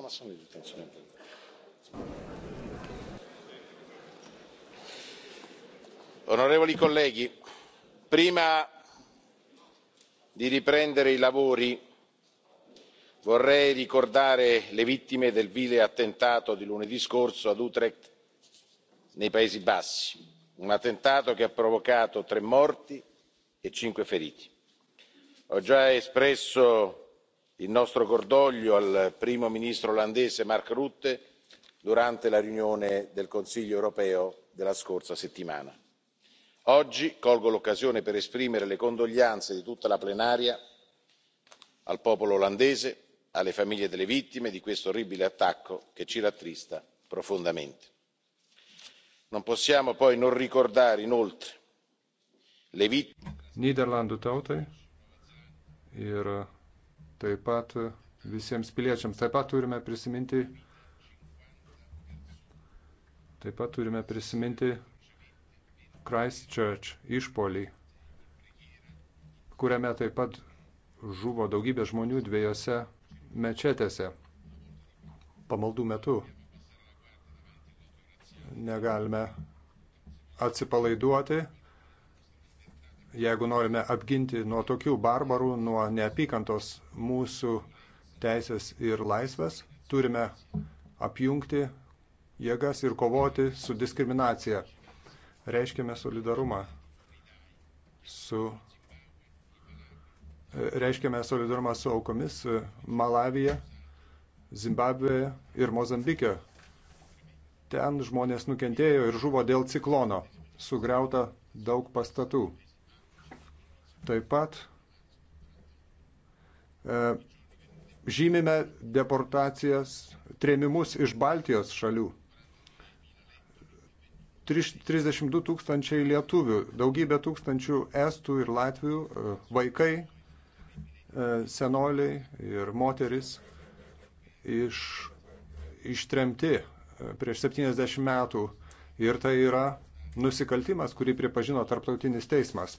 non ma sono le detenzioni onorevoli colleghi prima di riprendere i lavori vorrei ricordare le vittime del vile attentato di lunedì scorso ad utrecht nei paesi bassi un attentato che ha provocato tre morti e cinque feriti. ho già espresso il nostro cordoglio al primo ministro olandese mark rutte durante la riunione del consiglio europeo della scorsa settimana. oggi colgo l'occasione per esprimere le condoglianze di tutta la plenaria al popolo olandese e alle famiglie delle vittime di questo orribile attacco che ci rattrista profondamente. non possiamo poi non ricordare inoltre le vittime. nyderlandų tautai ir taip pat visiems piliečiams. Taip pat turime prisiminti, taip pat turime prisiminti Christchurch išpolį, kuriame taip pat žuvo daugybė žmonių dviejose mečetėse pamaldų metu. Negalime atsipalaiduoti jeigu norime apginti nuo tokių barbarų, nuo neapykantos mūsų teisės ir laisvės, turime apjungti jėgas ir kovoti su diskriminacija. Reiškime solidarumą su. Reiškiame solidarumą su aukomis Malavija, Zimbabvėje ir Mozambike. Ten žmonės nukentėjo ir žuvo dėl ciklono. Sugriauta daug pastatų. Taip pat e, žymime deportacijas, trėmimus iš Baltijos šalių. 32 tūkstančiai lietuvių, daugybė tūkstančių estų ir latvių, e, vaikai, e, senoliai ir moteris iš, ištremti e, prieš 70 metų. Ir tai yra nusikaltimas, kurį pripažino tarptautinis teismas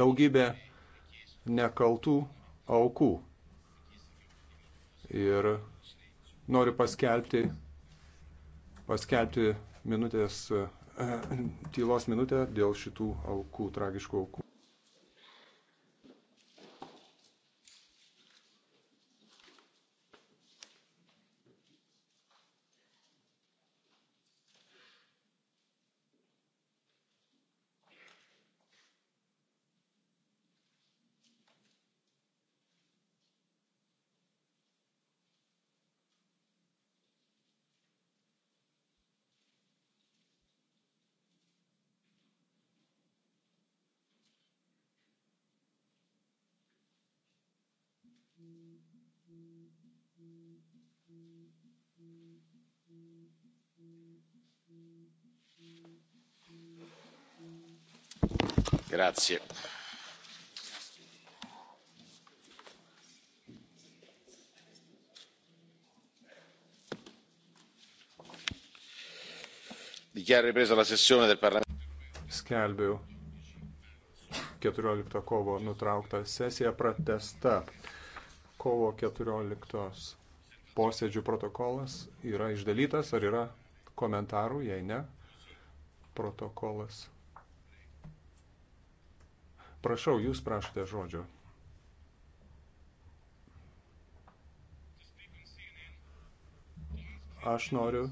daugybė nekaltų aukų. Ir noriu paskelbti, paskelbti minutės, eh, tylos minutę dėl šitų aukų, tragiškų aukų. grazie dichiaro ripresa la sessione del parlamento skelbiu keturioliktą kovo nutrauktą sesiją pratęsta kovo keturioliktos Posėdžių protokolas yra išdalytas, ar yra komentarų, jei ne, protokolas. Prašau, jūs prašote žodžio. Aš noriu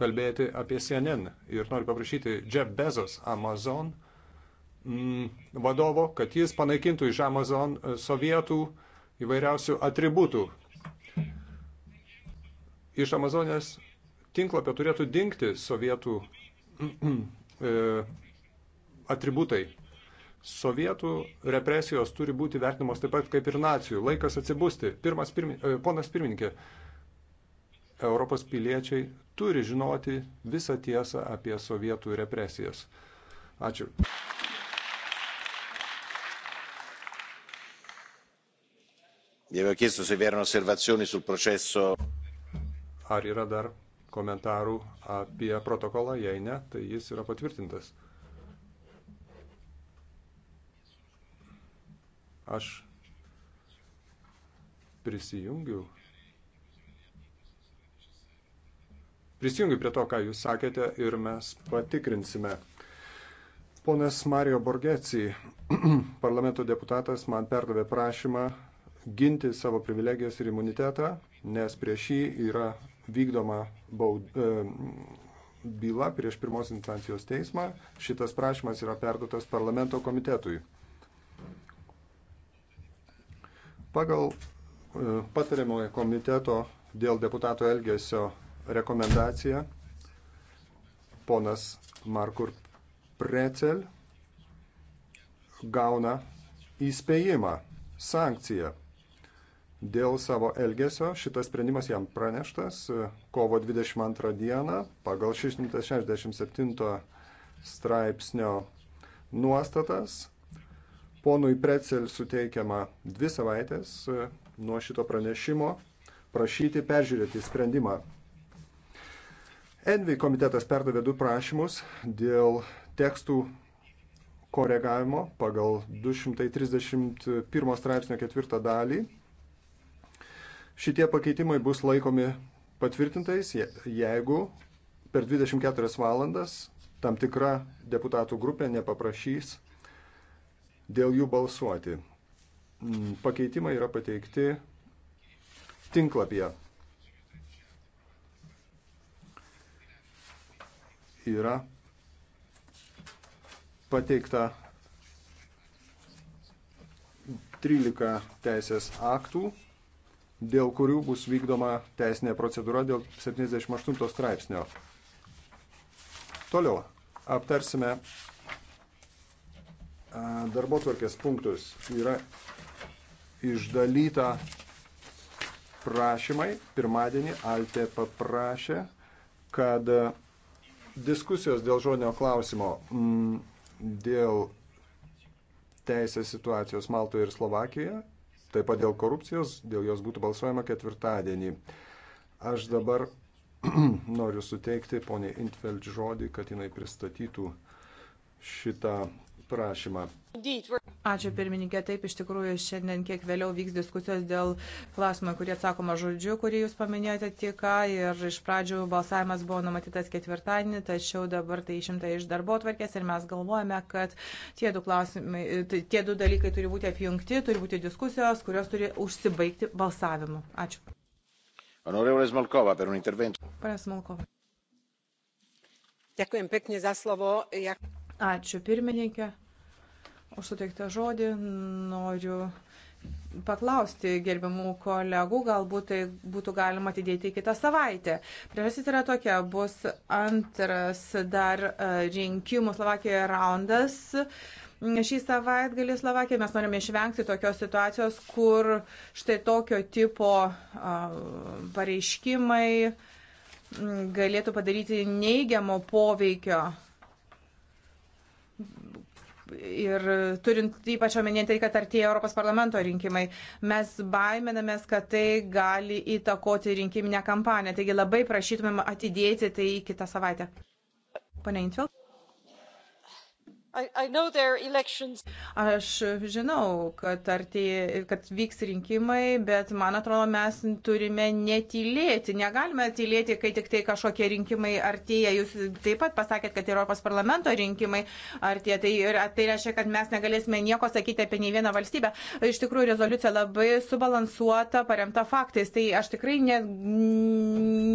kalbėti apie CNN ir noriu paprašyti Jeff Bezos Amazon mm, vadovo, kad jis panaikintų iš Amazon e, sovietų įvairiausių atributų, iš Amazonės tinklapio turėtų dinkti sovietų e, atributai. Sovietų represijos turi būti vertinamos taip pat kaip ir nacijų. Laikas atsibusti. Pirmas pirmin, e, ponas pirmininkė, Europos piliečiai turi žinoti visą tiesą apie sovietų represijas. Ačiū. Gli avevo chiesto se vi erano osservazioni sul processo. Ar yra dar komentarų apie protokolą? Jei ne, tai jis yra patvirtintas. Aš prisijungiu. Prisijungiu prie to, ką jūs sakėte ir mes patikrinsime. Ponas Mario Borgeci, parlamento deputatas, man perdavė prašymą ginti savo privilegijas ir imunitetą, nes prieš jį yra vykdoma baud, e, byla prieš pirmos instancijos teismą. Šitas prašymas yra perduotas parlamento komitetui. Pagal e, patariamojo komiteto dėl deputato elgesio rekomendaciją ponas Markur Precel gauna įspėjimą, sankciją dėl savo elgesio. Šitas sprendimas jam praneštas e, kovo 22 dieną pagal 667 straipsnio nuostatas. Ponui Precel suteikiama dvi savaitės e, nuo šito pranešimo prašyti peržiūrėti sprendimą. Envi komitetas perdavė du prašymus dėl tekstų koregavimo pagal 231 straipsnio ketvirtą dalį Šitie pakeitimai bus laikomi patvirtintais, jeigu per 24 valandas tam tikra deputatų grupė nepaprašys dėl jų balsuoti. Mm, pakeitimai yra pateikti tinklapyje. Yra pateikta 13 teisės aktų dėl kurių bus vykdoma teisinė procedūra dėl 78 straipsnio. Toliau aptarsime darbo tvarkės punktus. Yra išdalyta prašymai. Pirmadienį Altė paprašė, kad diskusijos dėl žodinio klausimo, dėl teisės situacijos Maltoje ir Slovakijoje Taip pat dėl korupcijos, dėl jos būtų balsuojama ketvirtadienį. Aš dabar noriu suteikti poniai Intfeld žodį, kad jinai pristatytų šitą prašymą. Ačiū pirmininkė, taip iš tikrųjų šiandien kiek vėliau vyks diskusijos dėl klausimų, kurie atsakoma žodžiu, kurį jūs paminėjote tik ką ir iš pradžių balsavimas buvo numatytas ketvirtadienį, tačiau dabar tai išimta iš darbo atvarkės ir mes galvojame, kad tie du, klausimai, tai tie du dalykai turi būti apjungti, turi būti diskusijos, kurios turi užsibaigti balsavimu. Ačiū. Honorevole Smolkova, per un intervento. Pane Smolkova. Ďakujem pekne za slovo. Ja... Ačiū pirmininkė už suteiktą žodį. Noriu paklausti gerbiamų kolegų, galbūt tai būtų galima atidėti kitą savaitę. Priežastis yra tokia, bus antras dar e, rinkimų Slovakijoje raundas. Šį savaitgalį Slovakijoje mes norime išvengti tokios situacijos, kur štai tokio tipo pareiškimai galėtų padaryti neigiamo poveikio ir turint ypač omenyje tai, kad artėja Europos parlamento rinkimai, mes baiminamės, kad tai gali įtakoti rinkiminę kampaniją. Taigi labai prašytumėm atidėti tai kitą savaitę. Pane Intvild. Aš žinau, kad, artėja, kad vyks rinkimai, bet man atrodo, mes turime netylėti. Negalime tylėti, kai tik tai kažkokie rinkimai artėja. Jūs taip pat pasakėt, kad Europos parlamento rinkimai artėja. Tai, tai reiškia, kad mes negalėsime nieko sakyti apie nei vieną valstybę. Iš tikrųjų, rezoliucija labai subalansuota, paremta faktais. Tai aš tikrai ne,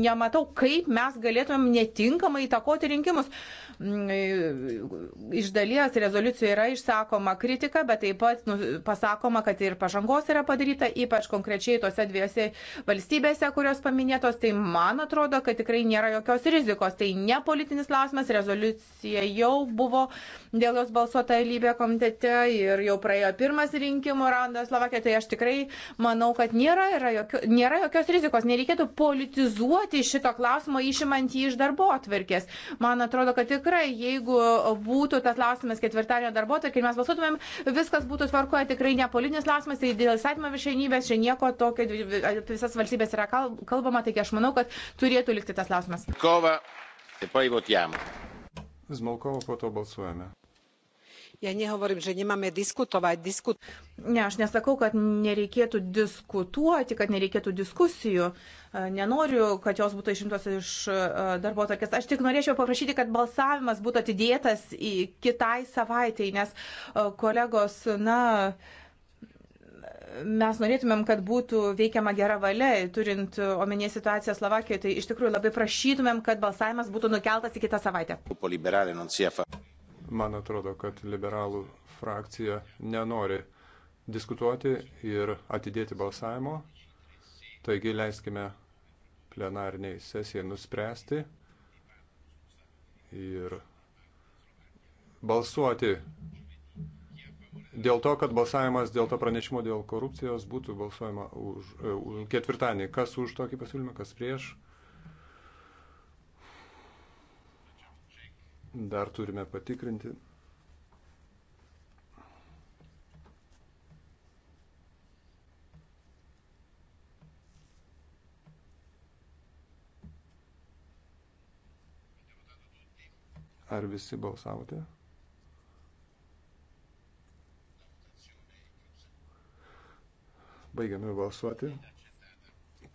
nematau, kaip mes galėtumėm netinkamai įtakoti rinkimus. Mm, iš dalies dalies rezoliucijoje yra išsakoma kritika, bet taip pat nu, pasakoma, kad ir pažangos yra padaryta, ypač konkrečiai tose dviejose valstybėse, kurios paminėtos. Tai man atrodo, kad tikrai nėra jokios rizikos. Tai ne politinis klausimas, rezoliucija jau buvo dėl jos balsuota lybė komitete ir jau praėjo pirmas rinkimų raundas Slovakijoje. Tai aš tikrai manau, kad nėra, jokio, nėra jokios rizikos. Nereikėtų politizuoti šito klausimo išimant jį iš darbo atverkės. Man atrodo, kad tikrai, jeigu būtų tas klausimas, klausimas ketvirtadienio darbo, tai kai mes balsuotumėm, viskas būtų tvarkoje, tikrai ne politinis klausimas, tai dėl įstatymo viršenybės, čia nieko tokio, apie visas valstybės yra kalbama, taigi aš manau, kad turėtų likti tas klausimas. Kova, tai e paivotiam. Zmalkovo po to balsuojame. Ja nehovorím, že nemáme diskutovať. Diskut... Ne, aš nesakau, kad nereikėtų diskutuoti, kad nereikėtų diskusijų. E, nenoriu, kad jos būtų išimtos iš e, darbo tokias. Aš tik norėčiau paprašyti, kad balsavimas būtų atidėtas į kitai savaitėjai, nes e, kolegos, na mes norėtumėm, kad būtų veikiama gera valia, turint omenyje situaciją Slovakijoje, tai iš tikrųjų labai prašytumėm, kad balsavimas būtų nukeltas į kitą savaitę. Man atrodo, kad liberalų frakcija nenori diskutuoti ir atidėti balsavimo. Taigi leiskime plenariniai sesijai nuspręsti ir balsuoti dėl to, kad balsavimas dėl to pranešimo dėl korupcijos būtų balsuojama už, e, už ketvirtadienį. Kas už tokį pasiūlymą, kas prieš? Dar turime patikrinti. Ar visi balsavote? Baigiame balsuoti.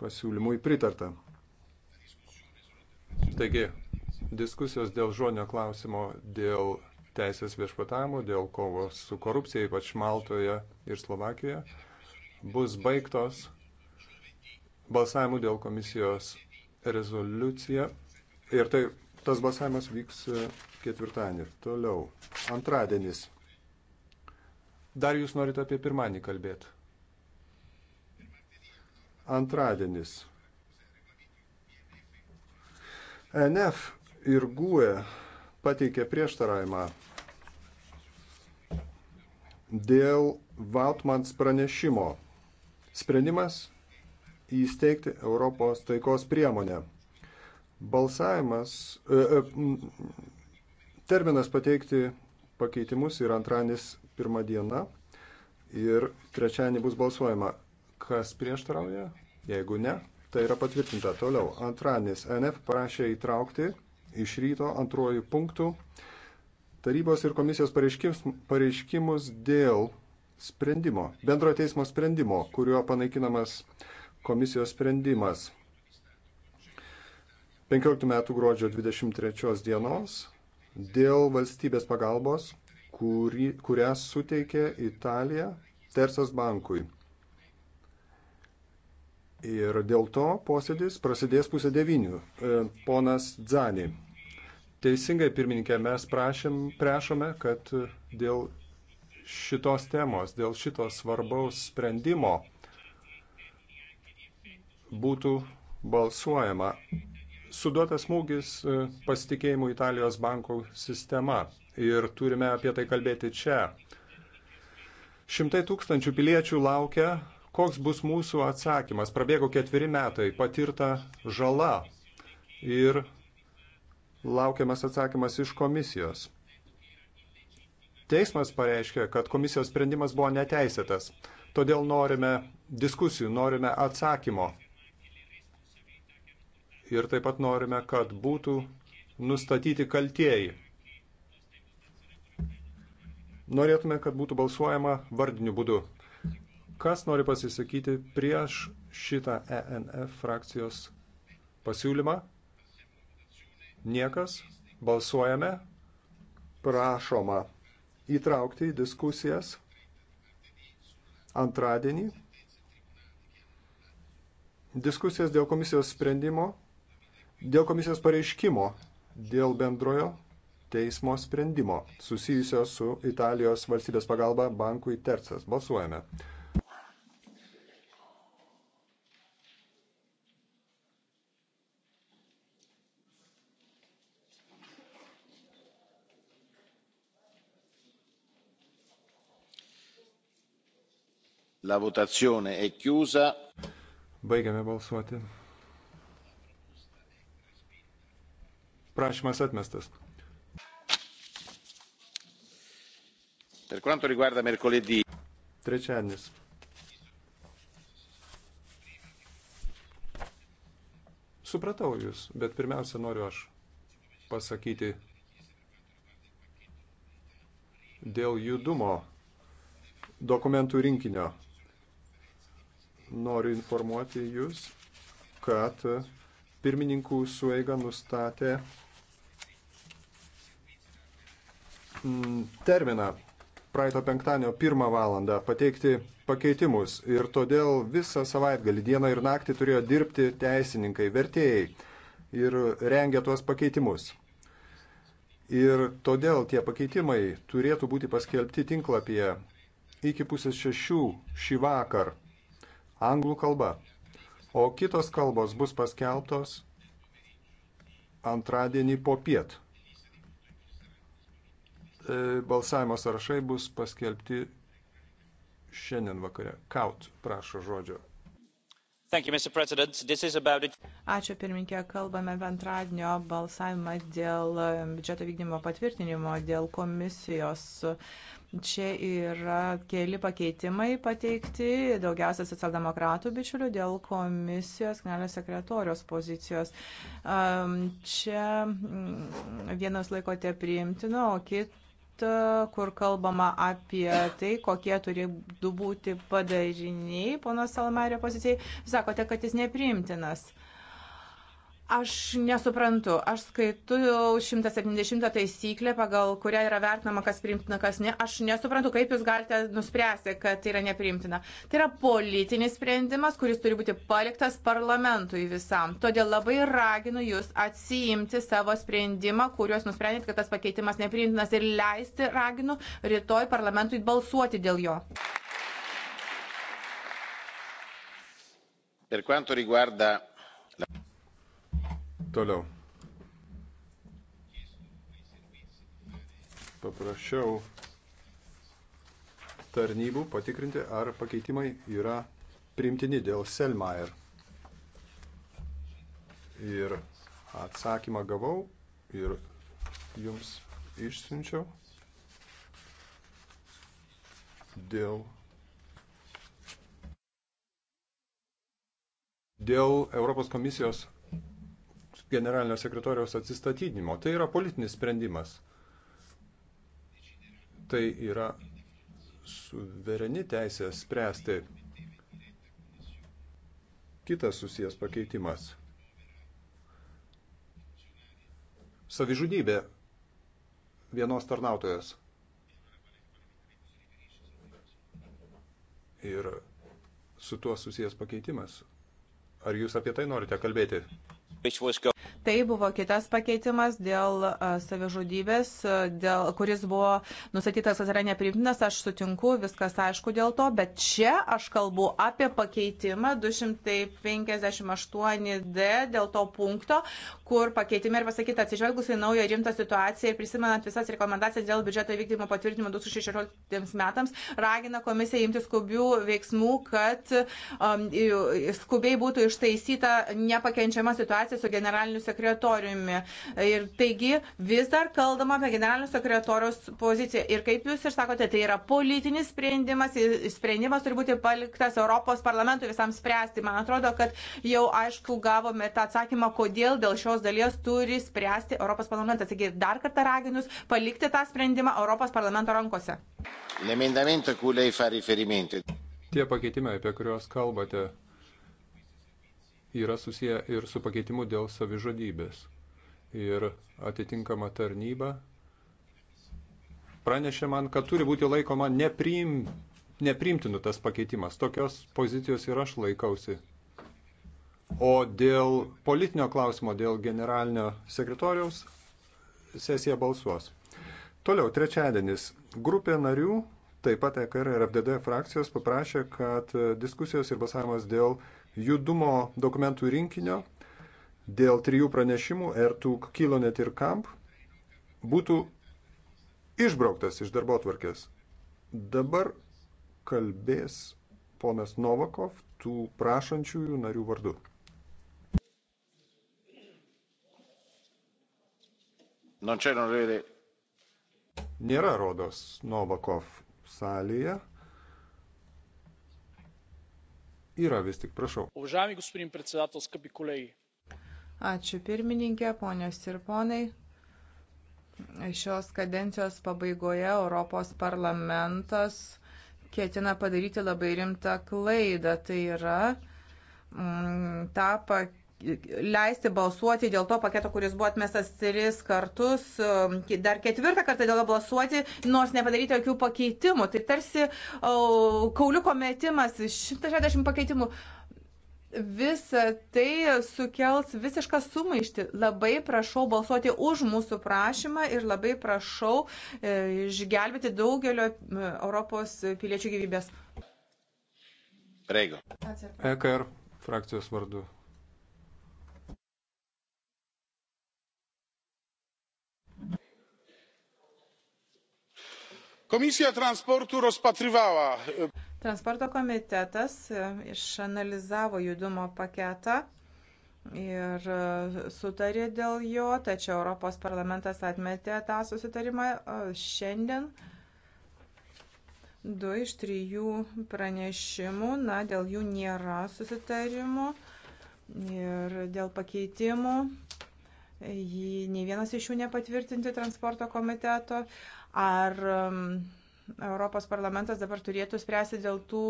Pasiūlymui pritarta. Taigi, Diskusijos dėl žodinio klausimo, dėl teisės viešpatavimo, dėl kovos su korupcija, ypač Maltoje ir Slovakijoje, bus baigtos balsavimu dėl komisijos rezoliucija. Ir tai tas balsavimas vyks e, ketvirtadienį. Toliau. Antradienis. Dar jūs norite apie pirmadienį kalbėti? Antradienis. NF ir GUE pateikė prieštaravimą dėl Vautmans pranešimo. Sprendimas įsteigti Europos taikos priemonę. Balsavimas, e, e, terminas pateikti pakeitimus yra antradienis pirmą dieną ir trečiadienį bus balsuojama. Kas prieštarauja? Jeigu ne, tai yra patvirtinta. Toliau, antradienis NF prašė įtraukti iš ryto antroji punktų tarybos ir komisijos pareiškimus dėl sprendimo, bendro teismo sprendimo, kuriuo panaikinamas komisijos sprendimas 15 metų gruodžio 23 dienos dėl valstybės pagalbos, kuri, kurią suteikė Italija Tersas bankui. Ir dėl to posėdis prasidės pusę devynių. E, ponas Dzani. Teisingai, pirmininkė, mes prašėm, prašome, kad dėl šitos temos, dėl šito svarbaus sprendimo būtų balsuojama. Suduotas smūgis e, pasitikėjimų Italijos bankų sistema ir turime apie tai kalbėti čia. Šimtai tūkstančių piliečių laukia, koks bus mūsų atsakymas. Prabėgo ketveri metai, patirta žala ir Laukiamas atsakymas iš komisijos. Teismas pareiškė, kad komisijos sprendimas buvo neteisėtas. Todėl norime diskusijų, norime atsakymo. Ir taip pat norime, kad būtų nustatyti kaltieji. Norėtume, kad būtų balsuojama vardiniu būdu. Kas nori pasisakyti prieš šitą ENF frakcijos pasiūlymą? Niekas. Balsuojame. Prašoma įtraukti į diskusijas antradienį diskusijas dėl komisijos sprendimo, dėl komisijos pareiškimo, dėl bendrojo teismo sprendimo susijusio su Italijos valstybės pagalba bankui Tercas. Balsuojame. La votazione è chiusa. Baigiame balsuoti. Prašymas atmestas. Per quanto riguarda mercoledì. Trečiadienis. Supratau Jūs, bet pirmiausia noriu aš pasakyti dėl judumo dokumentų rinkinio noriu informuoti Jūs, kad pirmininkų sueiga nustatė mm, terminą praeito penktadienio pirmą valandą pateikti pakeitimus ir todėl visą savaitgalį dieną ir naktį turėjo dirbti teisininkai, vertėjai ir rengė tuos pakeitimus. Ir todėl tie pakeitimai turėtų būti paskelbti tinklapyje iki pusės šešių šį vakar anglų kalba, o kitos kalbos bus paskelbtos antradienį po piet. E, balsavimo sąrašai bus paskelbti šiandien vakare. Kaut prašo žodžio. Ačiū pirmininkė, kalbame apie antradienio balsavimą dėl um, biudžeto vykdymo patvirtinimo, dėl komisijos. Čia yra keli pakeitimai pateikti, daugiausia socialdemokratų bičiulių dėl komisijos generalinio sekretorijos pozicijos. Um, čia mm, vienos laikote priimtino, o kitas E, kur kalbama apie tai, kokie turi būti padariniai pono Salmario pozicijai. Sakote, kad jis nepriimtinas. Aš nesuprantu. Aš skaitau 170 taisyklę, pagal kurią yra vertinama, kas priimtina, kas ne. Aš nesuprantu, kaip jūs galite nuspręsti, kad tai yra nepriimtina. Tai yra politinis sprendimas, kuris turi būti paliktas parlamentui visam. Todėl labai raginu jūs atsiimti savo sprendimą, kuriuos nusprendėt, kad tas pakeitimas nepriimtinas ir leisti raginu rytoj parlamentui balsuoti dėl jo. Per quanto riguarda Toliau. Paprašiau tarnybų patikrinti, ar pakeitimai yra primtini dėl Selmayr. Ir atsakymą gavau ir jums išsiunčiau dėl, dėl Europos komisijos generalinio sekretoriaus atsistatydinimo. Tai yra politinis sprendimas. Tai yra suvereni teisė spręsti. Kitas susijęs pakeitimas. Savižudybė vienos tarnautojas. Ir su tuo susijęs pakeitimas. Ar jūs apie tai norite kalbėti? Tai buvo kitas pakeitimas dėl savižudybės, dėl, kuris buvo nustatytas, kad yra neprimtinas, aš sutinku, viskas aišku dėl to, bet čia aš kalbu apie pakeitimą 258D dėl to punkto, kur pakeitime ir pasakyta atsižvelgus į naują rimtą situaciją ir prisimenant visas rekomendacijas dėl biudžeto įvykdymo patvirtinimo 2016 metams, ragina komisiją imti skubių veiksmų, kad um, skubiai būtų ištaisyta nepakenčiama situacija konsultaciją su generaliniu sekretoriumi. Ir taigi vis dar kalbama apie generalinio sekretoriaus poziciją. Ir kaip jūs ir sakote, tai yra politinis sprendimas, sprendimas turi būti paliktas Europos parlamentui visam spręsti. Man atrodo, kad jau aišku gavome tą atsakymą, kodėl dėl šios dalies turi spręsti Europos parlamentas. Taigi dar kartą raginus palikti tą sprendimą Europos parlamento rankose. Tie pakeitimai, apie kuriuos kalbate, yra susiję ir su pakeitimu dėl savižudybės. Ir atitinkama tarnyba pranešė man, kad turi būti laikoma nepriim, nepriimtinu tas pakeitimas. Tokios pozicijos ir aš laikausi. O dėl politinio klausimo, dėl generalinio sekretoriaus sesija balsuos. Toliau, trečiadienis. Grupė narių, taip pat EKR ir FDD frakcijos paprašė, kad diskusijos ir balsavimas dėl judumo dokumentų rinkinio dėl trijų pranešimų R2 Kilonet ir Kamp būtų išbrauktas iš darbo tvarkės. Dabar kalbės ponas Novakov tų prašančiųjų narių vardu. Nėra rodos Novakov salėje yra vis tik, prašau. Uvažiavami, gospodin predsedatos, kabi kolegai. Ačiū pirmininkė, ponios ir ponai. Šios kadencijos pabaigoje Europos parlamentas ketina padaryti labai rimtą klaidą. Tai yra m, mm, tą pakeitimą leisti balsuoti dėl to paketo, kuris buvo atmestas tris kartus, um, dar ketvirtą kartą dėl to balsuoti, nors nepadaryti jokių pakeitimų. Tai tarsi o, kauliuko metimas, 160 pakeitimų. Visa tai sukels visišką sumaištį. Labai prašau balsuoti už mūsų prašymą ir labai prašau e, išgelbėti daugelio e, Europos piliečių gyvybės. Prego. EKR frakcijos vardu komisja transportu rozpatrywała. E, transporto komitetas e, išanalizavo judumo paketą ir e, sutarė dėl jo, tačiau Europos parlamentas atmetė tą susitarimą šiandien. Du iš trijų pranešimų, na, dėl jų nėra susitarimų ir dėl pakeitimų. Jį nei vienas iš jų nepatvirtinti transporto komiteto. Ar um, Europos parlamentas dabar turėtų spręsti dėl tų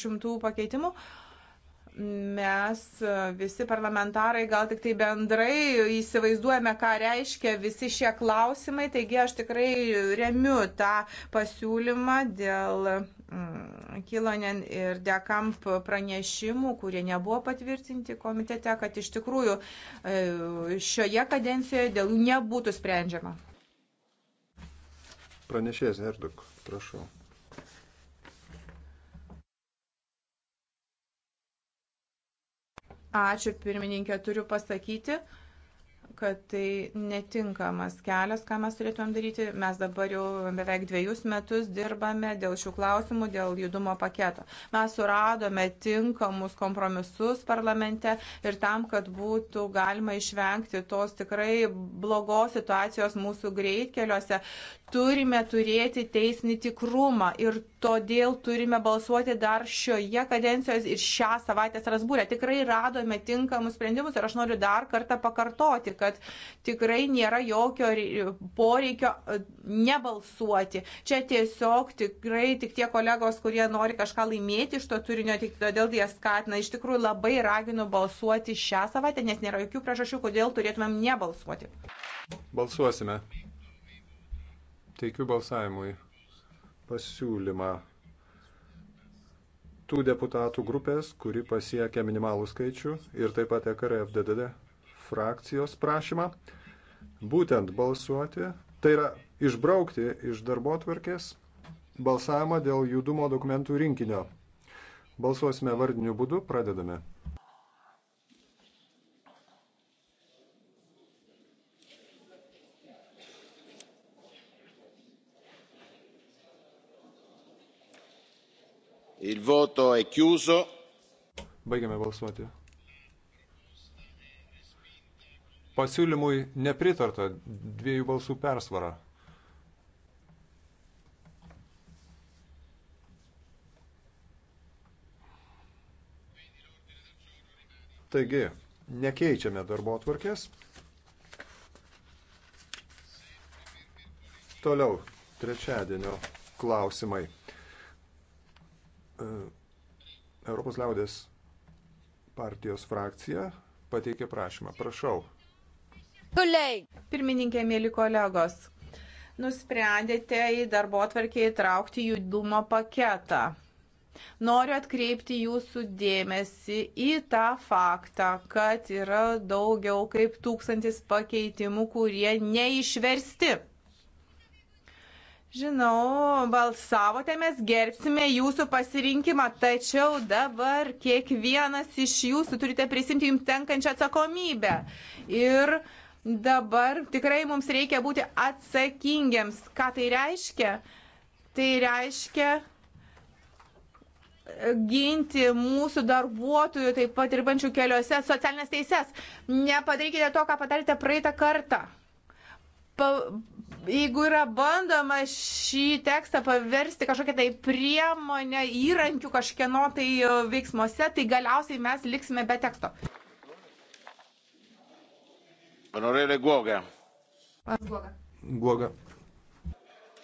šimtų pakeitimų? Mes uh, visi parlamentarai gal tik tai bendrai įsivaizduojame, ką reiškia visi šie klausimai, taigi aš tikrai remiu tą pasiūlymą dėl mm, Kilonen ir Dekamp pranešimų, kurie nebuvo patvirtinti komitete, kad iš tikrųjų e, šioje kadencijoje dėl jų nebūtų sprendžiama. Pranešėjas Erduk, prašau. Ačiū pirmininkė, turiu pasakyti, kad tai netinkamas kelias, ką mes turėtumėm daryti. Mes dabar jau beveik dviejus metus dirbame dėl šių klausimų, dėl judumo paketo. Mes suradome tinkamus kompromisus parlamente ir tam, kad būtų galima išvengti tos tikrai blogos situacijos mūsų greitkeliuose, turime turėti teisinį tikrumą ir todėl turime balsuoti dar šioje kadencijos ir šią savaitę Strasbūrė. Tikrai radome tinkamus sprendimus ir aš noriu dar kartą pakartoti, kad tikrai nėra jokio poreikio e, nebalsuoti. Čia tiesiog tikrai tik tie kolegos, kurie nori kažką laimėti iš to turinio, tik todėl jie skatina. Iš tikrųjų labai raginu balsuoti šią savaitę, nes nėra jokių priežasčių, kodėl turėtumėm nebalsuoti. Balsuosime teikiu balsavimui pasiūlymą tų deputatų grupės, kuri pasiekia minimalų skaičių ir taip pat EKR FDDD frakcijos prašymą būtent balsuoti, tai yra išbraukti iš darbo tvarkės balsavimą dėl judumo dokumentų rinkinio. Balsuosime vardiniu būdu, pradedame. Il voto è chiuso. Baigiame balsuoti. Pasiūlymui nepritarta dviejų balsų persvara. Taigi, nekeičiame darbo atvarkės. Toliau, trečiadienio klausimai. E, Europos liaudės partijos frakcija pateikė prašymą. Prašau. Pirmininkė, mėly kolegos, nusprendėte į darbo atvarkį įtraukti judumo paketą. Noriu atkreipti jūsų dėmesį į tą faktą, kad yra daugiau kaip tūkstantis pakeitimų, kurie neišversti. Žinau, balsavote, mes gerbsime jūsų pasirinkimą, tačiau dabar kiekvienas iš jūsų turite prisimti jums tenkančią atsakomybę. Ir dabar tikrai mums reikia būti atsakingiams. Ką tai reiškia? Tai reiškia e, ginti mūsų darbuotojų, taip pat dirbančių keliuose, socialinės teises. Nepadarykite to, ką padarėte praeitą kartą. Pa jeigu yra bandoma šį tekstą paversti kažkokią tai priemonę, įrankių kažkieno tai e, veiksmuose, tai galiausiai mes liksime be teksto. Honorėlė Guoga. Guoga.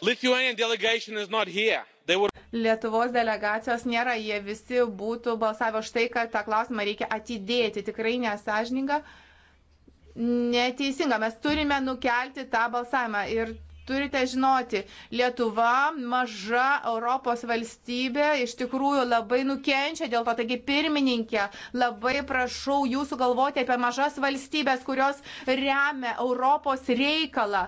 Lithuanian delegation is not here. They were... Lietuvos delegacijos nėra, jie visi būtų balsavę už tai, kad tą klausimą reikia atidėti. Tikrai nesažininga. Uh, neteisinga. Mes turime nukelti tą balsavimą. Ir turite žinoti, Lietuva, maža Europos valstybė, iš tikrųjų labai nukenčia dėl to. Taigi, pirmininkė, labai prašau jūsų galvoti apie mažas valstybės, kurios remia Europos reikalą,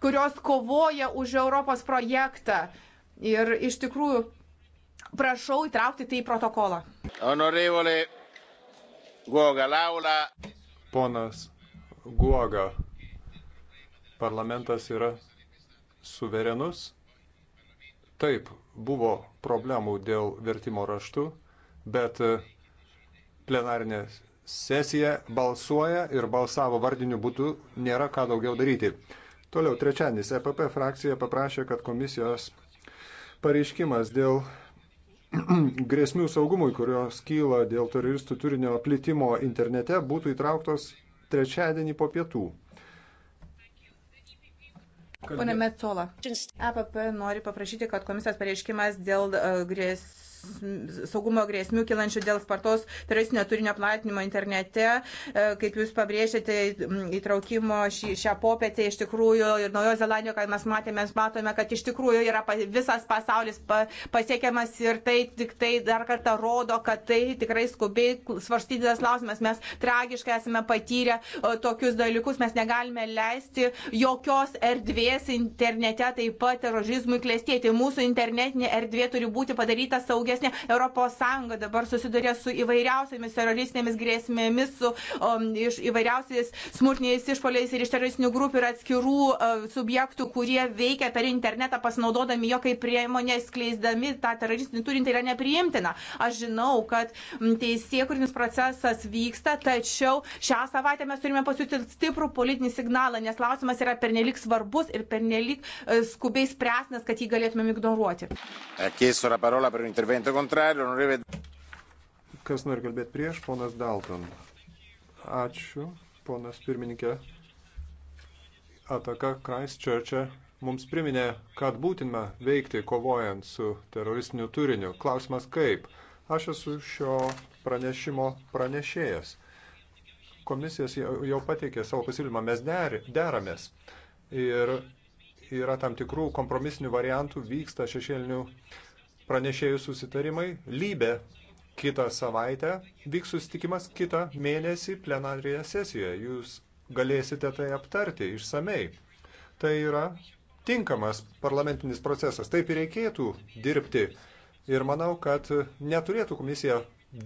kurios kovoja už Europos projektą. Ir iš tikrųjų, prašau įtraukti tai į protokolą. Honorevole Guoga Laula. Ponas Guoga. Parlamentas yra suverenus. Taip, buvo problemų dėl vertimo raštų, bet e, plenarinė sesija balsuoja ir balsavo vardiniu būdu, nėra ką daugiau daryti. Toliau, trečiadienis EPP frakcija paprašė, kad komisijos pareiškimas dėl grėsmių saugumui, kurios kyla dėl teroristų turinio plitimo internete, būtų įtrauktos trečiadienį po pietų. Pone Metsola, APP nori paprašyti, kad komisijos pareiškimas dėl e, grės saugumo grėsmių kilančių dėl spartos teroristinio turinio platinimo internete. E, kaip jūs pabrėžėte, įtraukimo šį, šią popietę iš tikrųjų ir Naujojo Zelandijoje, ką mes matėme, mes matome, kad iš tikrųjų yra visas pasaulis pasiekiamas ir tai tik tai dar kartą rodo, kad tai tikrai skubiai svarstytas klausimas. Mes tragiškai esame patyrę tokius dalykus, mes negalime leisti jokios erdvės internete taip pat terorizmui klėstėti. Mūsų internetinė erdvė turi būti padaryta saugia mažesnė. ES dabar susiduria su įvairiausiamis teroristinėmis grėsmėmis, su o, um, iš, įvairiausiais smurtiniais išpoliais ir iš teroristinių grupių ir atskirų o, uh, subjektų, kurie veikia per internetą pasinaudodami jo kaip priemonė, skleisdami tą teroristinį turinį, tai yra nepriimtina. Aš žinau, kad mm, teisėkurinis procesas vyksta, tačiau šią savaitę mes turime pasiūti stiprų politinį signalą, nes klausimas yra pernelik svarbus ir pernelik uh, skubiai spręsnas, kad jį galėtumėm ignoruoti. Ha chiesto la parola per un intervento voto contrario, onorevole. Kas nori kalbėti prieš, ponas Dalton. Ačiū, ponas pirmininkė. Ataka Christchurch'e mums priminė, kad būtina veikti kovojant su teroristiniu turiniu. Klausimas kaip? Aš esu šio pranešimo pranešėjas. Komisijas jau pateikė savo pasiūlymą, mes der, deramės. Ir yra tam tikrų kompromisinių variantų, vyksta šešėlinių pranešėjų susitarimai. Lybė kitą savaitę vyks susitikimas kitą mėnesį plenarėje sesijoje. Jūs galėsite tai aptarti išsamei. Tai yra tinkamas parlamentinis procesas. Taip ir reikėtų dirbti. Ir manau, kad neturėtų komisija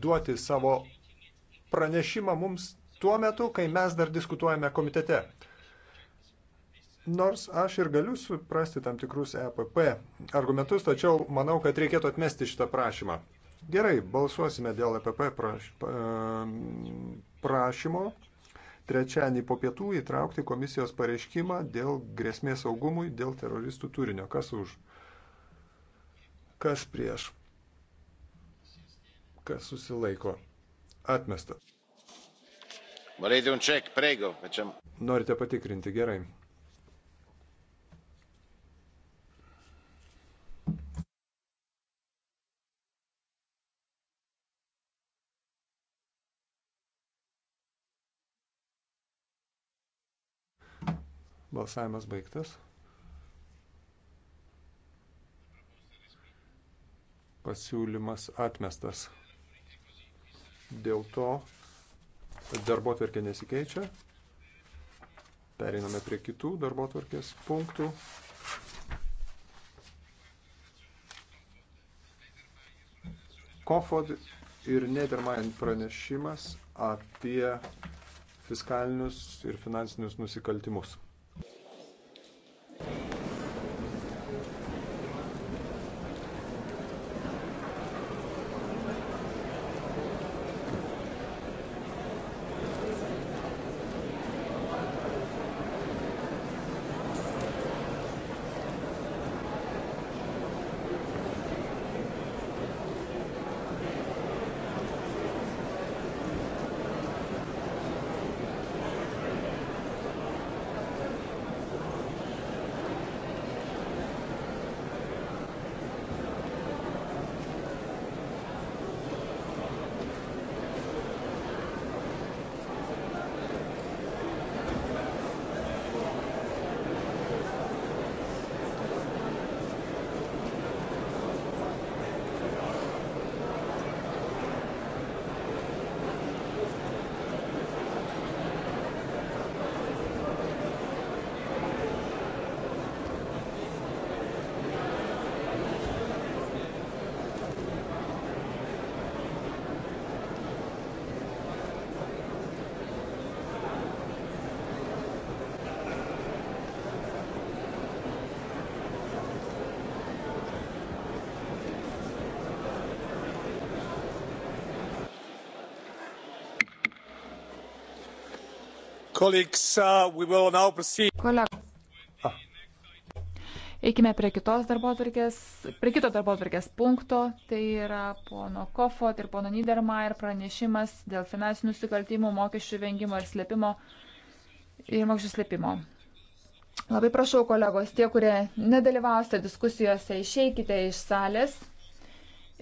duoti savo pranešimą mums tuo metu, kai mes dar diskutuojame komitete. Nors aš ir galiu suprasti tam tikrus EPP argumentus, tačiau manau, kad reikėtų atmesti šitą prašymą. Gerai, balsuosime dėl EPP praš, prašymo trečiąjį po pietų įtraukti komisijos pareiškimą dėl grėsmės saugumui, dėl teroristų turinio. Kas už? Kas prieš? Kas susilaiko? Atmesta. Norite patikrinti, gerai. Balsavimas baigtas. Pasiūlymas atmestas. Dėl to darbo tvarkė nesikeičia. Pereiname prie kitų darbo tvarkės punktų. Kofod ir Nedermain pranešimas apie fiskalinius ir finansinius nusikaltimus. Uh, ah. Eikime prie kitos darbotvarkės, prie kito darbotvarkės punkto, tai yra pono Kofot ir pono Niedermayer pranešimas dėl finansinių nusikaltimų, mokesčių vengimo ir slėpimo ir mokesčių slėpimo. Labai prašau, kolegos, tie, kurie nedalyvausite diskusijose, išeikite iš salės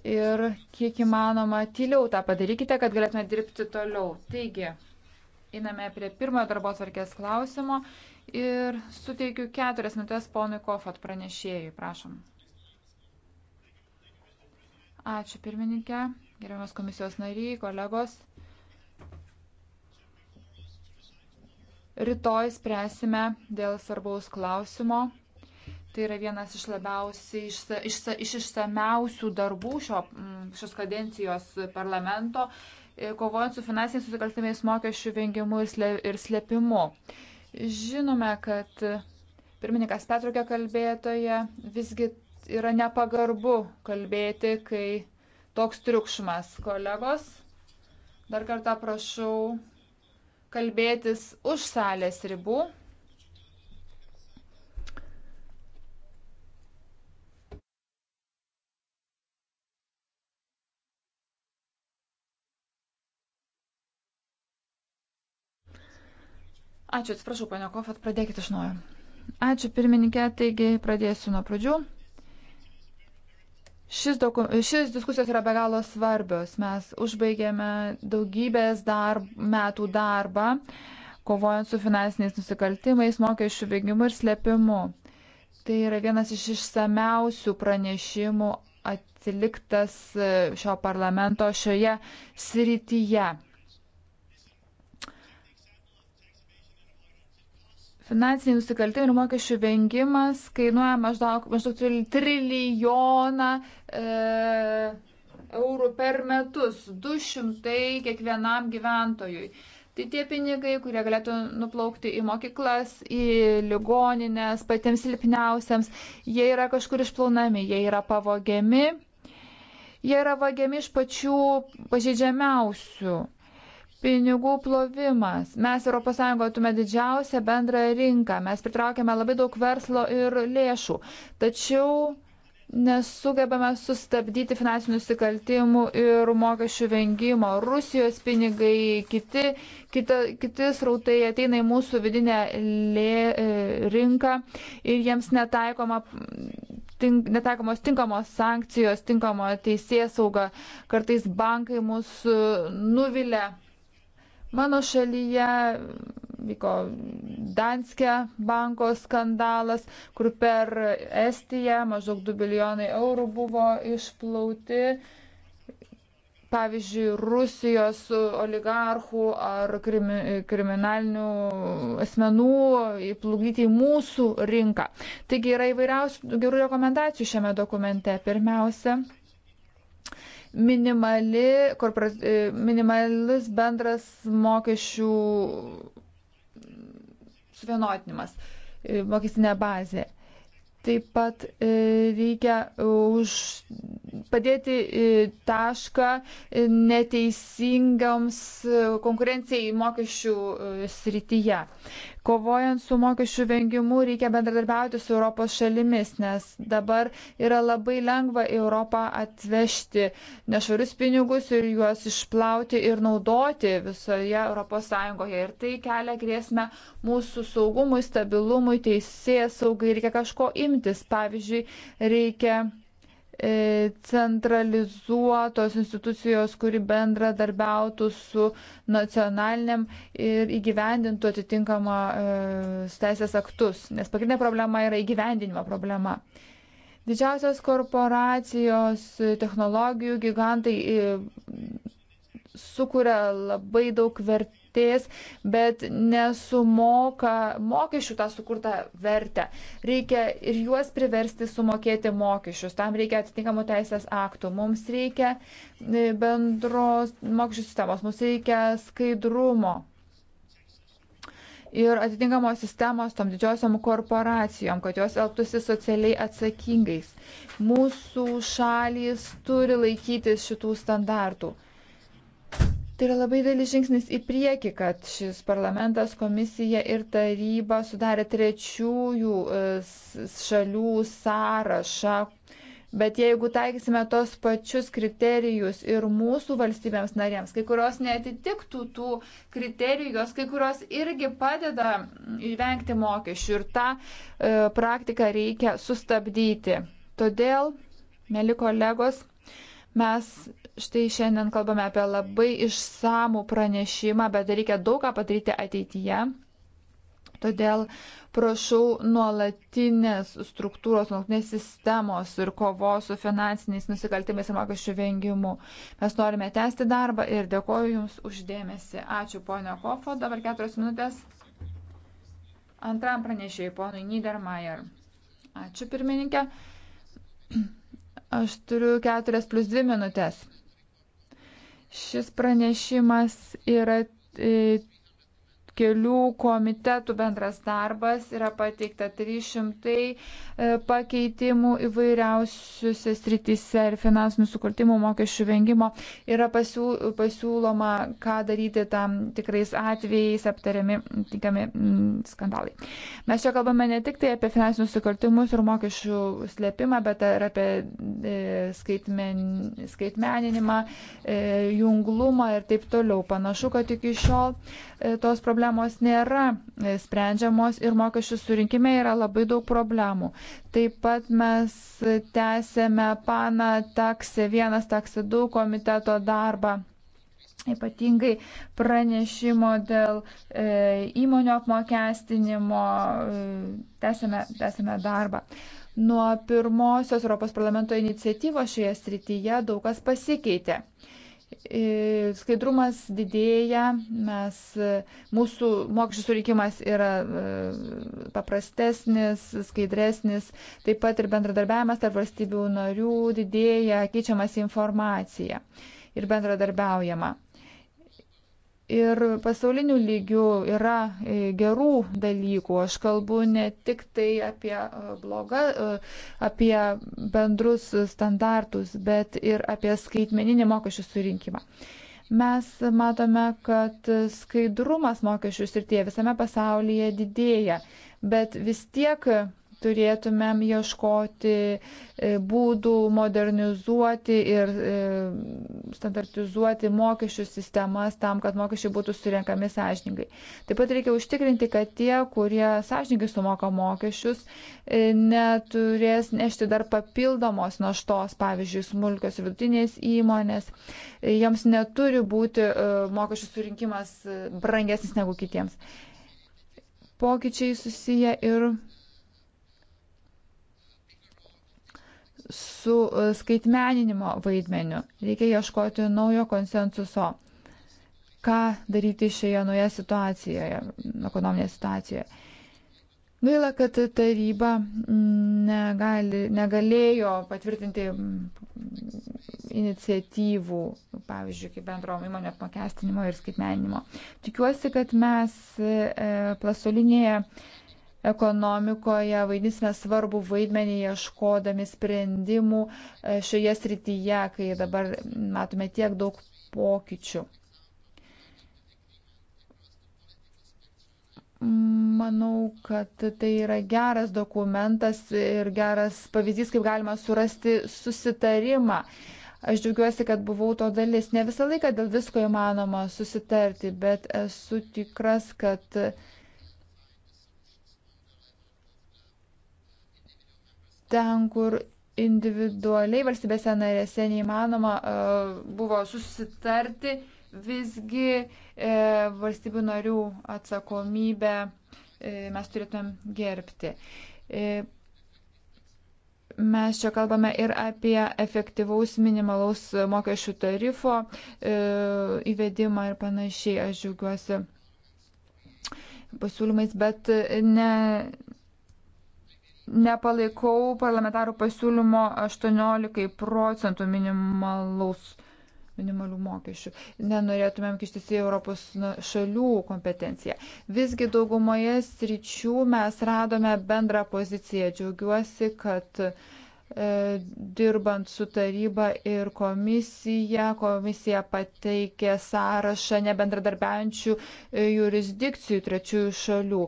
ir kiek įmanoma tyliau tą padarykite, kad galėtume dirbti toliau. Taigi, Einame prie pirmojo darbo atvarkės klausimo ir suteikiu keturias minutės ponui Kofat pranešėjui. Prašom. Ačiū pirmininkė, gerbiamas komisijos nariai, kolegos. Rytoj spręsime dėl svarbaus klausimo. Tai yra vienas iš labiausiai išsa, išsa, iš išsamiausių darbų šio, šios kadencijos parlamento. E, kovojant su finansiniais susikaltimais mokesčių vengimu ir, slė, ir slėpimu. Žinome, kad pirmininkas Petrukė kalbėtoje visgi yra nepagarbu kalbėti, kai toks triukšmas. Kolegos, dar kartą prašau kalbėtis už salės ribų. Ačiū, atsiprašau, ponia Kofat, pradėkite iš naujo. Ačiū, pirmininkė, taigi pradėsiu nuo pradžių. Šis, doku, šis diskusijos yra be galo svarbios. Mes užbaigėme daugybės darb, metų darbą, kovojant su finansiniais nusikaltimais, mokesčių vengimu ir slėpimu. Tai yra vienas iš išsameusių pranešimų atsiliktas e, šio parlamento šioje srityje. Finansiniai nusikaltimai ir mokesčių vengimas kainuoja maždaug, maždaug trilijoną e, eurų per metus, 200 kiekvienam gyventojui. Tai tie pinigai, kurie galėtų nuplaukti į mokyklas, į ligoninės, patiems silpniausiams, jie yra kažkur išplaunami, jie yra pavogiami, jie yra vagiami iš pačių pažeidžiamiausių pinigų plovimas. Mes ES turime didžiausią bendrą rinką, mes pritraukėme labai daug verslo ir lėšų, tačiau nesugebame sustabdyti finansinių nusikaltimų ir mokesčių vengimo. Rusijos pinigai, kiti, kita, kiti srautai ateina į mūsų vidinę lė, e, rinką ir jiems netaikoma tink, netaikomos tinkamos sankcijos, tinkamo teisėsauga, kartais bankai mus nuvilia Mano šalyje vyko Danske banko skandalas, kur per Estiją maždaug 2 bilijonai eurų buvo išplauti. Pavyzdžiui, Rusijos oligarchų ar krimi, kriminalinių asmenų įplukdyti į mūsų rinką. Taigi yra įvairiausių gerų rekomendacijų šiame dokumente. Pirmiausia, minimali, korpora, e, minimalus bendras mokesčių suvienotinimas, e, mokestinė bazė. Taip pat e, reikia už padėti tašką neteisingoms konkurencijai mokesčių srityje. Kovojant su mokesčių vengimu reikia bendradarbiauti su Europos šalimis, nes dabar yra labai lengva į Europą atvežti nešvarius pinigus ir juos išplauti ir naudoti visoje ES. Ir tai kelia grėsmę mūsų saugumui, stabilumui, teisės saugai. Reikia kažko imtis. Pavyzdžiui, reikia E, centralizuotos institucijos, kuri bendradarbiautų su nacionaliniam ir įgyvendintų atitinkamą e, teisės aktus, nes pagrindinė problema yra įgyvendinimo problema. Didžiausios korporacijos, technologijų gigantai e, sukuria labai daug vertės vertės, bet nesumoka mokesčių tą sukurtą vertę. Reikia ir juos priversti sumokėti mokesčius. Tam reikia atitinkamų teisės aktų. Mums reikia e, bendros mokesčių sistemos, mums reikia skaidrumo. Ir atitinkamos sistemos tom didžiosiom korporacijom, kad jos elgtųsi socialiai atsakingais. Mūsų šalys turi laikytis šitų standartų. Tai yra labai dėlis žingsnis į priekį, kad šis parlamentas, komisija ir taryba sudarė trečiųjų e, šalių sąrašą. Bet jeigu taikysime tos pačius kriterijus ir mūsų valstybėms narėms, kai kurios netitiktų tų kriterijų, jos kai kurios irgi padeda įvengti mokesčių ir tą e, praktiką reikia sustabdyti. Todėl, mėly kolegos, Mes štai šiandien kalbame apie labai išsamų pranešimą, bet reikia daug ką padaryti ateityje. Todėl prašau nuolatinės struktūros, nuolatinės sistemos ir kovos su finansiniais nusikaltimais ir mokesčių vengimu. Mes norime tęsti darbą ir dėkoju Jums uždėmesi. Ačiū, ponio Kofo. Dabar keturios minutės antram pranešėjai, ponui Niedermayer. Ačiū, pirmininkė. Aš turiu 4 plus 2 minutės. Šis pranešimas yra e, kelių komitetų bendras darbas yra pateikta 300 e, pakeitimų įvairiausiuose srityse ir finansinių sukurtimų mokesčių vengimo yra pasiūloma, ką daryti tam tikrais atvejais aptariami tinkami skandalai. Mes čia kalbame ne tik tai apie finansinius sukurtimus ir mokesčių slėpimą, bet ir apie e, skaitmen, skaitmeninimą, e, junglumą ir taip toliau. Panašu, kad iki šiol e, tos problemos problemos nėra sprendžiamos ir mokesčių surinkime yra labai daug problemų. Taip pat mes tęsėme pana taksė 1, taksė 2 komiteto darbą ypatingai pranešimo dėl e, įmonių apmokestinimo, e, tęsime, tęsime darbą. Nuo pirmosios Europos parlamento iniciatyvos šioje srityje daug kas pasikeitė. E, E, skaidrumas didėja, mes, e, mūsų mokesčių surikimas yra e, paprastesnis, skaidresnis, taip pat ir bendradarbiavimas tarp valstybių narių didėja, keičiamas informacija ir bendradarbiaujama ir pasaulinių lygių yra e, gerų dalykų. Aš kalbu ne tik tai apie e, blogą, e, apie bendrus standartus, bet ir apie skaitmeninį mokesčių surinkimą. Mes matome, kad skaidrumas mokesčių srityje visame pasaulyje didėja, bet vis tiek turėtumėm ieškoti e, būdų modernizuoti ir e, standartizuoti mokesčių sistemas tam, kad mokesčiai būtų surinkami sąžiningai. Taip pat reikia užtikrinti, kad tie, kurie sąžiningai sumoka mokesčius, e, neturės nešti dar papildomos naštos, pavyzdžiui, smulkios ir vidutinės įmonės. Jiems neturi būti mokesčių surinkimas brangesnis negu kitiems. Pokyčiai susiję ir su e, skaitmeninimo vaidmeniu. Reikia ieškoti naujo konsensuso, ką daryti šioje naujoje situacijoje, ekonominėje situacijoje. Gaila, kad taryba negali, negalėjo patvirtinti iniciatyvų, pavyzdžiui, kaip bendro įmonio apmokestinimo ir skaitmeninimo. Tikiuosi, kad mes e, plasolinėje ekonomikoje vaidinsime svarbų vaidmenį ieškodami sprendimų e, šioje srityje, kai dabar matome tiek daug pokyčių. Manau, kad tai yra geras dokumentas ir geras pavyzdys, kaip galima surasti susitarimą. Aš džiaugiuosi, kad buvau to dalis. Ne visą laiką dėl visko įmanoma susitarti, bet esu tikras, kad uh, ten, kur individualiai valstybėse narėse neįmanoma e, buvo susitarti, visgi e, valstybių narių atsakomybę e, mes turėtumėm gerbti. E, mes čia kalbame ir apie efektyvaus minimalaus mokesčių tarifo e, įvedimą ir panašiai, aš džiaugiuosi pasiūlymais, bet ne, nepalaikau parlamentarų pasiūlymo 18 procentų minimalaus minimalių mokesčių. Nenorėtumėm kištis į Europos šalių kompetenciją. Visgi daugumoje sričių mes radome bendrą poziciją. Džiaugiuosi, kad e, dirbant su taryba ir komisija, komisija pateikė sąrašą nebendradarbiaujančių e, jurisdikcijų trečiųjų šalių.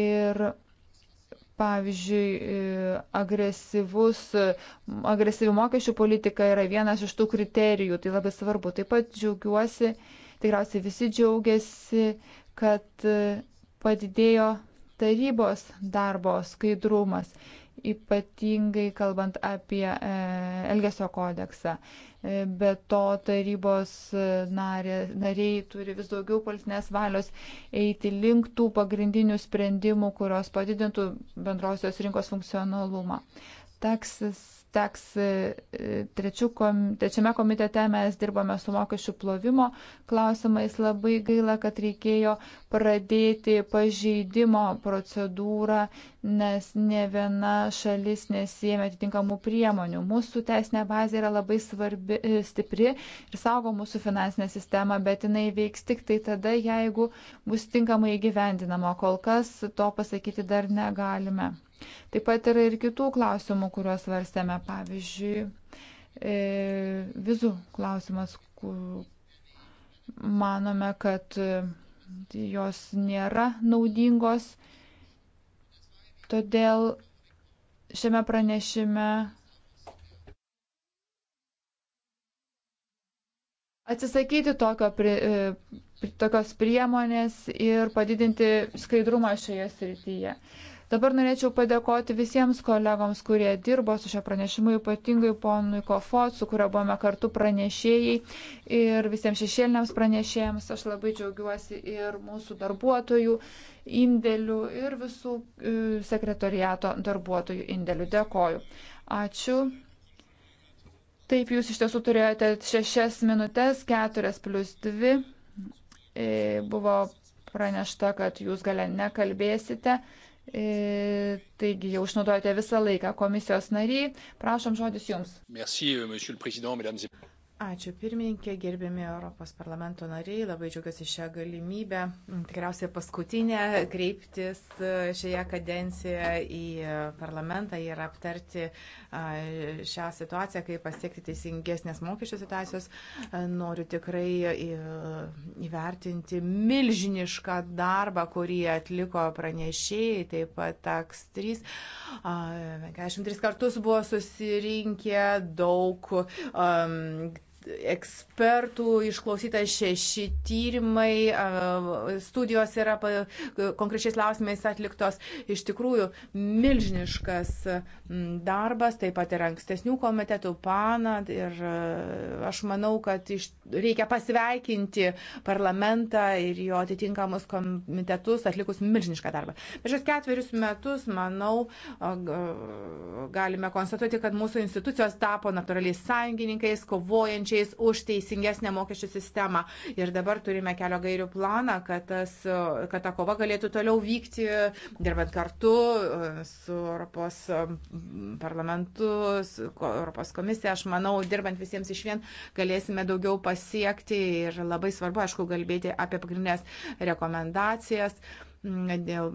Ir Pavyzdžiui, e, agresyvus, agresyvi mokesčių politika yra vienas iš tų kriterijų, tai labai svarbu. Taip pat džiaugiuosi, tikriausiai visi džiaugiasi, kad e, padidėjo tarybos darbo skaidrumas ypatingai kalbant apie e, Elgesio kodeksą. E, be to tarybos e, narė, nariai turi vis daugiau politinės valios eiti link tų pagrindinių sprendimų, kurios padidintų bendrosios rinkos funkcionalumą. Taksas teks e, kom, trečiame komitete mes dirbame su mokesčių plovimo klausimais. Labai gaila, kad reikėjo pradėti pažeidimo procedūrą, nes ne viena šalis nesijėmė atitinkamų priemonių. Mūsų teisinė bazė yra labai svarbi, e, stipri ir saugo mūsų finansinę sistemą, bet jinai veiks tik tai tada, jeigu bus tinkamai įgyvendinama. Kol kas to pasakyti dar negalime. Taip pat yra ir kitų klausimų, kuriuos svarstėme. Pavyzdžiui, e, vizų klausimas, kur manome, kad e, jos nėra naudingos. Todėl šiame pranešime atsisakyti tokio pri, e, tokios priemonės ir padidinti skaidrumą šioje srityje. Dabar norėčiau padėkoti visiems kolegoms, kurie dirbo su šio pranešimu, ypatingai ponui Kofot, su kurio buvome kartu pranešėjai ir visiems šešėliniams pranešėjams. Aš labai džiaugiuosi ir mūsų darbuotojų indėlių ir visų e, sekretoriato darbuotojų indėlių. Dėkoju. Ačiū. Taip, jūs iš tiesų turėjote šešias minutės, keturias plus dvi. E, buvo pranešta, kad jūs galę nekalbėsite. E, taigi jau išnaudojote visą laiką. Komisijos nariai, prašom žodis Jums. Merci, euh, Ačiū pirmininkė, gerbiami Europos parlamento nariai, labai džiaugiuosi šią galimybę, tikriausiai paskutinę, kreiptis e, šioje kadencijoje į parlamentą ir aptarti šią situaciją, kaip pasiekti teisingesnės mokesčių situacijos. E, noriu tikrai e, įvertinti milžinišką darbą, kurį atliko pranešėjai, taip pat TAX3. 43 kartus buvo susirinkę daug um, ekspertų išklausyta šeši tyrimai, studijos yra konkrečiais klausimais atliktos. Iš tikrųjų, milžiniškas darbas, taip pat ir ankstesnių komitetų pana. Ir aš manau, kad iš, reikia pasveikinti parlamentą ir jo atitinkamus komitetus atlikus milžinišką darbą. Per šios ketverius metus, manau, galime konstatuoti, kad mūsų institucijos tapo natūraliais sąjungininkais, kovojančiais mokesčiais už teisingesnę mokesčių sistemą. Ir dabar turime kelio gairių planą, kad, tas, kad ta kova galėtų toliau vykti, dirbant kartu e, su Europos e, parlamentu, su Europos komisija. Aš manau, dirbant visiems iš vien, galėsime daugiau pasiekti ir labai svarbu, aišku, kalbėti apie pagrindinės rekomendacijas dėl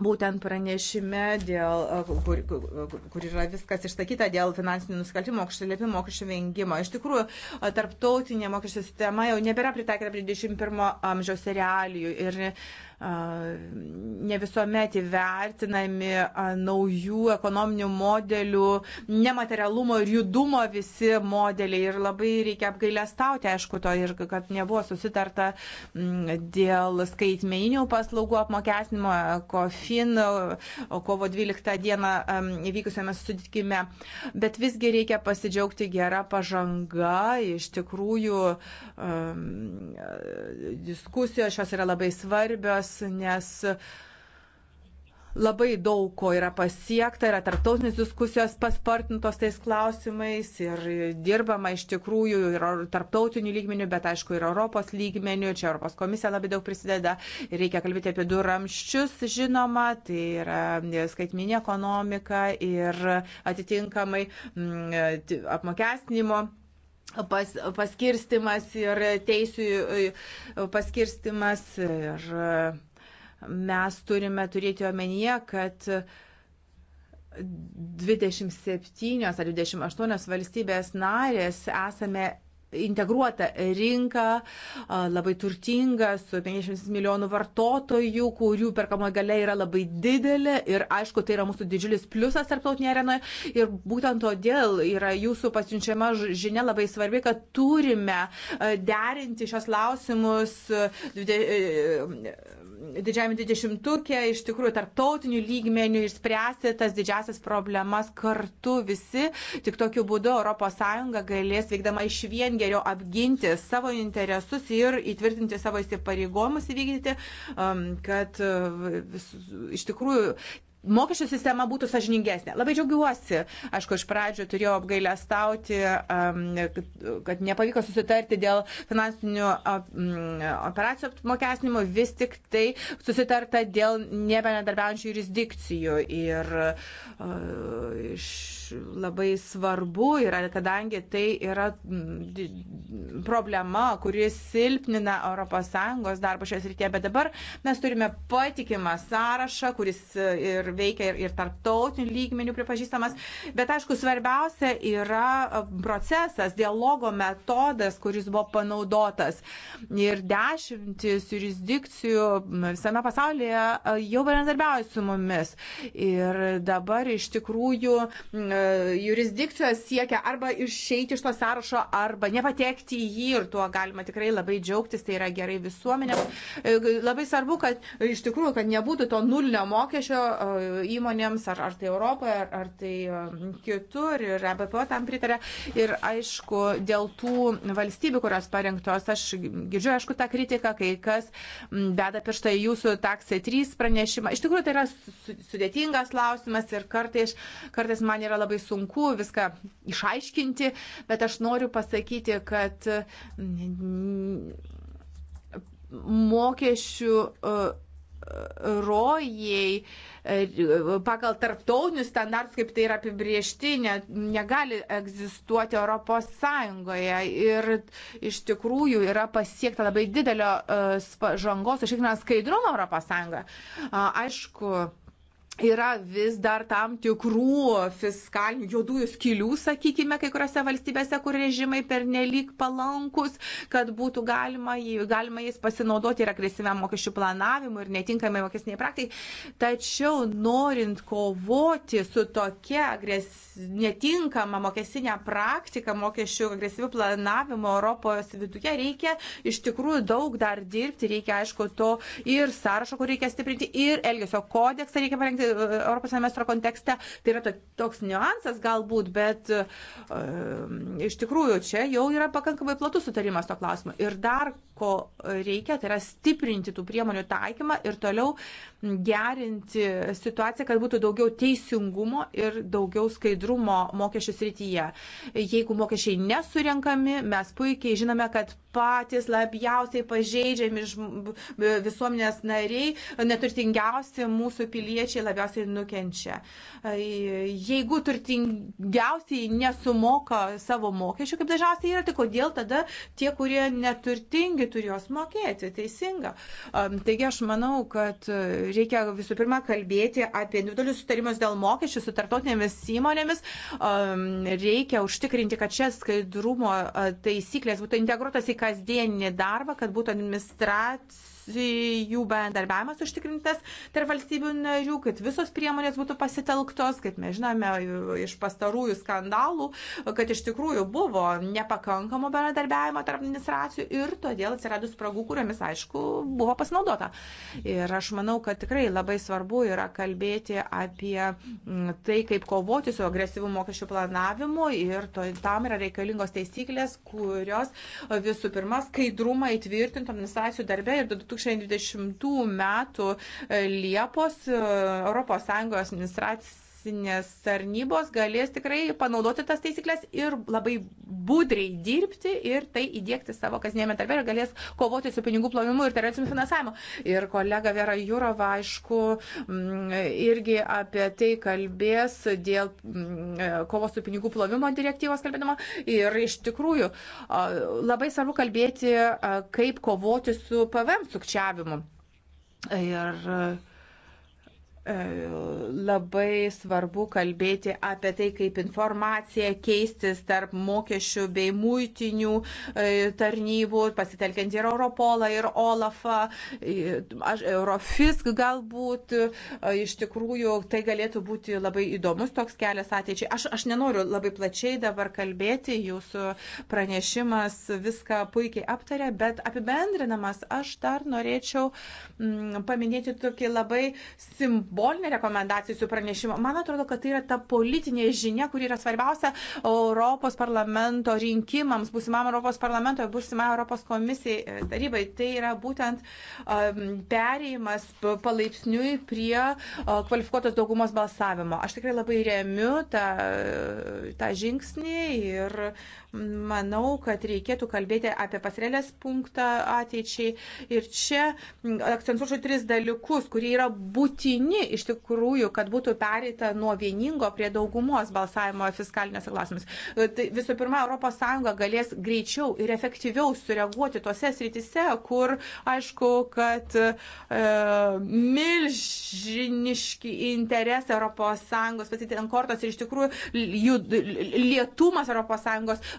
būtent pranešime, dėl, e, kur, kur yra viskas išsakyta dėl finansinių nusikaltimų, mokesčių lėpimo, mokesčių vengimo. Iš tikrųjų, e, tarptautinė mokesčių sistema jau nebėra pritaikyta prie 21 amžiaus realijų ir ne visuomet įvertinami naujų ekonominių modelių, nematerialumo ir judumo visi modeliai. Ir labai reikia apgailestauti, aišku, to ir kad nebuvo susitarta dėl skaitmeninių paslaugų apmokesnimo. Kofin kovo 12 dieną įvykusiame susitikime. Bet visgi reikia pasidžiaugti gerą pažangą. Iš tikrųjų, diskusijos šios yra labai svarbios veiklos, nes labai daug ko yra pasiekta, yra tarptautinės diskusijos paspartintos tais klausimais ir dirbama iš tikrųjų ir tarptautinių lygmenių, bet aišku ir Europos lygmenių, čia Europos komisija labai daug prisideda ir reikia kalbėti apie du ramščius, žinoma, tai yra skaitminė ekonomika ir atitinkamai mm, apmokestinimo pas, paskirstimas ir teisų e, paskirstimas. Ir e, mes turime turėti omenyje, kad 27 ar 28 valstybės narės esame integruota rinka, labai turtinga, su 50 milijonų vartotojų, kurių perkamo galia yra labai didelė ir aišku, tai yra mūsų didžiulis pliusas tarptautinėje arenoje ir būtent todėl yra jūsų pasiunčiama žinia labai svarbi, kad turime derinti šios lausimus didžiajame dvidešimtukė iš tikrųjų tarptautinių lygmenių išspręsti tas didžiasias problemas kartu visi. Tik tokiu būdu ES galės veikdama iš vien geriau apginti savo interesus ir įtvirtinti savo įsipareigojimus įvykdyti, um, kad uh, iš tikrųjų mokesčių sistema būtų sažiningesnė. Labai džiaugiuosi, aišku, iš pradžio turėjau apgailę stauti, kad nepavyko susitarti dėl finansinių operacijų apmokesnimo, vis tik tai susitarta dėl nebenedarbiaujančių jurisdikcijų. Ir labai svarbu yra, kadangi tai yra problema, kuris silpnina ES darbą šią srityje, bet dabar mes turime patikimą sąrašą, kuris ir ir veikia ir, ir tarptautinių lygmenių pripažįstamas. Bet aišku, svarbiausia yra e, procesas, dialogo metodas, kuris buvo panaudotas. Ir dešimtis jurisdikcijų visame pasaulyje e, jau bendradarbiauja su mumis. Ir dabar iš tikrųjų e, jurisdikcijos siekia arba išeiti iš to sąrašo, arba nepatekti į jį ir tuo galima tikrai labai džiaugtis, tai yra gerai visuomenėms. Labai svarbu, kad iš tikrųjų, kad nebūtų to nulinio mokesčio įmonėms, ar, ar tai Europoje, ar, ar tai um, kitur, ir ABPO tam pritarė. Ir aišku, dėl tų valstybių, kurios parinktos, aš girdžiu, aišku, tą kritiką, kai kas mm, beda pirštą į jūsų taksė 3 pranešimą. Iš tikrųjų, tai yra sudėtingas klausimas ir kartais, kartais man yra labai sunku viską išaiškinti, bet aš noriu pasakyti, kad mm, mokesčių uh, rojai e, pagal tarptautinius standartus, kaip tai yra apibriežti, ne, negali egzistuoti Europos Sąjungoje. Ir iš tikrųjų yra pasiekta labai didelio e, žangos užtikrinant skaidrumą Europos Sąjungoje. Aišku, yra vis dar tam tikrų fiskalinių juodųjų skilių, sakykime, kai kuriuose valstybėse, kur režimai pernelyg palankus, kad būtų galima, galima jais pasinaudoti ir agresyviam mokesčių planavimui ir netinkamai mokesniai praktikai. Tačiau norint kovoti su tokia agres... netinkama mokestinė praktika, mokesčių agresyvių planavimo Europos viduje, reikia iš tikrųjų daug dar dirbti, reikia aišku to ir sąrašo, kur reikia stiprinti, ir elgesio kodeksą reikia parengti suprasti e, Europos semestro kontekste. Tai yra toks niuansas galbūt, bet e, iš tikrųjų čia jau yra pakankamai platus sutarimas to klausimo. Ir dar ko reikia, tai yra stiprinti tų priemonių taikymą ir toliau gerinti situaciją, kad būtų daugiau teisingumo ir daugiau skaidrumo mokesčių srityje. Jeigu mokesčiai nesurenkami, mes puikiai žinome, kad patys labiausiai pažeidžiami visuomenės nariai, neturtingiausi mūsų piliečiai, labiausiai nukenčia. Jeigu turtingiausiai nesumoka savo mokesčių, kaip dažniausiai yra, tai kodėl tada tie, kurie neturtingi, turi juos mokėti? Teisinga. Taigi aš manau, kad reikia visų pirma kalbėti apie individualius sutarimus dėl mokesčių su tartotinėmis įmonėmis. Reikia užtikrinti, kad čia skaidrumo taisyklės būtų integruotas į kasdieninį darbą, kad būtų administracija jų bendarbiavimas užtikrintas tarp valstybių narių, kad visos priemonės būtų pasitelktos, kaip mes žinome iš pastarųjų skandalų, kad iš tikrųjų buvo nepakankamo bendarbiavimo tarp administracijų ir todėl atsiradus spragų, kuriomis, aišku, buvo pasinaudota. Ir aš manau, kad tikrai labai svarbu yra kalbėti apie mm, tai, kaip kovoti su agresyvų mokesčių planavimu ir to, tam yra reikalingos taisyklės, kurios visų pirma skaidrumą įtvirtintų administracijų darbę ir 2020 metų e, Liepos ES administracija teisinės tarnybos galės tikrai panaudoti tas taisyklės ir labai budriai dirbti ir tai įdėkti savo kasdienėme darbe ir galės kovoti su pinigų plovimu ir terorizmų finansavimu. Ir kolega Vera Jurova, aišku, mm, irgi apie tai kalbės dėl mm, kovos su pinigų plovimo direktyvos kalbėdama. Ir iš tikrųjų labai svarbu kalbėti, kaip kovoti su PVM sukčiavimu. Ir E, labai svarbu kalbėti apie tai, kaip informacija keistis tarp mokesčių bei muitinių e, tarnybų, pasitelkiant ir Europolą, ir Olafą, e, Eurofisk galbūt. Iš tikrųjų, tai galėtų būti labai įdomus toks kelias ateičiai. Aš, aš nenoriu labai plačiai dabar kalbėti, jūsų pranešimas viską puikiai aptarė, bet apibendrinamas aš dar norėčiau mm, paminėti tokį labai simbolinį Bolner rekomendacijų pranešimo. Man atrodo, kad tai yra ta politinė žinia, kuri yra svarbiausia Europos parlamento rinkimams, būsimam Europos parlamentoje, būsimam Europos komisijai e, tarybai. Tai yra būtent perėjimas palaipsniui prie e, kvalifikuotos daugumos balsavimo. Aš tikrai labai remiu tą, tą žingsnį ir manau, kad reikėtų kalbėti apie pasrelės punktą ateičiai. Ir čia akcentuočiau tris dalykus, kurie yra būtini iš tikrųjų, kad būtų pereita nuo vieningo prie daugumos balsavimo fiskaliniuose klausimus. Tai visų pirma, ES galės greičiau ir efektyviau sureaguoti tose sritise, kur aišku, kad e, milžiniški interesai ES pasitė ant kortos ir iš tikrųjų jų lietumas ES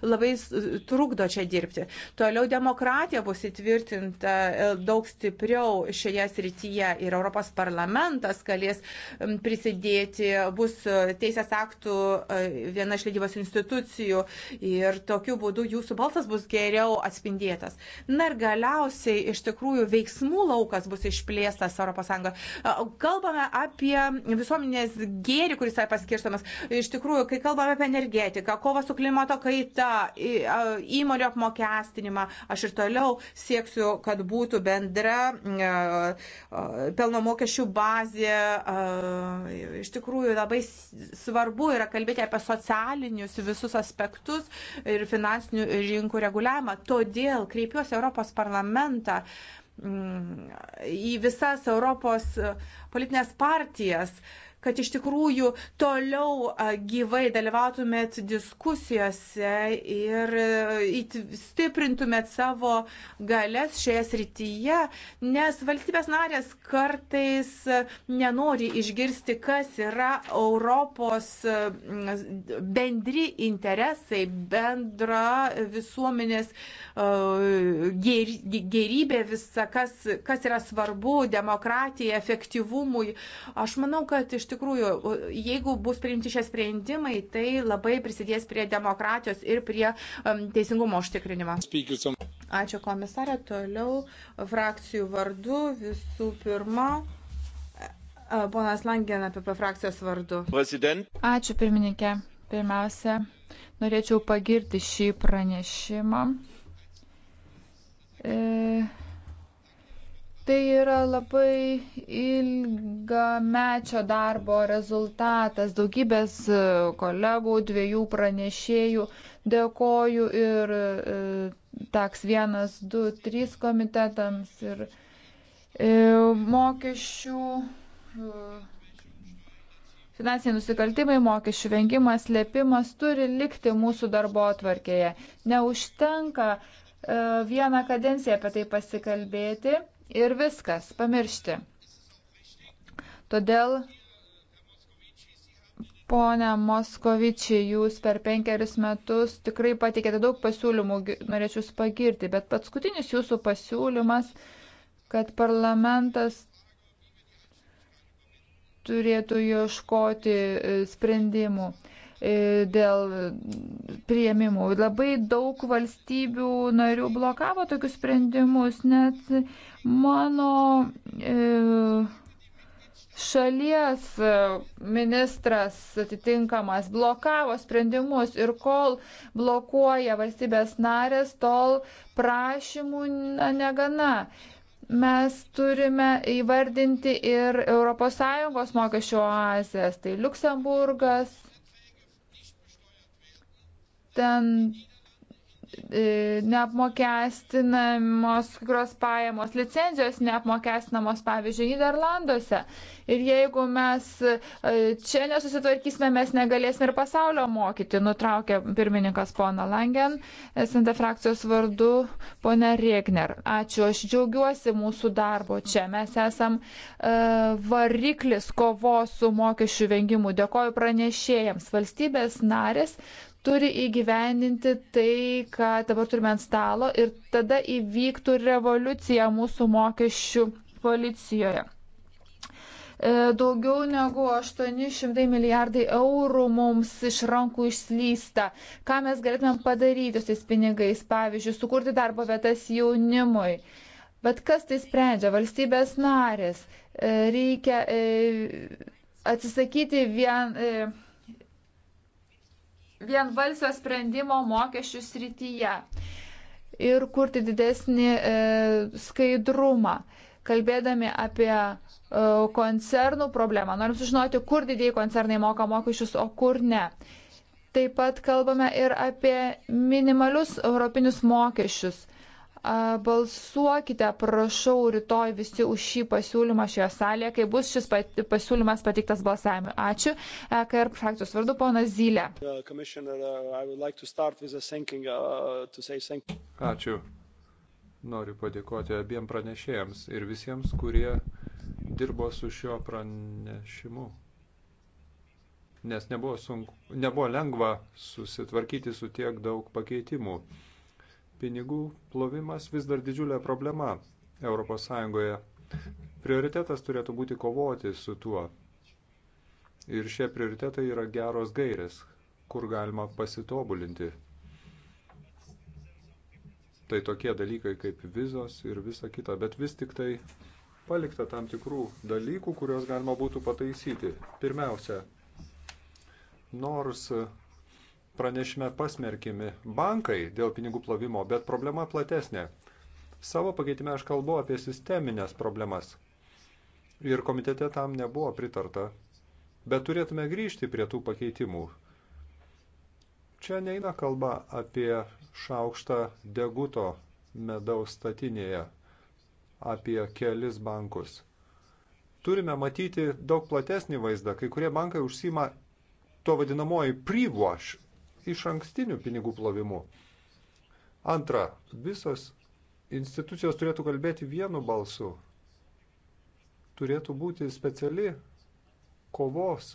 labai trukdo čia dirbti. Toliau demokratija bus įtvirtinta e, daug stipriau šioje srityje ir Europos parlamentas, kad galės prisidėti, bus e, teisės aktų e, viena iš lygybos institucijų ir tokiu būdu jūsų balsas bus geriau atspindėtas. Na ir galiausiai iš tikrųjų veiksmų laukas bus išplėstas ES. E, kalbame apie visuomenės gėrį, kuris yra paskirstamas. Iš tikrųjų, kai kalbame apie energetiką, kovą su klimato kaita, įmonių apmokestinimą, aš ir toliau sieksiu, kad būtų bendra pelno mokesčių bazė iš tikrųjų labai svarbu yra kalbėti apie socialinius visus aspektus ir finansinių rinkų reguliavimą. Todėl kreipiuosi Europos parlamentą mm, į visas Europos politinės partijas kad iš tikrųjų toliau gyvai dalyvautumėt diskusijose ir e, stiprintumėt savo galės šioje srityje, nes valstybės narės kartais e, nenori išgirsti, kas yra Europos e, bendri interesai, bendra visuomenės gerybė visa, kas, kas yra svarbu demokratijai, efektyvumui. Aš manau, kad iš tikrųjų, jeigu bus priimti šie sprendimai, tai labai prisidės prie demokratijos ir prie um, teisingumo užtikrinimo. Ačiū komisarė. Toliau frakcijų vardu visų pirma. E, e, ponas Langen apie frakcijos vardu. President. Ačiū pirmininkė. Pirmiausia, norėčiau pagirti šį pranešimą. E Tai yra labai ilgamečio darbo rezultatas daugybės e, kolegų, dviejų pranešėjų. Dėkoju ir e, taks 1, 2, 3 komitetams ir e, mokesčių, finansiniai nusikaltimai, mokesčių vengimas, slėpimas turi likti mūsų darbo atvarkėje. Neužtenka vieną kadenciją apie tai pasikalbėti ir viskas, pamiršti. Todėl, ponia Moskovičiai, jūs per penkerius metus tikrai patikėte daug pasiūlymų, norėčiau jūs pagirti, bet paskutinis jūsų pasiūlymas, kad parlamentas turėtų ieškoti e, sprendimų. E, dėl prieimimų. Labai daug valstybių narių blokavo tokius sprendimus, net mano e, šalies ministras atitinkamas blokavo sprendimus ir kol blokuoja valstybės narės, tol prašymų negana mes turime įvardinti ir ES mokesčių oazės, tai Luksemburgas, ten e, neapmokestinamos kurios pajamos, licenzijos neapmokestinamos, pavyzdžiui, Niderlanduose. Ir jeigu mes e, čia nesusitvarkysime, mes negalėsime ir pasaulio mokyti, nutraukė pirmininkas pona Langen, SNT frakcijos vardu pona Regner. Ačiū, aš džiaugiuosi mūsų darbo čia. Mes esam uh, variklis kovos su mokesčių vengimu. Dėkoju pranešėjams. Valstybės narės turi įgyvendinti tai, ką dabar turime ant stalo ir tada įvyktų revoliucija mūsų mokesčių policijoje. E, daugiau negu 800 milijardai eurų mums iš rankų išslysta. Ką mes galėtumėm padaryti su tais pinigais? Pavyzdžiui, sukurti darbo vietas jaunimui. Bet kas tai sprendžia? Valstybės narės. E, reikia e, atsisakyti vien vienbalsio sprendimo mokesčių srityje ir kurti didesnį e, skaidrumą. Kalbėdami apie e, koncernų problemą, norim sužinoti, kur didėjai koncernai moka mokesčius, o kur ne. Taip pat kalbame ir apie minimalius europinius mokesčius. Balsuokite, prašau, rytoj visi už šį pasiūlymą šioje salėje, kai bus šis pasiūlymas pateiktas balsavimui. Ačiū. EKR frakcijos vardu, ponas Zylė. Uh, uh, uh, Ačiū. Noriu padėkoti abiem pranešėjams ir visiems, kurie dirbo su šiuo pranešimu. Nes nebuvo, sunku, nebuvo lengva susitvarkyti su tiek daug pakeitimų pinigų plovimas vis dar didžiulė problema ES. Prioritetas turėtų būti kovoti su tuo. Ir šie prioritetai yra geros gairės, kur galima pasitobulinti. Tai tokie dalykai kaip vizos ir visa kita, bet vis tik tai palikta tam tikrų dalykų, kuriuos galima būtų pataisyti. Pirmiausia, nors pranešime pasmerkimi bankai dėl pinigų plovimo, bet problema platesnė. Savo pakeitime aš kalbu apie sisteminės problemas. Ir komitete tam nebuvo pritarta. Bet turėtume grįžti prie tų pakeitimų. Čia neina kalba apie šaukštą deguto medaus statinėje, apie kelis bankus. Turime matyti daug platesnį vaizdą. Kai kurie bankai užsima to vadinamoji pre-wash iš ankstiniu pinigų plovimu. Antra, visos institucijos turėtų kalbėti vienu balsu. Turėtų būti speciali kovos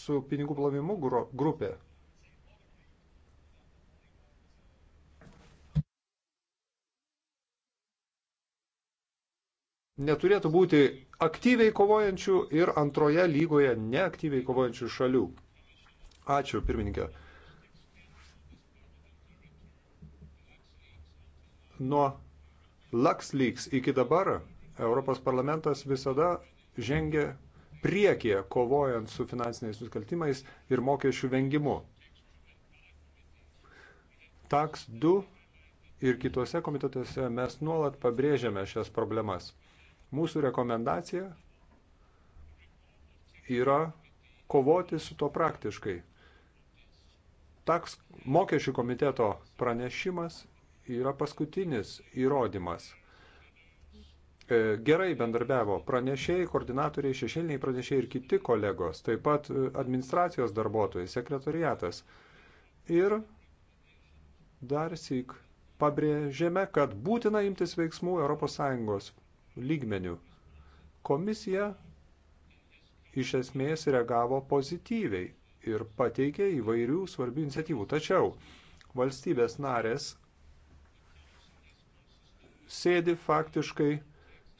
su pinigų plovimu grupė. Neturėtų būti aktyviai kovojančių ir antroje lygoje neaktyviai kovojančių šalių. Ačiū, pirmininkė. Nuo LuxLeaks iki dabar Europos parlamentas visada žengė priekyje, kovojant su finansiniais nusikaltimais ir mokesčių vengimu. TAX 2 ir kitose komitetuose mes nuolat pabrėžiame šias problemas. Mūsų rekomendacija yra kovoti su to praktiškai. Taks mokesčių komiteto pranešimas yra paskutinis įrodymas. E, gerai bendarbiavo pranešėjai, koordinatoriai, šešėliniai pranešėjai ir kiti kolegos, taip pat e, administracijos darbuotojai, sekretariatas. Ir dar sėk pabrėžėme, kad būtina imtis veiksmų ES lygmenių. Komisija iš esmės reagavo pozityviai ir pateikė įvairių svarbių iniciatyvų. Tačiau valstybės narės sėdi faktiškai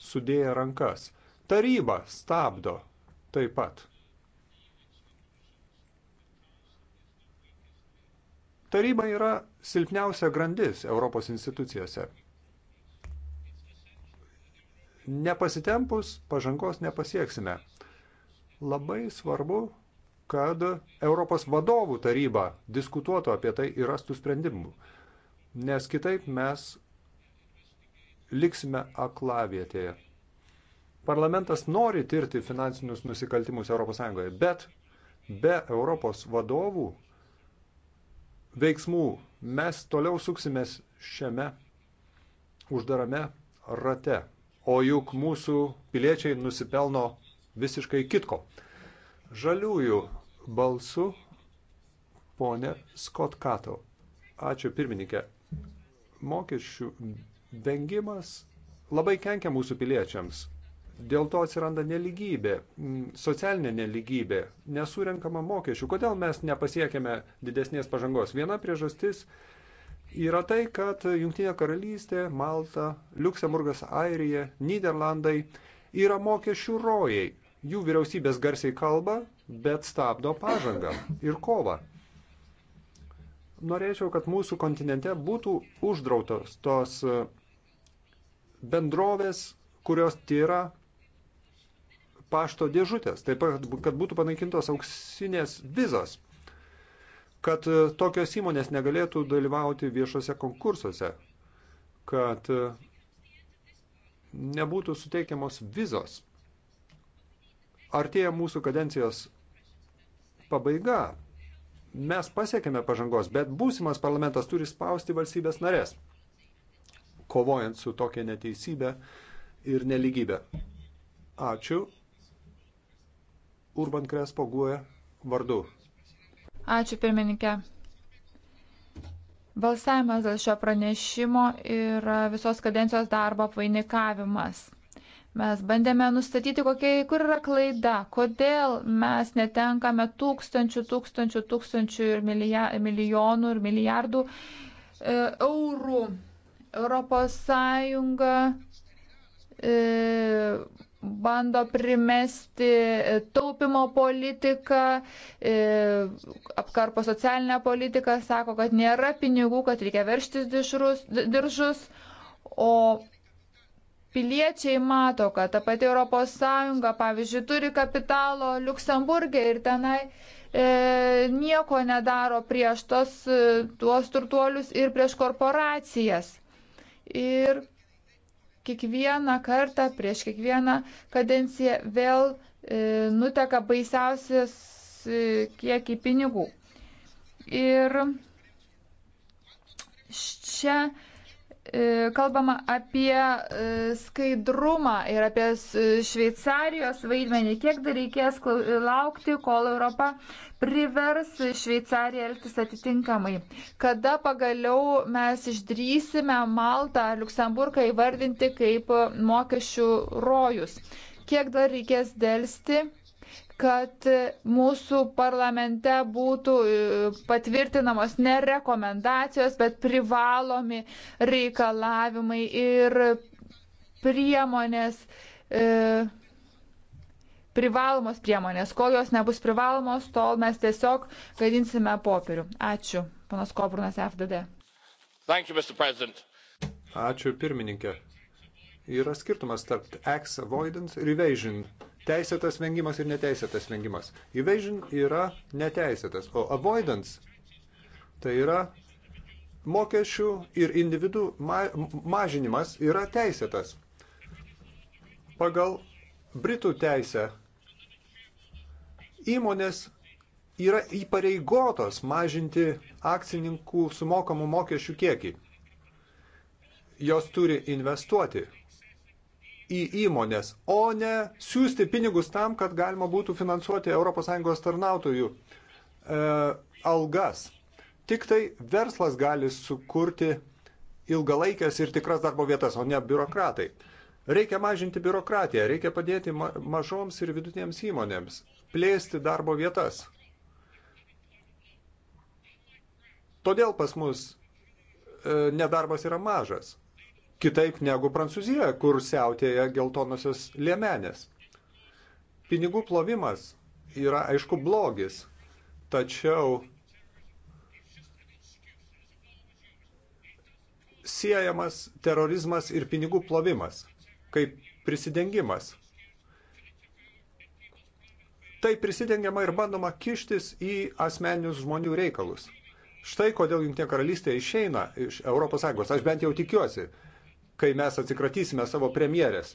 sudėję rankas. Taryba stabdo taip pat. Taryba yra silpniausia grandis Europos institucijose. Nepasitempus pažangos nepasieksime. Labai svarbu, kad Europos vadovų taryba diskutuotų apie tai ir rastų sprendimų. Nes kitaip mes liksime aklavietėje. Parlamentas nori tirti finansinius nusikaltimus ES, bet be Europos vadovų veiksmų mes toliau suksimės šiame uždarame rate. O juk mūsų piliečiai nusipelno visiškai kitko. Žaliųjų balsu ponė Skotkato. Ačiū pirmininkė. Mokesčių Vengimas labai kenkia mūsų piliečiams. Dėl to atsiranda neligybė, socialinė neligybė, nesurenkama mokesčių. Kodėl mes nepasiekėme didesnės pažangos? Viena priežastis yra tai, kad Junktinė karalystė, Malta, Luksemburgas, Airija, Niderlandai yra mokesčių rojai. Jų vyriausybės garsiai kalba, bet stabdo pažangą ir kovą. Norėčiau, kad mūsų kontinente būtų uždrautos tos bendrovės, kurios tyra pašto dėžutės, taip pat, kad būtų panaikintos auksinės vizos, kad e, tokios įmonės negalėtų dalyvauti viešuose konkursuose, kad e, nebūtų suteikiamos vizos. Artėja mūsų kadencijos pabaiga. Mes pasiekėme pažangos, bet būsimas parlamentas turi spausti valstybės narės kovojant su tokia neteisybė ir neligybė. Ačiū. Urban Krespo guoja vardu. Ačiū pirmininkė. Balsavimas dėl šio pranešimo ir visos kadencijos darbo apvainikavimas. Mes bandėme nustatyti, kokie, kur yra klaida, kodėl mes netenkame tūkstančių, tūkstančių, tūkstančių ir milijonų ir milijardų e, eurų Europos Sąjunga e, bando primesti e, taupimo politiką, e, apkarpo socialinę politiką, sako, kad nėra pinigų, kad reikia verštis diržus, diržus o piliečiai mato, kad ta pati ES, pavyzdžiui, turi kapitalo Luksemburgė ir tenai e, nieko nedaro prieš tos, tuos turtuolius ir prieš korporacijas ir kiekvieną kartą, prieš kiekvieną kadenciją vėl e, nuteka baisiausias e, kiekiai pinigų. Ir čia E, kalbama apie e, skaidrumą ir apie e, Šveicarijos vaidmenį, kiek dar reikės laukti, kol Europa privers Šveicariją elgtis atitinkamai. Kada pagaliau mes išdrysime Maltą ar Luksemburgą įvardinti kaip mokesčių rojus. Kiek dar reikės dėlsti kad mūsų parlamente būtų e, patvirtinamos ne rekomendacijos, bet privalomi reikalavimai ir priemonės, e, privalomos priemonės. Kol jos nebus privalomos, tol mes tiesiog gadinsime popierių. Ačiū, panas Koburnas FDD. Thank you, Ačiū, pirmininkė. Yra skirtumas tarp tax avoidance ir evasion teisėtas vengimas ir neteisėtas vengimas. Evasion yra neteisėtas, o avoidance tai yra mokesčių ir individų mažinimas yra teisėtas. Pagal Britų teisę įmonės yra įpareigotos mažinti akcininkų sumokamų mokesčių kiekį. Jos turi investuoti į įmonės, o ne siūsti pinigus tam, kad galima būtų finansuoti ES tarnautojų e, algas. Tik tai verslas gali sukurti ilgalaikės ir tikras darbo vietas, o ne biurokratai. Reikia mažinti biurokratiją, reikia padėti ma mažoms ir vidutinėms įmonėms, plėsti darbo vietas. Todėl pas mus e, nedarbas yra mažas kitaip negu Prancūzija, kur siautėja geltonosios liemenės. Pinigų plovimas yra aišku blogis, tačiau siejamas terorizmas ir pinigų plovimas kaip prisidengimas. Tai prisidengiama ir bandoma kištis į asmeninius žmonių reikalus. Štai kodėl Junktinė karalystė išeina iš ES, aš bent jau tikiuosi, kai mes atsikratysime savo premjerės.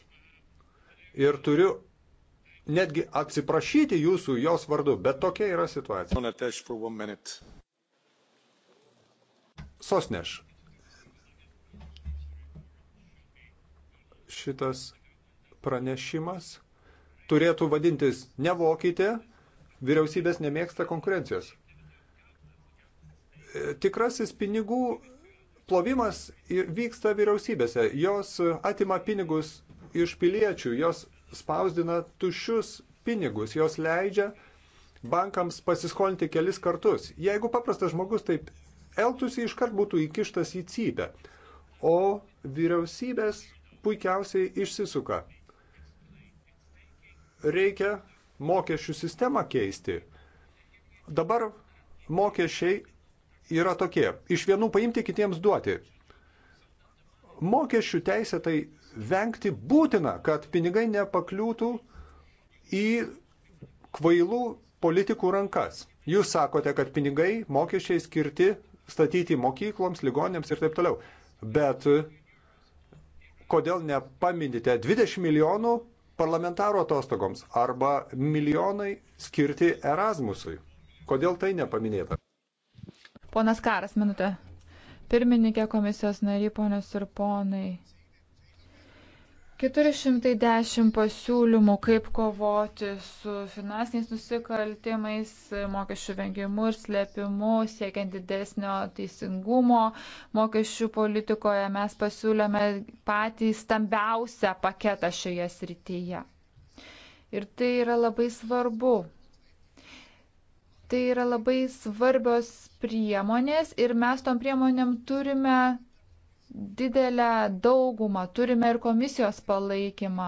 Ir turiu netgi atsiprašyti jūsų jos vardu, bet tokia yra situacija. Sosneš. Šitas pranešimas turėtų vadintis ne vokietė, vyriausybės nemėgsta konkurencijos. Tikrasis pinigų Plovimas vyksta vyriausybėse, jos atima pinigus iš piliečių, jos spausdina tušius pinigus, jos leidžia bankams pasiskolinti kelis kartus. Jeigu paprastas žmogus taip elgtųsi, iškart būtų įkištas į cypę. O vyriausybės puikiausiai išsisuka. Reikia mokesčių sistemą keisti. Dabar mokesčiai yra tokie. Iš vienų paimti, kitiems duoti. Mokesčių teisė tai vengti būtina, kad pinigai nepakliūtų į kvailų politikų rankas. Jūs sakote, kad pinigai mokesčiai skirti statyti mokykloms, ligonėms ir taip toliau. Bet kodėl nepaminite 20 milijonų parlamentaro atostogoms arba milijonai skirti Erasmusui? Kodėl tai nepaminėta? Ponas Karas, minutė. Pirmininkė komisijos nariai, ponios ir ponai. 410 pasiūlymų, kaip kovoti su finansiniais nusikaltimais, mokesčių vengimu ir slėpimu, siekiant didesnio teisingumo mokesčių politikoje, mes pasiūlėme patį stambiausią paketą šioje srityje. Ir tai yra labai svarbu, Tai yra labai svarbios priemonės ir mes tom priemonėm turime didelę daugumą, turime ir komisijos palaikymą.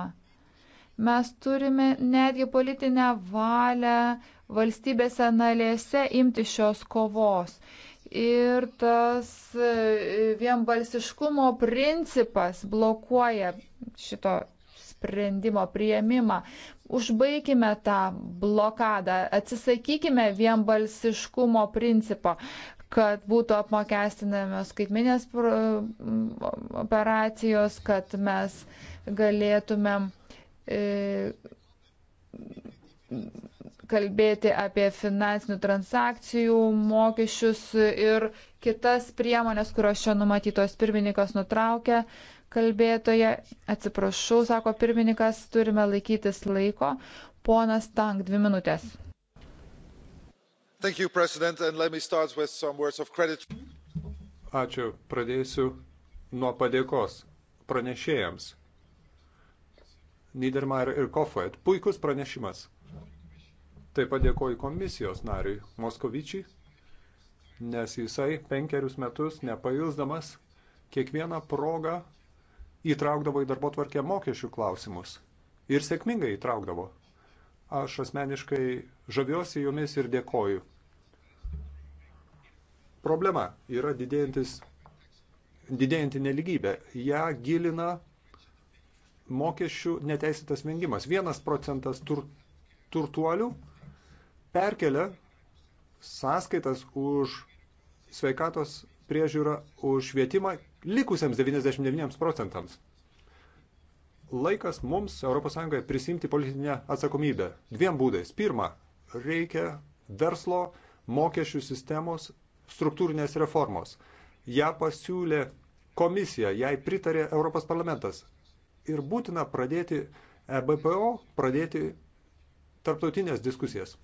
Mes turime netgi politinę valią valstybėse narėse imti šios kovos. Ir tas e, vienbalsiškumo principas blokuoja šito sprendimo prieimimą. Užbaikime tą blokadą, atsisakykime vienbalsiškumo principo, kad būtų apmokestinamos skaitminės mm, operacijos, kad mes galėtumėm e, kalbėti apie finansinių transakcijų mokesčius ir kitas priemonės, kurios čia numatytos pirmininkas nutraukė kalbėtoje. Atsiprašau, sako pirmininkas, turime laikytis laiko. Ponas Tank, dvi minutės. You, Ačiū. Pradėsiu nuo padėkos pranešėjams. Niedermayer ir Kofoet. Puikus pranešimas. Taip pat dėkoju komisijos nariui Moskovičiui, nes jisai penkerius metus nepailsdamas kiekvieną progą įtraukdavo į darbo tvarkę mokesčių klausimus. Ir sėkmingai įtraukdavo. Aš asmeniškai žaviuosi jumis ir dėkoju. Problema yra didėjantis, didėjanti neligybė. Ja gilina mokesčių neteisėtas vengimas. Vienas procentas tur, turtuolių perkelia sąskaitas už sveikatos priežiūrą, už švietimą likusiems 99 procentams laikas mums ES prisimti politinę atsakomybę. Dviem būdais. Pirma, reikia verslo, mokesčių sistemos, struktūrinės reformos. Ja pasiūlė komisija, jai pritarė Europos parlamentas. Ir būtina pradėti EBPO, pradėti tarptautinės diskusijas.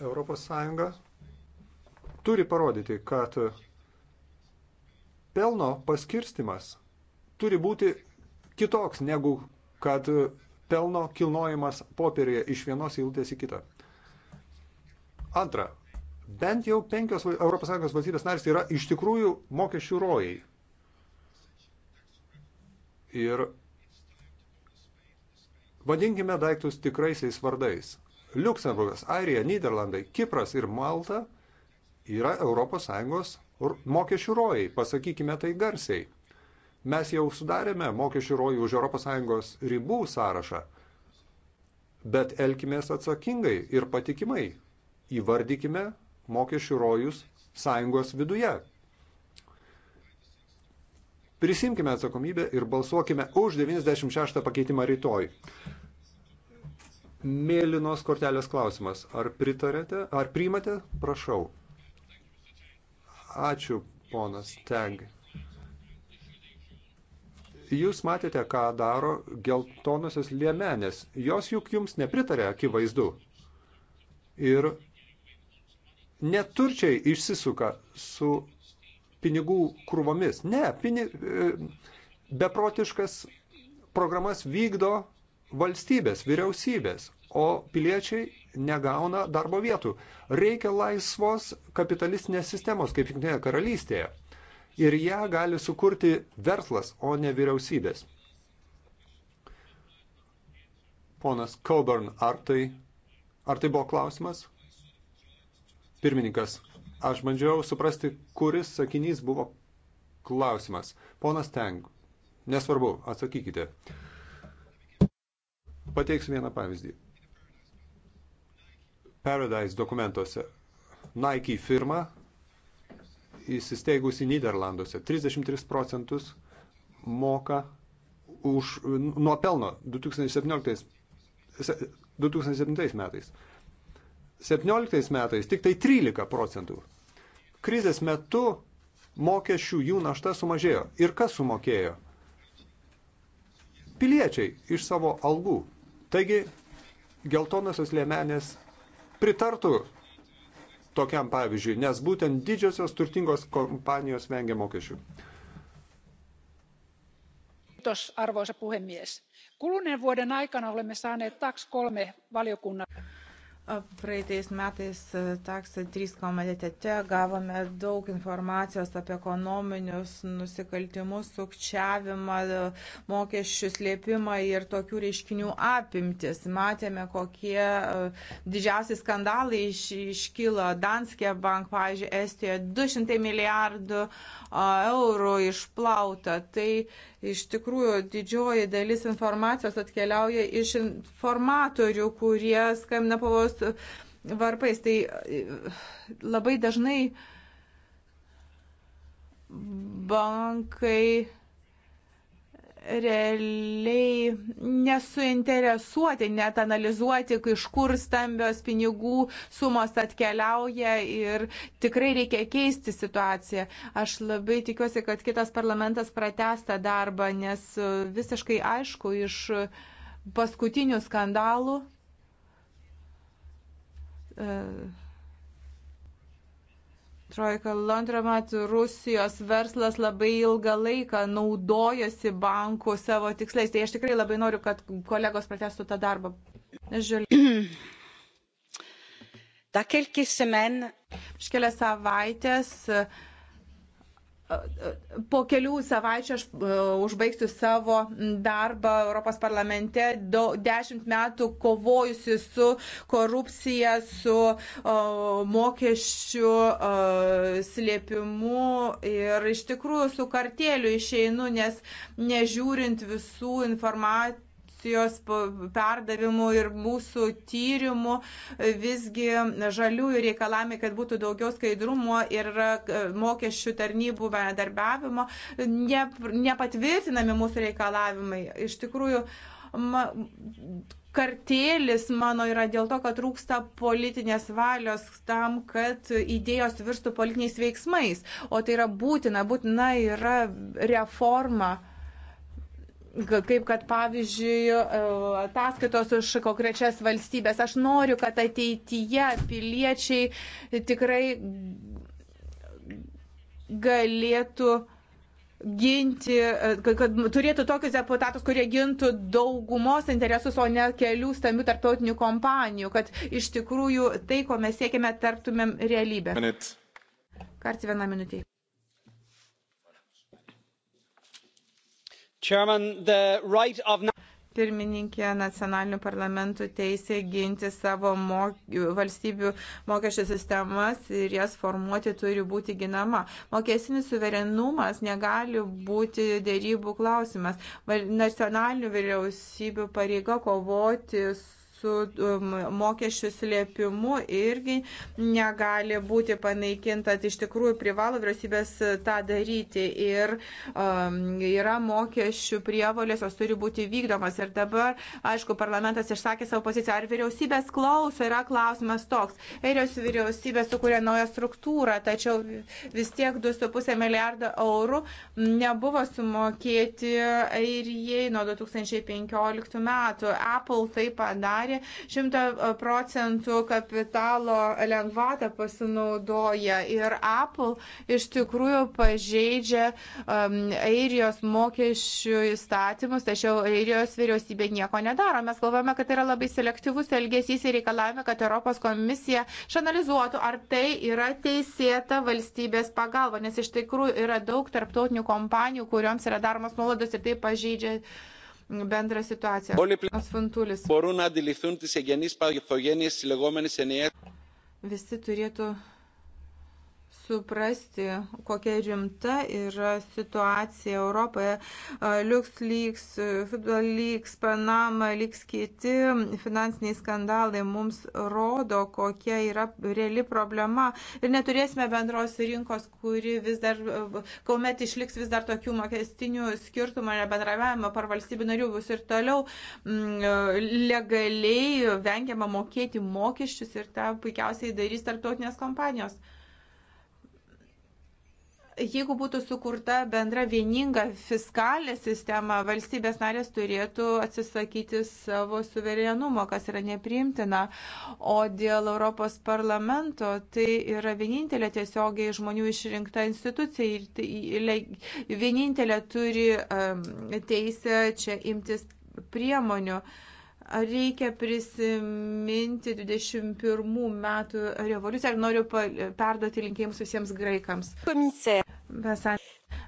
ES turi parodyti, kad pelno paskirstimas turi būti kitoks negu kad pelno kilnojimas popierėje iš vienos eilutės į kitą. Antra, bent jau penkios ES valstybės narės yra iš tikrųjų mokesčių rojai. Ir vadinkime daiktus tikraisiais vardais. Liuksemburgas, Airija, Niderlandai, Kipras ir Malta yra ES mokesčių rojai, pasakykime tai garsiai. Mes jau sudarėme mokesčių rojų už ES ribų sąrašą, bet elkimės atsakingai ir patikimai. Įvardykime mokesčių rojus sąjungos viduje. Prisimkime atsakomybę ir balsuokime už 96 pakeitimą rytoj. Mėlynos kortelės klausimas. Ar pritarėte, ar priimate? Prašau. Ačiū, ponas Teg. Jūs matėte, ką daro geltonosios liemenės. Jos juk jums nepritarė, akivaizdu. Ir neturčiai išsisuka su pinigų krūvomis. Ne, pini, e, beprotiškas programas vykdo valstybės, vyriausybės, o piliečiai negauna darbo vietų. Reikia laisvos kapitalistinės sistemos, kaip Junktinėje karalystėje ir ją gali sukurti verslas, o ne vyriausybės. Ponas Coburn, ar tai, ar tai buvo klausimas? Pirmininkas, aš bandžiau suprasti, kuris sakinys buvo klausimas. Ponas Teng, nesvarbu, atsakykite. Pateiksiu vieną pavyzdį. Paradise dokumentuose Nike firma įsisteigusi Niderlanduose. 33 procentus moka už, nuo pelno 2017, 2007 metais. 17 metais tik tai 13 procentų. Krizės metu mokesčių jų našta sumažėjo. Ir kas sumokėjo? Piliečiai iš savo algų. Taigi geltonosios lėmenės pritartų tokiam pavyzdžiui, nes būtent didžiosios turtingos kompanijos vengia mokesčių. Kiitos, arvoisa puhemies. Kuluneen vuoden aikana olemme saaneet TAX 3 valiokunnan. Praeitais metais e, taksą 3 komitete gavome daug informacijos apie ekonominius nusikaltimus, sukčiavimą, e, mokesčių slėpimą ir tokių reiškinių apimtis. Matėme, kokie e, didžiausi skandalai iš, iškilo. Danske bank, pavyzdžiui, Estijoje 200 milijardų eurų išplauta. Tai Iš tikrųjų, didžioji dalis informacijos atkeliauja iš informatorių, kurie skambina pavos varpais. Tai e, labai dažnai bankai realiai nesuinteresuoti, net analizuoti, iš kur stambios pinigų sumos atkeliauja ir tikrai reikia keisti situaciją. Aš labai tikiuosi, kad kitas parlamentas pratestą darbą, nes visiškai aišku iš paskutinių skandalų. Uh Trojka Londromat, Rusijos verslas labai ilgą laiką naudojosi bankų savo tikslais. Tai aš tikrai labai noriu, kad kolegos pratestų tą darbą. Žiūrėjau. Prieš kelias savaitės uh, Po kelių savaičių aš e, užbaigsiu savo darbą Europos parlamente. Dešimt metų kovojusi su korupcija, su o, e, mokesčių o, e, slėpimu ir iš tikrųjų su kartėliu išeinu, nes nežiūrint visų informacijų informacijos perdavimu ir mūsų tyrimu visgi žaliųjų reikalami, kad būtų daugiau skaidrumo ir e, mokesčių tarnybų bendarbiavimo, ne, nepatvirtinami mūsų reikalavimai. Iš tikrųjų, ma, kartėlis mano yra dėl to, kad trūksta politinės valios tam, kad idėjos virstų politiniais veiksmais. O tai yra būtina, būtina yra reforma kaip kad pavyzdžiui e, ataskaitos už konkrečias valstybės. Aš noriu, kad ateityje piliečiai tikrai galėtų ginti, e, kad, kad turėtų tokius deputatus, kurie gintų daugumos interesus, o ne kelių stambių tarptautinių kompanijų, kad iš tikrųjų tai, ko mes siekime, tarptumėm realybę. Kartį vieną minutį. Pirmininkė nacionalinių parlamentų teisė ginti savo mok valstybių mokesčių sistemas ir jas formuoti turi būti ginama. Mokesinis suverenumas negali būti dėrybų klausimas. Nacionalinių vyriausybių pareiga kovoti su su um, mokesčių slėpimu irgi negali būti panaikinta. Tai iš tikrųjų, privalo vyriausybės e, tą daryti ir um, yra mokesčių prievolės, jos turi būti vykdomas. Ir dabar, aišku, parlamentas išsakė savo poziciją, ar vyriausybės klauso, yra klausimas toks. Airijos vyriausybė sukūrė naują struktūrą, tačiau vis tiek 2,5 milijardo eurų nebuvo sumokėti Airijai nuo 2015 metų. Apple tai padarė nori, 100 e, procentų kapitalo lengvatą pasinaudoja. Ir Apple iš tikrųjų pažeidžia um, airijos mokesčių įstatymus, tačiau airijos vyriausybė nieko nedaro. Mes galvojame, kad tai yra labai selektyvus elgesys ir reikalavime, kad Europos komisija šanalizuotų, ar tai yra teisėta valstybės pagalba, nes iš tikrųjų yra daug tarptautinių kompanijų, kurioms yra daromas nuolaidos ir tai pažeidžia bendrą situaciją. Asfantulis. Visi turėtų suprasti, kokia rimta yra situacija Europoje. LuxLeaks, FootballLeaks, Panama, Leaks kiti finansiniai skandalai mums rodo, kokia yra reali problema. Ir neturėsime bendros rinkos, kuri vis dar, kuomet išliks vis dar tokių mokestinių skirtumų ir bendravimo par valstybių narių bus ir toliau mm, legaliai vengiama mokėti mokesčius ir tą puikiausiai darys tarptautinės kompanijos. Jeigu būtų sukurta bendra vieninga fiskalė sistema, valstybės narės turėtų atsisakyti savo suverenumo, kas yra nepriimtina. O dėl Europos parlamento, tai yra vienintelė tiesiogiai žmonių išrinkta institucija ir tai, vienintelė turi teisę čia imtis priemonių. Uh, Ar reikia prisiminti 21 metų revoliuciją ir noriu perduoti linkėjimus visiems graikams. Komisija.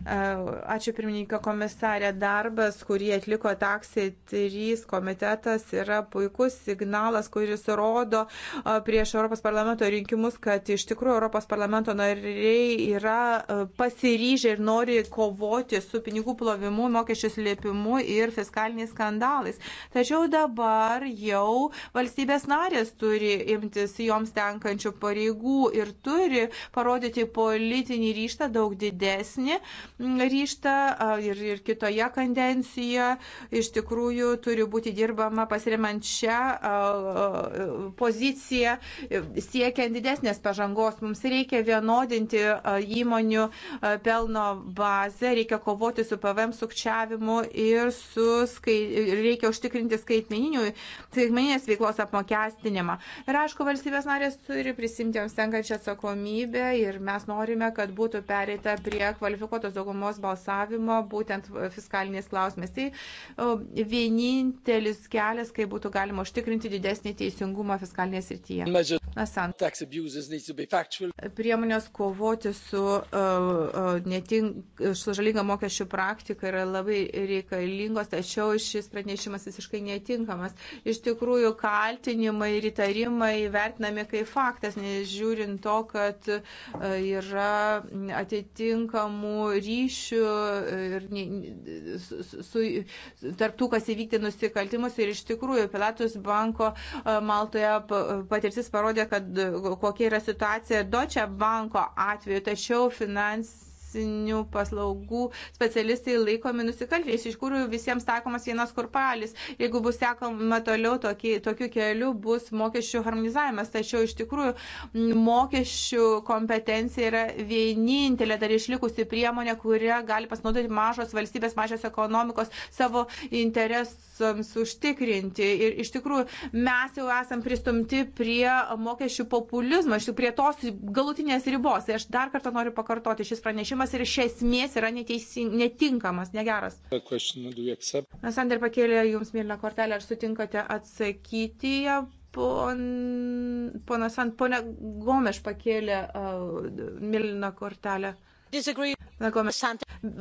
Ačiū pirmininką komisarė. Darbas, kurį atliko taksai 3 komitetas, yra puikus signalas, kuris rodo prieš Europos parlamento rinkimus, kad iš tikrųjų Europos parlamento nariai yra pasiryžę ir nori kovoti su pinigų plovimu, mokesčių slėpimu ir fiskaliniais skandalais. Tačiau dabar jau valstybės narės turi imtis joms tenkančių pareigų ir turi parodyti politinį ryštą daug didesnį. Uh, ryštą ir, ir kitoje kandencijoje. Iš tikrųjų turi būti dirbama pasiremant šią poziciją, siekiant didesnės pažangos. Mums reikia vienodinti įmonių pelno bazę, reikia kovoti su PVM sukčiavimu ir su skai, reikia užtikrinti skaitmeninės veiklos apmokestinimą. Ir aišku, valstybės narės turi prisimti joms tenkančią atsakomybę ir mes norime, kad būtų pereita prie kvalifikuotos daugumos balsavimo būtent fiskaliniais klausimais. Tai vienintelis kelias, kai būtų galima užtikrinti didesnį teisingumą fiskalinėje srityje. Asan. Priemonės kovoti su, uh, netink, su žalinga mokesčių praktika yra labai reikalingos, tačiau šis pranešimas visiškai netinkamas. Iš tikrųjų, kaltinimai ir įtarimai vertinami kaip faktas, nežiūrint to, kad uh, yra atitinkamų ryšių e, ir su, su, tarptų, kas įvykti nusikaltimus. Ir iš tikrųjų, Pilatus banko e, Maltoje patirtis parodė, kad e, kokia yra situacija Dočia banko atveju, tačiau finansininkai finansinių paslaugų specialistai laikomi nusikaltėliais. Iš kurių visiems takomas vienas kurpalis. Jeigu bus sekama toliau tokie, tokiu keliu, bus mokesčių harmonizavimas. Tačiau iš tikrųjų mokesčių kompetencija yra vienintelė dar išlikusi priemonė, kurią gali pasinaudoti mažos valstybės, mažos ekonomikos savo interesams užtikrinti. Ir iš tikrųjų mes jau esam pristumti prie mokesčių populizmo, prie tos galutinės ribos. Ir aš dar kartą noriu pakartoti, šis pranešimas pranešimas ir iš esmės yra neteisi, netinkamas, negeras. Sander pakėlė jums mėlyną kortelę, ar sutinkate atsakyti ją? Pon, ponas Ant, ponia Gomeš pakėlė uh, mėlyną kortelę. Uh,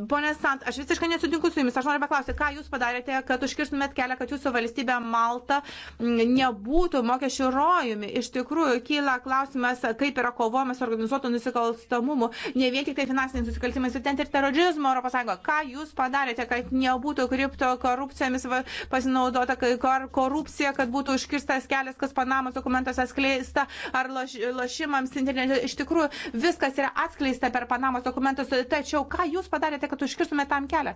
Pone Sant, aš visiškai nesutinku su jumis. Aš noriu paklausti, ką jūs padarėte, kad užkirstumėt kelią, kad jūsų valstybė Malta nebūtų mokesčių rojumi. Iš tikrųjų, kyla klausimas, kaip yra kovojamas organizuotų nusikalstamumu, ne vien tik tai finansiniais nusikaltimais, bet ir terorizmo Europos Sąjungoje. Ką jūs padarėte, kad nebūtų kripto korupcijomis pasinaudota, korupcija, kad būtų užkirstas kelias, kas Panamos dokumentuose atskleista, ar lošimams internete. Iš tikrųjų, viskas yra atskleista per Panamos dokumentus dokumentus. Tačiau ką jūs padarėte, kad užkirstumėte tam kelią?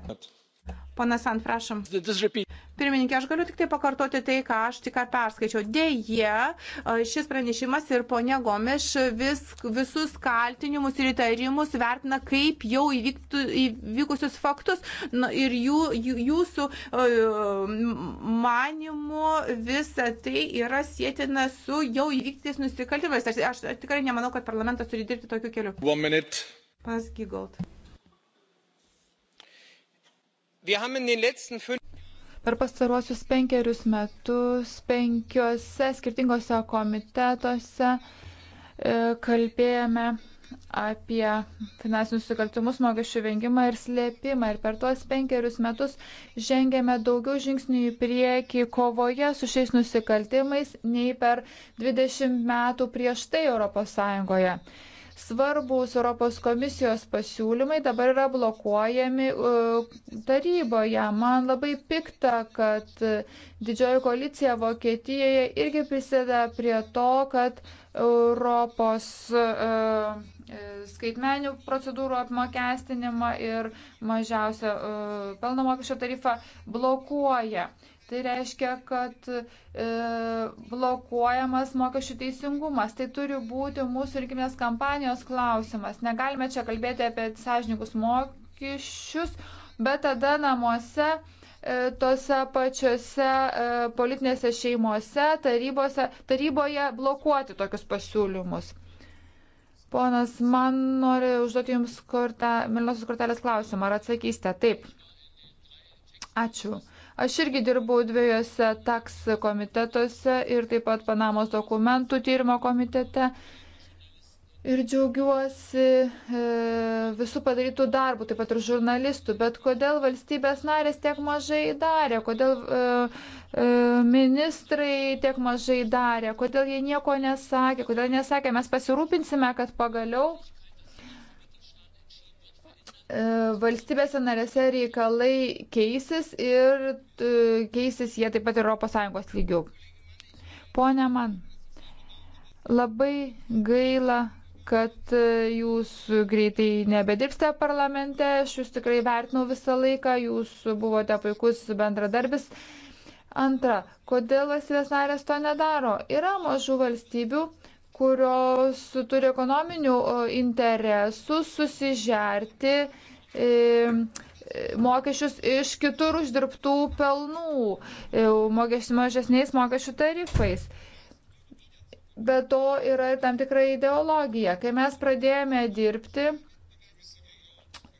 Panas Ant, prašom. Pirmininkė, aš galiu tik tai pakartoti tai, ką aš tik perskaičiau. Deja, šis pranešimas ir ponia Gomeš vis, visus kaltinimus ir įtarimus vertina kaip jau įvyktų, įvykusius faktus na, ir jų, jūsų e, manimu visa tai yra sėtina su jau įvyktais nusikaltimais. Aš, aš tikrai nemanau, kad parlamentas turi dirbti tokiu keliu. One minute. Pas Gigold. Per pastaruosius penkerius metus penkiose skirtingose komitetuose e, kalbėjome apie finansinius nusikaltimus, mokesčių vengimą ir slėpimą. Ir per tuos penkerius metus žengėme daugiau žingsnių į priekį kovoje su šiais nusikaltimais nei per 20 metų prieš tai ES svarbus Europos komisijos pasiūlymai dabar yra blokuojami e, taryboje. Man labai pikta, kad e, didžioji koalicija Vokietijoje irgi prisideda prie to, kad Europos e, skaitmenių procedūrų apmokestinimą ir mažiausią pelno mokesčio tarifą blokuoja. Tai reiškia, kad e, blokuojamas mokesčių teisingumas. Tai turi būti mūsų rinkiminės kampanijos klausimas. Negalime čia kalbėti apie sąžininkus mokesčius, bet tada namuose, e, tose pačiose e, politinėse šeimose, tarybose, taryboje blokuoti tokius pasiūlymus. Ponas, man nori užduoti Jums kortą, Milnosios kortelės klausimą. Ar atsakysite? Taip. Ačiū. Aš irgi dirbau dviejose taks komitetuose ir taip pat Panamos dokumentų tyrimo komitete. Ir džiaugiuosi e, visų padarytų darbų, taip pat ir žurnalistų, bet kodėl valstybės narės tiek mažai darė, kodėl e, e, ministrai tiek mažai darė, kodėl jie nieko nesakė, kodėl nesakė, mes pasirūpinsime, kad pagaliau E, valstybėse narėse reikalai keisis ir e, keisis jie taip pat ES lygių. Pone man, labai gaila, kad e, jūs greitai nebedirbsite parlamente, aš jūs tikrai vertinau visą laiką, jūs buvote puikus bendradarbis. Antra, kodėl valstybės narės to nedaro? Yra mažų valstybių, kurios turi ekonominių interesų susižerti e, e, mokesčius iš kitur uždirbtų pelnų, e, mokesčių mažesniais mokesčių tarifais. Bet to yra ir tam tikra ideologija. Kai mes pradėjome dirbti,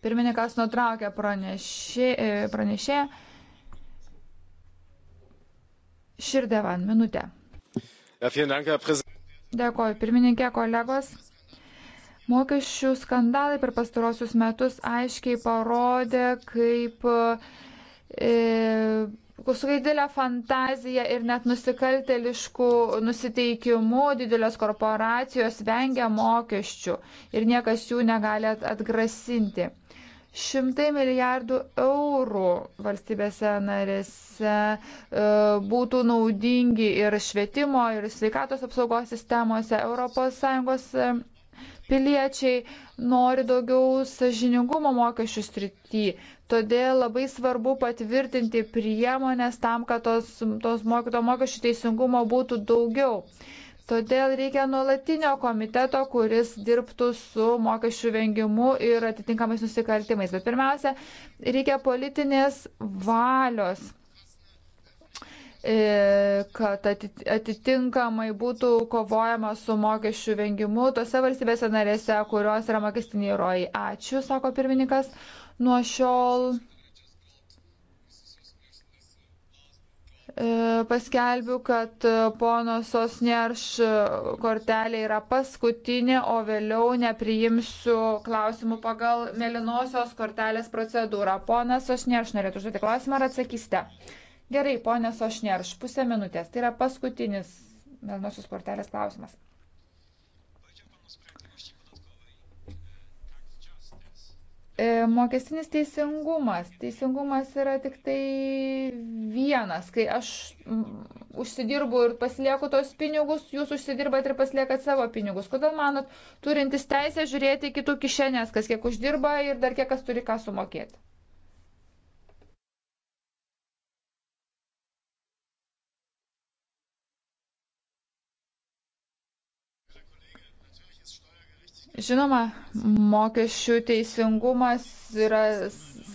pirmininkas nutraukė pranešė, pranešė Širdevan minutę. Ja, Dėkoju, pirmininkė, kolegos. Mokesčių skandalai per pastarosius metus aiškiai parodė, kaip e, su didelė fantazija ir net nusikalteliškų nusiteikimu didelės korporacijos vengia mokesčių ir niekas jų negali atgrasinti šimtai milijardų eurų valstybėse narėse e, būtų naudingi ir švietimo, ir sveikatos apsaugos sistemose. ES e, piliečiai nori daugiau sažiningumo mokesčių srity. Todėl labai svarbu patvirtinti priemonės tam, kad tos, tos mokyto mokesčių teisingumo būtų daugiau. Uh, Todėl reikia nuolatinio komiteto, kuris dirbtų su mokesčių vengimu ir atitinkamais nusikaltimais. Bet pirmiausia, reikia politinės valios e, kad atitinkamai būtų kovojama su mokesčių vengimu tose valstybėse narėse, kurios yra mokestiniai rojai. Ačiū, sako pirmininkas. Nuo šiol E, paskelbiu, kad e, pono Sosnerš kortelė yra paskutinė, o vėliau nepriimsiu klausimų pagal mėlynosios kortelės procedūrą. Ponas Sosnerš, norėtų užduoti klausimą ar atsakysite? Gerai, ponas Sosnerš, pusę minutės. Tai yra paskutinis mėlynosios kortelės klausimas. E, mokestinis teisingumas. Teisingumas yra tik tai vienas. Kai aš užsidirbu ir pasilieku tos pinigus, jūs užsidirbat ir pasiliekat savo pinigus. Kodėl manot, turintis teisę žiūrėti kitų kišenės, kas kiek uždirba ir dar kiek kas turi ką sumokėti? Žinoma, mokesčių teisingumas yra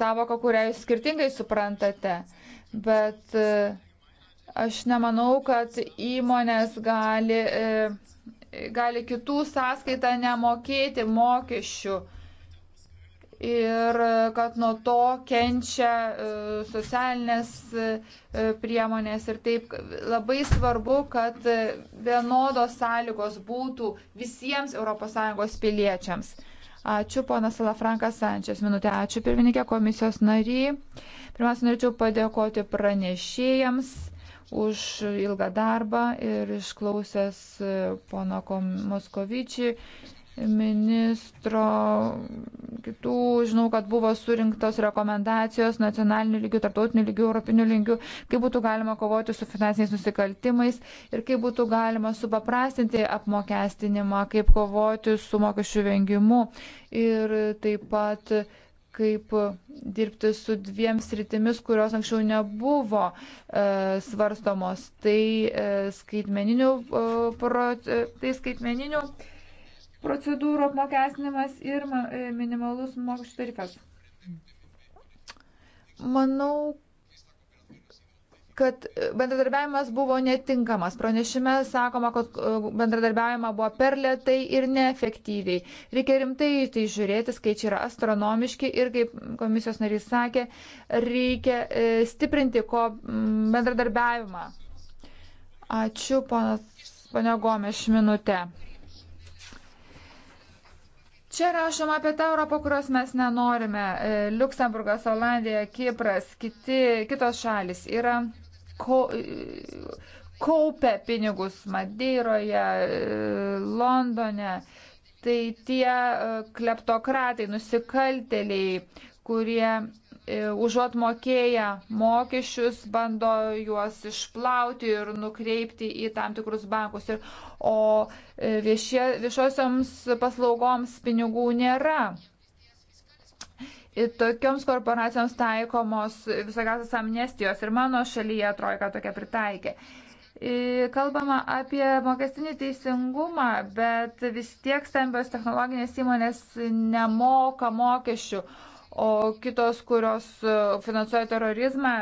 savoka, kurią jūs skirtingai suprantate, bet e, aš nemanau, kad įmonės gali, e, gali kitų sąskaitą nemokėti mokesčių ir kad nuo to kenčia e, socialinės e, priemonės ir taip labai svarbu, kad vienodos sąlygos būtų visiems ES piliečiams. Ačiū, ponas Salafrankas Sančias. Minutė, ačiū pirmininkė komisijos nariai. Pirmiausia, norėčiau padėkoti pranešėjams už ilgą darbą ir išklausęs e, pono Moskovičiui ministro, kitų, žinau, kad buvo surinktos rekomendacijos nacionalinių lygių, tarptautinių lygių, europinių lygių, kaip būtų galima kovoti su finansiniais nusikaltimais ir kaip būtų galima supaprastinti apmokestinimą, kaip kovoti su mokesčių vengimu ir taip pat kaip dirbti su dviem sritimis, kurios anksčiau nebuvo e, svarstomos. Tai e, skaitmeninių, e, pro, e, tai skaitmeninių e, procedūrų apmokestinimas ir e, minimalus mokesčių tarifas. Manau, kad e, bendradarbiavimas buvo netinkamas. Pranešime sakoma, kad e, bendradarbiavimą buvo per lietai ir neefektyviai. Reikia rimtai tai žiūrėti, skaičiai yra astronomiški ir, kaip komisijos narys sakė, reikia stiprinti ko bendradarbiavimą. Ačiū, ponas, ponia Gomeš, minutė. Čia rašoma apie tą Europą, kurios mes nenorime. E, Luksemburgas, Olandija, Kipras, kiti, kitos šalis yra ko, e, kaupę pinigus Madeiroje, e, Londone. Tai tie kleptokratai, nusikalteliai, kurie E, užuot mokėję mokesčius, bando juos išplauti ir nukreipti į tam tikrus bankus. Ir, o e, viešie, viešosioms paslaugoms pinigų nėra. Ir tokioms korporacijoms taikomos visokiausios amnestijos ir mano šalyje trojka tokia pritaikė. E, kalbama apie mokestinį teisingumą, bet vis tiek stambios technologinės įmonės nemoka mokesčių, o kitos, kurios e, finansuoja terorizmą,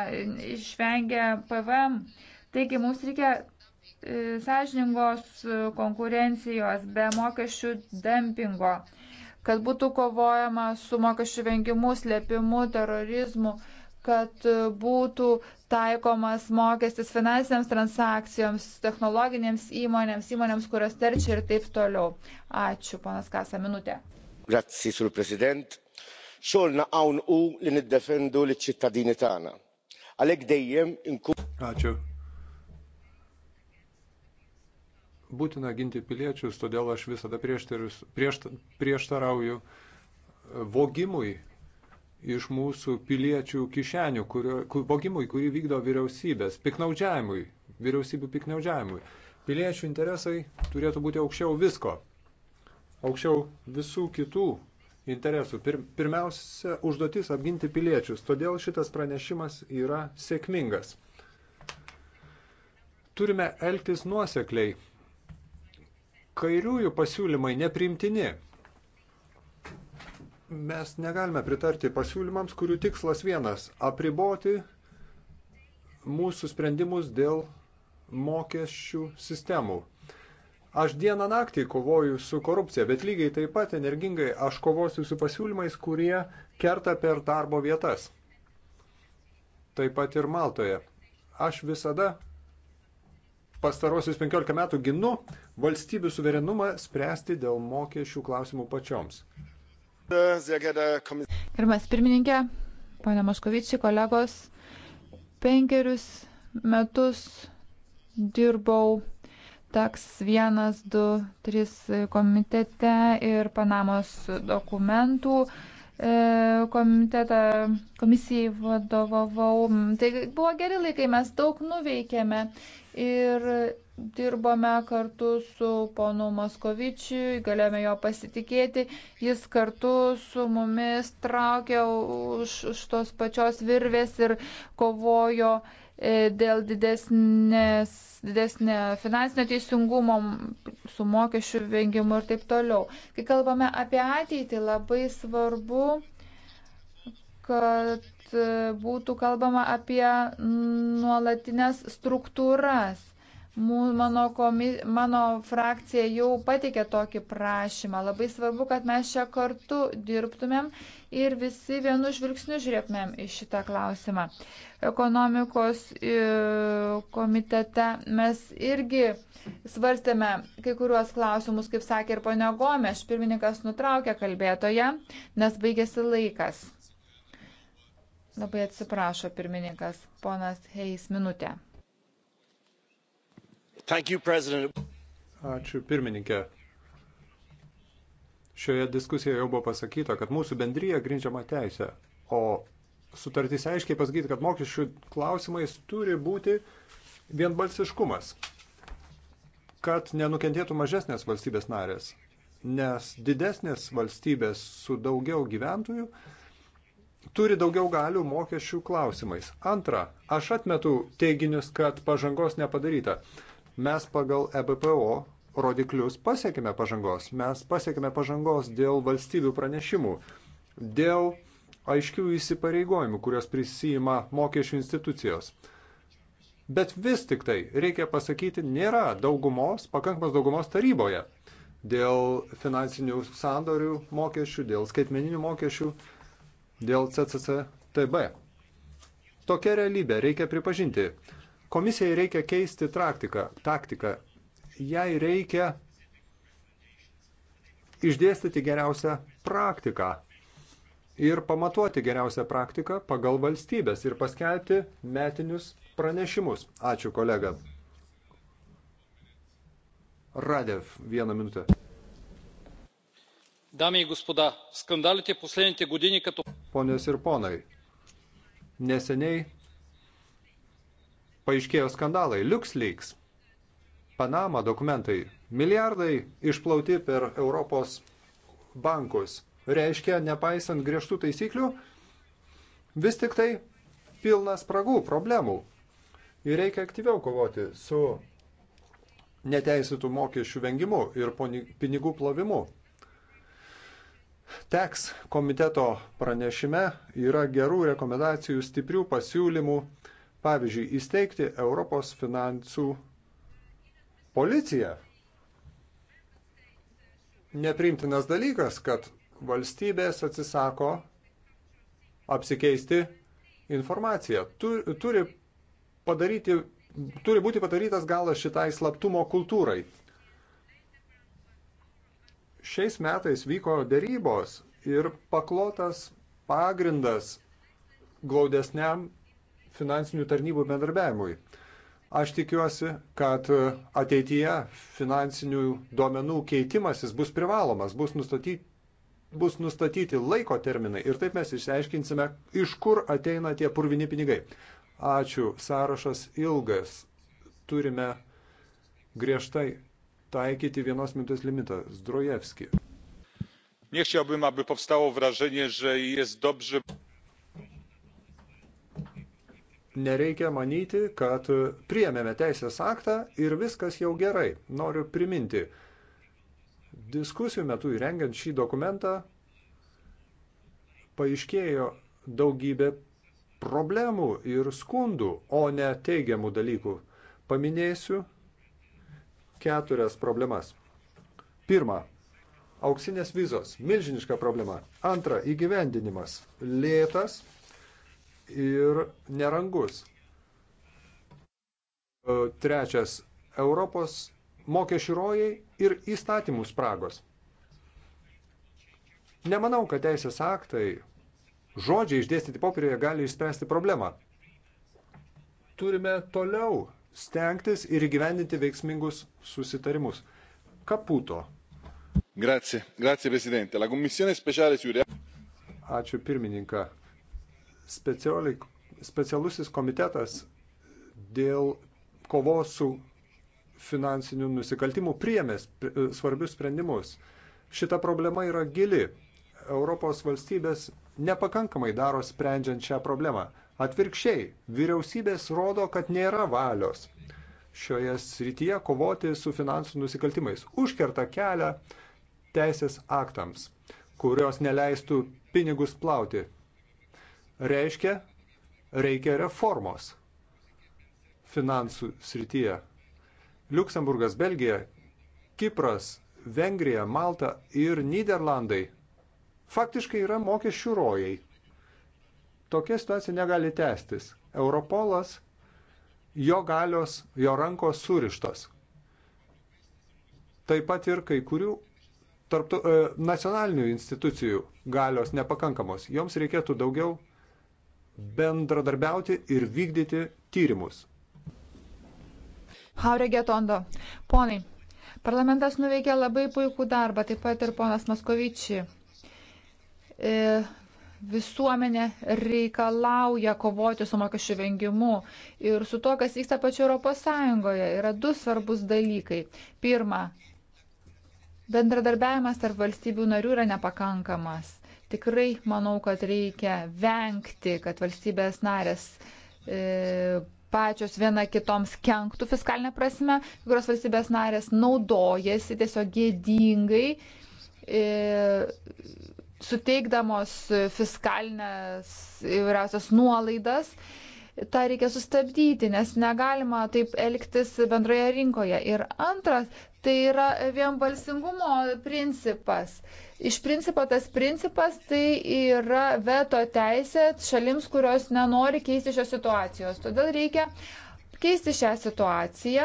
išvengia PVM. Taigi mums reikia e, sąžiningos e, konkurencijos, be mokesčių dempingo, kad būtų kovojama su mokesčių vengimu, slėpimu, terorizmu, kad būtų taikomas mokestis finansiniams transakcijoms, technologinėms įmonėms, įmonėms, kurios terčia ir taip toliau. Ačiū, panas Kasa, minutė. Grazie, xogħolna hawn hu li niddefendu liċ-ċittadini tagħna għalhekk dejjem inkunu Būtina ginti piliečius, todėl aš visada prieštarauju eh, vogimui iš mūsų piliečių kišenių, kurio, vogimui, kurį vykdo vyriausybės, piknaudžiavimui, vyriausybių piknaudžiavimui. Piliečių interesai turėtų būti aukščiau visko, aukščiau visų kitų interesų. Pir, pirmiausia, užduotis apginti piliečius, todėl šitas pranešimas yra sėkmingas. Turime elgtis nuosekliai. Kairiųjų pasiūlymai neprimtini. Mes negalime pritarti pasiūlymams, kurių tikslas vienas - apriboti mūsų sprendimus dėl mokesčių sistemų. Aš dieną naktį kovoju su korupcija, bet lygiai taip pat energingai aš kovosiu su pasiūlymais, kurie kerta per darbo vietas. Taip pat ir Maltoje. Aš visada pastarosius 15 metų ginu valstybių suverenumą spręsti dėl mokesčių klausimų pačioms. Pirmas pirmininkė, ponia Maškovičiai, kolegos, penkerius metus dirbau taks 1, 2, 3 komitete ir Panamos dokumentų e, komitetą, komisijai vadovavau. Tai buvo geri laikai, mes daug nuveikėme ir dirbome kartu su ponu Moskovičiu, galėjome jo pasitikėti, jis kartu su mumis traukė už, už tos pačios virvės ir kovojo uh, E, dėl didesnės, didesnė finansinio teisingumo su mokesčių vengimu ir taip toliau. Kai kalbame apie ateitį, labai svarbu, kad e, būtų kalbama apie nuolatinės struktūras Mano, komi, mano frakcija jau patikė tokį prašymą. Labai svarbu, kad mes čia kartu dirbtumėm ir visi vienu žvilgsniu žiūrėtumėm į šitą klausimą. Ekonomikos komitete mes irgi svarstėme kai kuriuos klausimus, kaip sakė ir ponia Gomeš, pirmininkas nutraukė kalbėtoje, nes baigėsi laikas. Labai atsiprašo pirmininkas, ponas Heis, minutė. You, Ačiū pirmininkė. Šioje diskusijoje jau buvo pasakyta, kad mūsų bendryje grindžiama teisė, o sutartys aiškiai pasakyti, kad mokesčių klausimais turi būti vienbalsiškumas, kad nenukentėtų mažesnės valstybės narės, nes didesnės valstybės su daugiau gyventojų turi daugiau galių mokesčių klausimais. Antra, aš atmetu teiginius, kad pažangos nepadaryta mes pagal EBPO rodiklius pasiekime pažangos. Mes pasiekime pažangos dėl valstybių pranešimų, dėl aiškių įsipareigojimų, kurios prisijima mokesčių institucijos. Bet vis tik tai, reikia pasakyti, nėra daugumos, pakankamos daugumos taryboje dėl finansinių sandorių mokesčių, dėl skaitmeninių mokesčių, dėl CCCTB. Tokia realybė reikia pripažinti. Komisijai reikia keisti traktiką, taktiką. Jai reikia išdėstyti geriausią praktiką ir pamatuoti geriausią praktiką pagal valstybės ir paskelbti metinius pranešimus. Ačiū, kolega. Radev, vieną minutę. Dami ir gospoda, skandalite paskutinį godinį, kad... Ponios ir ponai, neseniai paaiškėjo skandalai LuxLeaks, Panama dokumentai, milijardai išplauti per Europos bankus. Reiškia, nepaisant griežtų taisyklių, vis tik tai pilnas spragų, problemų. Ir reikia aktyviau kovoti su neteisėtų mokesčių vengimu ir pinigų plovimu. Teks komiteto pranešime yra gerų rekomendacijų, stiprių pasiūlymų, Pavyzdžiui, įsteigti Europos finansų policiją. Nepriimtinas dalykas, kad valstybės atsisako apsikeisti informaciją. Turi, padaryti, turi būti padarytas galas šitai slaptumo kultūrai. Šiais metais vyko dėrybos ir paklotas pagrindas glaudesniam finansinių tarnybų bendarbiavimui. Aš tikiuosi, kad ateityje finansinių duomenų keitimasis bus privalomas, bus, nustatyti, bus nustatyti laiko terminai ir taip mes išsiaiškinsime, iš kur ateina tie purvini pinigai. Ačiū, sąrašas ilgas. Turime griežtai taikyti vienos minutės limitą. Zdrojevski nie chciałbym aby powstało wrażenie że jest dobrze nereikia manyti, kad priemėme teisės aktą ir viskas jau gerai. Noriu priminti, diskusijų metu įrengiant šį dokumentą paaiškėjo daugybė problemų ir skundų, o ne teigiamų dalykų. Paminėsiu keturias problemas. Pirma, auksinės vizos - milžiniška problema. Antra, įgyvendinimas - lėtas ir nerangus. E, trečias - Europos mokesčių rojai ir įstatymų spragos. Nemanau, kad teisės aktai žodžiai išdėstyti popierioje gali išspręsti problemą. Turime toliau stengtis ir įgyvendinti veiksmingus susitarimus. Kaputo. Grazie, grazie Presidente. La Commissione speciale sui reati. Ačiū pirmininką specialusis komitetas dėl kovos su finansinių nusikaltimų priemė e, svarbius sprendimus. Šita problema yra gili. Europos valstybės nepakankamai daro sprendžiant šią problemą. Atvirkščiai, vyriausybės rodo, kad nėra valios šioje srityje kovoti su finansų nusikaltimais. Užkerta kelią teisės aktams, kurios neleistų pinigus plauti Reiškia, reikia reformos finansų srityje. Luksemburgas, Belgija, Kipras, Vengrija, Malta ir Niderlandai faktiškai yra mokesčių rojai. Tokia situacija negali tęstis. Europolas, jo galios, jo rankos surištos. Taip pat ir kai kurių tarptų, e, nacionalinių institucijų galios nepakankamos. Joms reikėtų daugiau bendradarbiauti ir vykdyti tyrimus. Hauregetondo. Ponai, parlamentas nuveikė labai puikų darbą, taip pat ir ponas Maskovičiai. E, visuomenė reikalauja kovoti su mokesčių vengimu ir su to, kas vyksta pačioje Europos Sąjungoje. Yra du svarbus dalykai. Pirma, bendradarbiavimas tarp valstybių narių yra nepakankamas. Tikrai manau, kad reikia vengti, kad valstybės narės e, pačios viena kitoms kenktų fiskalinę prasme, kurios valstybės narės naudojasi tiesiog gėdingai, e, suteikdamos fiskalinės įvairiausias nuolaidas. Ta reikia sustabdyti, nes negalima taip elgtis bendroje rinkoje. Ir antras, tai yra vienbalsingumo principas. E, Iš principo tas principas tai yra veto teisė šalims, kurios nenori keisti šios situacijos. Todėl reikia keisti šią situaciją,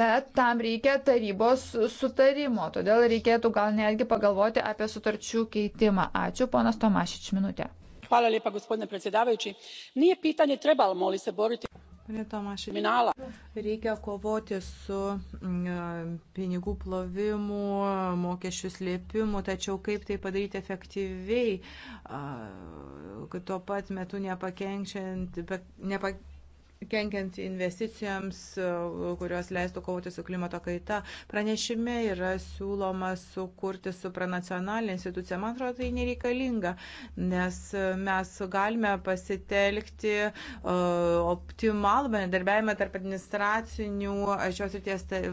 bet tam reikia tarybos sutarimo. Todėl reikėtų gal netgi pagalvoti apie sutarčių keitimą. Ačiū, ponas Tomašič, minutė. Hvala lijepa, gospodine predsjedavajući. Nije pitanje trebamo li se boriti Reikia kovoti su mm, pinigų plovimu, mokesčių slėpimu, tačiau kaip tai padaryti efektyviai, kad tuo pat metu nepakenkiant, nepakenkiant kenkiant investicijoms, e, kurios leistų kovoti su klimato kaita. Pranešime yra siūloma sukurti supranacionalinę instituciją. Man atrodo, tai nereikalinga, nes mes galime pasitelkti e, optimalų bendarbiavimą tarp administracinių šios ir ties e,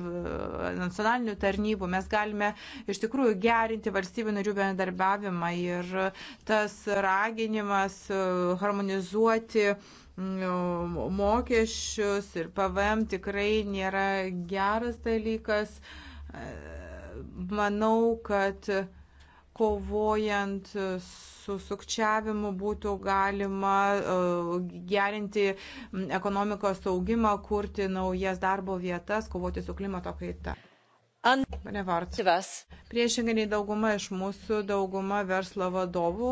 nacionalinių tarnybų. Mes galime iš tikrųjų gerinti valstybių narių bendarbiavimą ir tas raginimas harmonizuoti mokesčius ir PVM tikrai nėra geras dalykas. Manau, kad kovojant su sukčiavimu būtų galima uh, gerinti ekonomikos augimą, kurti naujas darbo vietas, kovoti su klimato kaita. Priešingai nei dauguma iš mūsų, dauguma verslo vadovų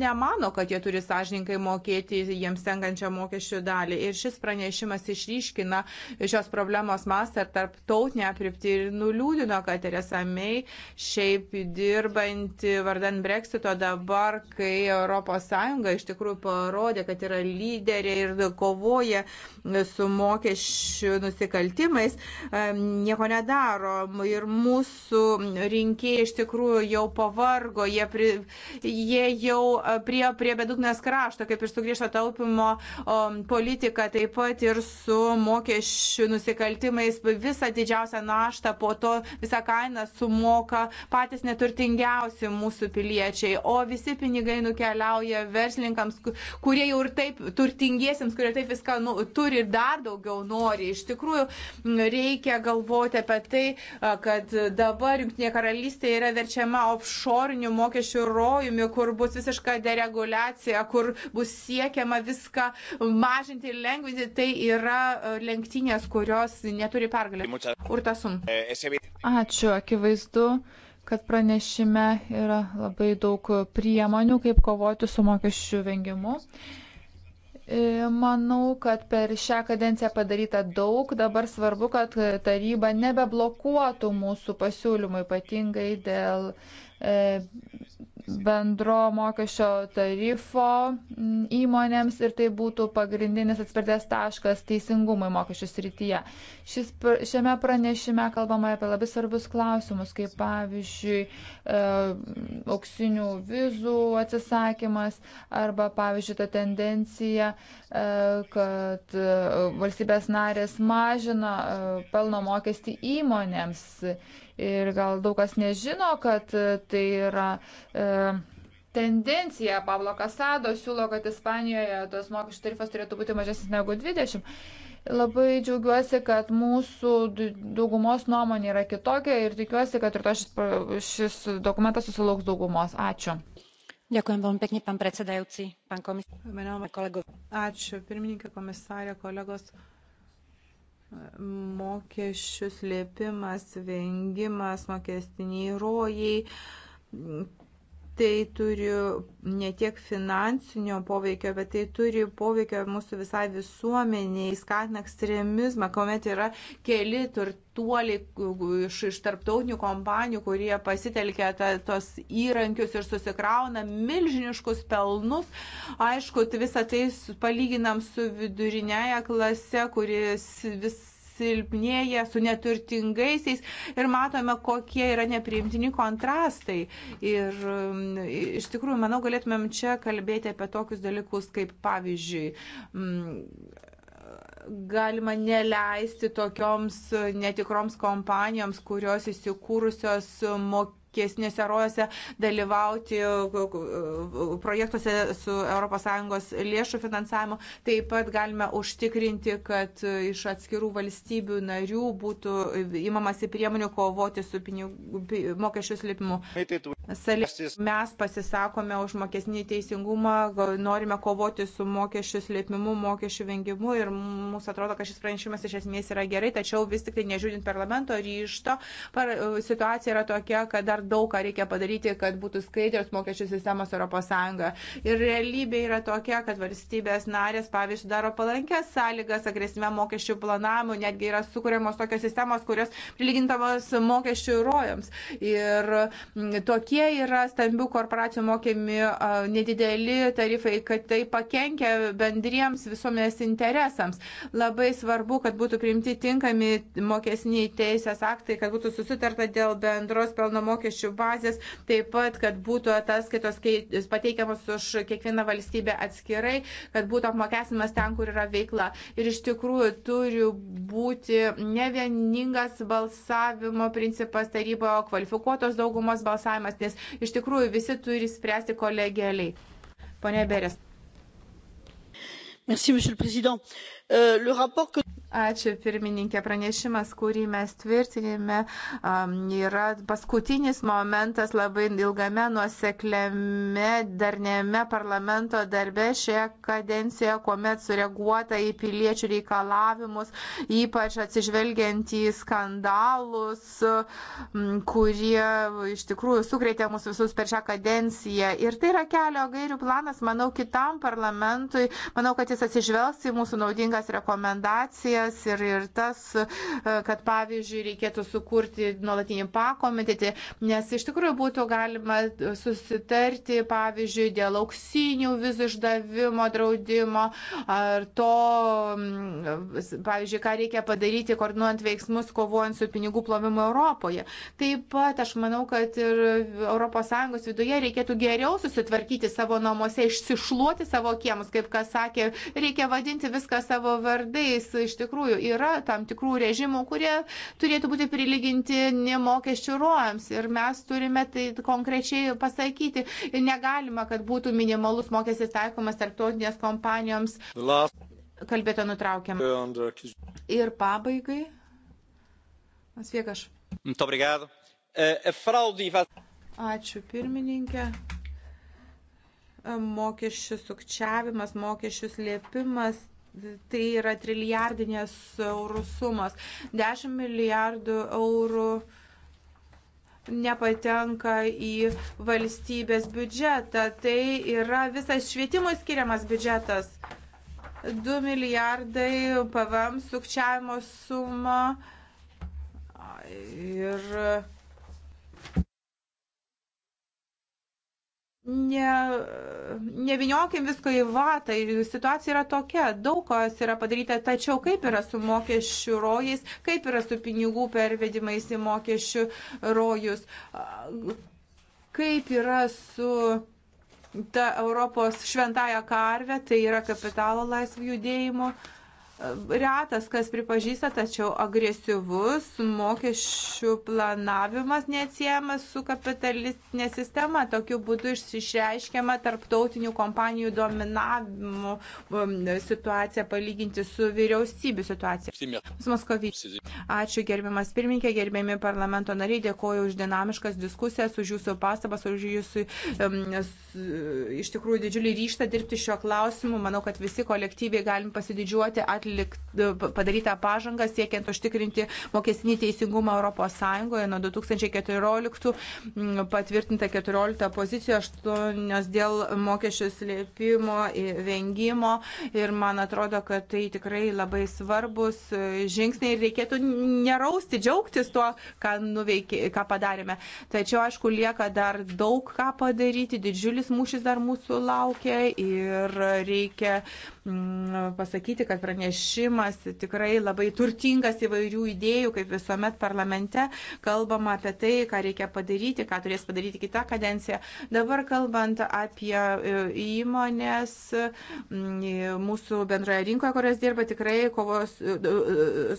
nemano, kad jie turi sąžininkai mokėti jiems tenkančią mokesčių dalį. Ir šis pranešimas išryškina šios problemos mastą ir tarptautinę apripti ir nuliūdino, kad Teresa May šiaip dirbanti vardan Brexito dabar, kai ES iš tikrųjų parodė, kad yra lyderė ir kovoja su mokesčių nusikaltimais, nieko nedaro ir mūsų rinkėjai iš tikrųjų jau pavargo, jie, pri, jie jau prie, prie bedugnės krašto, kaip ir su griežto taupimo politika, taip pat ir su mokesčių nusikaltimais, visą didžiausią naštą po to visą kainą sumoka patys neturtingiausi mūsų piliečiai, o visi pinigai nukeliauja verslininkams, kurie jau ir taip turtingiesiams, kurie taip viską nu, turi ir dar daugiau nori. Iš tikrųjų, reikia galvoti apie tai, kad dabar Junktinė karalystė yra verčiama offshore mokesčių rojumi, kur bus visiška deregulacija, kur bus siekiama viską mažinti ir lengvinti. Tai yra lenktynės, kurios neturi pergalės. Urtasum. Eh, Ačiū, akivaizdu kad pranešime yra labai daug priemonių, kaip kovoti su mokesčių vengimu. E, manau, kad per šią kadenciją padaryta daug. Dabar svarbu, kad taryba nebeblokuotų mūsų pasiūlymų, ypatingai dėl e, bendro mokesčio tarifo mm, įmonėms ir tai būtų pagrindinis atspirties taškas teisingumui mokesčių srityje. Šis, šiame pranešime kalbama apie labai svarbus klausimus, kaip pavyzdžiui e, auksinių vizų atsisakymas arba pavyzdžiui ta tendencija, e, kad e, valstybės narės mažina e, pelno mokestį įmonėms Ir gal daug kas nežino, kad e, tai yra. E, Tendencija Pablo Kasado siūlo, kad Ispanijoje tas mokesčių tarifas turėtų būti mažesnis negu 20. Labai džiaugiuosi, kad mūsų daugumos nuomonė yra kitokia ir tikiuosi, kad ir to šis, šis dokumentas susilauks daugumos. Ačiū. Dėkuojam vam pekni, pan predsedajúci, pan komisar. Ačiū, pirmininkė, komisarė, kolegos mokesčių slėpimas, vengimas, mokestiniai rojai, tai turi ne tiek finansinio poveikio, bet tai turi poveikio mūsų visai visuomeniai, skatina ekstremizmą, kuomet yra keli turtuoliai iš, iš tarptautinių kompanijų, kurie pasitelkia ta, tos įrankius ir susikrauna milžiniškus pelnus. Aišku, visą tai palyginam su viduriniaja klase, kuris vis silpnėja su neturtingaisiais ir matome, kokie yra nepriimtini kontrastai. Ir um, iš tikrųjų, manau, galėtumėm čia kalbėti apie tokius dalykus, kaip pavyzdžiui, mm, galima neleisti tokioms netikroms kompanijoms, kurios įsikūrusios mokykloms kesinėse rojose dalyvauti projektuose su ES lėšų finansavimu. Taip pat galime užtikrinti, kad iš atskirų valstybių narių būtų imamasi priemonių kovoti su pinigų, mokesčių slėpimu. Salės. Mes pasisakome už mokesnį teisingumą, norime kovoti su mokesčių slėpimu, mokesčių vengimu ir mums atrodo, kad šis pranešimas iš esmės yra gerai, tačiau vis tik tai nežiūrint parlamento ryšto, par, situacija yra tokia, kad dar daug ką reikia padaryti, kad būtų skaidrios mokesčių sistemos ES. Ir realybė yra tokia, kad valstybės narės, pavyzdžiui, daro palankės sąlygas agresyviam mokesčių planavimu, netgi yra sukūriamos tokios sistemos, kurios prilygintamos mokesčių rojams. Ir mm, tokie kokie yra stambių korporacijų mokėmi nedideli tarifai, kad tai pakenkia bendriems visuomenės interesams. Labai svarbu, kad būtų priimti tinkami mokesniai teisės aktai, kad būtų susitarta dėl bendros pelno mokesčių bazės, taip pat, kad būtų ataskaitos pateikiamos už kiekvieną valstybę atskirai, kad būtų apmokestinimas ten, kur yra veikla. Ir iš tikrųjų turi būti ne vieningas balsavimo principas taryboje, kvalifikuotos daugumos balsavimas, nes iš tikrųjų visi turi spręsti kolegialiai. Pone Berės. Merci, monsieur le président. E, le rapport que... Ačiū pirmininkė, pranešimas, kurį mes tvirtinime, yra paskutinis momentas labai ilgame nuosekliame, darnėme parlamento darbe šioje kadencijoje, kuomet sureaguota į piliečių reikalavimus, ypač atsižvelgiant į skandalus, kurie iš tikrųjų sukreitė mus visus per šią kadenciją. Ir tai yra kelio gairių planas, manau, kitam parlamentui, manau, kad jis atsižvelgs į mūsų naudingą teisingas rekomendacijas ir, ir tas, e, kad pavyzdžiui reikėtų sukurti nuolatinį pakomitetį, nes iš tikrųjų būtų galima susitarti, pavyzdžiui, dėl auksinių vizų išdavimo draudimo ar to, mm, pavyzdžiui, ką reikia padaryti, koordinuojant veiksmus, kovojant su pinigų plovimu Europoje. Taip pat aš manau, kad ir ES viduje reikėtų geriau susitvarkyti savo namuose, išsišluoti savo kiemus, kaip kas sakė, reikia vadinti viską savo savo vardais. Iš tikrųjų, yra tam tikrų režimų, kurie turėtų būti prilyginti nemokesčių ruojams. Ir mes turime tai konkrečiai pasakyti. Negalima, kad būtų minimalus mokestis taikomas tarptautinės kompanijoms. Kalbėto nutraukiam. Ir pabaigai. Sveikas. Eh, Ačiū pirmininkė mokesčių sukčiavimas, mokesčių slėpimas Tai yra trilijardinės eurų sumos. 10 milijardų eurų nepatenka į valstybės biudžetą. Tai yra visas švietimui skiriamas biudžetas. 2 milijardai PVM sukčiavimo suma. Ir ne, neviniokim visko į vatą. Situacija yra tokia, daug kas yra padaryta, tačiau kaip yra su mokesčių rojais, kaip yra su pinigų pervedimais į mokesčių rojus, kaip yra su ta Europos šventaja karvė, tai yra kapitalo laisvų judėjimo uh, retas kas pripažįsta, tačiau agresyvus mokesčių planavimas neatsiejamas su kapitalistinė sistema. Tokiu būdu išreiškiama tarptautinių kompanijų dominavimo um, situacija palyginti su vyriausybių situacija. Ačiū gerbiamas pirmininkė, gerbiami parlamento nariai, dėkoju už dinamiškas diskusijas, už jūsų pastabas, už jūsų um, iš tikrųjų didžiulį ryštą dirbti šiuo klausimu. Manau, kad visi kolektyviai galim pasididžiuoti. At atlik, padarytą pažangą siekiant užtikrinti mokestinį teisingumą ES. Nuo 2014 mm, patvirtinta 14 pozicija 8 dėl mokesčių slėpimo, vengimo ir man atrodo, kad tai tikrai labai svarbus e, žingsniai ir reikėtų nerausti, džiaugtis tuo, ką, nuveikė, ką padarėme. Tačiau, aišku, lieka dar daug ką padaryti, didžiulis mūšis dar mūsų laukia ir reikia Mm, pasakyti, kad pranešimas tikrai labai turtingas įvairių idėjų, kaip visuomet parlamente kalbama apie tai, ką reikia padaryti, ką turės padaryti kitą kadenciją. Dabar kalbant apie e, įmonės mm, e, mūsų bendroje rinkoje, kurios dirba, tikrai kovos e,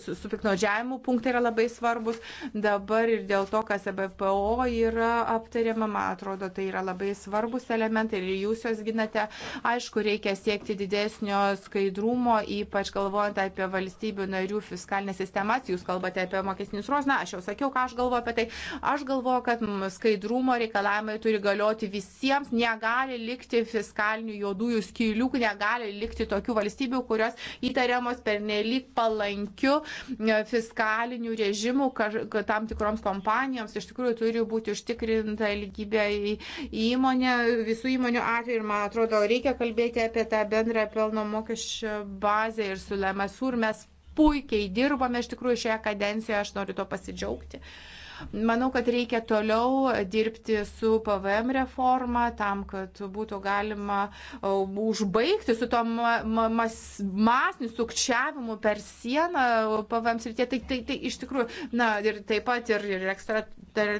su, su piknaudžiavimu punktai yra labai svarbus. Dabar ir dėl to, kas ABPO yra aptariama, man atrodo, tai yra labai svarbus elementai ir jūs juos ginate. Aišku, reikia siekti didesnio didesnio skaidrumo, ypač galvojant apie valstybių narių fiskalinės sistemas, jūs kalbate apie mokesnius ruos, na, aš jau sakiau, ką aš galvoju apie tai. Aš galvoju, kad skaidrumo reikalavimai turi galioti visiems, negali likti fiskalinių juodųjų skylių, negali likti tokių valstybių, kurios įtariamos per nelik palankių e, fiskalinių režimų tam tikroms kompanijoms. Iš tikrųjų turi būti užtikrinta lygybė į įmonę, visų įmonių atveju ir man atrodo reikia kalbėti apie tą bendrą pelno mokesčio bazę ir su Lemesur mes puikiai dirbame iš tikrųjų šioje kadencijoje, aš noriu to pasidžiaugti. Manau, kad reikia toliau dirbti su PVM reforma tam, kad būtų galima užbaigti su to mas, masiniu sukčiavimu per sieną PVM srityje. Tai, tai, tai iš tikrųjų, na ir taip pat ir, ir ekstra. Ter,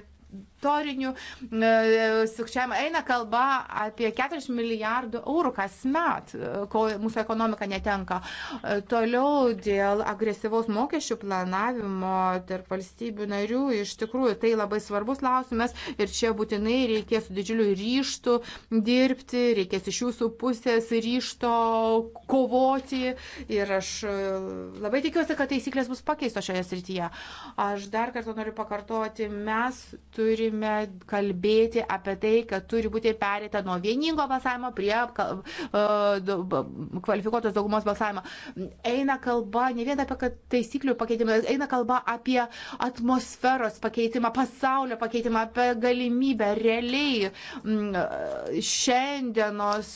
sektorinių e, sukčiavimų. Eina kalba apie 40 milijardų eurų kasmet, e, ko mūsų ekonomika netenka. E, toliau dėl agresyvaus mokesčių planavimo tarp valstybių narių, iš tikrųjų tai labai svarbus klausimas ir čia būtinai reikės su didžiuliu ryštu dirbti, reikės iš jūsų pusės ryšto kovoti ir aš labai tikiuosi, kad taisyklės bus pakeisto šioje srityje. Aš dar kartą noriu pakartoti, mes turime turime kalbėti apie tai, kad turi būti perėta nuo vieningo balsavimo prie e, kvalifikuotos daugumos balsavimo. Eina kalba ne vien apie taisyklių pakeitimą, eina kalba apie atmosferos pakeitimą, pasaulio pakeitimą, apie galimybę realiai šiandienos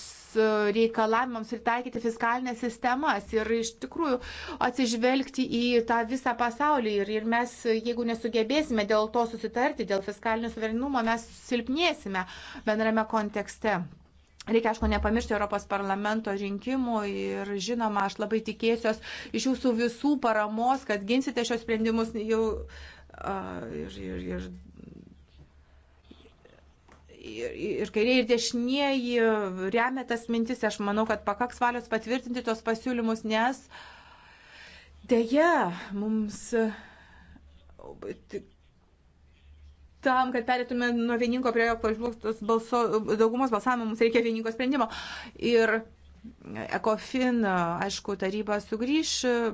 reikalavimams ir taikyti fiskalinės sistemas ir iš tikrųjų atsižvelgti į tą visą pasaulį. Ir, ir mes, jeigu nesugebėsime dėl to susitarti, dėl fiskalinio suverenumo, mes silpnėsime bendrame kontekste. Reikia, aišku, nepamiršti Europos parlamento rinkimų ir, žinoma, aš labai tikėsiuos iš jūsų visų paramos, kad ginsite šios sprendimus jau uh, ir, ir, ir ir, ir kairiai, ir dešinieji remia tas mintis. Aš manau, kad pakaks valios patvirtinti tos pasiūlymus, nes dėja mums tam, kad perėtume nuo vieningo prie jo pažlugtos balso, daugumos balsavimo, mums reikia vieningo sprendimo. Ir Ekofin, aišku, taryba sugrįž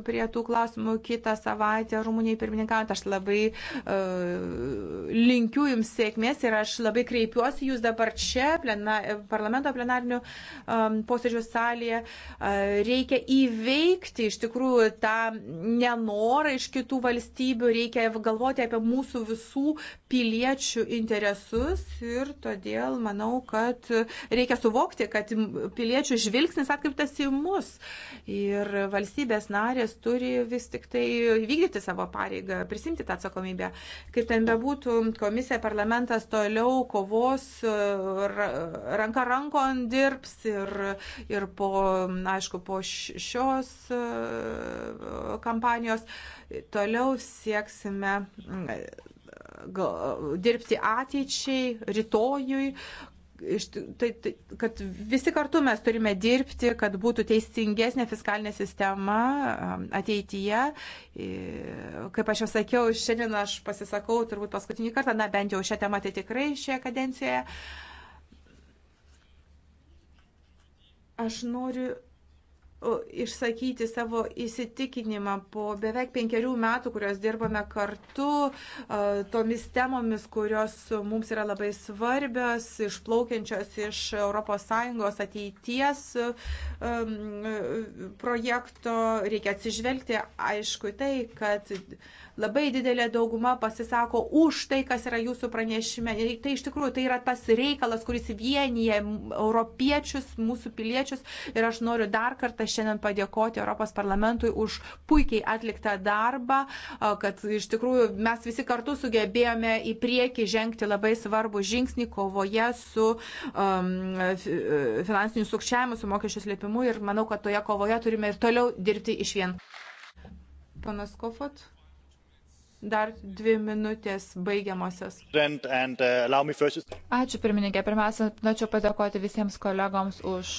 prie tų klausimų kitą savaitę Rumunijai pirmininkant. Aš labai uh, linkiu jums sėkmės ir aš labai kreipiuosi jūs dabar čia, plena, parlamento plenarnių um, e, posėdžių salėje. Uh, reikia įveikti iš tikrųjų tą nenorą iš kitų valstybių, reikia galvoti apie mūsų visų piliečių interesus ir todėl manau, kad reikia suvokti, kad piliečių žvilgsnis žvilgsnis atkreiptas į mus. Ir valstybės narės turi vis tik tai vykdyti savo pareigą, prisimti tą atsakomybę. Kaip ten bebūtų, komisija, parlamentas toliau kovos, ranka rankon dirbs ir, ir po, aišku, po šios e, kampanijos toliau sieksime dirbti ateičiai, rytojui, tai, tai, kad visi kartu mes turime dirbti, kad būtų teisingesnė fiskalinė sistema ateityje. Kaip aš jau sakiau, šiandien aš pasisakau turbūt paskutinį kartą, na bent jau šią temą tai tikrai šioje kadencijoje. Aš noriu išsakyti savo įsitikinimą po beveik penkerių metų, kurios dirbame kartu, tomis temomis, kurios mums yra labai svarbios, išplaukiančios iš ES ateities um, projekto. Reikia atsižvelgti, aišku, tai, kad Labai didelė dauguma pasisako už tai, kas yra jūsų pranešime. Ir tai iš tikrųjų tai yra tas reikalas, kuris vienyje europiečius, mūsų piliečius. Ir aš noriu dar kartą šiandien padėkoti Europos parlamentui už puikiai atliktą darbą, kad iš tikrųjų mes visi kartu sugebėjome į priekį žengti labai svarbų žingsnį kovoje su um, finansiniu sukčiavimu, su mokesčių slėpimu ir manau, kad toje kovoje turime ir toliau dirbti iš vien. Panas Kofot. Dar dvi minutės baigiamosios. Uh, Ačiū pirmininkė. Pirmiausia, norėčiau padėkoti visiems kolegoms už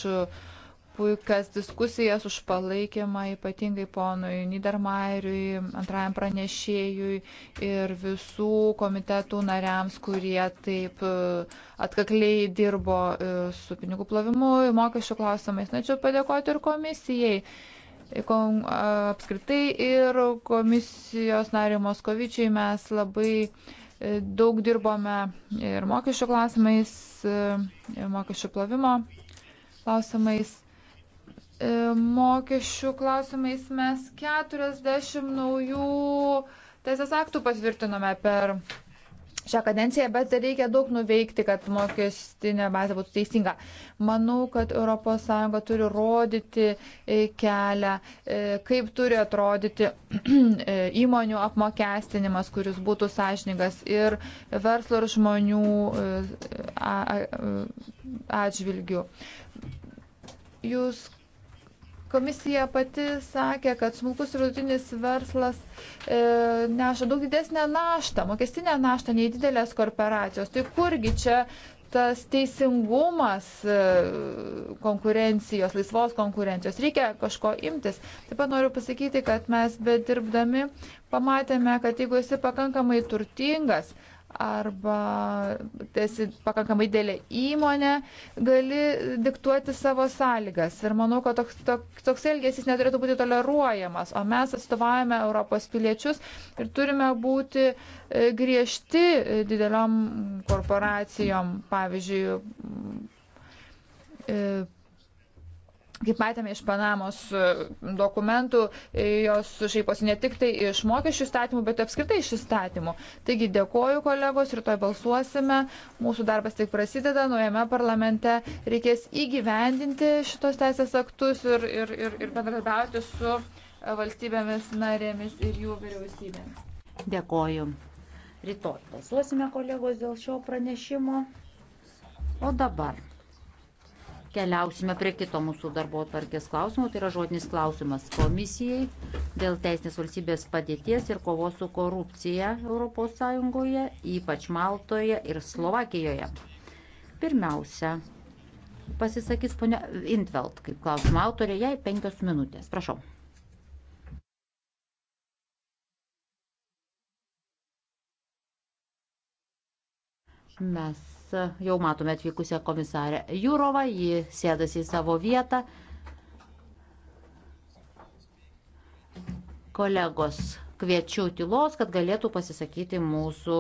puikas diskusijas, už palaikymą, ypatingai ponui Niedermayeriui, antrajam pranešėjui ir visų komitetų nariams, kurie taip uh, atkakliai dirbo uh, su pinigų plovimu, mokesčių klausimais. Norėčiau padėkoti ir komisijai apskritai ir komisijos nariu Moskovičiai mes labai e, daug dirbome ir mokesčių klausimais, e, ir mokesčių plovimo klausimais e, mokesčių klausimais mes 40 naujų teisės aktų patvirtinome per šią kadenciją, bet reikia daug nuveikti, kad mokestinė bazė būtų teisinga. Manau, kad ES turi rodyti e, kelią, e, kaip turi atrodyti e, įmonių apmokestinimas, kuris būtų sąžiningas ir verslo ir žmonių atžvilgių. Jūs Komisija pati sakė, kad smulkus ir vidutinis verslas e, neša daug didesnę naštą, mokestinę naštą nei didelės korporacijos. Tai kurgi čia tas teisingumas e, konkurencijos, laisvos konkurencijos. Reikia kažko imtis. Taip pat noriu pasakyti, kad mes bedirbdami pamatėme, kad jeigu esi pakankamai turtingas, arba esi pakankamai dėlė įmonė, gali diktuoti savo sąlygas. Ir manau, kad toks, toks, toks elgesys neturėtų būti toleruojamas, o mes atstovavome Europos piliečius ir turime būti e, griežti e, dideliom korporacijom, pavyzdžiui, e, Kaip matėme iš Panamos e, dokumentų, e, jos šaiposi ne tik tai iš mokesčių statymų, bet apskritai iš įstatymų. Taigi dėkoju kolegos, rytoj balsuosime, mūsų darbas tik prasideda, naujame parlamente reikės įgyvendinti šitos teisės aktus ir, ir, ir, ir bendradarbiauti su e, valstybėmis narėmis ir jų vyriausybėmis. Dėkoju. Rytoj balsuosime kolegos dėl šio pranešimo. O dabar Keliausime prie kito mūsų darbo atvarkės klausimo, tai yra žodinis klausimas komisijai dėl teisinės valstybės padėties ir kovos su korupcija ES, ypač Maltoje ir Slovakijoje. Pirmiausia, pasisakys ponia Intveld, kaip klausimo autorė, jai penkios minutės. Prašau. Mes jau matome atvykusią komisarę Jūrovą, ji sėdasi į savo vietą. Kolegos, kviečiu tylos, kad galėtų pasisakyti mūsų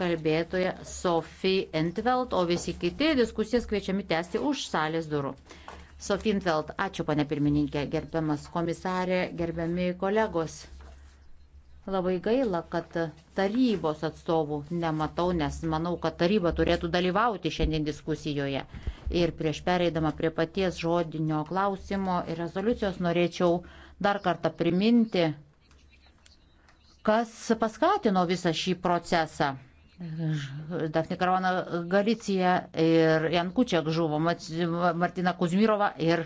kalbėtoja Sofija Entvelt, o visi kiti diskusijas kviečiami tęsti už salės durų. Sofija Entvelt, ačiū, pane pirmininkė, gerbiamas komisarė, gerbiami kolegos. Labai gaila, kad tarybos atstovų nematau, nes manau, kad taryba turėtų dalyvauti šiandien diskusijoje. Ir prieš pereidama prie paties žodinio klausimo ir rezoliucijos norėčiau dar kartą priminti, kas paskatino visą šį procesą. Dafne Karvana Galicija ir Jankučiak žuvo, Martina Kuzmirova ir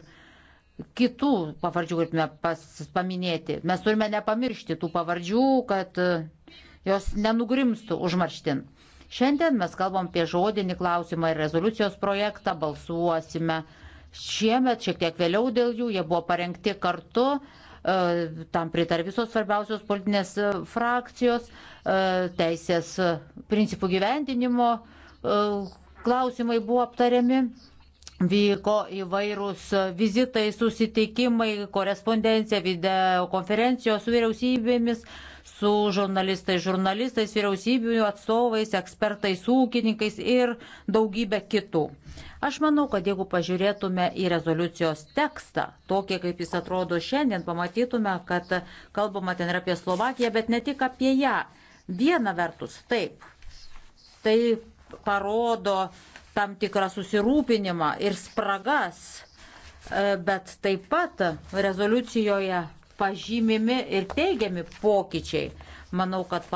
kitų pavardžių galime paminėti. Mes turime nepamiršti tų pavardžių, kad e, jos nenugrimstų užmarštin. Šiandien mes kalbam apie žodinį klausimą ir rezoliucijos projektą, balsuosime šiemet, šiek tiek vėliau dėl jų, jie buvo parengti kartu, e, tam pritar visos svarbiausios politinės e, frakcijos, teisės principų gyvendinimo klausimai buvo aptariami vyko įvairūs vizitai, susitikimai, korespondencija, videokonferencijos su vyriausybėmis, su žurnalistais, žurnalistais, vyriausybių atstovais, ekspertais, ūkininkais ir daugybė kitų. Aš manau, kad jeigu pažiūrėtume į rezoliucijos tekstą, tokį kaip jis atrodo šiandien, pamatytume, kad kalbama ten ir apie Slovakiją, bet ne tik apie ją. Viena vertus, taip, tai parodo tam tikrą susirūpinimą ir spragas, e, bet taip pat rezoliucijoje pažymimi ir teigiami pokyčiai. Manau, kad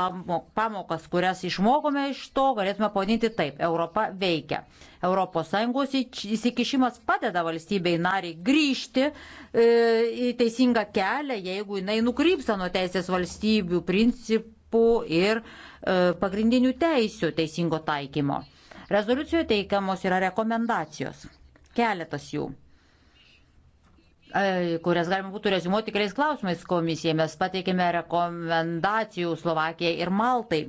pamokas, kurias išmokome iš to, galėtume ponyti taip. Europa veikia. ES įsikišimas padeda valstybei nariai grįžti e, į teisingą kelią, jeigu jinai nukrypsta nuo teisės valstybių principų ir e, pagrindinių teisių teisingo taikymo. Rezoliucijoje teikiamos yra rekomendacijos. Keletas jų e, kurias galima būtų rezumuoti keliais klausimais komisijai. Mes pateikėme rekomendacijų Slovakijai ir Maltai.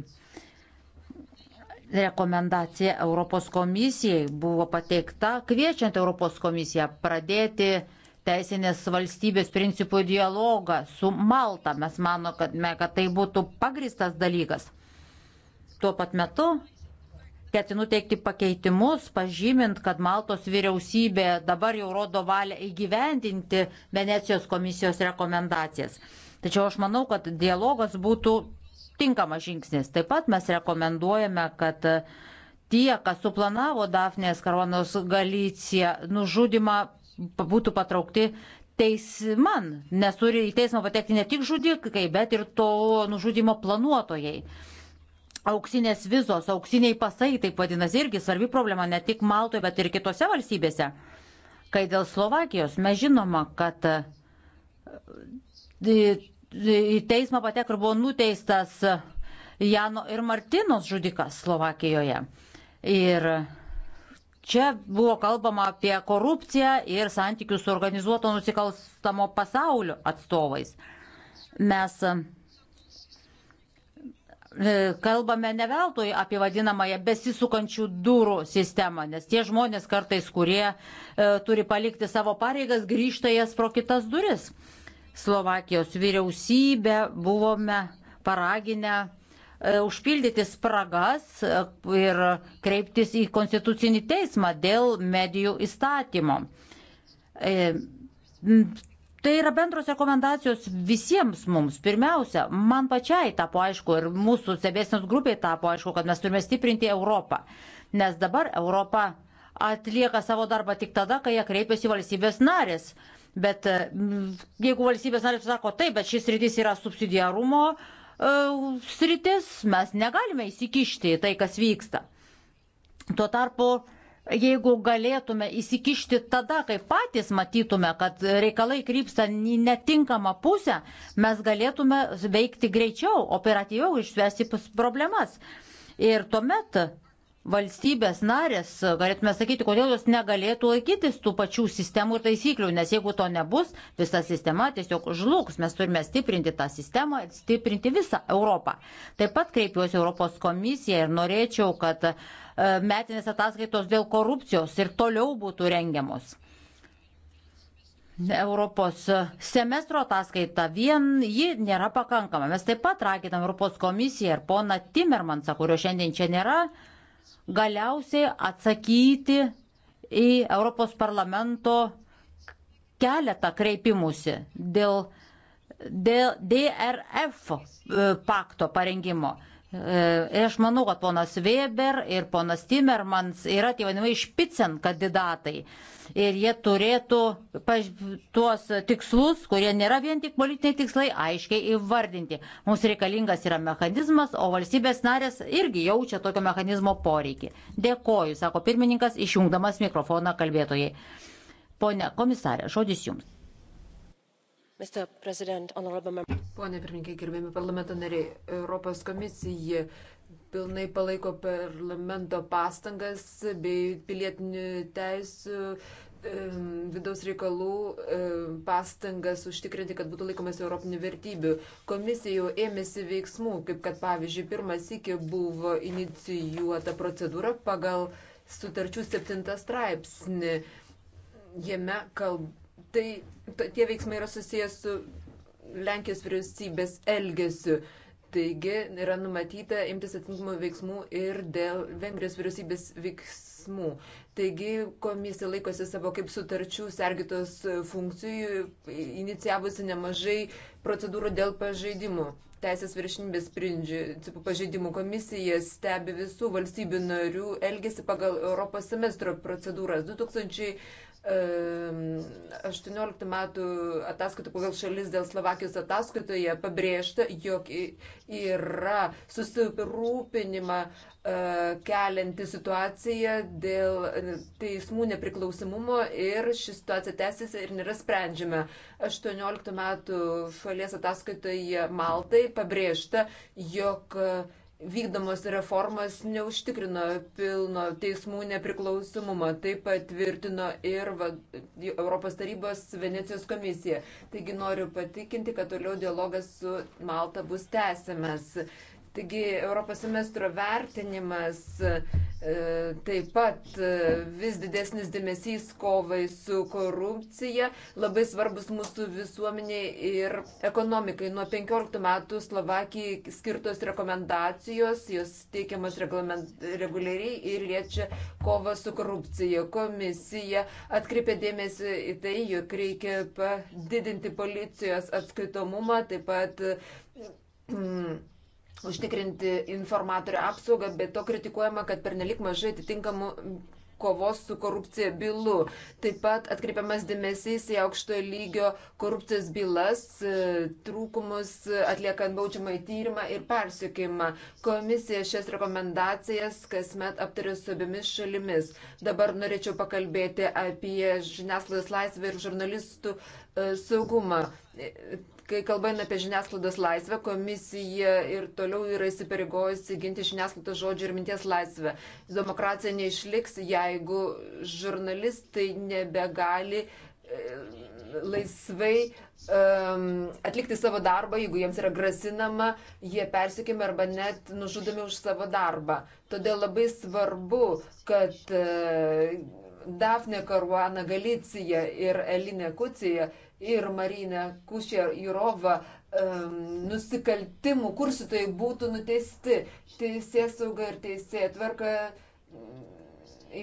Rekomendacija Europos komisijai buvo pateikta kviečiant Europos komisiją pradėti teisinės valstybės principų dialogą su Malta. Mes manome, kad, me, kad tai būtų pagristas dalykas. Tuo pat metu ketinu teikti pakeitimus, pažymint, kad Maltos vyriausybė dabar jau rodo valią įgyvendinti Venecijos komisijos rekomendacijas. Tačiau aš manau, kad dialogas būtų tinkamas žingsnis. Taip pat mes rekomenduojame, kad tie, kas suplanavo Dafnės Karonos Galiciją nužudimą, būtų patraukti teisman, nes turi į teismą patekti ne tik žudikai, bet ir to nužudimo planuotojai auksinės vizos, auksiniai pasai, taip vadinasi, irgi svarbi problema ne tik Maltoje, bet ir kitose valstybėse. Kai dėl Slovakijos mes žinoma, kad e, e, į teismą patek ir buvo nuteistas Jano ir Martinos žudikas Slovakijoje. Ir Čia buvo kalbama apie korupciją ir santykius su organizuoto nusikalstamo pasaulio atstovais. Mes E, kalbame ne veltui apie vadinamąją besisukančių durų sistemą, nes tie žmonės kartais, kurie e, turi palikti savo pareigas, grįžta jas pro kitas duris. Slovakijos vyriausybę buvome paraginę e, užpildyti spragas e, ir kreiptis į konstitucinį teismą dėl medijų įstatymo. E, Tai yra bendros rekomendacijos visiems mums. Pirmiausia, man pačiai tapo aišku ir mūsų stebėsinos grupiai tapo aišku, kad mes turime stiprinti Europą. Nes dabar Europa atlieka savo darbą tik tada, kai jie kreipiasi valstybės narės. Bet mm, jeigu valstybės narės sako, taip, bet šis rytis yra subsidiarumo e, sritis, mes negalime įsikišti į tai, kas vyksta. Tuo tarpu jeigu galėtume įsikišti tada, kai patys matytume, kad reikalai krypsta į netinkamą pusę, mes galėtume veikti greičiau, operatyviau išspręsti problemas. Ir tuomet valstybės narės, galėtume sakyti, kodėl jos negalėtų laikytis tų pačių sistemų ir taisyklių, nes jeigu to nebus, visa sistema tiesiog žlugs. Mes turime stiprinti tą sistemą ir stiprinti visą Europą. Taip pat kreipiuosi Europos komisiją ir norėčiau, kad e, metinės ataskaitos dėl korupcijos ir toliau būtų rengiamos. Europos semestro ataskaita, vien ji nėra pakankama. Mes taip pat raginam Europos komisiją ir pona Timmermansą, kurio šiandien čia nėra, uh, galiausiai atsakyti į Europos parlamento keletą kreipimusi dėl, dėl DRF e, pakto parengimo. E, aš manau, kad ponas Weber ir ponas Timmermans yra tie vadinamai špicen kandidatai. Ir jie turėtų paž, tuos tikslus, kurie nėra vien tik politiniai tikslai, aiškiai įvardinti. Mums reikalingas yra mechanizmas, o valstybės narės irgi jaučia tokio mechanizmo poreikį. Dėkoju, sako pirmininkas, išjungdamas mikrofoną kalbėtojai. Pone komisarė, žodis jums. Pone pirmininkai, gerbėmi parlamento nariai, Europos komisija pilnai palaiko parlamento pastangas bei pilietinių teisų vidaus reikalų pastangas užtikrinti, kad būtų laikomas europinių vertybių. Komisija jau ėmėsi veiksmų, kaip kad pavyzdžiui, pirmas iki buvo inicijuota procedūra pagal sutarčių septintą straipsnį. Jame kalb... tai tie veiksmai yra susijęs su Lenkijos vyriausybės elgesiu. Taigi yra numatyta imtis atitinkamų veiksmų ir dėl Vengrijos vyriausybės veiksmų. Taigi komisija laikosi savo kaip sutarčių sergitos funkcijų, inicijavusi nemažai procedūrų dėl pažeidimų. Teisės viršinybės pažeidimų komisija stebi visų valstybių narių elgesi pagal Europos semestro procedūras. 2000 18 ehm, metų ataskaitų pagal šalis dėl Slovakijos ataskaitoje pabrėžta, jog yra susirūpinima e, kelianti situacija dėl teismų nepriklausimumo ir ši situacija tęsiasi ir nėra sprendžiama. 18 metų šalies ataskaitoje Maltai pabrėžta, jog uh, vykdomos reformos neužtikrino pilno teismų nepriklausomumą. Tai patvirtino ir va, Europos tarybos Venecijos komisija. Taigi noriu patikinti, kad toliau dialogas su Malta bus tęsiamas. Taigi Europos semestro vertinimas e, taip pat e, vis didesnis dėmesys kovai su korupcija labai svarbus mūsų visuomeniai ir ekonomikai. Nuo 15 metų Slovakijai skirtos rekomendacijos, jos teikiamas reguliariai ir liečia kovą su korupcija. Komisija atkreipė dėmesį į tai, jog reikia padidinti policijos atskaitomumą, taip pat. Mm, užtikrinti informatorių apsaugą, bet to kritikuojama, kad pernelik mažai atitinkamų kovos su korupcija bylų. Taip pat atkreipiamas dėmesys į aukštojo lygio korupcijos bylas, trūkumus atliekant baudžiamąjį tyrimą ir persiekimą. Komisija šias rekomendacijas kasmet aptarė su abiemis šalimis. Dabar norėčiau pakalbėti apie žiniasklaidos laisvę ir žurnalistų e, saugumą. Kai kalbame apie žiniasklaidos laisvę, komisija ir toliau yra įsipareigojusi ginti žiniasklaidos žodžio ir minties laisvę. Demokracija neišliks, jeigu žurnalistai nebegali e, laisvai um, atlikti savo darbą, jeigu jiems yra grasinama, jie persikimi arba net nužudomi už savo darbą. Todėl labai svarbu, kad uh, Dafne Karuana Galicija ir Elinė Kucija ir Marina Kušė Jurova um, nusikaltimų kursitojai būtų nuteisti. Teisės sauga ir teisė tvarka mm,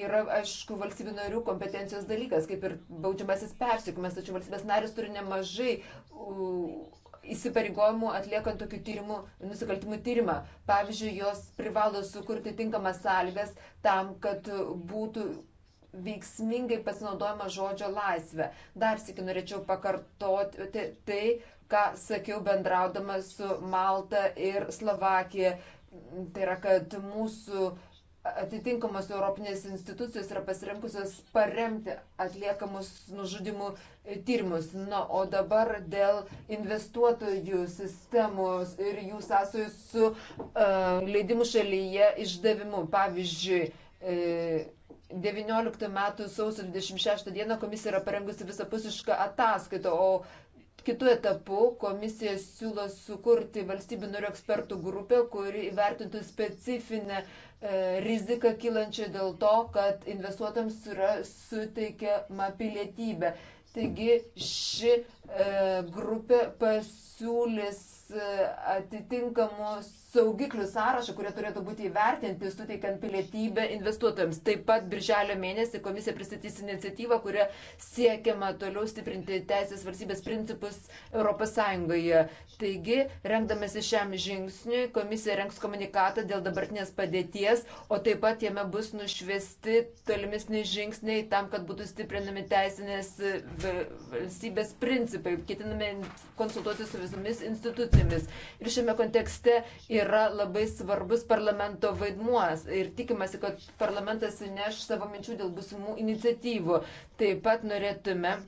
yra, aišku, valstybių narių kompetencijos dalykas, kaip ir baudžiamasis persikimas, tačiau valstybės narės turi nemažai uh, įsipareigojimų atliekant tokių tyrimų, nusikaltimų tyrimą. Pavyzdžiui, jos privalo sukurti tinkamas sąlygas tam, kad būtų veiksmingai pasinaudojama žodžio laisvė. Dar sėki norėčiau pakartoti tai, ką sakiau bendraudama su Malta ir Slovakija. Tai yra, kad mūsų atitinkamos Europinės institucijos yra pasirinkusios paremti atliekamus nužudimų tyrimus. Na, o dabar dėl investuotojų sistemos ir jų sąsojų su uh, leidimų šalyje išdavimu. Pavyzdžiui, uh, 19 metų sausio 26 dieną komisija yra parengusi visapusišką ataskaitą, o kitų etapų komisija siūlo sukurti valstybių narių ekspertų grupę, kuri įvertintų specifinę e, riziką kylančią dėl to, kad investuotams yra suteikiama pilietybė. Taigi ši e, grupė pasiūlys e, atitinkamus saugiklių sąrašą, kurie turėtų būti įvertinti, suteikiant pilietybę investuotojams. Taip pat birželio mėnesį komisija pristatys iniciatyvą, kuria siekiama toliau stiprinti teisės valstybės principus ES. Taigi, rengdamėsi šiam žingsniui, komisija rengs komunikatą dėl dabartinės padėties, o taip pat jame bus nušvesti tolimesni žingsniai tam, kad būtų stiprinami teisinės valstybės principai. Ketiname konsultuoti su visomis institucijomis. Ir šiame kontekste yra yra labai svarbus parlamento vaidmuos ir tikimasi, kad parlamentas neš savo minčių dėl būsimų iniciatyvų. Taip pat norėtume e,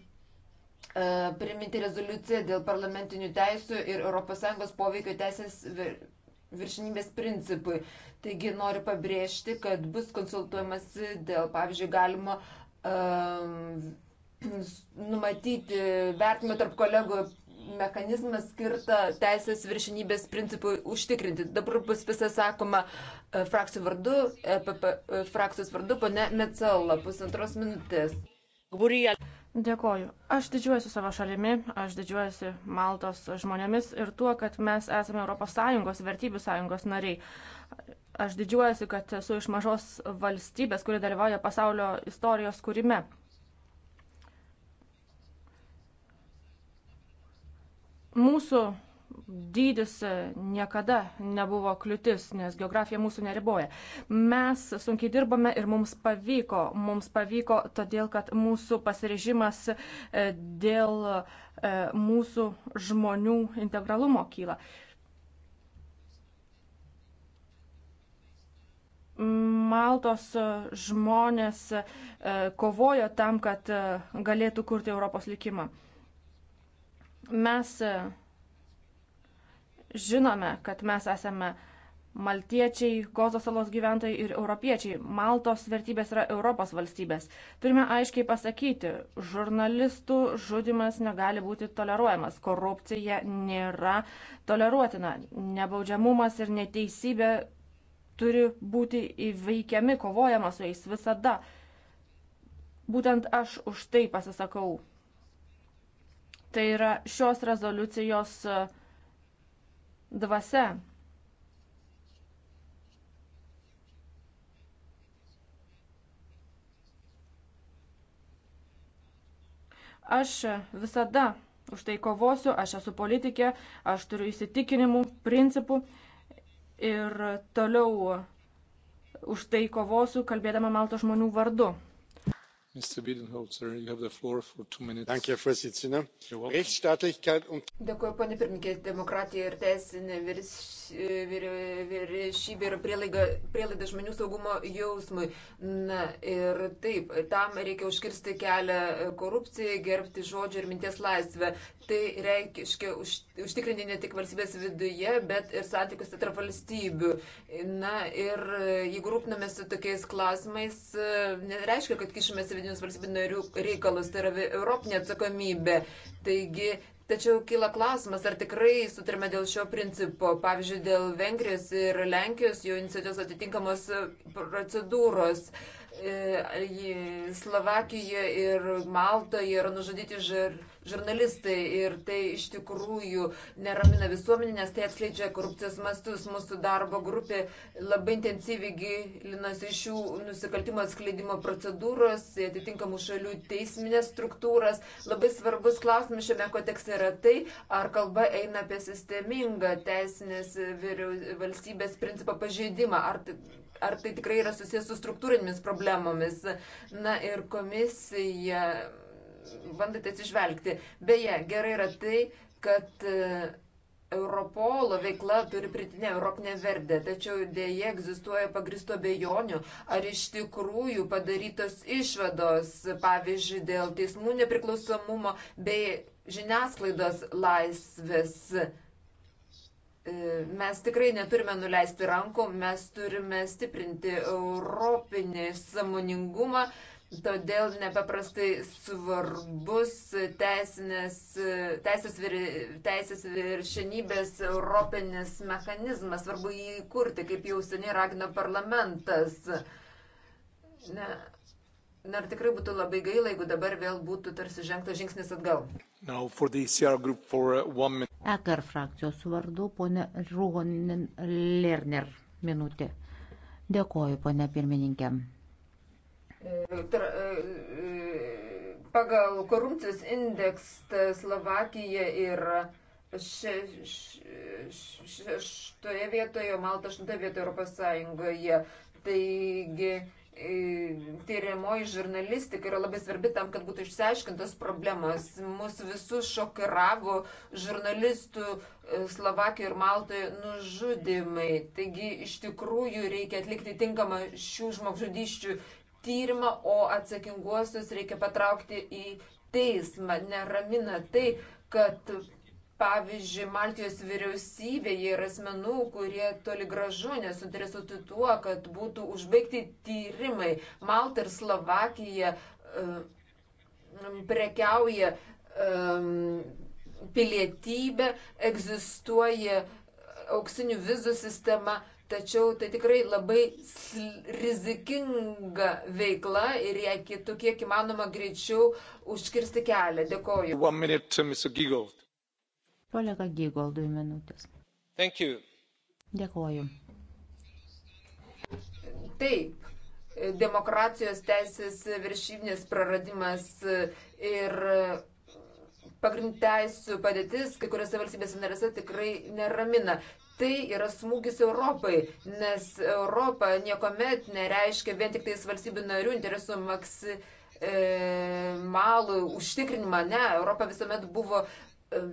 priminti rezoliuciją dėl parlamentinių teisų ir ES poveikio teisės viršinybės principui. Taigi noriu pabrėžti, kad bus konsultuojamas dėl, pavyzdžiui, galima um, e, numatyti vertimą tarp kolegų mechanizmą skirtą teisės viršinybės principui užtikrinti. Dabar bus visą sakoma e, frakcijų vardu, EPP e, frakcijos vardu, pone Mecella, pusantros minutės. Dėkoju. Aš didžiuojuosi savo šalimi, aš didžiuojuosi Maltos žmonėmis ir tuo, kad mes esame ES vertybių sąjungos nariai. Aš didžiuojuosi, kad esu iš mažos valstybės, kuri dalyvauja pasaulio istorijos kūrime. Mūsų dydis e, niekada nebuvo kliūtis, nes geografija mūsų neriboja. Mes sunkiai dirbame ir mums pavyko. Mums pavyko todėl, kad mūsų pasirežimas e, dėl e, mūsų žmonių integralumo kyla. Maltos žmonės kovojo tam, kad galėtų kurti Europos likimą. Mes e, žinome, kad mes esame maltiečiai, Gozos salos gyventojai ir europiečiai. Maltos vertybės yra Europos valstybės. Turime aiškiai pasakyti, žurnalistų žudimas negali būti toleruojamas, korupcija nėra toleruotina, nebaudžiamumas ir neteisybė turi būti įveikiami, kovojama su jais visada. Būtent aš už tai pasisakau Tai yra šios rezoliucijos e, dvasia. Aš visada už tai kovosiu, aš esu politikė, aš turiu įsitikinimų, principų ir toliau už tai kovosiu, kalbėdama Maltos žmonių vardu herr präsident! rechtsstaatlichkeit und. dėkoju pone pirmininke demokratija ir teisinė viršenybė yra prielaida žmonių saugumo jausmui. na ir taip tam reikia užkirsti kelią korupcijai gerbti žodžio ir minties laisvę tai reiškia už, užtikrinti ne tik valstybės viduje, bet ir santykiuose tarp valstybių. Na ir e, jeigu rūpinamės tokiais klausimais, e, nereiškia, kad kišimės į vidinius valstybių narių reikalus, tai yra europinė atsakomybė. Taigi, Tačiau kyla klausimas, ar tikrai sutarime dėl šio principo, pavyzdžiui, dėl Vengrijos ir Lenkijos jų iniciatyvos atitinkamos procedūros. Uh, Slovakijoje ir Maltoje yra nužudyti žir, žurnalistai ir tai iš tikrųjų neramina visuomenį, nes tai atskleidžia korupcijos mastus. Mūsų darbo grupė labai intensyviai gilinosi šių nusikaltimo atskleidimo procedūros, atitinkamų šalių teisminės struktūras. Labai svarbus klausimas šiame kontekste yra tai, ar kalba eina apie sistemingą teisinės valstybės principą pažeidimą. Ar ar tai tikrai yra susijęs su struktūrinėmis problemomis. Na ir komisija bandote atsižvelgti. Beje, gerai yra tai, kad e, Europolo veikla turi pritinę Europinę vertę, tačiau dėje egzistuoja pagristo bejonių, ar iš tikrųjų padarytos išvados, pavyzdžiui, dėl teismų nepriklausomumo bei žiniasklaidos laisvės. E, mes tikrai neturime nuleisti rankų, mes turime stiprinti europinį samoningumą, todėl nepaprastai svarbus teisinės, teisės, vir, teisės viršenybės europinis mechanizmas, svarbu jį įkurti, kaip jau seniai ragino parlamentas. Ne. Na ir tikrai būtų labai gaila, jeigu dabar vėl būtų tarsi žengtas žingsnis atgal. EKR e uh, e frakcijos vardu, ponė Rūgonin Lerner, minutė. Dėkoju, ponė pirmininkė. E, tra, pagal korupcijos indeksą Slovakija yra šeštoje še, še, vietoje, Malta aštuntoje vietoje Europos Sąjungoje. Taigi, tyriamoji žurnalistika yra labai svarbi tam, kad būtų išsiaiškintos problemos. Mūsų visus šokiravo žurnalistų e, Slovakijoje ir Maltoje nužudimai. Taigi iš tikrųjų reikia atlikti tinkamą šių žmogžudyščių tyrimą, o atsakinguosius reikia patraukti į teismą. Neramina tai, kad Pavyzdžiui, Maltijos vyriausybėje yra asmenų, kurie toli gražu nesuinteresuoti tuo, kad būtų užbaigti tyrimai. Malta ir Slovakija um, prekiauja um, pilietybė, egzistuoja auksinių vizų sistema, tačiau tai tikrai labai rizikinga veikla ir ją kitų kiek įmanoma greičiau užkirsti kelią. Dėkoju. Kolega Gygol, dvi minutės. Thank you. Dėkuoju. Taip, demokratijos teisės viršybinės praradimas ir pagrindinių teisų padėtis kai kuriuose valstybėse narėse tikrai neramina. Tai yra smūgis Europai, nes Europa niekuomet nereiškia vien tik tais valstybių narių interesų maksimalų e, užtikrinimą. Ne, Europa visuomet buvo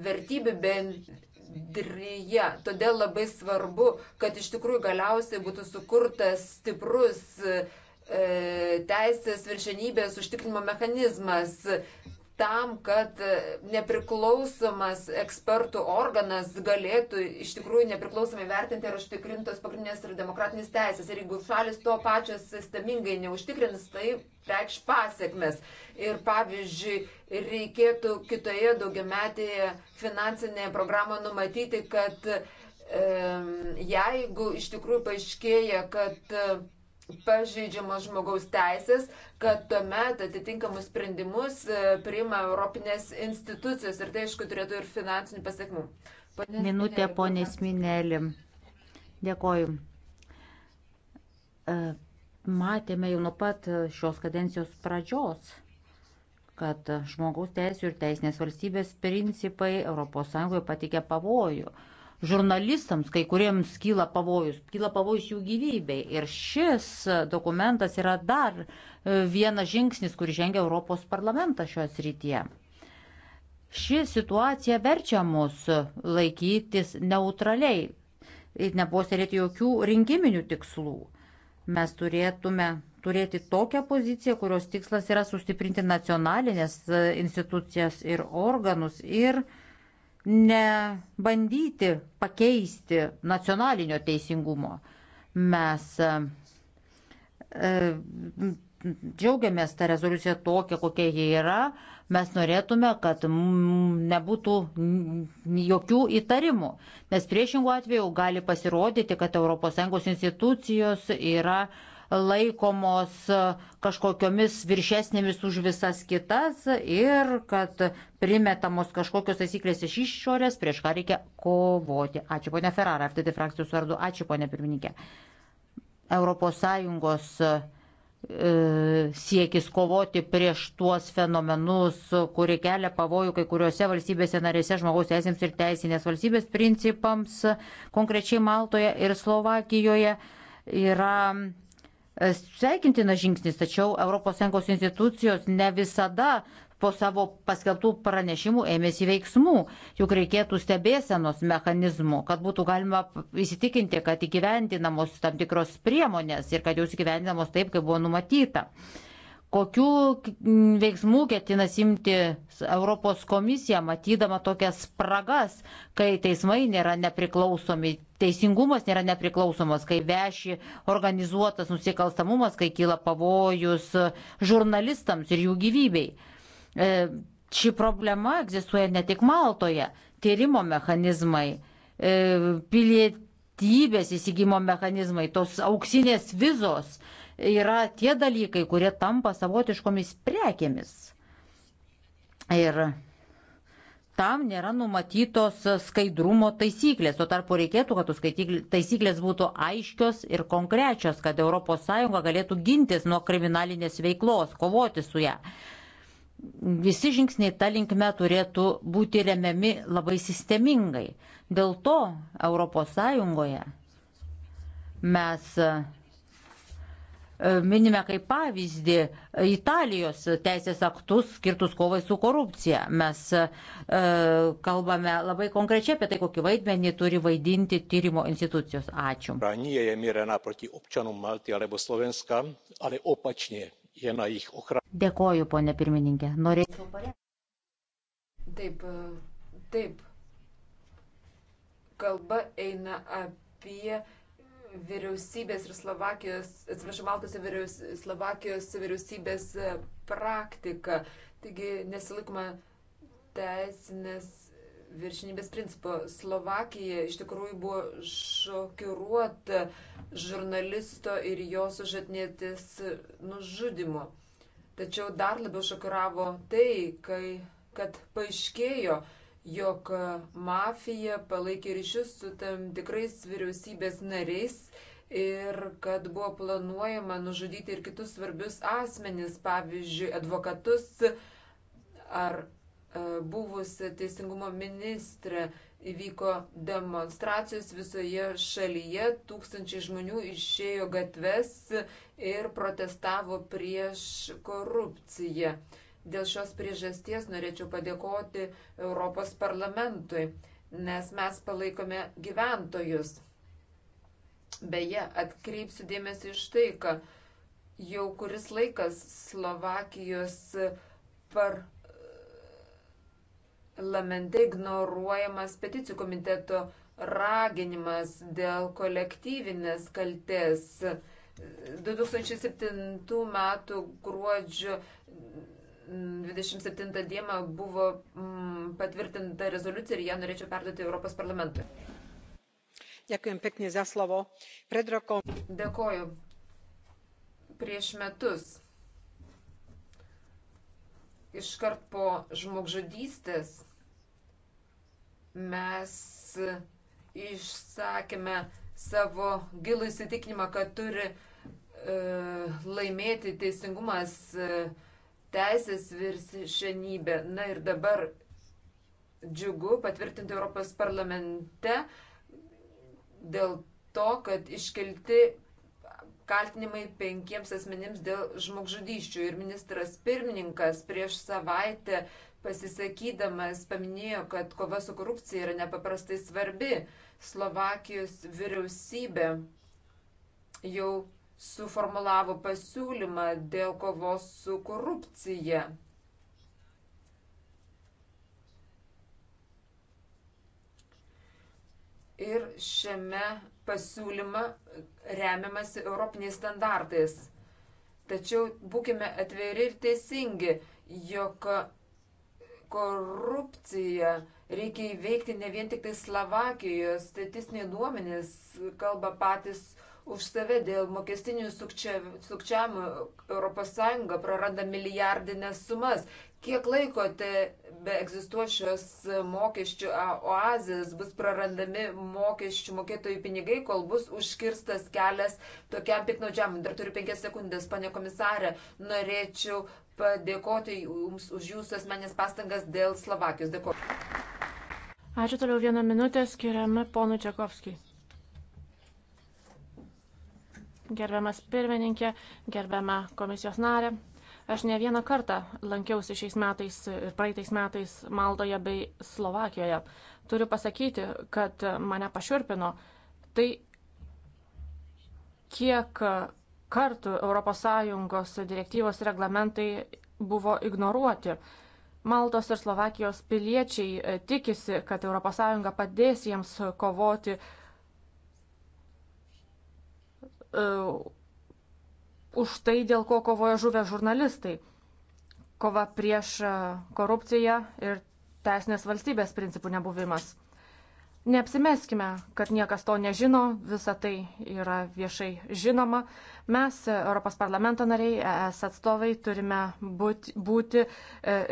vertybių bendryje. Todėl labai svarbu, kad iš tikrųjų galiausiai būtų sukurtas stiprus e, teisės viršenybės užtikrinimo mechanizmas tam, kad e, nepriklausomas ekspertų organas galėtų iš tikrųjų nepriklausomai vertinti ar užtikrintos pagrindinės ir demokratinės teisės. Ir jeigu šalis to pačios sistemingai neužtikrins, tai reikš pasiekmes. Ir pavyzdžiui, reikėtų kitoje daugiametėje finansinėje programoje numatyti, kad e, jeigu iš tikrųjų paaiškėja, kad e, pažeidžiamos žmogaus teisės, kad tuomet atitinkamus sprendimus e, priima Europinės institucijos ir tai, aišku, turėtų ir finansinių pasiekmių. Minutė, ponė Sminelė. Dėkoju. E, matėme jau nuo pat šios kadencijos pradžios kad žmogaus teisų ir teisinės valstybės principai ES patikė pavojų žurnalistams, kai kuriems kyla pavojus, kyla pavojus jų gyvybei. Ir šis dokumentas yra dar e, vienas žingsnis, kur žengia Europos parlamentas šioje srityje. Ši situacija verčia mus laikytis neutraliai ir nepuoselėti jokių rinkiminių tikslų. Mes turėtume turėti tokią poziciją, kurios tikslas yra sustiprinti nacionalinės institucijas ir organus ir uh, nebandyti pakeisti nacionalinio teisingumo. Mes e, džiaugiamės tą rezoliuciją tokią, kokia jie yra. Mes norėtume, kad nebūtų jokių įtarimų, nes priešingų atveju gali pasirodyti, kad ES institucijos yra uh, laikomos kažkokiomis viršesnėmis už visas kitas ir kad primetamos kažkokios taisyklės iš išorės, prieš ką reikia kovoti. Ačiū, ponia Ferrara, FTD frakcijos vardu. Ačiū, ponia pirmininkė. ES e, siekis kovoti prieš tuos fenomenus, kurie kelia pavojų kai kuriuose valstybėse narėse žmogaus teisėms ir teisinės valstybės principams, konkrečiai Maltoje ir Slovakijoje, yra sveikintina žingsnis, tačiau ES institucijos ne visada po savo paskelbtų pranešimų ėmėsi veiksmų, juk reikėtų stebėsenos mechanizmų, kad būtų galima įsitikinti, kad įgyvendinamos tam tikros priemonės ir kad jos įgyvendinamos taip, kaip buvo numatyta. Uh, Kokių mm, veiksmų ketinas imti Europos komisija, matydama tokias spragas, kai teismai nėra nepriklausomi, teisingumas nėra nepriklausomas, kai veši organizuotas nusikalstamumas, kai kyla pavojus žurnalistams ir jų gyvybei. E, ši problema egzistuoja ne tik Maltoje, tyrimo mechanizmai, e, pilietybės įsigymo mechanizmai, tos auksinės vizos yra tie dalykai, kurie tampa savotiškomis prekėmis. Ir tam nėra numatytos skaidrumo taisyklės. Tuo tarpu reikėtų, kad taisyklės būtų aiškios ir konkrečios, kad ES galėtų gintis nuo kriminalinės veiklos, kovoti su ją. Visi žingsniai tą linkme turėtų būti remiami labai sistemingai. Dėl to ES mes E, minime kaip pavyzdį Italijos teisės aktus skirtus kovai su korupcija. Mes e, kalbame labai konkrečiai apie tai, kokį vaidmenį turi vaidinti tyrimo institucijos. Ačiū. Branie je mírena proti občanům Malty alebo Slovenska, ale opačne je na ich ochranu. Dėkoju, ponė pirmininkė. Norėčiau paremti. Taip, e, taip. Kalba eina apie vyriausybės ir Slovakijos, atsiprašau, Maltos ir vyriaus, Slovakijos vyriausybės e, praktika. Taigi nesilaikoma teisinės viršinybės principo. Slovakija iš tikrųjų buvo šokiruota žurnalisto ir jo sužadnėtis nužudimu. Tačiau dar labiau šokiravo tai, kai, kad paaiškėjo, jog e, mafija palaikė ryšius su tam tikrais vyriausybės nariais ir kad buvo planuojama nužudyti ir kitus svarbius asmenis, pavyzdžiui, advokatus ar e, buvusi teisingumo ministrė. Įvyko demonstracijos visoje šalyje, tūkstančiai žmonių išėjo gatves ir protestavo prieš korupciją. Dėl šios priežasties norėčiau padėkoti Europos parlamentui, nes mes palaikome gyventojus. Beje, atkreipsiu dėmesį iš tai, kad jau kuris laikas Slovakijos parlamente ignoruojamas peticijų komiteto raginimas dėl kolektyvinės kaltės. 2007 m. gruodžio 27 dieną buvo mm, patvirtinta rezoliucija ir ją norėčiau perduoti Europos parlamentui. Dėkuojam pekne za slovo. Pred rokom. Dėkoju. Prieš metus iškart po žmogžudystės mes išsakėme savo gilų įsitikinimą, kad turi e, laimėti teisingumas. E, teisės viršenybė. Na ir dabar džiugu patvirtinti Europos parlamente dėl to, kad iškelti kaltinimai penkiems asmenims dėl žmogžudyščių. Ir ministras pirmininkas prieš savaitę pasisakydamas paminėjo, kad kova su korupcija yra nepaprastai svarbi. Slovakijos vyriausybė jau suformulavo pasiūlymą dėl kovos su korupcija. Ir šiame pasiūlyme remiamas europiniais standartais. Tačiau būkime atviri ir teisingi, jog korupciją reikia įveikti ne vien tik tai Slovakijoje. Statistiniai duomenys kalba patys už save dėl mokestinių sukčiavimų ES praranda milijardinės sumas. Kiek laiko te be egzistuošios mokesčių oazės bus prarandami mokesčių mokėtojų pinigai, kol bus užkirstas kelias tokiam piknaudžiamui. Dar turiu penkias sekundės, pane komisarė. Norėčiau padėkoti Jums už Jūsų asmenės pastangas dėl Slovakijos. Dėkuoju. Ačiū toliau vieną minutę skiriame ponui Čekovskijai. Gerbiamas pirmininkė, gerbiama komisijos narė. Aš ne vieną kartą lankiausi šiais metais ir praeitais metais Maldoje bei Slovakijoje. Turiu pasakyti, kad mane pašiurpino tai, kiek kartų ES direktyvos reglamentai buvo ignoruoti. Maltos ir Slovakijos piliečiai tikisi, kad ES padės jiems kovoti E, už tai, dėl ko kovoja žuvę žurnalistai. Kova prieš korupciją ir teisinės valstybės principų nebuvimas. Neapsimeskime, kad niekas to nežino, visa tai yra viešai žinoma. Mes, Europos parlamento nariai, ES atstovai, turime būti, būti e,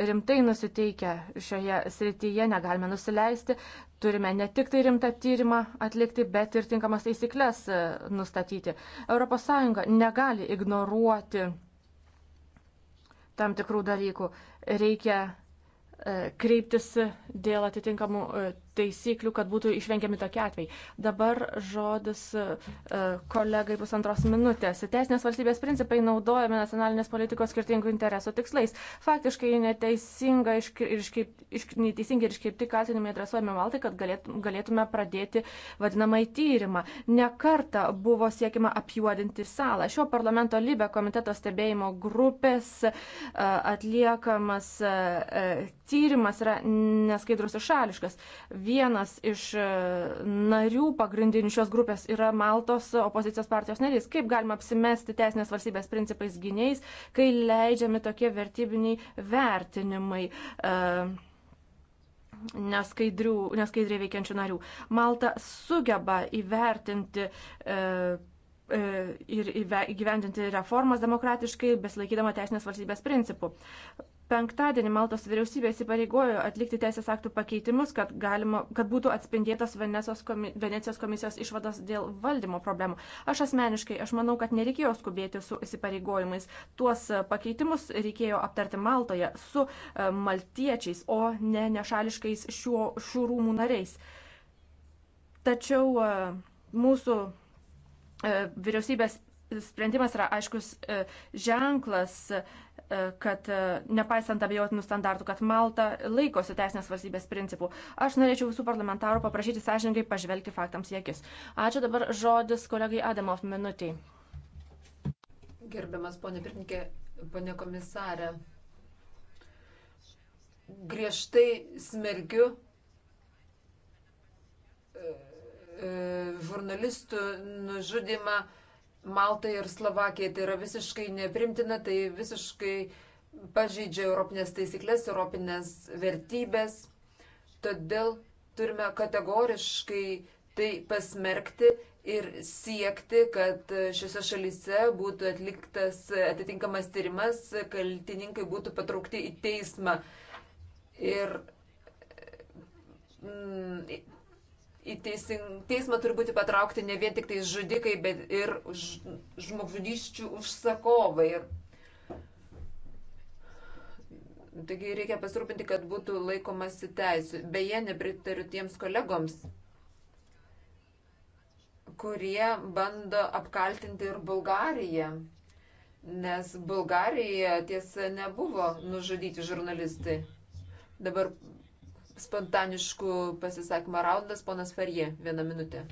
rimtai nusiteikę šioje srityje, negalime nusileisti, turime ne tik tai rimtą tyrimą atlikti, bet ir tinkamas taisyklės e, nustatyti. ES negali ignoruoti tam tikrų dalykų. Reikia e, kreiptis dėl atitinkamų taisyklių, kad būtų išvengiami tokie atvejai. Dabar žodis e, kolegai pusantros minutės. Teisinės valstybės principai naudojami nacionalinės politikos skirtingų interesų tikslais. Faktiškai neteisinga ir neteisingi ir iškreipti kaltinimai adresuojami Maltai, kad galėtume pradėti vadinamai tyrimą. Nekarta buvo siekiama apjuodinti salą. Šio parlamento lybė komiteto stebėjimo grupės e, atliekamas e, tyrimas yra neskaidrus ir šališkas vienas iš e, narių pagrindinių šios grupės yra Maltos opozicijos partijos narys. Kaip galima apsimesti teisinės valstybės principais gyniais, kai leidžiami tokie vertybiniai vertinimai? Uh, neskaidriai veikiančių narių. Malta sugeba įvertinti e, e, ir įgyvendinti reformas demokratiškai, beslaikydama teisinės valstybės principų. Penktadienį Maltos vyriausybė įsipareigojo atlikti teisės aktų pakeitimus, kad, galima, kad būtų atspindėtos komi, Venecijos komisijos išvados dėl valdymo problemų. Aš asmeniškai, aš manau, kad nereikėjo skubėti su įsipareigojimais. Tuos e, pakeitimus reikėjo aptarti Maltoje su e, maltiečiais, o ne nešališkais šiuo, šių rūmų nariais. Tačiau e, mūsų vyriausybės sprendimas yra aiškus ženklas kad e, nepaisant abejotinų standartų, kad Malta laikosi teisinės valstybės principų. Aš norėčiau visų parlamentarų paprašyti sąžininkai pažvelgti faktams į akis. Ačiū dabar žodis kolegai Adamov minutiai. Gerbiamas ponė Pirmininkė, ponė komisarė, griežtai smergiu e, e, žurnalistų nužudimą Maltai ir Slovakijai. Tai yra visiškai neprimtina, tai visiškai pažeidžia europinės taisyklės, europinės vertybės. Todėl turime kategoriškai tai pasmerkti ir siekti, kad šiuose šalyse būtų atliktas atitinkamas tyrimas, kaltininkai būtų patraukti į teismą. Ir mm, į teising, teismą turi būti patraukti ne vien tik tai žudikai, bet ir žmogžudyščių užsakovai. Taigi reikia pasirūpinti, kad būtų laikomasi teisų. Beje, nepritariu tiems kolegoms, kurie bando apkaltinti ir Bulgariją, nes Bulgarijoje tiesa nebuvo nužudyti žurnalistai. Dabar spontaniškų pasisakymų raundas, ponas Farie, vieną minutę.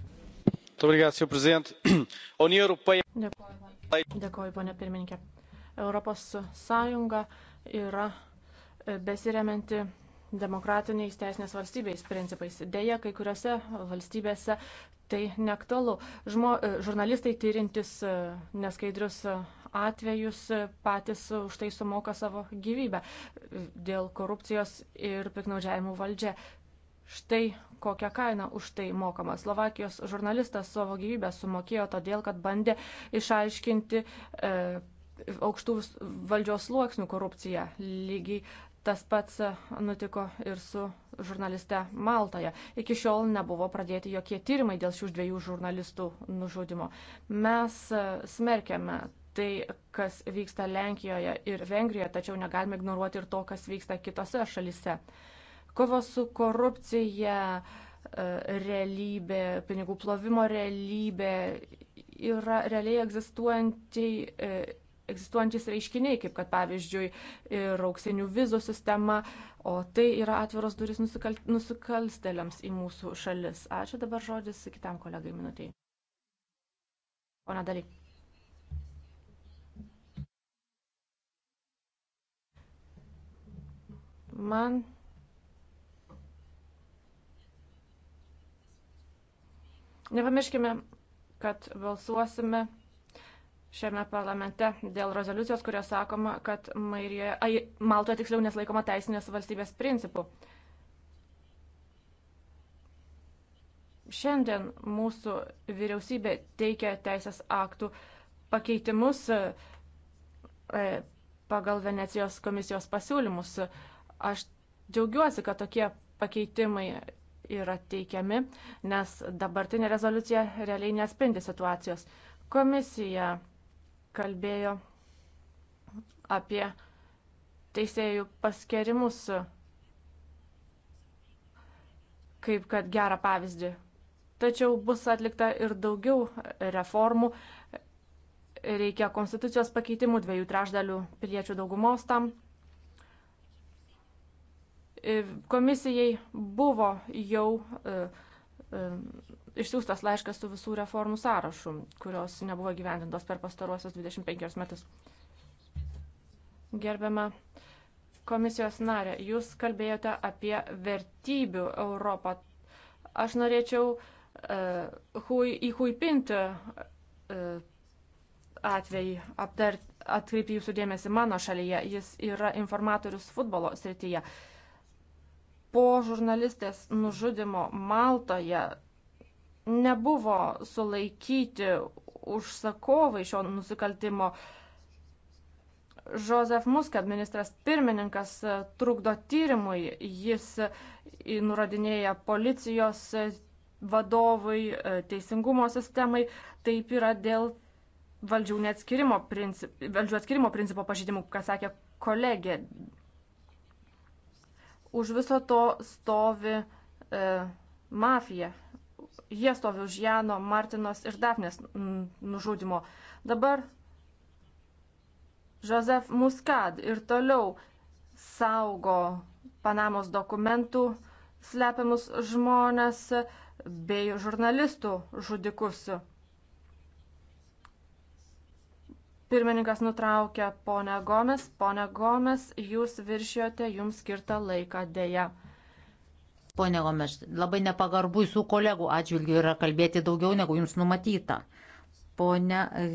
Dėkuoju, ponė pirmininkė. Europos Sąjunga yra e, besiremianti demokratiniais teisinės valstybės principais. Deja, kai kuriuose valstybėse tai neaktualu. Žmo, e, žurnalistai tyrintis e, neskaidrius atvejus patys už tai sumoka savo gyvybę dėl korupcijos ir piknaudžiavimų valdžia. Štai kokią kainą už tai mokama. Slovakijos žurnalistas savo gyvybę sumokėjo todėl, kad bandė išaiškinti e, aukštų valdžios sluoksnių korupciją. Lygiai tas pats nutiko ir su žurnaliste Maltoje. Iki šiol nebuvo pradėti jokie tyrimai dėl šių dviejų žurnalistų nužudimo. Mes e, smerkiame tai, kas vyksta Lenkijoje ir Vengrijoje, tačiau negalime ignoruoti ir to, kas vyksta kitose šalise. Kovo su korupcija, e, realybė, pinigų plovimo realybė yra realiai egzistuojančiai e, egzistuojančiais reiškiniai, kaip kad pavyzdžiui ir auksinių vizų sistema, o tai yra atviros duris nusikal, nusikalstelėms į mūsų šalis. Ačiū dabar žodis kitam kolegai minutiai. Pone Daly. Man nepamirškime, kad balsuosime šiame parlamente dėl rezoliucijos, kurioje sakoma, kad Mairijoje, ai, Maltoje tiksliau neslaikoma teisinės valstybės principų. Šiandien mūsų vyriausybė teikia teisės aktų pakeitimus e, pagal Venecijos komisijos pasiūlymus. Aš džiaugiuosi, kad tokie pakeitimai yra teikiami, nes dabartinė rezoliucija realiai nespindi situacijos. Komisija kalbėjo apie teisėjų paskerimus, kaip kad gerą pavyzdį. Tačiau bus atlikta ir daugiau reformų. Reikia konstitucijos pakeitimų, dviejų trešdalių piliečių daugumos tam E, komisijai buvo jau e, e, išsiųstas laiškas su visų reformų sąrašu, kurios nebuvo gyvendintos per pastaruosius 25 metus. Gerbiama komisijos narė, jūs kalbėjote apie vertybių Europą. Aš norėčiau uh, hui, įhuipinti uh, atvejį, aptart, atkreipti jūsų dėmesį mano šalyje. Jis yra informatorius futbolo srityje. Uh, po žurnalistės nužudimo Maltoje nebuvo sulaikyti užsakovai šio nusikaltimo. Josef Muscat, ministras pirmininkas, trukdo tyrimui, jis nurodinėja policijos vadovui, teisingumo sistemai, taip yra dėl valdžių atskirimo principo, pažydimų, ką sakė kolegė Už viso to stovi e, mafija. Jie stovi už Jano, Martinos ir Dafnės nužudimo. Dabar Josef Muscad ir toliau saugo Panamos dokumentų slepiamus žmonės bei žurnalistų žudikus. Pirmininkas nutraukė ponę Gomes. Pone Gomes, jūs viršijote jums skirtą laiką dėja. Pone Gomes, labai nepagarbu jūsų kolegų atžvilgių yra kalbėti daugiau negu jums numatyta. Pone, e,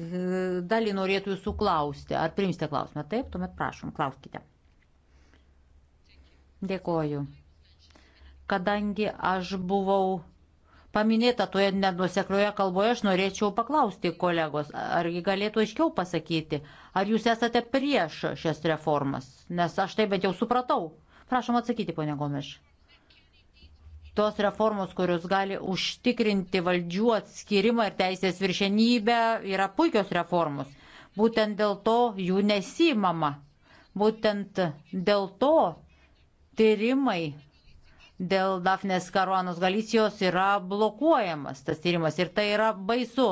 dalį norėtų jūsų klausti. Ar primsite klausimą? Taip, tuomet prašom, klauskite. Dėkoju. Kadangi aš buvau paminėta toje nenuseklioje kalboje, aš norėčiau paklausti kolegos, argi galėtų aiškiau pasakyti, ar jūs esate prieš šias reformas, nes aš tai bent jau supratau. Prašom atsakyti, ponė Gomeš. Tos reformos, kurios gali užtikrinti valdžių atskirimą ir teisės viršenybę, yra puikios reformos. Būtent dėl to jų nesimama. Būtent dėl to tyrimai dėl Dafnės Karuanos Galicijos yra blokuojamas tas tyrimas ir tai yra baisu.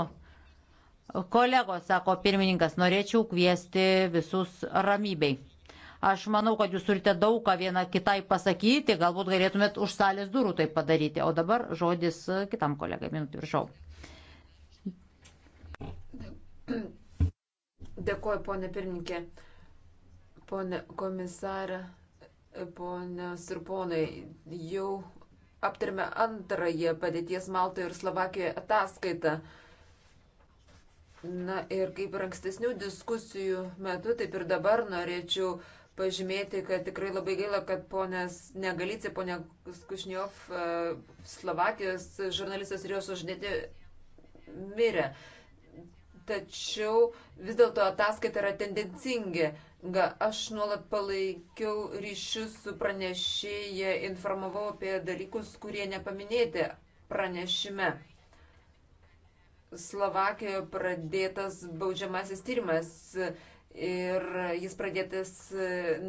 Kolegos, sako pirmininkas, norėčiau kviesti visus ramybei. Aš manau, kad jūs turite daug ką vieną kitai pasakyti, galbūt galėtumėt už salės durų tai padaryti. O dabar žodis kitam kolegai, minutį viršau. Dėkuoju, ponė pirmininkė, ponė komisarė, Ponios ir ponai, jau aptarėme antrąją padėties Maltoje ir Slovakijoje ataskaitą. Na ir kaip ir ankstesnių diskusijų metu, taip ir dabar norėčiau pažymėti, kad tikrai labai gaila, kad ponės Negalicija, ponė Skušniov, e, Slovakijos žurnalistas ir jos uždėti mirė. Tačiau vis dėlto ataskaita yra tendencingi Aš nuolat palaikiau ryšius su pranešėja, informavau apie dalykus, kurie nepaminėti pranešime. Slovakijoje pradėtas baudžiamasis tyrimas ir jis pradėtas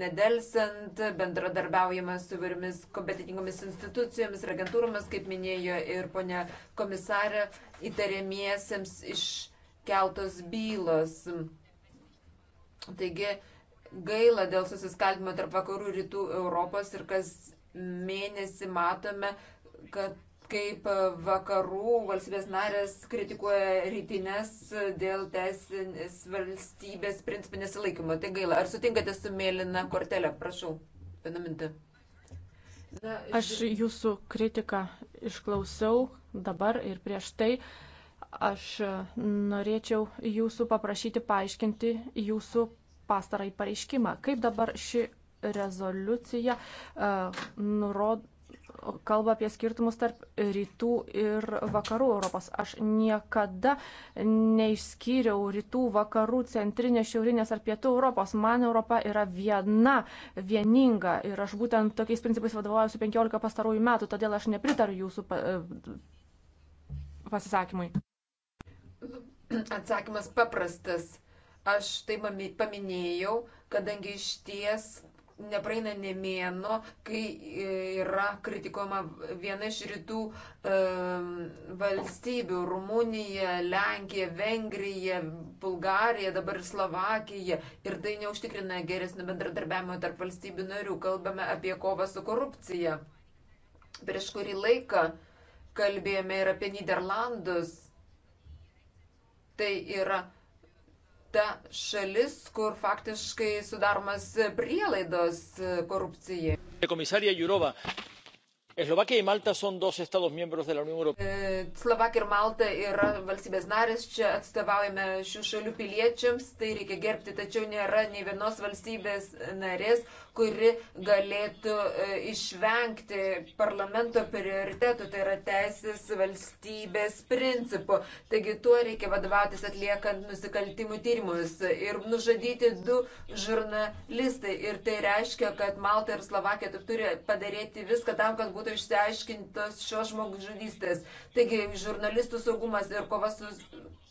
nedelsant, bendradarbiaujama su įvairiomis kompetitingomis institucijomis ir agentūromis, kaip minėjo ir ponia komisarė, įtariamiesiems iškeltos bylos. Taigi, gaila dėl susiskaldimo tarp vakarų ir rytų Europos ir kas mėnesį matome, kad kaip vakarų valstybės narės kritikuoja rytinės dėl teisinės valstybės principų nesilaikymo. Tai gaila. Ar sutinkate su mėlyna kortelė? Prašau, vieną mintį. Na, iš... Aš jūsų kritiką išklausiau dabar ir prieš tai. Aš norėčiau jūsų paprašyti paaiškinti jūsų pastarąjį pareiškimą. Kaip dabar ši rezoliucija uh, nurod, kalba apie skirtumus tarp rytų ir vakarų Europos. Aš niekada neišskyriau rytų, vakarų, centrinės, šiaurinės ar pietų Europos. Man Europa yra viena, vieninga ir aš būtent tokiais principais vadovaujuosi 15 pastarųjų metų, todėl aš nepritariu jūsų e, pasisakymui. Atsakymas paprastas Aš tai paminėjau, kadangi iš ties nepraeina ne mėno, kai e, yra kritikoma viena iš rytų um, valstybių - Rumunija, Lenkija, Vengrija, Bulgarija, dabar ir Slovakija. Ir tai neužtikrina geresnio bendradarbiavimo tarp valstybių narių. Kalbame apie kovą su korupcija. Prieš kurį laiką kalbėjome ir apie Niderlandus. Tai yra ta šalis, kur faktiškai sudaromas prielaidos korupcijai. Komisarija Jurova, Eslovaquia y Malta son dos estados miembros de la Unión Europea. E, Slovakija ir Malta yra valstybės narės, čia atstovaujame šių šalių piliečiams, tai reikia gerbti, tačiau nėra nei vienos valstybės narės, kuri galėtų e, išvengti parlamento prioritetų, tai yra teisės valstybės principų. Taigi tuo reikia vadovautis atliekant nusikaltimų tyrimus ir nužudyti du žurnalistai. Ir tai reiškia, kad Malta ir Slovakija turi padaryti viską tam, kad būtų būtų išsiaiškintos šios žmogžudystės. Taigi, žurnalistų saugumas ir kova su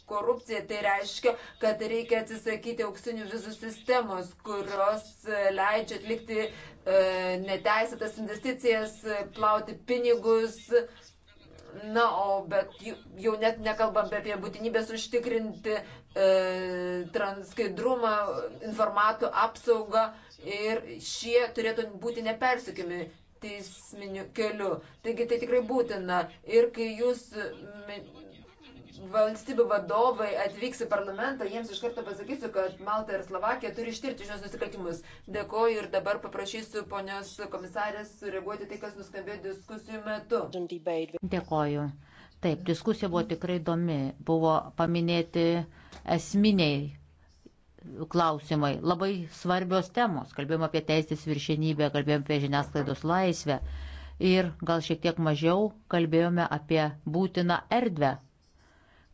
korupcija, tai reiškia, kad reikia atsisakyti auksinių vizų sistemos, kurios e, leidžia atlikti e, neteisėtas investicijas, e, plauti pinigus. Na, o bet jau net nekalbam apie būtinybės užtikrinti e, transkaidrumą, informatų apsaugą ir šie turėtų būti nepersikimi teisminiu keliu. Taigi tai tikrai būtina. Ir kai jūs valstybių vadovai atvyks į parlamentą, jiems iš karto pasakysiu, kad Malta ir Slovakija turi ištirti šios nusikaltimus. Dėkoju ir dabar paprašysiu ponios komisarės sureaguoti tai, kas nuskambėjo diskusijų metu. Dėkoju. Taip, diskusija buvo tikrai įdomi. Buvo paminėti esminiai klausimai, labai svarbios temos. Kalbėjom apie teisės viršenybę, kalbėjom apie žiniasklaidos laisvę ir gal šiek tiek mažiau kalbėjome apie būtiną erdvę,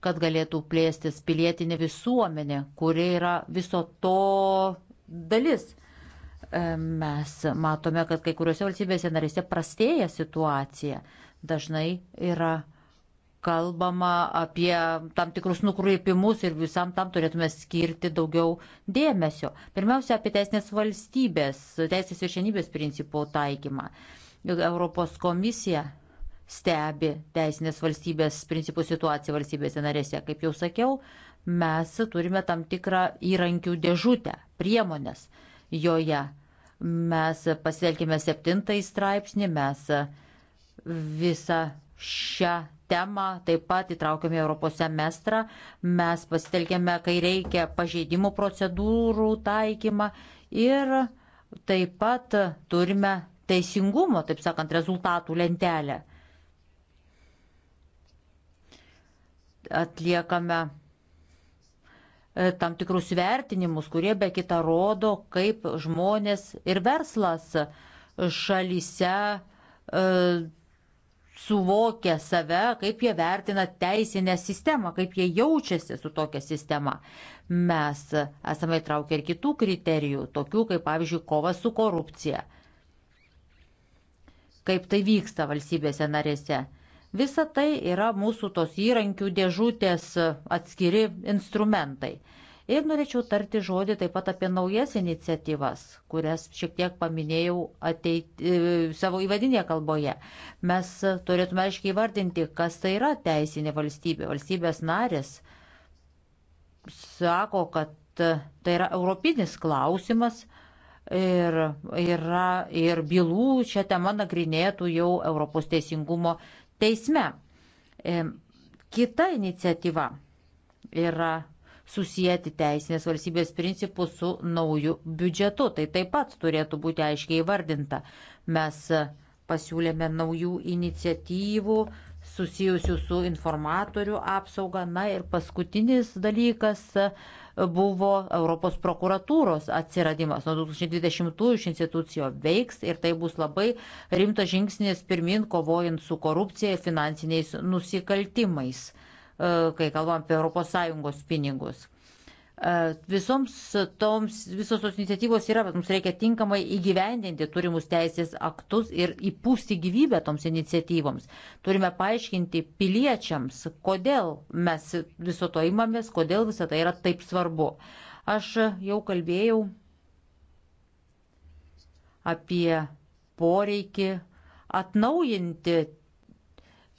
kad galėtų plėstis pilietinė visuomenė, kuri yra viso to dalis. E, mes matome, kad kai kuriuose valstybėse narėse prastėja situacija. Dažnai yra kalbama apie tam tikrus nukreipimus ir visam tam turėtume skirti daugiau dėmesio. Pirmiausia, apie teisinės valstybės, teisės viršenybės principų taikymą. Europos komisija stebi teisinės valstybės principų situaciją valstybėse narėse. Kaip jau sakiau, mes turime tam tikrą įrankių dėžutę, priemonės joje. Mes pasitelkime septintąjį straipsnį, mes visą šią temą taip pat įtraukėme Europos semestrą, mes pasitelkėme, kai reikia, pažeidimų procedūrų taikymą ir taip pat turime teisingumo, taip sakant, rezultatų lentelę. Atliekame e, tam tikrus vertinimus, kurie be kita rodo, kaip žmonės ir verslas šalyse e, suvokia save, kaip jie vertina teisinę sistemą, kaip jie jaučiasi su tokia sistema. Mes esame įtraukę ir kitų kriterijų, tokių kaip, pavyzdžiui, kova su korupcija. Kaip tai vyksta valstybėse narėse. Visa tai yra mūsų tos įrankių dėžutės atskiri instrumentai. Ir norėčiau tarti žodį taip pat apie naujas iniciatyvas, kurias šiek tiek paminėjau ateit, e, savo įvadinėje kalboje. Mes turėtume aiškiai įvardinti, kas tai yra teisinė valstybė. Valstybės narės sako, kad tai yra europinis klausimas. Ir yra ir bylų šią temą nagrinėtų jau Europos teisingumo teisme. E, kita iniciatyva yra susijęti teisinės valstybės principus su nauju biudžetu. Tai taip pat turėtų būti aiškiai įvardinta. Mes e, pasiūlėme naujų iniciatyvų susijusių su informatorių apsauga. Na ir paskutinis dalykas e, buvo Europos prokuratūros atsiradimas. Nuo 2020 iš institucijo veiks ir tai bus labai rimtas žingsnis pirmin kovojant su korupcija ir finansiniais nusikaltimais. E, kai kalbam apie ES pinigus. E, visoms toms, visos tos iniciatyvos yra, bet mums reikia tinkamai įgyvendinti turimus teisės aktus ir įpūsti gyvybę toms iniciatyvoms. Turime paaiškinti piliečiams, kodėl mes viso to imamės, kodėl visą tai yra taip svarbu. Aš jau kalbėjau apie poreikį atnaujinti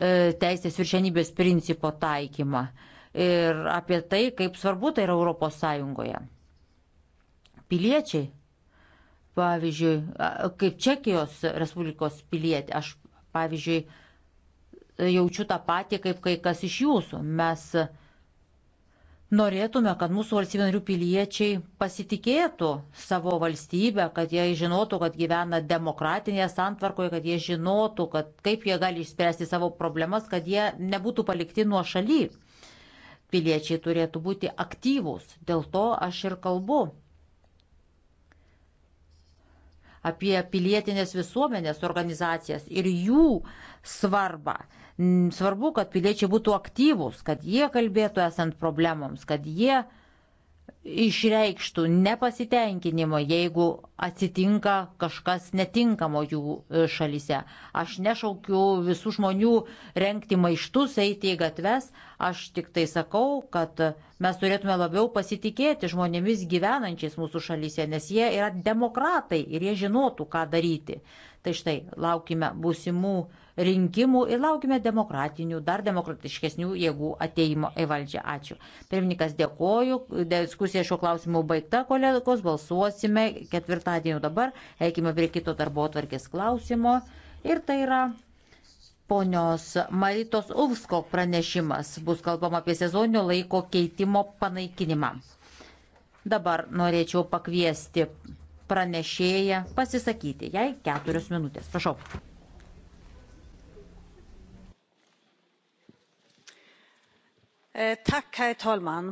E, teisės viršenybės principo taikymą ir apie tai, kaip svarbu tai yra Europos Sąjungoje. Piliečiai, pavyzdžiui, kaip Čekijos Respublikos pilietė, aš, pavyzdžiui, jaučiu tą patį, kaip kai kas iš jūsų. Mes uh, Norėtume, kad mūsų valstybių narių piliečiai pasitikėtų savo valstybę, kad jie žinotų, kad gyvena demokratinėje santvarkoje, kad jie žinotų, kad kaip jie gali išspręsti savo problemas, kad jie nebūtų palikti nuo šaly. Piliečiai turėtų būti aktyvūs, dėl to aš ir kalbu apie pilietinės visuomenės organizacijas ir jų svarbą. Svarbu, kad piliečiai būtų aktyvūs, kad jie kalbėtų esant problemams, kad jie išreikštų nepasitenkinimo, jeigu atsitinka kažkas netinkamo jų e, šalyse. Aš nešaukiu visų žmonių renkti maištus, eiti į gatves, aš tik tai sakau, kad mes turėtume labiau pasitikėti žmonėmis gyvenančiais mūsų šalyse, nes jie yra demokratai ir jie žinotų, ką daryti. Tai štai, laukime būsimų uh, rinkimų ir laukime demokratinių, dar demokratiškesnių jėgų ateimo į valdžią. Ačiū. Pirmininkas dėkoju, diskusija šiuo klausimu baigta, kolegos, balsuosime ketvirtadienį dabar, eikime prie kito darbo atvarkės klausimo. Ir tai yra ponios Maritos Uvsko pranešimas, bus kalbama apie sezoninio laiko keitimo panaikinimą. Dabar norėčiau pakviesti pranešėją pasisakyti, jai keturios minutės. Prašau. Eh, herr talman.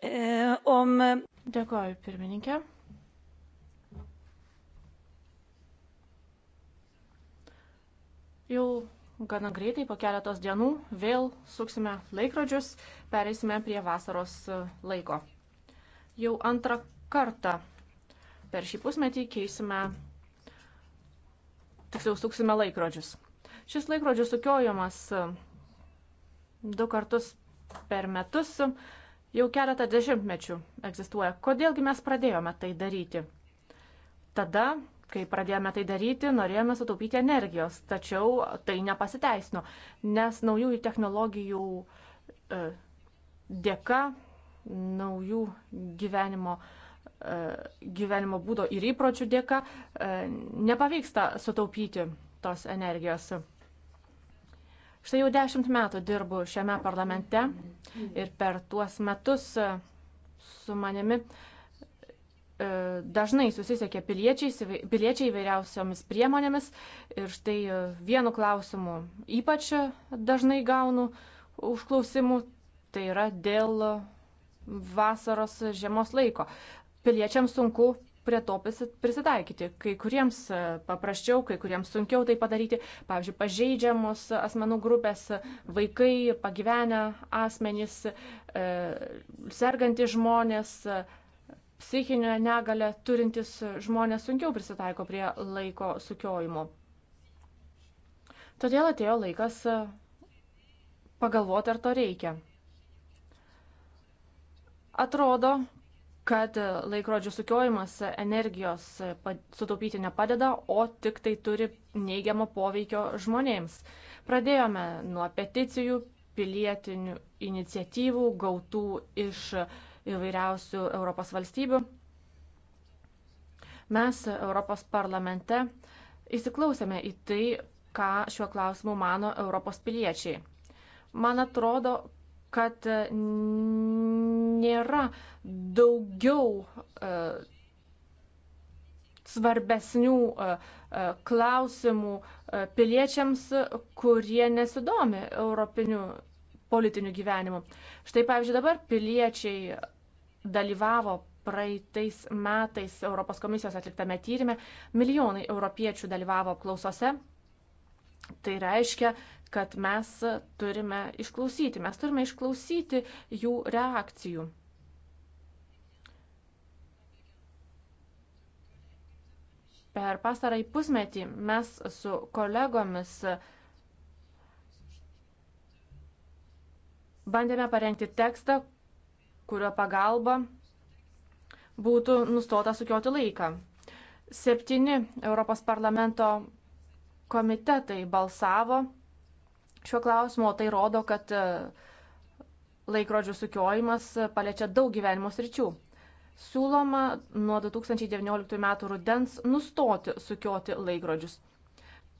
Eh, om... Eh, Dėkoju, pirmininkė. Jau gana greitai, po keletos dienų, vėl suksime laikrodžius, pereisime prie vasaros laiko. Jau antrą kartą per šį pusmetį keisime, tiksliau, suksime laikrodžius. Šis laikrodžių sukiojimas du kartus per metus jau keletą dešimtmečių egzistuoja. Kodėlgi mes pradėjome tai daryti? Tada, kai pradėjome tai daryti, norėjome sutaupyti energijos, tačiau tai nepasiteisino, nes naujųjų technologijų e, dėka, naujų gyvenimo e, gyvenimo būdo ir įpročių dėka e, nepavyksta sutaupyti tos energijos. Štai jau dešimt metų dirbu šiame parlamente ir per tuos metus e, su manimi e, dažnai susisiekė piliečiai, piliečiai įvairiausiomis priemonėmis ir štai e, vienu klausimu ypač dažnai gaunu užklausimų, tai yra dėl vasaros žiemos laiko. Piliečiams sunku prie to prisitaikyti. Kai kuriems e, paprasčiau, kai kuriems sunkiau tai padaryti. Pavyzdžiui, pažeidžiamos asmenų grupės, vaikai, pagyvenę asmenys, e, sergantys žmonės, psichinę negalę turintys žmonės sunkiau prisitaiko prie laiko sukiojimo. Todėl atėjo laikas e, pagalvoti, ar to reikia. Atrodo, kad laikrodžių sukiojimas energijos sutaupyti nepadeda, o tik tai turi neigiamo poveikio žmonėms. Pradėjome nuo peticijų, pilietinių iniciatyvų gautų iš įvairiausių Europos valstybių. Mes Europos parlamente įsiklausėme į tai, ką šiuo klausimu mano Europos piliečiai. Man atrodo, kad e, nėra daugiau e, svarbesnių e, klausimų piliečiams, kurie nesidomi europiniu politiniu gyvenimu. Štai pavyzdžiui, dabar piliečiai dalyvavo praeitais metais Europos komisijos atliktame tyrimė, milijonai europiečių dalyvavo klausose. Tai reiškia, kad mes turime išklausyti, mes turime išklausyti jų reakcijų. Per pastarąjį pusmetį mes su kolegomis bandėme parengti tekstą, kurio pagalba būtų nustota sukioti laiką. Septyni Europos parlamento komitetai balsavo šiuo klausimu, o tai rodo, kad e, laikrodžių sukiojimas e, paliečia daug gyvenimo sričių. Siūloma nuo 2019 metų rudens nustoti sukioti laikrodžius.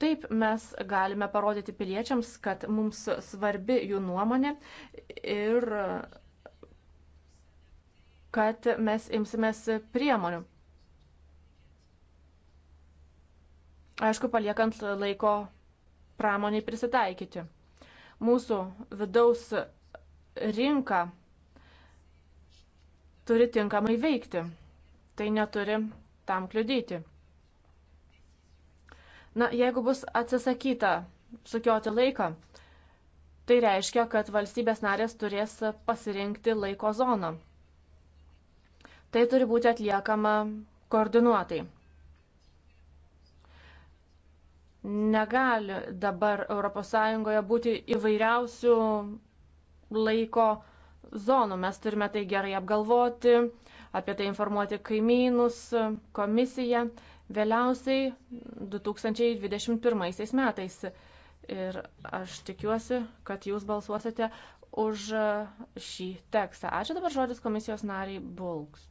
Taip mes galime parodyti piliečiams, kad mums svarbi jų nuomonė ir kad mes imsimės priemonių. Aišku, paliekant laiko pramoniai prisitaikyti. Mūsų vidaus rinka turi tinkamai veikti. Tai neturi tam kliudyti. Na, jeigu bus atsisakyta sukioti laiką, tai reiškia, kad valstybės narės turės pasirinkti laiko zoną. Tai turi būti atliekama koordinuotai. Negali dabar ES būti įvairiausių laiko zonų. Mes turime tai gerai apgalvoti, apie tai informuoti kaimynus, komisiją, vėliausiai 2021 metais. Ir aš tikiuosi, kad jūs balsuosite už šį tekstą. Ačiū dabar žodis komisijos nariai Bulks.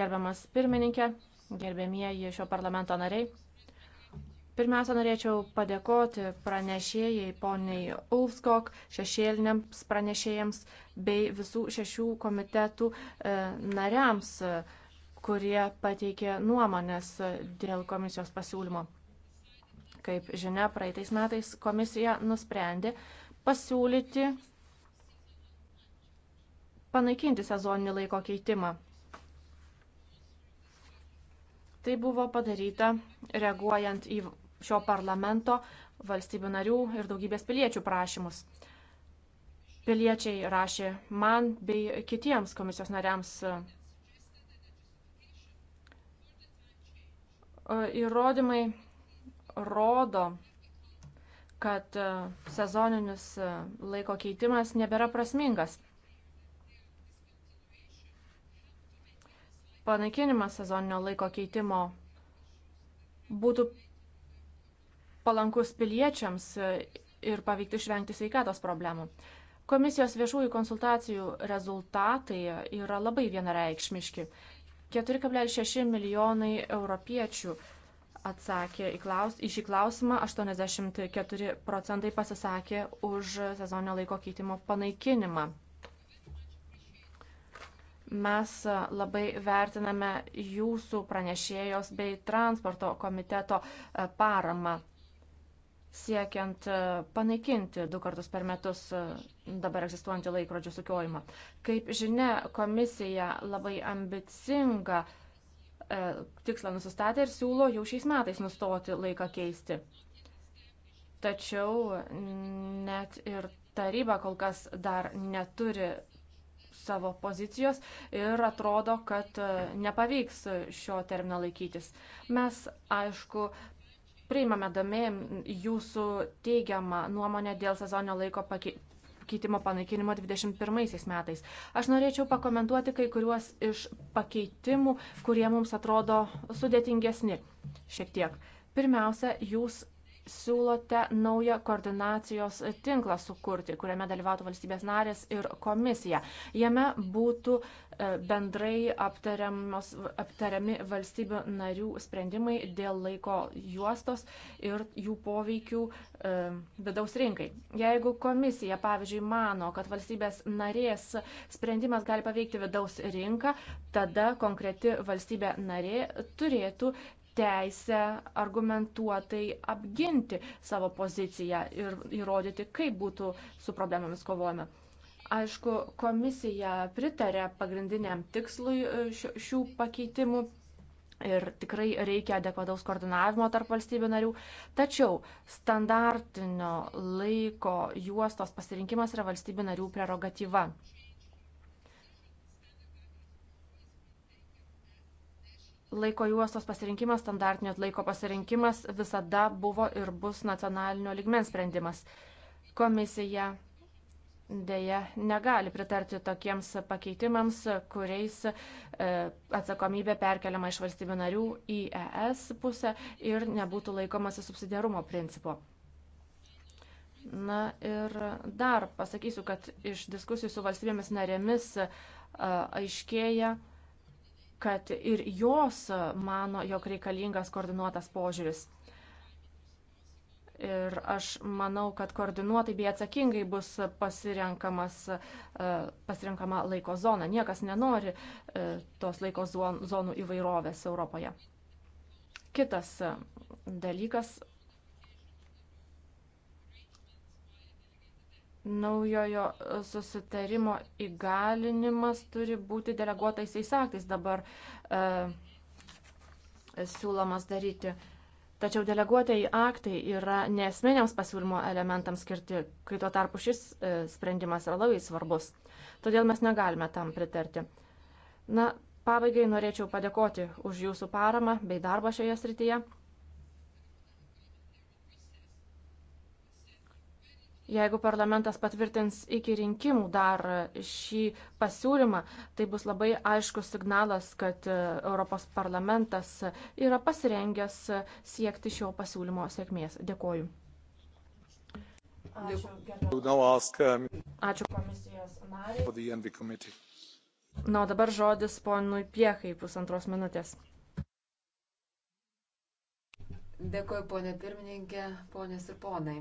Gerbiamas pirmininkė, gerbėmieji šio parlamento nariai. Pirmiausia, norėčiau padėkoti pranešėjai poniai Ulfskok, šešėliniams pranešėjams bei visų šešių komitetų e, nariams, e, kurie pateikė nuomonės e, dėl komisijos pasiūlymo. Kaip žinia, praeitais metais komisija nusprendė pasiūlyti panaikinti sezoninį laiko keitimą Tai buvo padaryta reaguojant į šio parlamento, valstybių narių ir daugybės piliečių prašymus. Piliečiai rašė man bei kitiems komisijos nariams e, įrodymai rodo, kad e, sezoninis e, laiko keitimas nebėra prasmingas. panaikinimas sezoninio laiko keitimo būtų palankus piliečiams ir pavyktų išvengti sveikatos problemų. Komisijos viešųjų konsultacijų rezultatai yra labai vienareikšmiški. 4,6 milijonai europiečių atsakė į, klaus, į šį klausimą, 84 procentai pasisakė už sezoninio laiko keitimo panaikinimą. Mes labai vertiname jūsų pranešėjos bei transporto komiteto e, paramą siekiant e, panaikinti du kartus per metus e, dabar egzistuojantį laikrodžių sukiojimą. Kaip žinia, komisija labai ambicinga tikslą nusistatė ir siūlo jau šiais metais nustoti laiką keisti. Tačiau net ir taryba kol kas dar neturi savo pozicijos ir atrodo, kad e, nepavyks šio termino laikytis. Mes, aišku, priimame domėjim jūsų teigiamą nuomonę dėl sezoninio laiko pakeitimo panaikinimo 21 metais. Aš norėčiau pakomentuoti kai kuriuos iš pakeitimų, kurie mums atrodo sudėtingesni šiek tiek. Pirmiausia, jūs siūlote naują koordinacijos tinklą sukurti, kuriame dalyvautų valstybės narės ir komisija. Jame būtų e, bendrai aptariami valstybių narių sprendimai dėl laiko juostos ir jų poveikių e, vidaus rinkai. Jeigu komisija, pavyzdžiui, mano, kad valstybės narės sprendimas gali paveikti vidaus rinką, tada konkreti valstybė narė turėtų teisę argumentuotai apginti savo poziciją ir įrodyti, kaip būtų su problemomis kovojama. Aišku, komisija pritarė pagrindiniam tikslui e, šių pakeitimų ir tikrai reikia adekvataus koordinavimo tarp valstybių narių. Tačiau standartinio laiko juostos pasirinkimas yra valstybių narių prerogatyva. laiko juostos pasirinkimas, standartinio laiko pasirinkimas visada buvo ir bus nacionalinio ligmens sprendimas. Komisija dėja negali pritarti tokiems pakeitimams, kuriais e, atsakomybė perkeliama iš valstybių narių į ES pusę ir nebūtų laikomasi subsidiarumo principo. Na ir dar pasakysiu, kad iš diskusijų su valstybėmis narėmis e, aiškėja, e, kad ir jos mano, jog reikalingas koordinuotas požiūris. Ir aš manau, kad koordinuotai bei atsakingai bus e, pasirenkama laiko zona. Niekas nenori e, tos laiko zonų įvairovės Europoje. Kitas e, dalykas naujojo e, susitarimo įgalinimas turi būti deleguotais įsaktais dabar e, siūlomas daryti. Tačiau deleguotieji aktai yra nesminiams pasiūlymo elementams skirti, kai tuo tarpu šis e, sprendimas yra labai svarbus. Todėl mes negalime tam pritarti. Na, pabaigai norėčiau padėkoti už jūsų paramą bei darbą šioje srityje. Jeigu parlamentas patvirtins iki rinkimų dar šį pasiūlymą, tai bus labai aiškus signalas, kad e, Europos parlamentas yra pasirengęs siekti šio pasiūlymo sėkmės. Dėkoju. Ačiū, um, Ačiū komisijos nariai. Na, o dabar žodis ponui Piechai pusantros minutės. Dėkoju, ponė pirmininkė, ponės ir ponai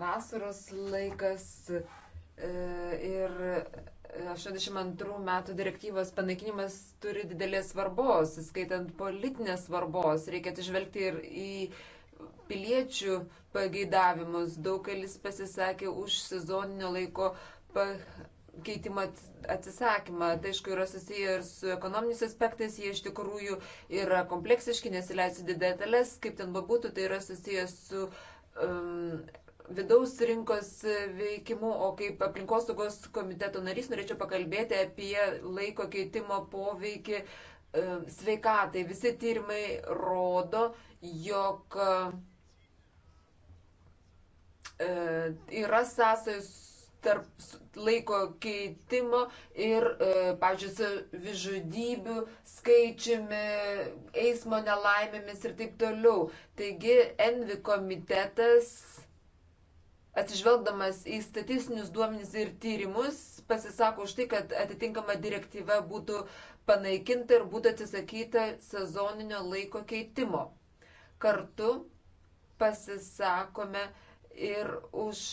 vasaros laikas e, ir 82 metų direktyvos panaikinimas turi didelės svarbos, skaitant politinės svarbos. Reikia atsižvelgti ir į piliečių pageidavimus. Daugelis pasisakė už sezoninio laiko keitimo atsisakymą. Tai aišku yra susiję ir su ekonominiais aspektais, jie iš tikrųjų yra kompleksiški, nesileisiu didelės, kaip ten bebūtų, tai yra susiję su um, vidaus rinkos veikimu, o kaip aplinkosaugos komiteto narys norėčiau pakalbėti apie laiko keitimo poveikį um, sveikatai. Visi tyrimai rodo, jog uh, yra sąsajos tarp laiko keitimo ir, e, pažiūrėjau, vižudybių skaičiumi, eismo nelaimėmis ir taip toliau. Taigi, Envi komitetas, atsižvelgdamas į statistinius duomenys ir tyrimus, pasisako už tai, kad atitinkama direktyva būtų panaikinta ir būtų atsisakyta sezoninio laiko keitimo. Kartu pasisakome ir už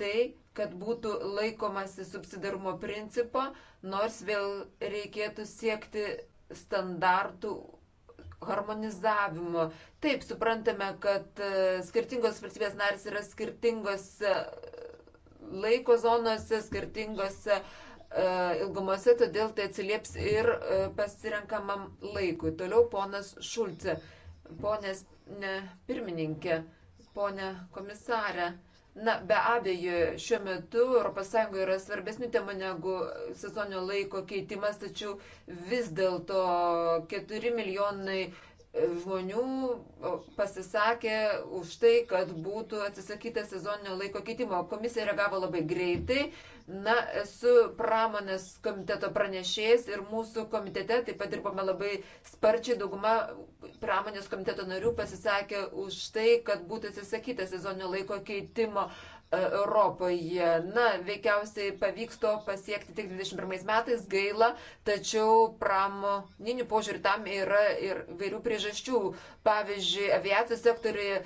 tai, kad būtų laikomasi subsidarumo principo, nors vėl reikėtų siekti standartų harmonizavimo. Taip, suprantame, kad e, skirtingos valstybės narės yra skirtingose laiko zonose, skirtingose e, ilgumose, todėl tai atsilieps ir e, pasirenkamam laikui. Toliau ponas Šulce, ponės ne, pirmininkė, ponė komisarė. Na, be abejo, šiuo metu ES yra svarbesnių temų negu sezoninio laiko keitimas, tačiau vis dėlto 4 milijonai žmonių pasisakė už tai, kad būtų atsisakyta sezoninio laiko keitimo. Komisija reagavo labai greitai. Na, esu pramonės komiteto pranešėjas ir mūsų komitete taip pat dirbame labai sparčiai. Dauguma pramonės komiteto narių pasisakė už tai, kad būtų atsisakyta sezoninio laiko keitimo. Uh, Europoje. Na, veikiausiai pavyks to pasiekti tik 21 metais gaila, tačiau pramoninių požiūrį tam yra ir vairių priežasčių. Pavyzdžiui, aviacijos sektoriuje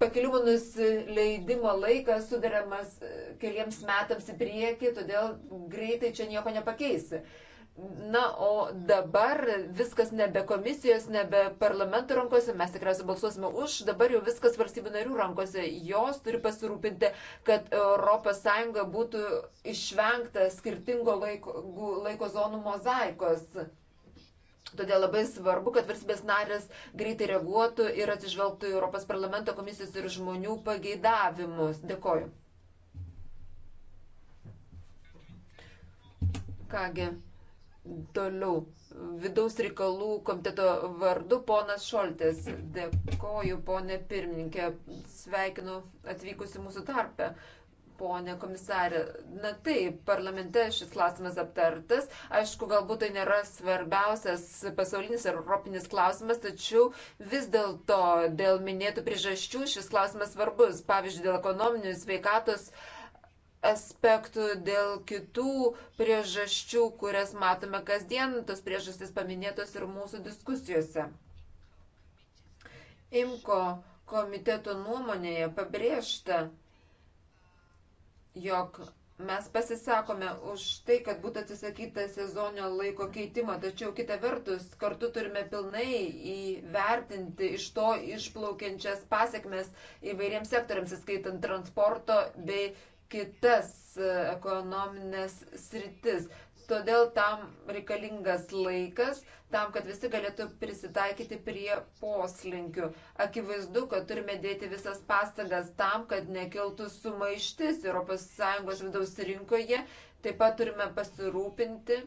pakilimo nusileidimo laikas sudaramas e, keliams metams į priekį, todėl greitai čia nieko nepakeisi. Na, o dabar viskas nebe komisijos, nebe parlamento rankose, mes tikriausiai balsuosime už, dabar jau viskas valstybių narių rankose. Jos turi pasirūpinti, kad ES būtų išvengta skirtingo laiko, laiko zonų mozaikos. Todėl labai svarbu, kad valstybės narės greitai reaguotų ir atsižvelgtų į Europos parlamento komisijos ir žmonių pageidavimus. Dėkoju. Kągi. Toliau. Vidaus reikalų komiteto vardu ponas Šoltės. Dėkoju, ponė pirmininkė. Sveikinu atvykusi mūsų tarpę. Pone komisarė, na taip, parlamente šis klausimas aptartas. Aišku, galbūt tai nėra svarbiausias pasaulinis ar europinis klausimas, tačiau vis dėlto dėl minėtų priežasčių šis klausimas svarbus. Pavyzdžiui, dėl ekonominių sveikatos. Uh, aspektų, dėl kitų priežasčių, kurias matome kasdien, tos priežastys paminėtos ir mūsų diskusijose. Imko komiteto nuomonėje pabrėžta, jog mes pasisakome už tai, kad būtų atsisakyta sezoninio laiko keitimo, tačiau kita vertus kartu turime pilnai įvertinti iš to išplaukiančias pasiekmes įvairiems sektoriams, įskaitant transporto bei kitas e, ekonominės sritis. Todėl tam reikalingas laikas, tam, kad visi galėtų prisitaikyti prie poslinkių. Akivaizdu, kad turime dėti visas pastangas tam, kad nekiltų sumaištis ES vidaus rinkoje. Taip pat turime pasirūpinti,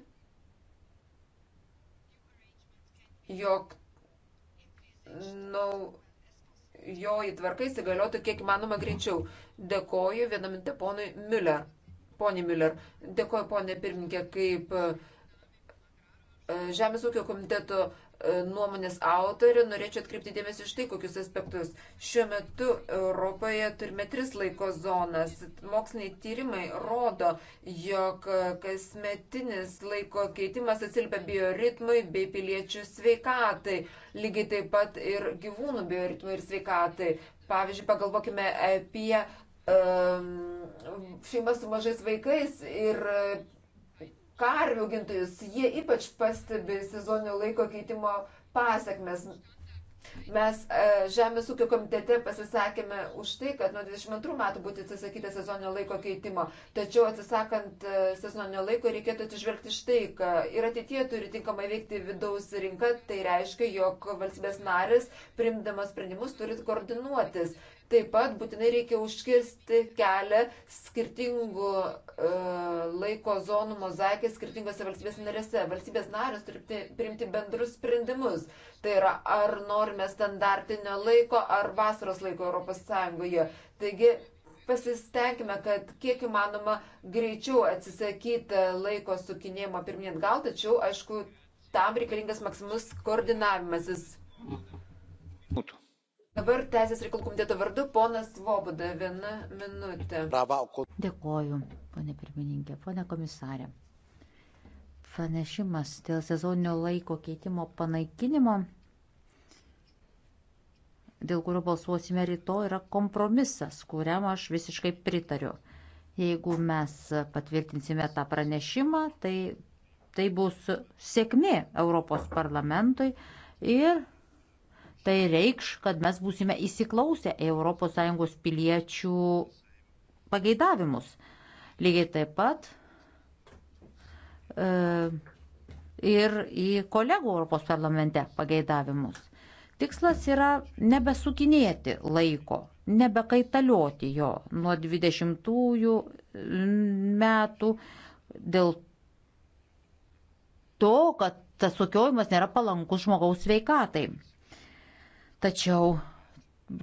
jog nau. No, jo įtvarka įsigaliotų kiek įmanoma greičiau. Dėkoju vienam deponui Müller. Pone Müller, dėkoju ponė pirmininkė, kaip e, Žemės ūkio komiteto E, nuomonės autorė, norėčiau atkreipti dėmesį iš tai, kokius aspektus. Šiuo metu Europoje turime tris laiko zonas. Moksliniai tyrimai rodo, jog kasmetinis laiko keitimas atsilpia bioritmui bei piliečių sveikatai, lygiai taip pat ir gyvūnų bioritmui ir sveikatai. Pavyzdžiui, pagalvokime apie um, šeimas su mažais vaikais ir karvių augintojus. Jie ypač pastebi sezoninio laiko keitimo pasakmes. Mes e, Žemės ūkio komitete pasisakėme už tai, kad nuo 22 metų būtų atsisakyta sezoninio laiko keitimo. Tačiau atsisakant e, sezoninio laiko reikėtų atsižvelgti štai, kad ir ateitie turi tinkamai veikti vidaus rinka. Tai reiškia, jog valstybės narės, primdamas sprendimus, turi koordinuotis. Taip pat būtinai reikia užkirsti kelią skirtingų e, laiko zonų mozaikai skirtingose valstybės narėse. Valstybės narės turi priimti bendrus sprendimus. Tai yra, ar norime standartinio laiko, ar vasaros laiko Europos Sąjungoje. Taigi pasistengime, kad kiek įmanoma greičiau atsisakyti laiko sukinėjimo pirmyn atgal, tačiau, aišku, tam reikalingas maksimus koordinavimasis. Būtų. Dabar Teisės reikalų komiteto vardu ponas Voboda, viena minutė. Dėkoju, ponė pirmininkė, ponė komisarė. Pranešimas dėl sezoninio laiko keitimo panaikinimo, dėl kurio balsuosime rytoj, yra kompromisas, kuriam aš visiškai pritariu. Jeigu mes patvirtinsime tą pranešimą, tai tai bus sėkmė Europos parlamentui ir Tai reikš, kad mes būsime įsiklausę ES piliečių pageidavimus. Lygiai taip pat e, ir į kolegų Europos parlamente pageidavimus. Tikslas yra nebesukinėti laiko, nebekaitalioti jo nuo 20-ųjų metų dėl to, kad tas sukiojimas nėra palankus žmogaus veikatai. Tačiau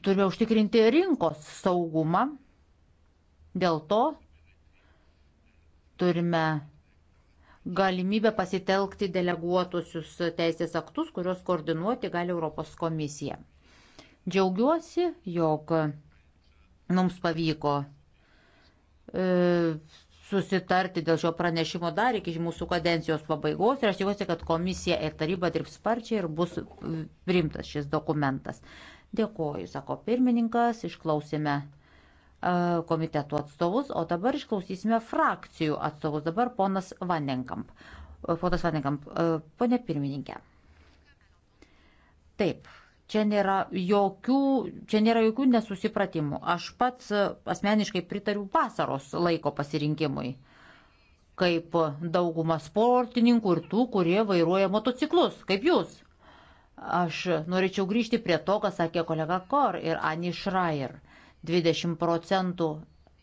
turime užtikrinti rinkos saugumą. Dėl to turime galimybę pasitelkti deleguotusius teisės aktus, kurios koordinuoti gali Europos komisija. Džiaugiuosi, jog mums pavyko e, susitarti dėl šio pranešimo dar iki mūsų kadencijos pabaigos ir aš tikiuosi, kad komisija ir taryba dirbs sparčiai ir bus priimtas šis dokumentas. Dėkoju, sako pirmininkas, išklausėme e, komitetų atstovus, o dabar išklausysime frakcijų atstovus. Dabar ponas Vandenkamp. E, ponas Vandenkamp, e, ponė pirmininkė. Taip, Čia nėra, jokių, čia nėra jokių nesusipratimų. Aš pats asmeniškai pritariu vasaros laiko pasirinkimui, kaip dauguma sportininkų ir tų, kurie vairuoja motociklus, kaip jūs. Aš norėčiau grįžti prie to, ką sakė kolega Kor ir Ani Šrajer. 20 procentų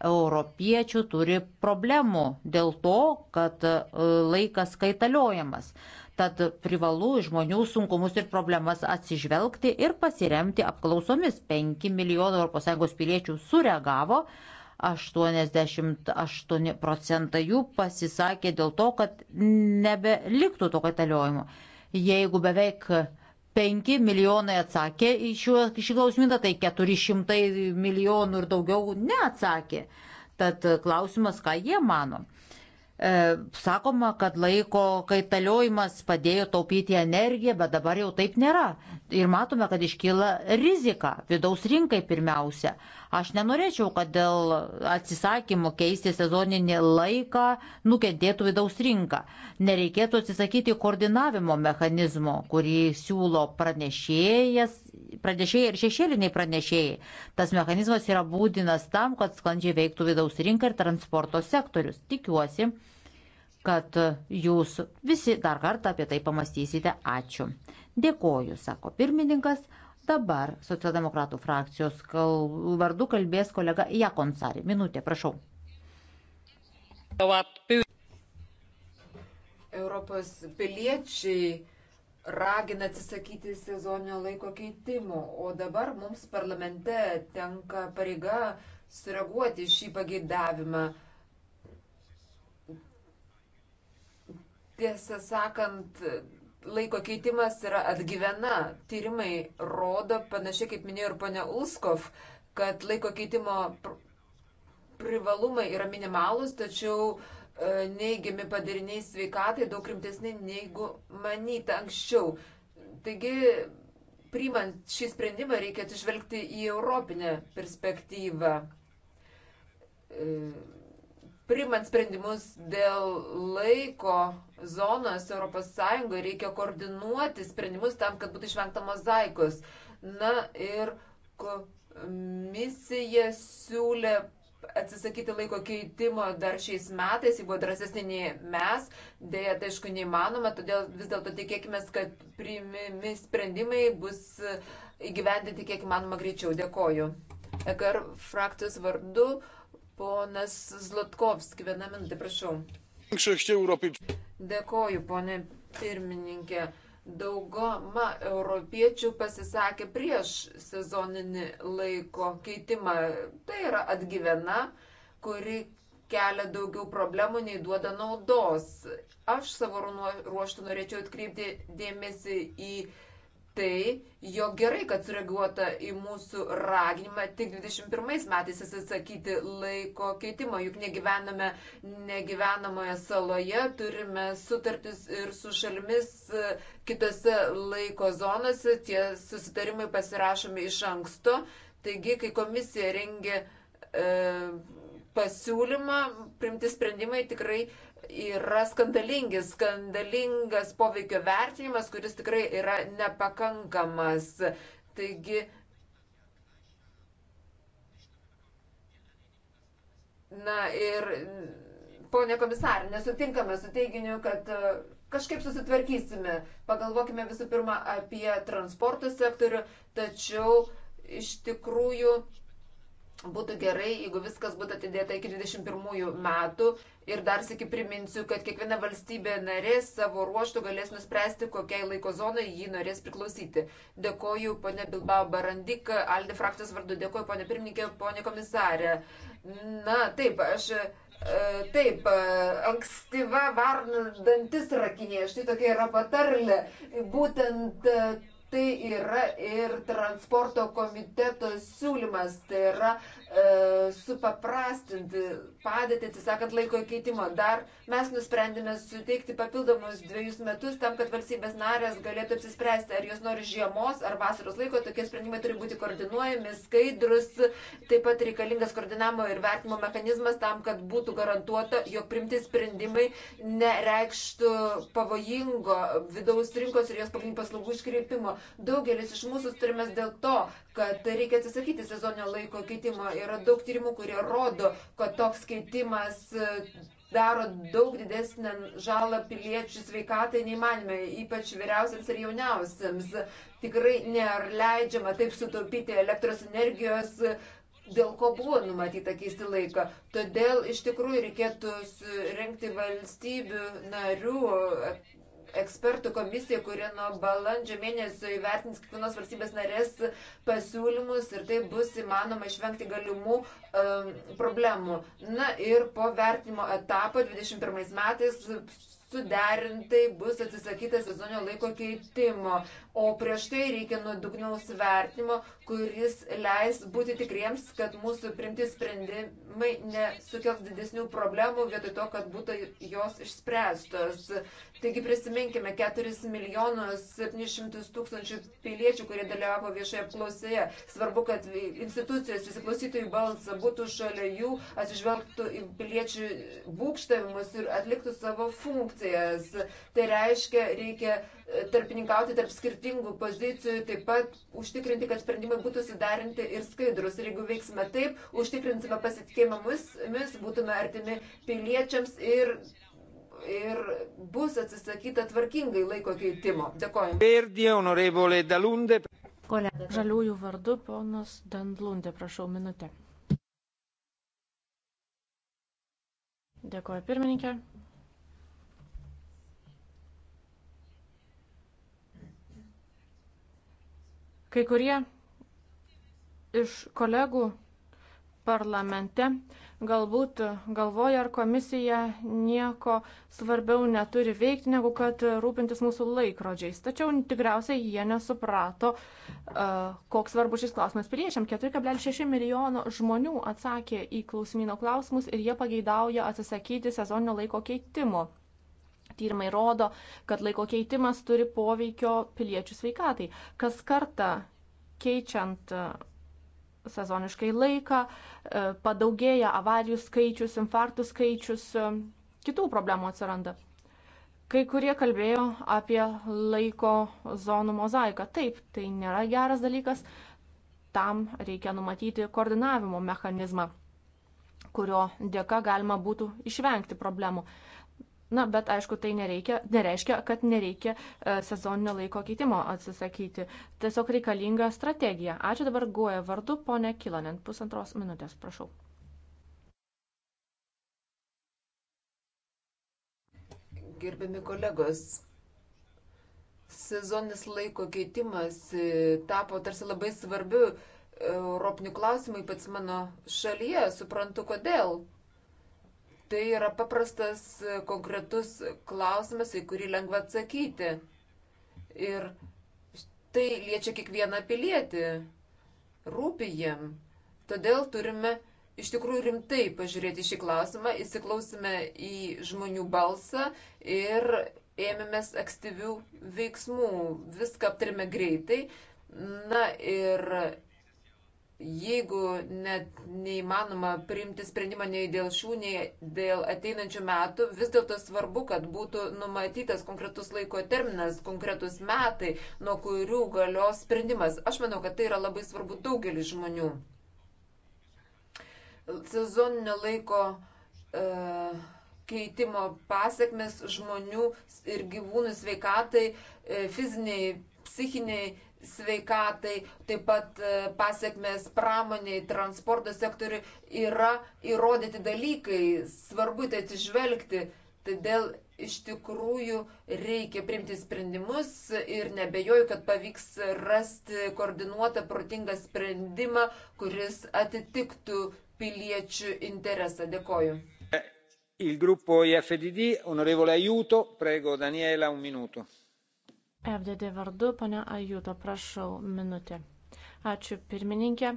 europiečių turi problemų dėl to, kad e, laikas kaitaliojamas. Tad privalu žmonių sunkumus ir problemas atsižvelgti ir pasiremti apklausomis. 5 milijonų ES piliečių sureagavo, 88 procentai jų pasisakė dėl to, kad nebeliktų to kataliojimo. Jeigu beveik 5 milijonai atsakė į šiuo, šį klausimą, tai 400 milijonų ir daugiau neatsakė. Tad klausimas, ką jie mano. E, sakoma, kad laiko kaitaliojimas padėjo taupyti energiją, bet dabar jau taip nėra. Ir matome, kad iškyla rizika vidaus rinkai pirmiausia. Aš nenorėčiau, kad dėl atsisakymo keisti sezoninį laiką nukentėtų vidaus rinka. Nereikėtų atsisakyti koordinavimo mechanizmo, kurį siūlo pranešėjas pranešėjai ir šešėliniai pranešėjai. Tas mechanizmas yra būtinas tam, kad sklandžiai veiktų vidaus rinka ir transporto sektorius. Tikiuosi, kad jūs visi dar kartą apie tai pamastysite. Ačiū. Dėkoju, sako pirmininkas. Dabar socialdemokratų frakcijos kal... vardu kalbės kolega Jakonsari. Minutė, prašau. Europos piliečiai ragina atsisakyti sezoninio laiko keitimo, o dabar mums parlamente tenka pareiga sureaguoti šį pageidavimą. Tiesą sakant, laiko keitimas yra atgyvena. Tyrimai rodo, panašiai kaip minėjo ir ponia Ulskov, kad laiko keitimo privalumai yra minimalus, tačiau uh, E, neigiami padariniai sveikatai daug rimtesni neigu manyta anksčiau. Taigi, priimant šį sprendimą, reikia atsižvelgti į europinę perspektyvą. E, Primant sprendimus dėl laiko zonos ES reikia koordinuoti sprendimus tam, kad būtų išvengta mozaikos. Na ir misija siūlė atsisakyti laiko keitimo dar šiais metais, jį buvo drąsesnė nei mes, dėja tai aišku neįmanoma, todėl vis dėlto tikėkime, kad priimimi sprendimai bus įgyvendinti kiek įmanoma greičiau. Dėkoju. EKR frakcijos vardu ponas Zlotkovski, vieną minutę, prašau. Dėkoju, ponė pirmininkė. Daugoma europiečių pasisakė prieš sezoninį laiko keitimą. Tai yra atgyvena, kuri kelia daugiau problemų nei duoda naudos. Aš savo ruoštų norėčiau atkreipti dėmesį į tai, jog gerai, kad sureaguota į mūsų raginimą tik 21 metais atsisakyti laiko keitimo, juk negyvename negyvenamoje saloje, turime sutartis ir su šalimis kitose laiko zonose, tie susitarimai pasirašomi iš anksto. Taigi, kai komisija rengia e, pasiūlymą, primti sprendimai tikrai yra skandalingi, skandalingas poveikio vertinimas, kuris tikrai yra nepakankamas. Taigi, na ir, ponė komisarė, nesutinkame su teiginiu, kad e, kažkaip susitvarkysime. Pagalvokime visų pirma apie transporto sektorių, tačiau iš tikrųjų būtų gerai, jeigu viskas būtų atidėta iki 21 metų. Ir dar sėki priminsiu, kad kiekviena valstybė narė savo ruoštų galės nuspręsti, kokiai laiko zonai jį norės priklausyti. Dėkoju, ponė Bilbao Barandik, Aldi frakcijos vardu, dėkoju, ponė pirmininkė, ponė komisarė. Na, taip, aš. E, taip, e, ankstyva varna dantis rakinė, štai tokia yra patarlė. Būtent e, tai yra ir transporto komiteto siūlymas, tai yra E, supaprastinti padėtį, atsisakant laiko keitimo. Dar mes nusprendėme suteikti papildomus dviejus metus tam, kad valstybės narės galėtų apsispręsti, ar jos nori žiemos ar vasaros laiko. Tokie sprendimai turi būti koordinuojami, skaidrus, taip pat reikalingas koordinavimo ir vertimo mechanizmas tam, kad būtų garantuota, jog primti sprendimai nereikštų pavojingo vidaus rinkos ir jos pagrindinių paslaugų iškreipimo. Daugelis iš mūsų turimės dėl to, kad reikia atsisakyti sezoninio laiko keitimo. Yra daug tyrimų, kurie rodo, kad toks keitimas e, daro daug didesnę žalą piliečių sveikatai neįmanime, ypač vyriausiams ir jauniausiams. Tikrai neleidžiama taip sutaupyti elektros energijos, e, dėl ko buvo numatyta keisti laiką. Todėl iš tikrųjų reikėtų renkti valstybių narių ekspertų komisija, kuri nuo balandžio mėnesio įvertins kiekvienos valstybės narės pasiūlymus ir tai bus įmanoma išvengti galimų um, problemų. Na ir po vertimo etapo 21 metais suderintai bus atsisakyta sezoninio laiko keitimo o prieš tai reikia nuodugnaus vertimo, kuris leis būti tikriems, kad mūsų primti sprendimai nesukels didesnių problemų vietoj to, kad būtų jos išspręstos. Taigi prisiminkime 4 milijonus 700 tūkstančių piliečių, kurie dalyvavo viešoje apklausoje. Svarbu, kad institucijos įsiklausytų į balsą, būtų šalia jų, atsižvelgtų į piliečių būkštavimus ir atliktų savo funkcijas. Tai reiškia, reikia tarpininkauti tarp skirtingų pozicijų, taip pat užtikrinti, kad sprendimai būtų suderinti ir skaidrus. Ir jeigu veiksime taip, užtikrinsime pasitikėjimą mus, mes būtume artimi piliečiams ir, ir bus atsisakyta tvarkingai laiko keitimo. Dėkoju. Žaliųjų vardu ponas Dandlundė, prašau minutę. Dėkoju pirmininkė. Kai kurie iš kolegų parlamente galbūt galvoja, ar komisija nieko svarbiau neturi veikti, negu kad rūpintis mūsų laikrodžiais. Tačiau tikriausiai jie nesuprato, koks svarbus šis klausimas piliečiam. 4,6 milijono žmonių atsakė į klausimino klausimus ir jie pageidauja atsisakyti sezoninio laiko keitimo. Tyrimai rodo, kad laiko keitimas turi poveikio piliečių sveikatai. Kas kartą keičiant e, sezoniškai laiką e, padaugėja avarijų skaičius, infarktų skaičius, e, kitų problemų atsiranda. Kai kurie kalbėjo apie laiko zonų mozaiką. Taip, tai nėra geras dalykas, tam reikia numatyti koordinavimo mechanizmą, kurio dėka galima būtų išvengti problemų. Na, bet aišku, tai nereikia, nereiškia, kad nereikia e, sezoninio laiko keitimo atsisakyti. Tiesiog reikalinga strategija. Ačiū dabar guoja vardu, ponė Kilonen. Pusantros minutės, prašau. Gerbiami kolegos, sezoninis laiko keitimas e, tapo tarsi labai svarbiu e, europiniu klausimu, ypač mano šalyje. Suprantu, kodėl. Tai yra paprastas, e, konkretus klausimas, į kurį lengva atsakyti. Ir tai liečia kiekvieną pilietį, rūpi jiem. Todėl turime iš tikrųjų rimtai pažiūrėti šį klausimą, įsiklausime į žmonių balsą ir ėmėmės aktyvių veiksmų. Viską aptarėme greitai. Na ir jeigu net neįmanoma priimti sprendimą nei dėl šių, nei dėl ateinančių metų, vis dėlto svarbu, kad būtų numatytas konkretus laiko terminas, konkretus metai, nuo kurių galios sprendimas. Aš manau, kad tai yra labai svarbu daugelį žmonių. Sezoninio laiko e, keitimo pasiekmes žmonių ir gyvūnų sveikatai, e, fiziniai, psichiniai sveikatai, taip pat e, pasiekmes pramoniai, transporto sektoriui yra įrodyti dalykai, svarbu tai atsižvelgti. Todėl iš tikrųjų reikia primti sprendimus ir nebejoju, kad pavyks rasti koordinuotą, protingą sprendimą, kuris atitiktų piliečių interesą. Dėkoju. Il gruppo EFDD, onorevole Aiuto, prego Daniela un minuto. FDD vardu, ponia Ajuto, prašau minutę. Ačiū pirmininkė,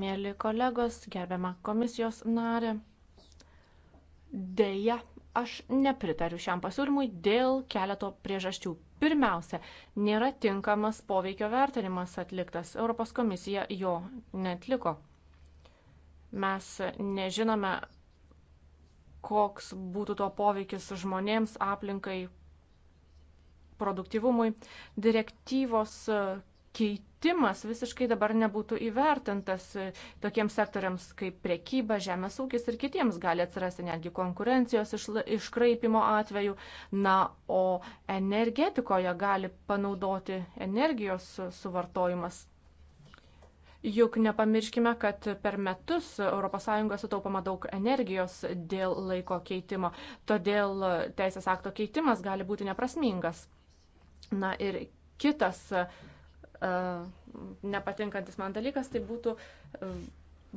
mėly kolegos, gerbiama komisijos narė. Deja, aš nepritariu šiam pasiūlymui dėl keleto priežasčių. Pirmiausia, nėra tinkamas poveikio vertinimas atliktas, Europos komisija jo netliko. Mes nežinome, koks būtų to poveikis žmonėms, aplinkai, produktivumui. Direktyvos e, keitimas visiškai dabar nebūtų įvertintas e, tokiems sektoriams kaip prekyba, žemės ūkis ir kitiems gali atsirasti netgi konkurencijos iškraipimo atveju. Na, o energetikoje gali panaudoti energijos suvartojimas. Juk nepamirškime, kad per metus ES sutaupama daug energijos dėl laiko keitimo, todėl teisės akto keitimas gali būti neprasmingas. Na ir kitas e, nepatinkantis man dalykas tai būtų e,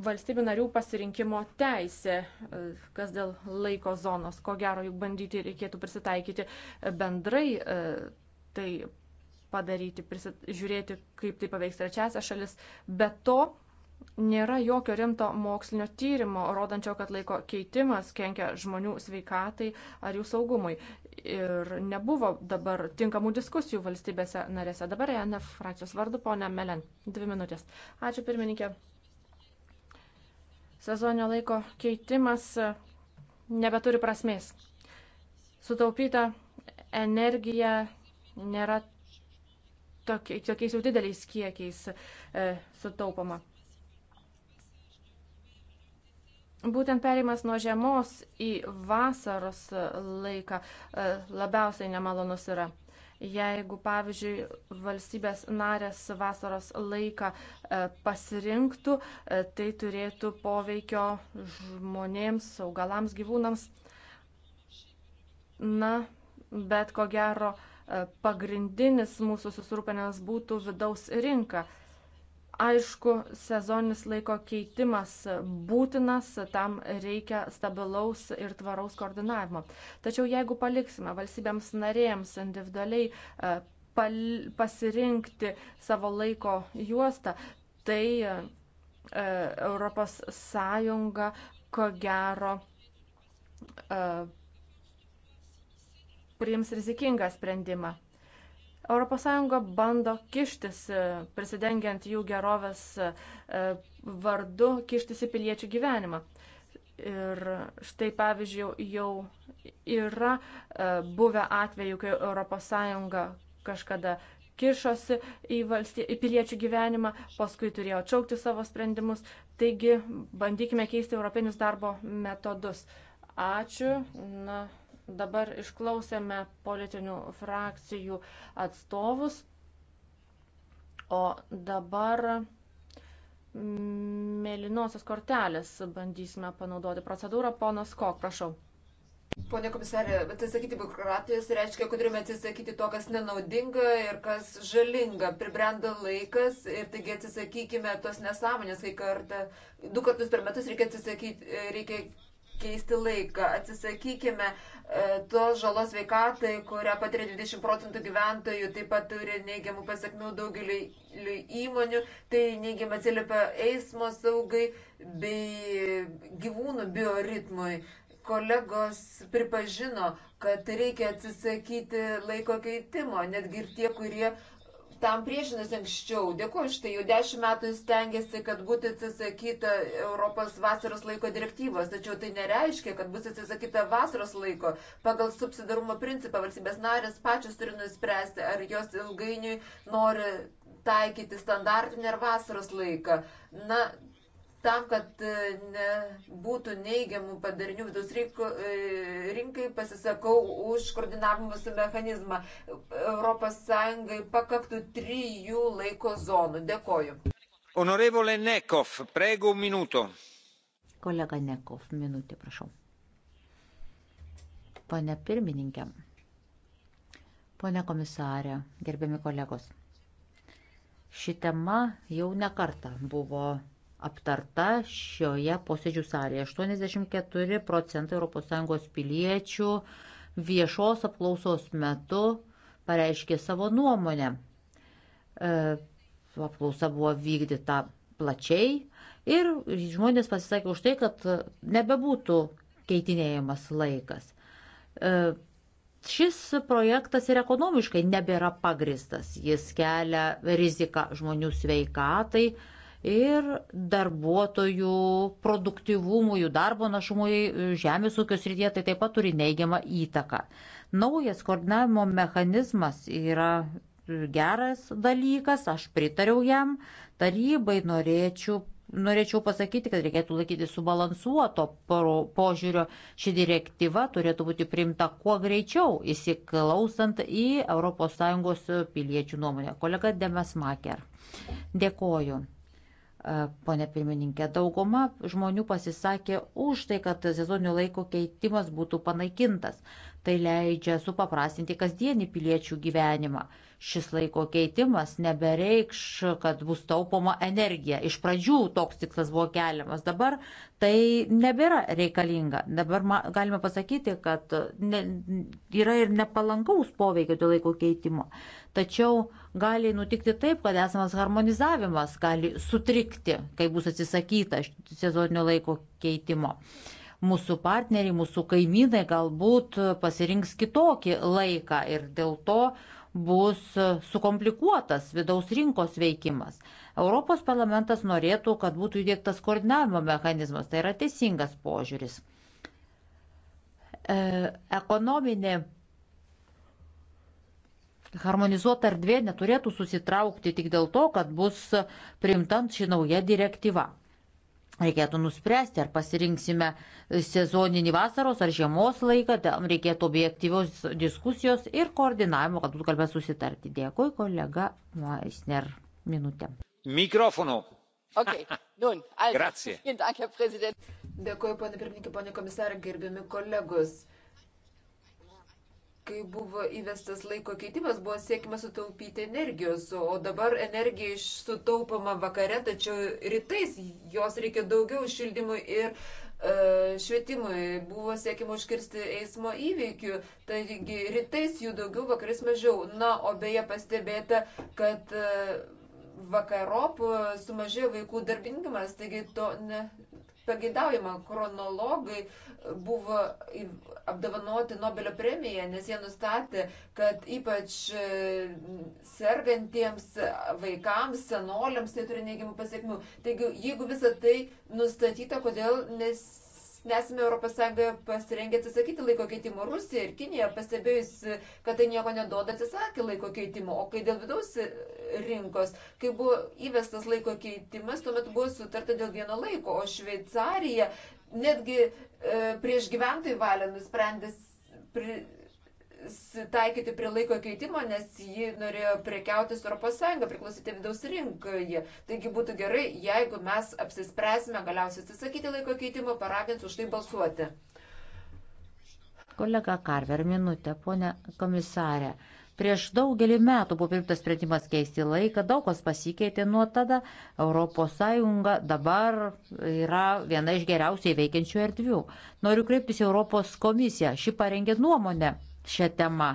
valstybių narių pasirinkimo teisė, e, kas dėl laiko zonos. Ko gero, juk bandyti reikėtų prisitaikyti bendrai, tai padaryti, prisit, žiūrėti, kaip tai paveiks trečiasią šalis. Be to, nėra jokio rimto mokslinio tyrimo, rodančio, kad laiko keitimas kenkia žmonių sveikatai ar jų saugumui. Ir nebuvo dabar tinkamų diskusijų valstybėse narėse. Dabar ENF frakcijos vardu, ponia Melen, dvi minutės. Ačiū pirmininkė. Sezoninio laiko keitimas nebeturi prasmės. Sutaupyta energija nėra tokiais jau dideliais kiekiais e, sutaupama. Būtent perimas nuo žiemos į vasaros laiką e, labiausiai nemalonus yra. Jeigu, pavyzdžiui, valstybės narės vasaros laiką e, pasirinktų, e, tai turėtų poveikio žmonėms, augalams, gyvūnams. Na, bet ko gero, pagrindinis mūsų susirūpinimas būtų vidaus rinka. Aišku, sezoninis laiko keitimas būtinas, tam reikia stabilaus ir tvaraus koordinavimo. Tačiau jeigu paliksime valstybėms narėjams individualiai e, pasirinkti savo laiko juostą, tai e, Europos Sąjunga ko gero e, priims rizikingą sprendimą. ES bando kištis, e, prisidengiant jų gerovės e, vardu, kištis į piliečių gyvenimą. Ir štai pavyzdžiui, jau yra e, buvę atvejų, kai ES kažkada kišosi į, valstį, į piliečių gyvenimą, paskui turėjo atšaukti savo sprendimus. Taigi bandykime keisti europinius darbo metodus. Ačiū. Na, Dabar išklausėme politinių frakcijų atstovus, o dabar mėlynosios kortelės bandysime panaudoti procedūrą. Ponas Kok, prašau. Pone komisarė, atsisakyti biurokratijos reiškia, kad turime atsisakyti to, kas nenaudinga ir kas žalinga. Pribrenda laikas ir taigi atsisakykime tos nesąmonės, kai kartą, du kartus per metus reikia atsisakyti, reikia keisti laiką. Atsisakykime e, tos žalos veikatai, kurią patiria 20 procentų gyventojų, taip pat turi neigiamų pasiekmių daugeliu įmonių, tai neigiamai atsiliepia eismo saugai bei gyvūnų bioritmui. Kolegos pripažino, kad reikia atsisakyti laiko keitimo, netgi ir tie, kurie tam priešinas anksčiau. Dėkuoju štai, jau dešimt metų stengiasi, kad būtų atsisakyta Europos vasaros laiko direktyvos, tačiau tai nereiškia, kad bus atsisakyta vasaros laiko. Pagal subsidarumo principą valstybės narės pačios turi nuspręsti, ar jos ilgainiui nori taikyti standartinį ar vasaros laiką. Na, tam, kad e, nebūtų neigiamų padarinių vidaus e, rinkai, pasisakau už koordinavimosi mechanizmą. ES pakaktų trijų laiko zonų. Dėkoju. Honorevole Nekov, prego minuto. Kolega Nekov, minutė, prašau. Pane pirmininkė, pane komisarė, gerbiami kolegos, ši tema jau nekarta buvo aptarta šioje posėdžių salėje. 84 procentai ES piliečių viešos apklausos metu pareiškė savo nuomonę. E, apklausa buvo vykdyta plačiai ir žmonės pasisakė už tai, kad nebebūtų keitinėjimas laikas. E, šis projektas ir ekonomiškai nebėra pagristas. Jis kelia riziką žmonių sveikatai, ir darbuotojų produktivumui, jų darbo našumui e, žemės ūkio srityje tai taip pat turi neigiamą įtaką. Naujas koordinavimo mechanizmas yra e, geras dalykas, aš pritariau jam, tarybai norėčiau. Norėčiau pasakyti, kad reikėtų laikyti subalansuoto požiūrio. Ši direktyva turėtų būti priimta kuo greičiau, įsiklausant į ES piliečių nuomonę. Kolega Demes Maker. Dėkoju. E, Pone pirmininkė, dauguma žmonių pasisakė už tai, kad sezoninių laiko keitimas būtų panaikintas. Tai leidžia supaprastinti kasdienį piliečių gyvenimą. Šis laiko keitimas nebereikš, kad bus taupoma energija. Iš pradžių toks tikslas buvo keliamas, dabar tai nebėra reikalinga. Dabar galime pasakyti, kad ne, yra ir nepalankaus poveikio dėl laiko keitimo. Tačiau gali nutikti taip, kad esamas harmonizavimas gali sutrikti, kai bus atsisakyta sezoninio laiko keitimo mūsų partneriai, mūsų kaimynai galbūt pasirinks kitokį laiką ir dėl to bus sukomplikuotas vidaus rinkos veikimas. Europos parlamentas norėtų, kad būtų įdėktas koordinavimo mechanizmas, tai yra teisingas požiūris. E, ekonominė harmonizuota erdvė neturėtų susitraukti tik dėl to, kad bus priimtant ši nauja direktyva. Reikėtų nuspręsti, ar pasirinksime sezoninį vasaros ar žiemos laiką, tam reikėtų objektyvios diskusijos ir koordinavimo, kad būtų galima susitarti. Dėkui, kolega Meisner. Minutė. Mikrofono. Okay. Nun, Grazie. Dėkuoju, ponė pirmininkė, ponė komisarė, gerbiami kolegos kai buvo įvestas laiko keitimas, buvo siekima sutaupyti energijos, o dabar energija sutaupama vakare, tačiau rytais jos reikia daugiau šildymui ir uh, švietimui. Buvo siekima užkirsti eismo įveikių, taigi rytais jų daugiau, vakarais mažiau. Na, o beje pastebėta, kad uh, vakarop sumažėjo vaikų darbingimas, taigi to ne, pagidaujama. Kronologai buvo apdovanoti Nobelio premiją, nes jie nustatė, kad ypač e, sergantiems vaikams, senoliams tai turi neigiamų pasiekmių. Taigi, jeigu visą tai nustatyta, kodėl nes nesame ES pasirengę atsisakyti laiko keitimo. Rusija ir Kinija pastebėjus, kad tai nieko neduoda, atsisakė laiko keitimo. O kai dėl vidaus rinkos, kai buvo įvestas laiko keitimas, tuomet buvo sutarta dėl vieno laiko, o Šveicarija netgi e, prieš gyventojų valią nusprendė pri, taikyti prie laiko keitimo, nes ji norėjo prekiauti su ES, priklausyti vidaus rinkoje. Taigi būtų gerai, jeigu mes apsispręsime galiausiai atsisakyti laiko keitimo, paragins už tai balsuoti. Kolega Karver, minutė, ponė komisarė. Prieš daugelį metų buvo priimtas sprendimas keisti laiką, daug kas pasikeitė nuo tada. ES dabar yra viena iš geriausiai veikiančių erdvių. Noriu kreiptis į Europos komisiją. Ši parengė nuomonę šią temą.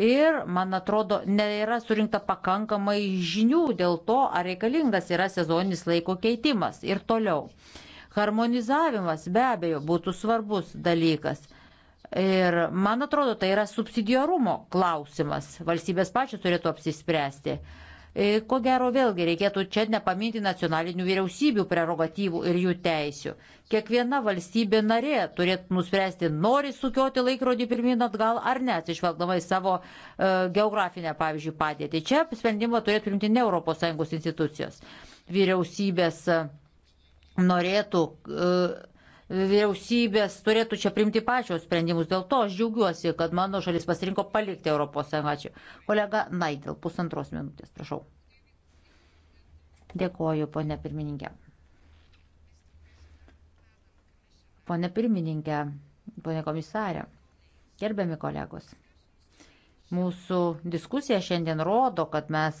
Ir, man atrodo, nėra surinkta pakankamai žinių dėl to, ar reikalingas yra sezoninis laiko keitimas ir toliau. Harmonizavimas be abejo būtų svarbus dalykas. Ir man atrodo, tai yra subsidiarumo klausimas. Valstybės pačios turėtų apsispręsti. E, ko gero vėlgi reikėtų čia nepaminti nacionalinių vyriausybių prerogatyvų ir jų teisių. Kiekviena valstybė narė turėtų nuspręsti, nori sukioti laikrodį pirmin atgal ar ne, atsižvelgdama į savo e, geografinę, pavyzdžiui, padėtį. Čia sprendimą turėtų priimti ne ES institucijos. Vyriausybės e, norėtų. E, vyriausybės turėtų čia primti pačios sprendimus. Dėl to aš džiaugiuosi, kad mano šalis pasirinko palikti Europos Sąjungą. Ačiū. Kolega Naidėl, pusantros minutės, prašau. Dėkoju, ponė pirmininkė. Pone pirmininkė, ponė komisarė, gerbiami kolegos. Mūsų diskusija šiandien rodo, kad mes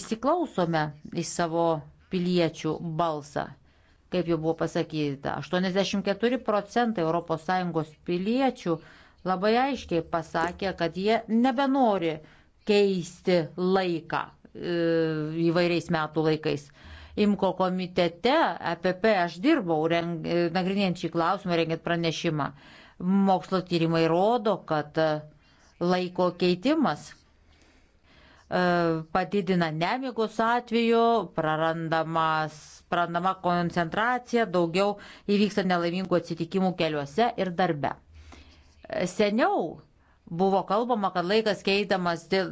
įsiklausome į savo piliečių balsą Kaip jau buvo pasakyta, 84 procentai ES piliečių labai aiškiai pasakė, kad jie nebenori keisti laiką e, įvairiais metų laikais. Imko komitete, EPP, aš dirbau, reng, e, nagrinėjant šį klausimą, rengiant pranešimą. Mokslo tyrimai rodo, kad e, laiko keitimas E, padidina nemigos atveju, prarandama koncentracija, daugiau įvyksta nelaimingų atsitikimų keliuose ir darbe. E, seniau buvo kalbama, kad laikas, dėl,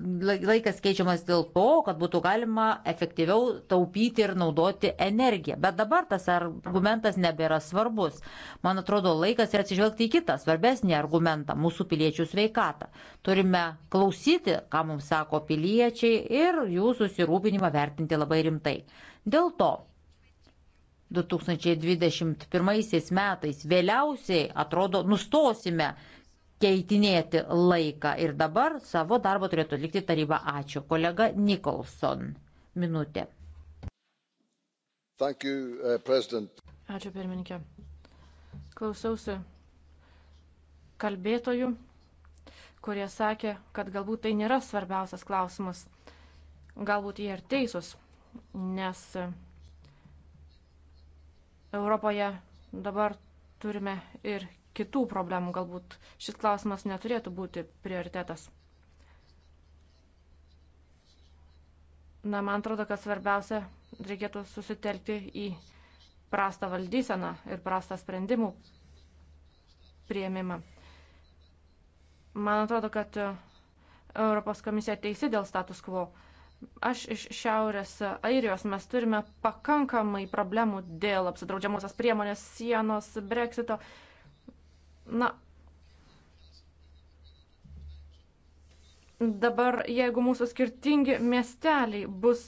laikas keičiamas dėl to, kad būtų galima efektyviau taupyti ir naudoti energiją. Bet dabar tas argumentas nebėra svarbus. Man atrodo, laikas yra atsižvelgti į kitą svarbesnį argumentą - mūsų piliečių sveikatą. Turime klausyti, ką mums sako piliečiai ir jų susirūpinimą vertinti labai rimtai. Dėl to 2021 metais vėliausiai, atrodo, nustosime keitinėti laiką ir dabar savo darbą turėtų atlikti taryba. Ačiū. Kolega Nikolson. Minutė. Thank you, uh, President. Ačiū, pirmininkė. Klausiausi kalbėtojų, kurie sakė, kad galbūt tai nėra svarbiausias klausimas. Galbūt jie ir teisūs, nes Europoje dabar turime ir kitų problemų. Galbūt šis klausimas neturėtų būti prioritetas. Na, man atrodo, kad svarbiausia reikėtų susitelkti į prastą valdyseną ir prastą sprendimų prieimimą. Man atrodo, kad e, Europos komisija teisi dėl status quo. Aš iš Šiaurės Airijos mes turime pakankamai problemų dėl apsidraudžiamosios priemonės sienos, breksito, uh, Na, dabar jeigu mūsų skirtingi miesteliai bus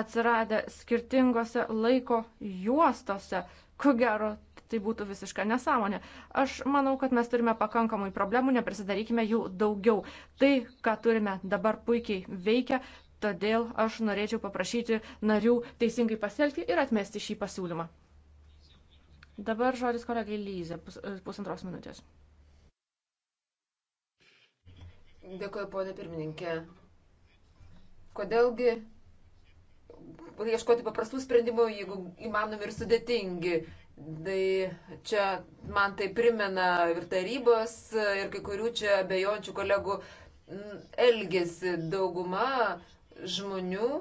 atsiradę skirtingose laiko juostose, ko gero, tai būtų visiška nesąmonė. Aš manau, kad mes turime pakankamai problemų, neprisidarykime jų daugiau. Tai, ką turime dabar puikiai veikia, todėl aš norėčiau paprašyti narių teisingai pasielgti ir atmesti šį pasiūlymą. Dabar žodis kolegai Lyze, pus, e, pusantros minutės. Dėkuoju, ponė pirmininkė. Kodėlgi ieškoti paprastų sprendimų, jeigu įmanomi ir sudėtingi? Tai čia man tai primena ir tarybos, ir kai kurių čia abejončių kolegų mm, elgesi dauguma žmonių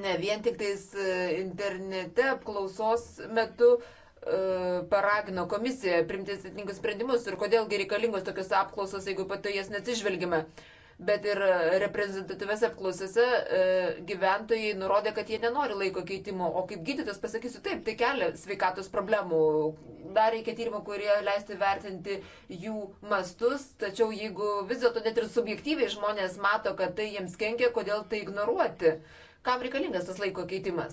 ne vien tik tais e, internete apklausos metu e, paragino komisiją primti atitinkus sprendimus ir kodėlgi reikalingos tokios apklausos, jeigu pat jas nesižvelgime. Bet ir reprezentatyvės apklausose e, gyventojai nurodė, kad jie nenori laiko keitimo, o kaip gydytas pasakysiu, taip, tai kelia sveikatos problemų. Dar reikia tyrimų, kurie leistų vertinti jų mastus, tačiau jeigu vis dėlto net ir subjektyviai žmonės mato, kad tai jiems kenkia, kodėl tai ignoruoti? Kam reikalingas tas laiko keitimas?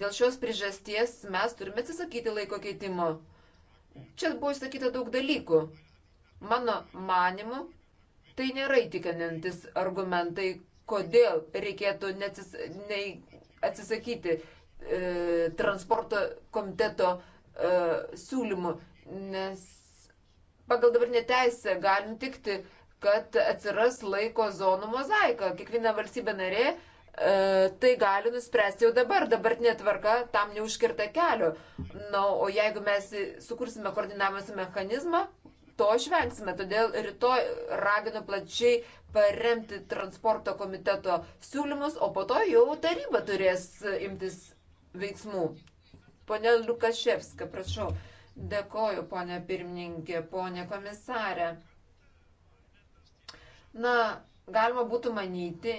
Dėl šios priežasties mes turime atsisakyti laiko keitimo. Čia buvo išsakyta daug dalykų. Mano manimu, tai nėra įtikinantis argumentai, kodėl reikėtų neatsis, ne, atsisakyti e, transporto komiteto e, siūlymų, nes pagal dabartinę teisę galim tikti, kad atsiras laiko zonų mozaika. Kiekviena valstybė narė E, tai gali nuspręsti jau dabar, dabartinė tvarka tam neužkirta kelio. Na, o jeigu mes sukursime koordinavimo mechanizmą, to išvengsime. Todėl rytoj raginu plačiai paremti transporto komiteto siūlymus, o po to jau taryba turės imtis veiksmų. Pone Lukaševska, prašau. Dėkoju, ponė pirmininkė, ponė komisarė. Na, galima būtų manyti,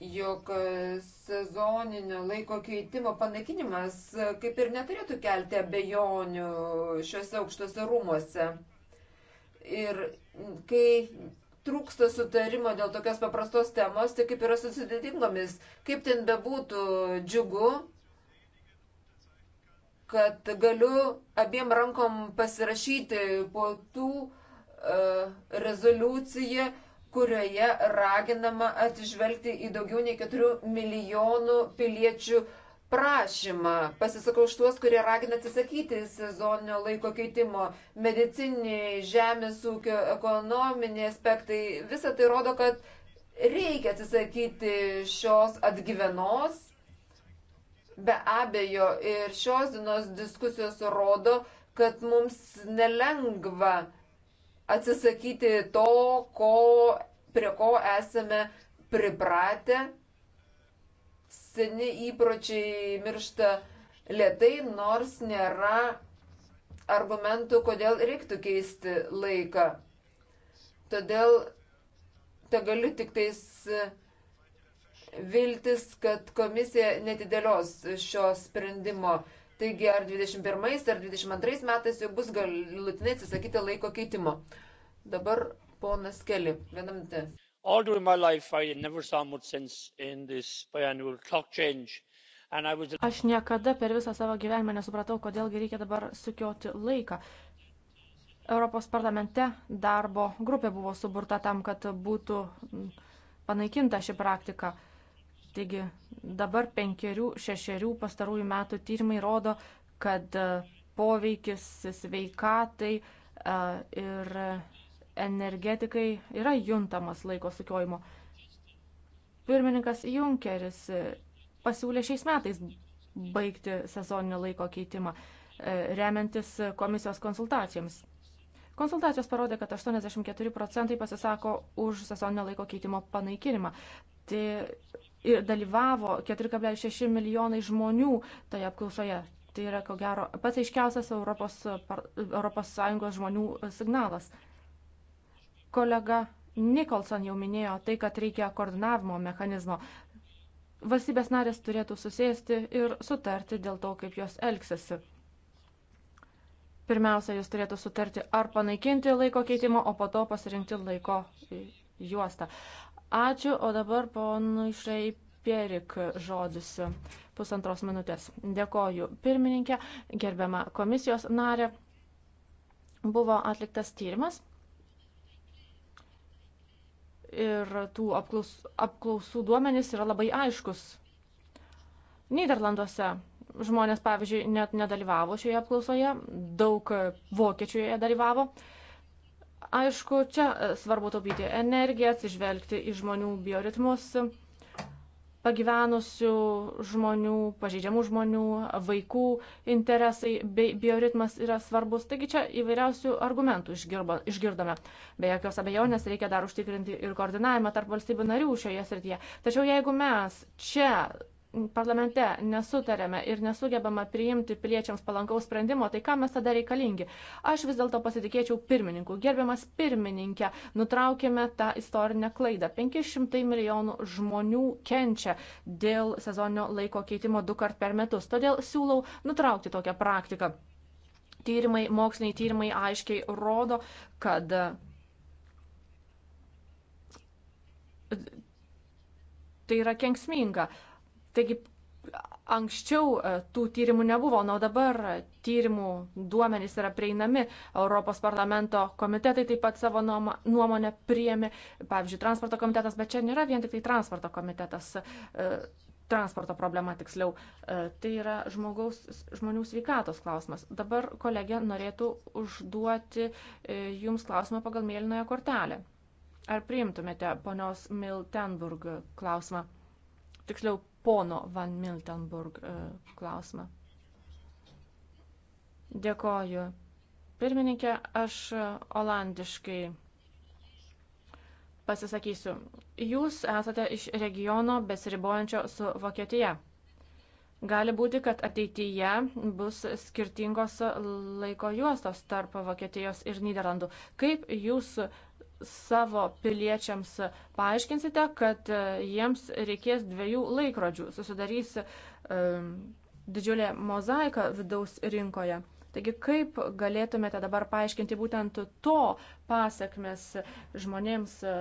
jog e, sezoninio laiko keitimo panaikinimas e, kaip ir neturėtų kelti abejonių šiuose aukštuose rūmuose. Ir kai trūksta sutarimo dėl tokios paprastos temos, tai kaip yra su sudėtingomis, kaip ten bebūtų džiugu, kad galiu abiem rankom pasirašyti po tų uh, rezoliuciją, uh, kurioje raginama atsižvelgti į daugiau nei 4 milijonų piliečių prašymą. Pasisakau už tuos, kurie ragina atsisakyti sezoninio laiko keitimo. Mediciniai, žemės ūkio, ekonominiai aspektai - visa tai rodo, kad reikia atsisakyti šios atgyvenos. Be abejo, ir šios dienos diskusijos rodo, kad mums nelengva atsisakyti to, ko, prie ko esame pripratę. Seni įpročiai miršta lietai, nors nėra argumentų, kodėl reiktų keisti laiką. Todėl te galiu tik tais viltis, kad komisija netidėlios šio sprendimo. Taigi ar 21 ar 22 metais jau bus galutinai atsisakyti laiko keitimo. Dabar ponas Keli, vieną minutę. All during my life I never saw much sense in this biannual clock change. Was... Aš niekada per visą savo gyvenimą nesupratau, kodėlgi reikia dabar sukioti laiką. Europos parlamente darbo grupė buvo suburta tam, kad būtų panaikinta ši praktika. Taigi dabar penkerių, šešerių pastarųjų metų tyrimai rodo, kad e, poveikis sveikatai e, ir energetikai yra juntamas laiko sukiojimo. Pirmininkas Junkeris e, pasiūlė šiais metais baigti sezoninio laiko keitimą, remiantis komisijos konsultacijoms. Konsultacijos parodė, kad 84 procentai pasisako už sezoninio laiko keitimo panaikinimą. Tai dalyvavo 4,6 milijonai žmonių toje apklausoje. Tai yra, ko gero, pats aiškiausias Europos, Europos Sąjungos žmonių signalas. Kolega Nikolson jau minėjo tai, kad reikia koordinavimo mechanizmo. Valstybės narės turėtų susėsti ir sutarti dėl to, kaip jos elgsesi. Pirmiausia, jūs turėtų sutarti ar panaikinti laiko keitimą, o po to pasirinkti laiko juostą. Ačiū, o dabar ponui Šreiperik žodis pusantros minutės. Dėkoju pirmininkė, gerbiama komisijos narė. Buvo atliktas tyrimas ir tų apklaus, apklausų duomenys yra labai aiškus. Niderlanduose žmonės, pavyzdžiui, net nedalyvavo šioje apklausoje, daug vokiečių joje dalyvavo. Uh, Aišku, čia e, svarbu taupyti energiją, atsižvelgti į žmonių bioritmus, pagyvenusių žmonių, pažeidžiamų žmonių, vaikų interesai bei bioritmas yra svarbus. Taigi čia įvairiausių argumentų išgirba, išgirdome. Be jokios abejonės reikia dar užtikrinti ir koordinavimą tarp valstybių narių šioje srityje. Tačiau jeigu mes čia parlamente nesutarėme ir nesugebama priimti piliečiams palankaus sprendimo, tai kam mes tada reikalingi? Aš vis dėlto pasitikėčiau pirmininku. Gerbiamas pirmininkė, nutraukėme tą istorinę klaidą. 500 milijonų žmonių kenčia dėl sezoninio laiko keitimo du kart per metus. Todėl siūlau nutraukti tokią praktiką. Tyrimai, moksliniai tyrimai aiškiai rodo, kad tai yra kenksminga. Taigi anksčiau e, tų tyrimų nebuvo, na, o dabar tyrimų duomenys yra prieinami. Europos parlamento komitetai taip pat savo nuomonę priemi, pavyzdžiui, transporto komitetas, bet čia nėra vien tik tai transporto komitetas, e, transporto problema tiksliau. E, tai yra žmogaus, žmonių sveikatos klausimas. Dabar kolegė norėtų užduoti jums klausimą pagal mėlynąją kortelę. Ar priimtumėte ponios Miltenburg klausimą? Tiksliau, pono Van Miltenburg e, klausimą. Dėkoju. Pirmininkė, aš olandiškai pasisakysiu. Jūs esate iš regiono besiribojančio su Vokietija. Gali būti, kad ateityje bus skirtingos laiko juostos tarp Vokietijos ir Niderlandų. Kaip jūs savo piliečiams paaiškinsite, kad e, jiems reikės dviejų laikrodžių, susidarys e, didžiulė mozaika vidaus rinkoje. Taigi kaip galėtumėte dabar paaiškinti būtent to pasiekmes žmonėms, e,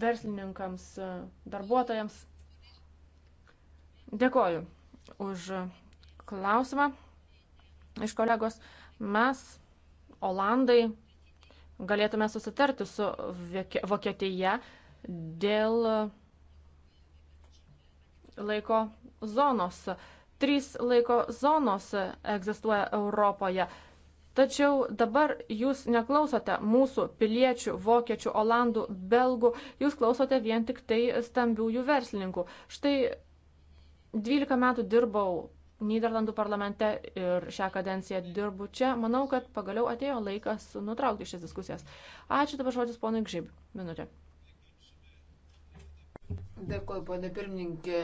verslininkams, e, darbuotojams? Dėkoju už klausimą iš kolegos. Mes, Olandai, galėtume susitarti su Vokietija dėl laiko zonos. Trys laiko zonos egzistuoja Europoje. Tačiau dabar jūs neklausote mūsų piliečių, vokiečių, olandų, belgų, jūs klausote vien tik tai stambiųjų verslininkų. Štai 12 metų dirbau Niderlandų parlamente ir šią kadenciją dirbu čia. Manau, kad pagaliau atėjo laikas nutraukti šias diskusijas. Ačiū dabar žodis ponui Gžib. Minutė. Dėkuoju, ponė pirmininkė.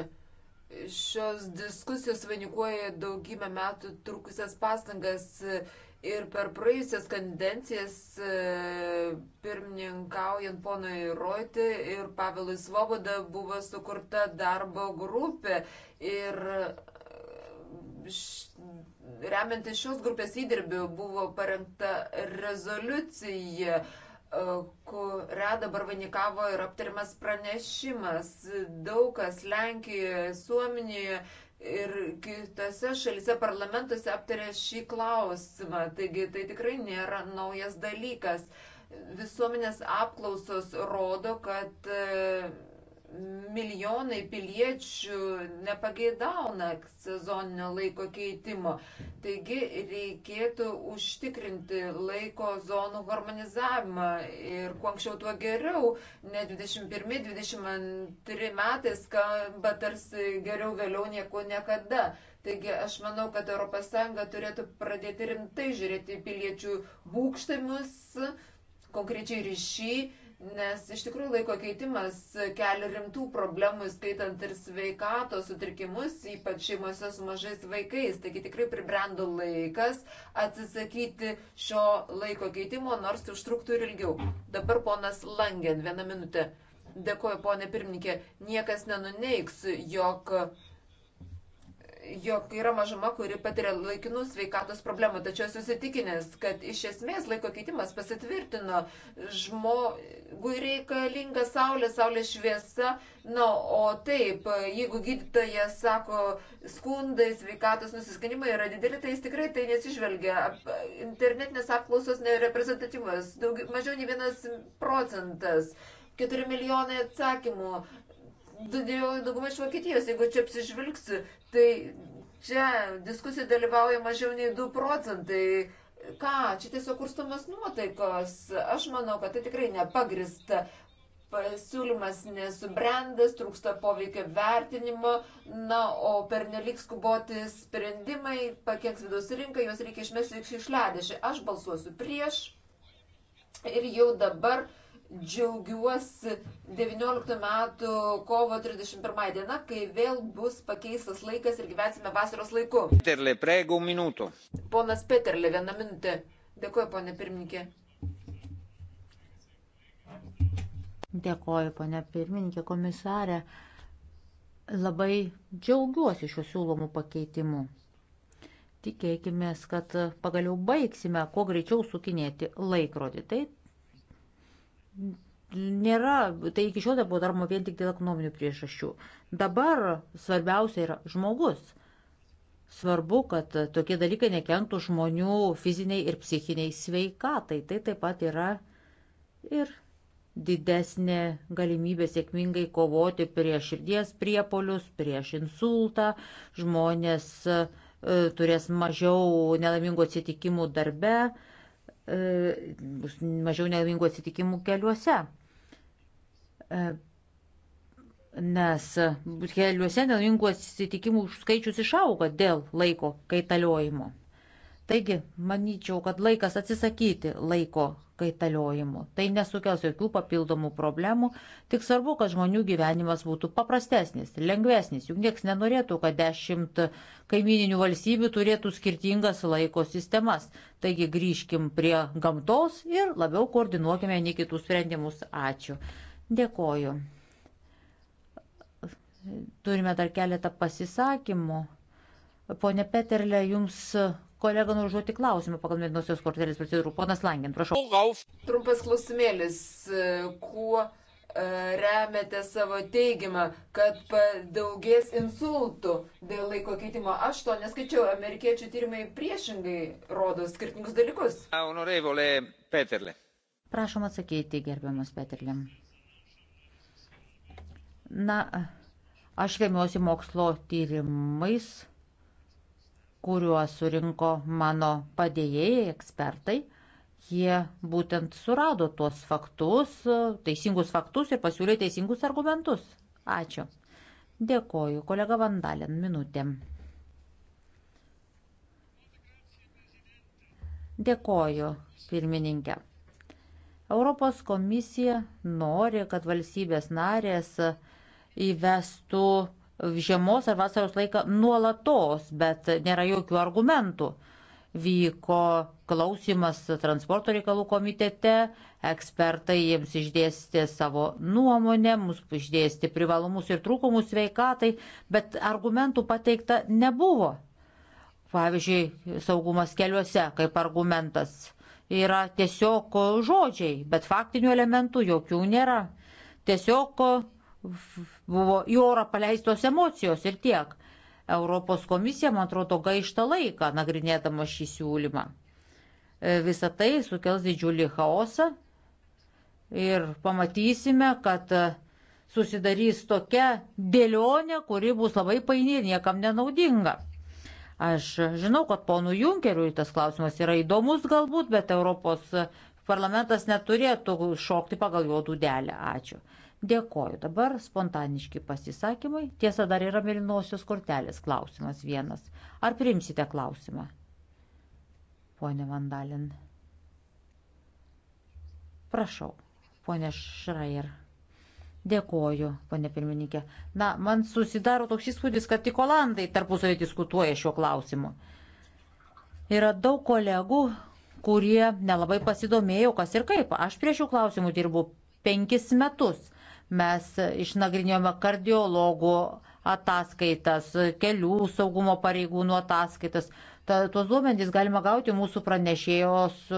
Šios diskusijos vainikuoja daugybę metų trukusias pastangas ir per praėjusias kandencijas pirmininkaujant ponui Roiti ir Pavelui Svoboda buvo sukurta darbo grupė ir remiantis šios grupės įdirbių buvo parengta rezoliucija, e, kurią dabar vainikavo ir aptarimas pranešimas. Daug kas Lenkijoje, Suomenijoje ir kitose šalise parlamentuose aptarė šį klausimą. Taigi tai tikrai nėra naujas dalykas. Visuomenės apklausos rodo, kad e, milijonai piliečių nepageidauna sezoninio laiko keitimo. Taigi reikėtų užtikrinti laiko zonų harmonizavimą ir kuo anksčiau tuo geriau. Ne 21-22 metai skamba tarsi geriau vėliau nieko niekada. Taigi aš manau, kad ES turėtų pradėti rimtai žiūrėti piliečių būkštamus, konkrečiai ryšį nes iš tikrųjų laiko keitimas kelia rimtų problemų, skaitant ir sveikatos sutrikimus, ypač šeimose su mažais vaikais. Taigi tikrai pribrendo laikas atsisakyti šio laiko keitimo, nors tai užtruktų ir ilgiau. Dabar ponas Langen, vieną minutę. Dėkuoju, ponė pirmininkė. Niekas nenuneiks, jog. Jok jog yra mažuma, kuri patiria laikinų sveikatos problemų, tačiau susitikinęs, kad iš esmės laiko keitimas pasitvirtino, žmogui reikalinga saulė, saulės šviesa, na, o taip, jeigu gydytojas sako, skundai, sveikatos nusiskandimai yra dideli, tai jis tikrai tai nesižvelgia. Internetinės apklausos nereprezentatyvas, mažiau nei vienas procentas. 4 milijonai atsakymų, dauguma iš Vokietijos, jeigu čia apsižvilgsiu, Tai čia diskusija dalyvauja mažiau nei 2 procentai. Ką, čia tiesiog kurstumas nuotaikos. Aš manau, kad tai tikrai nepagrista pasiūlymas nesubrendęs, trūksta poveikio vertinimo, na, o pernelik skuboti sprendimai pakenks vidaus rinkai, juos reikia išmesti iš išledėšį. Aš balsuosiu prieš ir jau dabar uh, džiaugiuosi 19 metų kovo 31 diena, kai vėl bus pakeistas laikas ir gyvensime vasaros laiku. Peterle, prego, minuto. Ponas Peterle, vieną minutę. Dėkuoju, ponė pirmininkė. Dėkuoju, ponė pirmininkė, komisarė. Labai džiaugiuosi šiuo siūlomu pakeitimu. Tikėkime, kad pagaliau baigsime kuo greičiau sukinėti laikrodį. Tai nėra, tai iki šiol buvo daroma vien tik dėl ekonominių priežasčių. Dabar svarbiausia yra žmogus. Svarbu, kad tokie dalykai nekentų žmonių fiziniai ir psichiniai sveikatai. Tai taip pat yra ir didesnė galimybė sėkmingai kovoti prieš širdies priepolius, prieš insultą. Žmonės e, turės mažiau nelaimingų atsitikimų darbe. E, E, bus mažiau nelaimingų atsitikimų keliuose. E, nes keliuose nelaimingų atsitikimų skaičius išauga dėl laiko kaitaliojimo. Taigi, manyčiau, kad laikas atsisakyti laiko kaitaliojimų. Tai nesukels jokių papildomų problemų, tik svarbu, kad žmonių gyvenimas būtų paprastesnis, lengvesnis. Juk niekas nenorėtų, kad dešimt kaimininių valstybių turėtų skirtingas laiko sistemas. Taigi grįžkim prie gamtos ir labiau koordinuokime nei kitus sprendimus. Ačiū. Dėkoju. Turime dar keletą pasisakymų. Pone Peterle, jums kolegą užduoti klausimą pagal mėgynosios kortelės procedūrų. Ponas Langin, prašau. Trumpas klausimėlis. Kuo e, remiate savo teigimą, kad padaugės insultų dėl laiko keitimo. Aš to neskaičiau, amerikiečių tyrimai priešingai rodo skirtingus dalykus. Honorevole Peterle. Prašom atsakyti, gerbiamas Peterle. Na, aš remiuosi mokslo tyrimais kuriuos surinko mano padėjėjai, ekspertai. Jie būtent surado tuos faktus, teisingus faktus ir pasiūlė teisingus argumentus. Ačiū. Dėkoju, kolega Vandalin, minutėm. Dėkoju, pirmininkė. Europos komisija nori, kad valstybės narės įvestų žiemos ar vasaros laiką nuolatos, bet nėra jokių argumentų. Vyko klausimas transporto reikalų komitete, ekspertai jiems išdėstė savo nuomonę, mus išdėstė privalumus ir trūkumus sveikatai, bet argumentų pateikta nebuvo. Pavyzdžiui, saugumas keliuose kaip argumentas yra tiesiog žodžiai, bet faktinių elementų jokių nėra. Tiesiog buvo į orą paleistos emocijos ir tiek. Europos komisija, man atrodo, gaišta laiką nagrinėdama šį siūlymą. E, Visą tai sukels didžiulį chaosą ir pamatysime, kad e, susidarys tokia dėlionė, kuri bus labai paini ir niekam nenaudinga. Aš žinau, kad ponų Junkeriui tas klausimas yra įdomus galbūt, bet Europos parlamentas neturėtų šokti pagal jo dūdelę. Ačiū. Dėkoju. Dabar spontaniški pasisakymai. Tiesa, dar yra mėlynosios kortelės klausimas vienas. Ar priimsite klausimą? Pone Vandalin. Prašau, ponė Šrair. Dėkoju, ponė pirmininkė. Na, man susidaro toks įspūdis, kad tik Olandai tarpusavį diskutuoja šiuo klausimu. Yra daug kolegų, kurie nelabai pasidomėjo, kas ir kaip. Aš prie šių klausimų dirbu penkis metus. Mes išnagrinėjome kardiologų ataskaitas, kelių saugumo pareigūnų ataskaitas. Ta, tuos duomenys galima gauti mūsų pranešėjos e,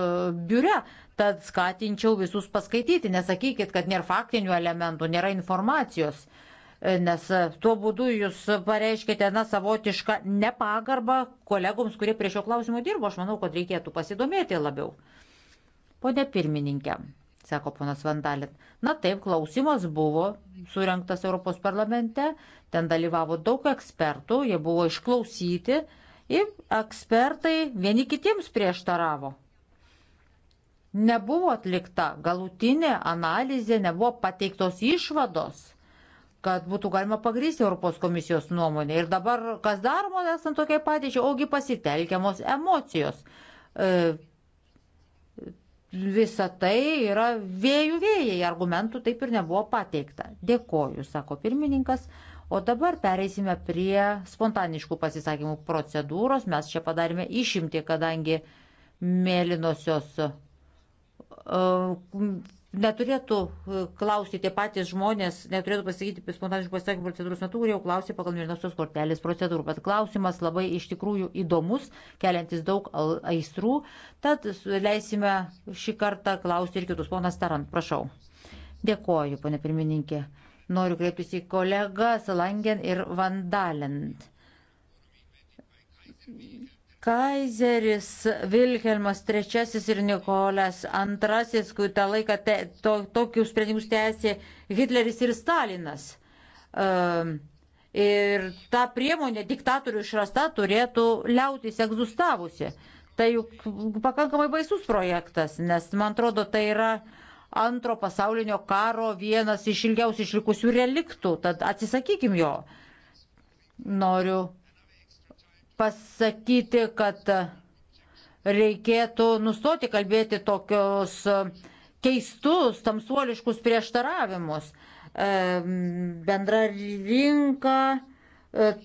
biure, tad skatinčiau visus paskaityti, nesakykit, kad nėra faktinių elementų, nėra informacijos e, nes tuo būdu jūs pareiškite, na, savotišką nepagarbą kolegoms, kurie prie šio klausimo dirbo. Aš manau, kad reikėtų pasidomėti labiau. Pone pirmininkė, sako ponas Vandalin. Na taip, klausimas buvo surinktas Europos parlamente, ten dalyvavo daug ekspertų, jie buvo išklausyti ir ekspertai vieni kitiems prieštaravo. Nebuvo atlikta galutinė analizė, nebuvo pateiktos išvados kad būtų galima pagrysti Europos komisijos nuomonę. Ir dabar, kas daroma esant tokiai padėčiai, ogi pasitelkiamos emocijos. E, visa tai yra vėjų vėjai, argumentų taip ir nebuvo pateikta. Dėkoju, sako pirmininkas. O dabar pereisime prie spontaniškų pasisakymų procedūros. Mes čia padarėme išimti, kadangi mėlynosios uh, neturėtų e, klausti tie patys žmonės, neturėtų pasakyti spontaniškų pasakymų procedūros metu, kurie jau klausė pagal mirnosios kortelės procedūrų. Bet klausimas labai iš tikrųjų įdomus, keliantis daug aistrų. Tad leisime šį kartą klausti ir kitus. Ponas Tarant, prašau. Dėkoju, ponė pirmininkė. Noriu kreiptis į kolegą Salangen ir Vandalent Kaizeris Vilhelmas III ir Nikolas II, kai tą laiką te, to, tokius sprendimus tęsė Hitleris ir Stalinas. Um, ir ta priemonė diktatorių išrasta turėtų liautis egzistavusi. Tai juk pakankamai baisus projektas, nes man atrodo, tai yra antro pasaulinio karo vienas iš ilgiausiai išlikusių reliktų, tad atsisakykim jo. Noriu pasakyti, kad reikėtų nustoti kalbėti tokios keistus, tamsuoliškus prieštaravimus. E, bendra rinka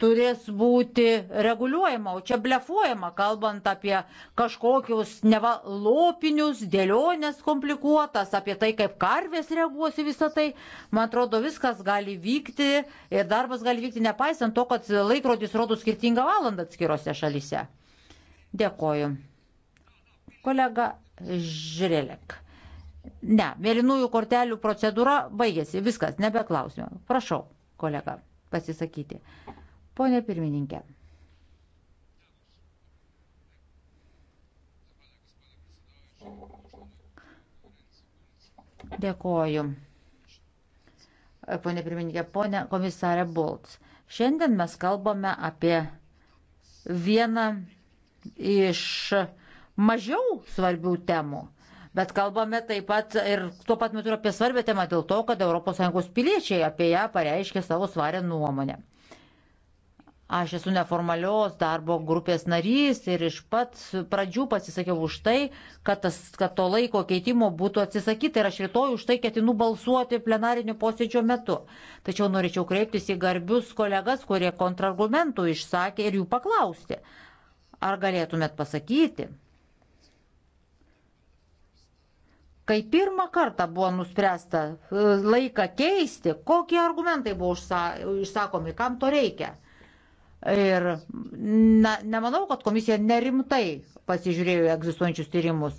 turės būti reguliuojama, o čia blefuojama, kalbant apie kažkokius neva lopinius, dėlionės komplikuotas, apie tai, kaip karvės reaguosi visą tai. Man atrodo, viskas gali vykti ir darbas gali vykti nepaisant to, kad laikrodis rodo skirtingą valandą atskirose šalise. Dėkoju. Kolega Žrelek. Ne, mėlynųjų kortelių procedūra baigėsi, viskas, nebeklausime. Prašau, kolega, pasisakyti. Pone pirmininkė. Dėkoju. Pone pirmininkė, pone komisarė Bolts. Šiandien mes kalbame apie vieną iš mažiau svarbių temų, bet kalbame taip pat ir tuo pat metu apie svarbę temą dėl to, kad ES piliečiai apie ją pareiškė savo svarę nuomonę. Aš esu neformalios darbo grupės narys ir iš pat pradžių pasisakiau už tai, kad, tas, kad to laiko keitimo būtų atsisakyta ir aš rytoj už tai ketinu balsuoti plenarinio posėdžio metu. Tačiau norėčiau kreiptis į garbius kolegas, kurie kontrargumentų išsakė ir jų paklausti. Ar galėtumėt pasakyti? Kai pirmą kartą buvo nuspręsta e, laiką keisti, kokie argumentai buvo išsakomi, kam to reikia? Ir na, nemanau, kad komisija nerimtai pasižiūrėjo egzistuojančius tyrimus.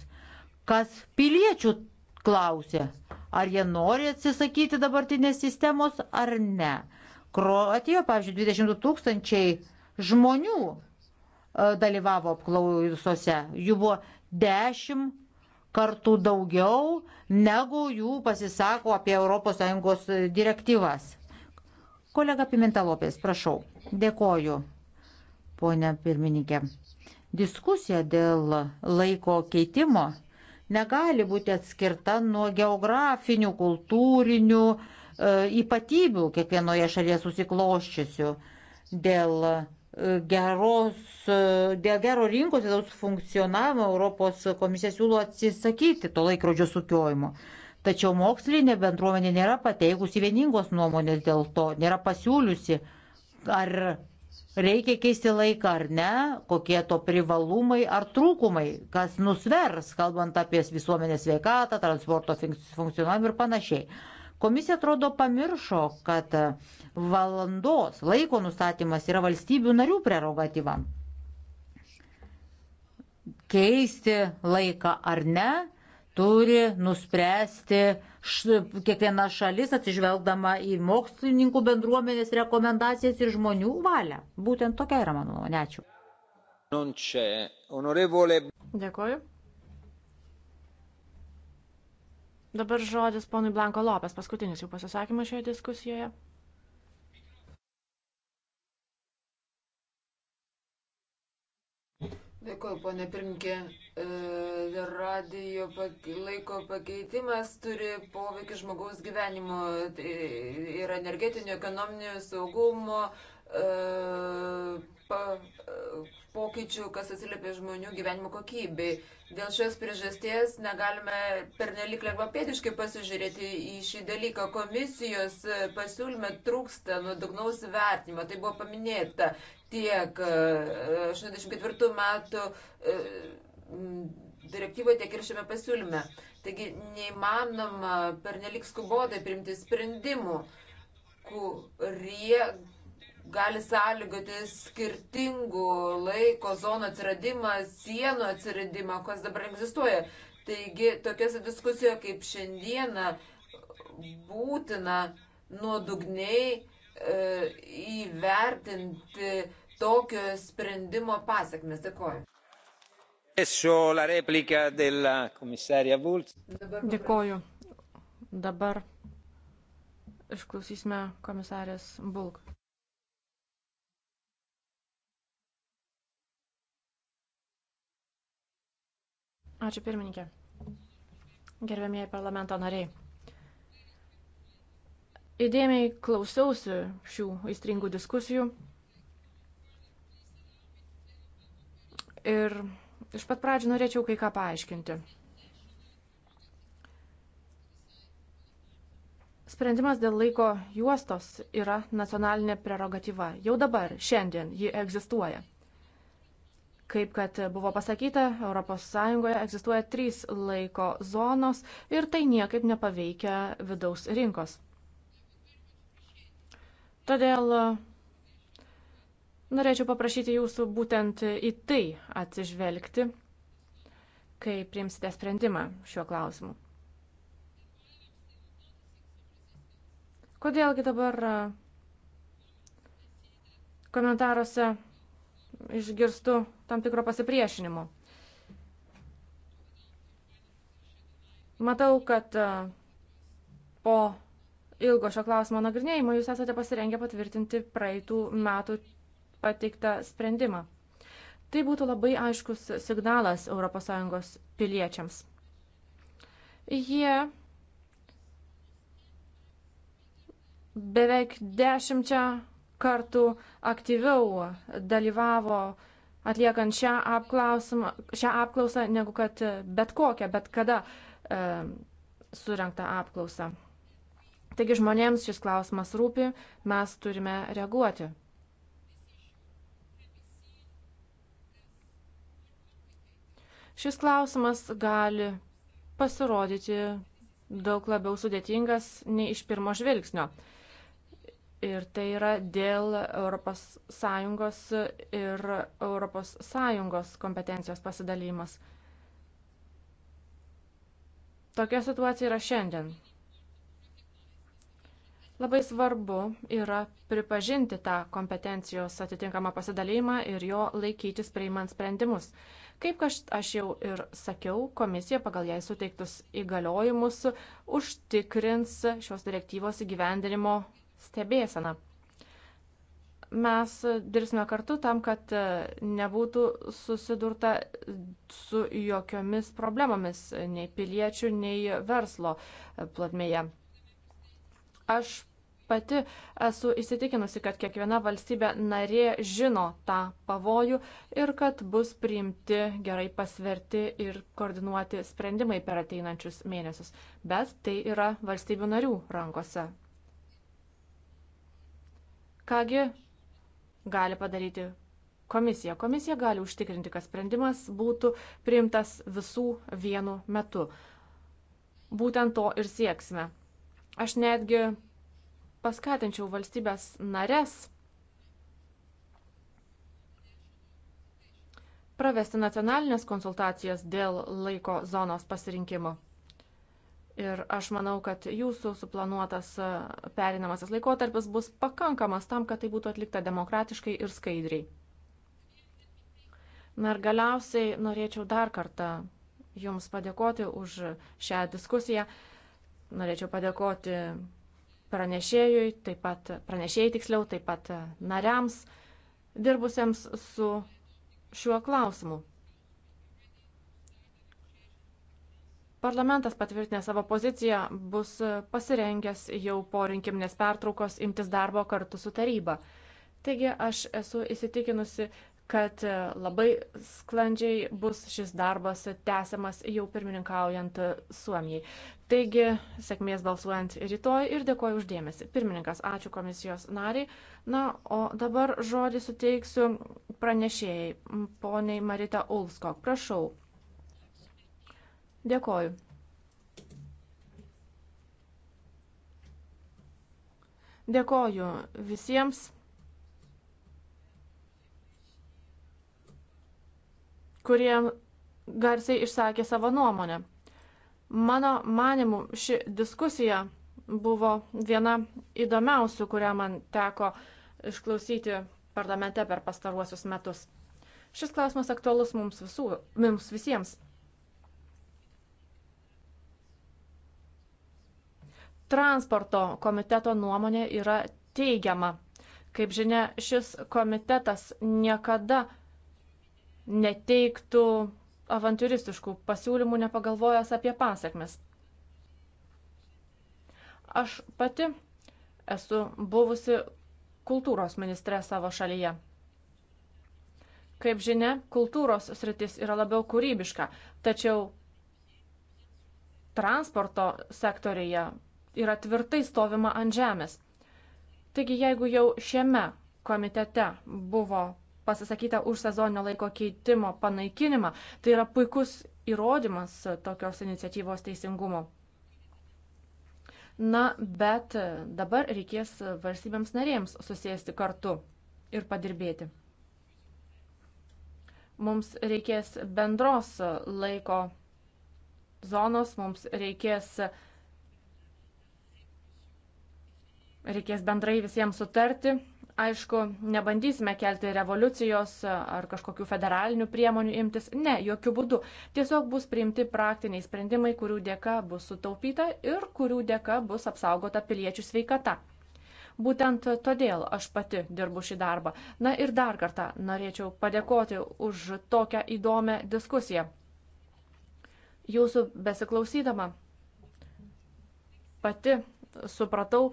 Kas piliečių klausė, ar jie nori atsisakyti dabartinės sistemos ar ne. Kroatijoje, pavyzdžiui, 20 tūkstančiai žmonių e, dalyvavo apklausose. Jų buvo 10 kartų daugiau, negu jų pasisako apie ES direktyvas. Kolega Pimentalopės, prašau. Dėkoju, ponia pirmininkė. Diskusija dėl laiko keitimo negali būti atskirta nuo geografinių, kultūrinių e, ypatybių kiekvienoje šalyje susikloščiusių dėl e, geros, e, dėl gero rinkos vidaus funkcionavimo Europos komisija siūlo atsisakyti to laikrodžio sukiojimo. Tačiau mokslinė bendruomenė nėra pateikusi vieningos nuomonės dėl to, nėra pasiūliusi ar reikia keisti laiką ar ne, kokie to privalumai ar trūkumai, kas nusvers, kalbant apie visuomenės veikatą, transporto funkcionavimą ir panašiai. Komisija atrodo pamiršo, kad valandos laiko nustatymas yra valstybių narių prerogatyva. Keisti laiką ar ne turi nuspręsti š, kiekviena šalis atsižvelgdama į mokslininkų bendruomenės rekomendacijas ir žmonių valią. Būtent tokia yra mano nuomonė. Ačiū. Dėkoju. Dabar žodis ponui Blanko Lopes, paskutinis jų pasisakymas šioje diskusijoje. Dėkuoju, ponė Pirmkė. E, radio laiko pakeitimas turi poveikį žmogaus gyvenimo ir tai energetinio, ekonominio saugumo e, e, pokyčių, kas atsiliepia žmonių gyvenimo kokybei. Dėl šios priežasties negalime pernelik lengvapėdiškai pasižiūrėti į šį dalyką. Komisijos pasiūlyme trūksta nuodugnaus vertinimo, tai buvo paminėta tiek 84 e, metų e, direktyvoje, tiek ir šiame pasiūlyme. Taigi neįmanoma per nelik skubodai priimti sprendimų, kurie gali sąlygoti skirtingų laiko zonų atsiradimą, sienų atsiradimą, kas dabar egzistuoja. Taigi tokiose diskusijoje kaip šiandieną būtina nuodugniai e, įvertinti tokio sprendimo pasiekmes. Dėkoju. Dėkoju. Dabar išklausysime komisarės Bulk. Ačiū pirmininkė. Gerbėmėjai parlamento nariai. Įdėmiai klausiausi šių aistringų diskusijų. Ir iš pat pradžių norėčiau kai ką paaiškinti. Sprendimas dėl laiko juostos yra nacionalinė prerogatyva. Jau dabar, šiandien ji egzistuoja. Kaip kad buvo pasakyta, ES egzistuoja trys laiko zonos ir tai niekaip nepaveikia vidaus rinkos. Todėl Norėčiau paprašyti jūsų būtent į tai atsižvelgti, kai priimsite sprendimą šiuo klausimu. Kodėlgi dabar komentaruose išgirstu tam tikro pasipriešinimo. Matau, kad po ilgo šio klausimo nagrinėjimo jūs esate pasirengę patvirtinti praeitų metų pateiktą sprendimą. Tai būtų labai aiškus signalas ES piliečiams. Jie beveik dešimčia kartų aktyviau dalyvavo atliekant šią, šią apklausą, negu kad bet kokią, bet kada e, surinktą apklausą. Taigi žmonėms šis klausimas rūpi, mes turime reaguoti. Šis klausimas gali pasirodyti daug labiau sudėtingas nei iš pirmo žvilgsnio. Ir tai yra dėl ES ir ES kompetencijos pasidalymas. Tokia situacija yra šiandien. Labai svarbu yra pripažinti tą kompetencijos atitinkamą pasidalymą ir jo laikytis priimant sprendimus. Kaip aš, aš jau ir sakiau, komisija pagal jai suteiktus įgaliojimus užtikrins šios direktyvos įgyvendinimo stebėseną. Mes dirbsime kartu tam, kad nebūtų susidurta su jokiomis problemomis nei piliečių, nei verslo platmėje. Aš pati esu įsitikinusi, kad kiekviena valstybė narė žino tą pavojų ir kad bus priimti gerai pasverti ir koordinuoti sprendimai per ateinančius mėnesius. Bet tai yra valstybių narių rankose. Kągi gali padaryti komisija. Komisija gali užtikrinti, kad sprendimas būtų priimtas visų vienu metu. Būtent to ir sieksime. Aš netgi paskatinčiau valstybės nares pravesti nacionalinės konsultacijas dėl laiko zonos pasirinkimo. Ir aš manau, kad jūsų suplanuotas e, perinamasis laikotarpis bus pakankamas tam, kad tai būtų atlikta demokratiškai ir skaidriai. Na ir galiausiai norėčiau dar kartą Jums padėkoti už šią diskusiją. Norėčiau padėkoti pranešėjui, taip pat pranešėjai tiksliau, taip pat nariams dirbusiems su šiuo klausimu. Parlamentas patvirtinę savo poziciją bus pasirengęs jau po rinkiminės pertraukos imtis darbo kartu su taryba. Taigi aš esu įsitikinusi, kad e, labai sklandžiai bus šis darbas tęsiamas jau pirmininkaujant Suomijai. Taigi, sėkmės balsuojant rytoj ir dėkoju uždėmesi. Pirmininkas, ačiū komisijos nariai. Na, o dabar žodį suteiksiu pranešėjai, poniai Marita Ulskok. Prašau. Dėkoju. Dėkoju visiems. kurie garsiai išsakė savo nuomonę. Mano manimu, ši diskusija buvo viena įdomiausių, kurią man teko išklausyti parlamente per pastaruosius metus. Šis klausimas aktualus mums, visų, mums visiems. Transporto komiteto nuomonė yra teigiama. Kaip žinia, šis komitetas niekada neteiktų avantūristiškų pasiūlymų, nepagalvojęs apie pasakmes. Aš pati esu buvusi kultūros ministrė savo šalyje. Kaip žinia, kultūros sritis yra labiau kūrybiška, tačiau transporto sektorija yra tvirtai stovima ant žemės. Taigi, jeigu jau šiame komitete buvo pasisakyta už sezoninio laiko keitimo panaikinimą. Tai yra puikus įrodymas tokios iniciatyvos teisingumo. Na, bet dabar reikės valstybėms narėms susėsti kartu ir padirbėti. Mums reikės bendros laiko zonos, mums reikės, reikės bendrai visiems sutarti Aišku, nebandysime kelti revoliucijos ar kažkokių federalinių priemonių imtis. Ne, jokių būdų. Tiesiog bus priimti praktiniai sprendimai, kurių dėka bus sutaupyta ir kurių dėka bus apsaugota piliečių sveikata. Būtent todėl aš pati dirbu šį darbą. Na ir dar kartą norėčiau padėkoti už tokią įdomią diskusiją. Jūsų besiklausydama pati supratau,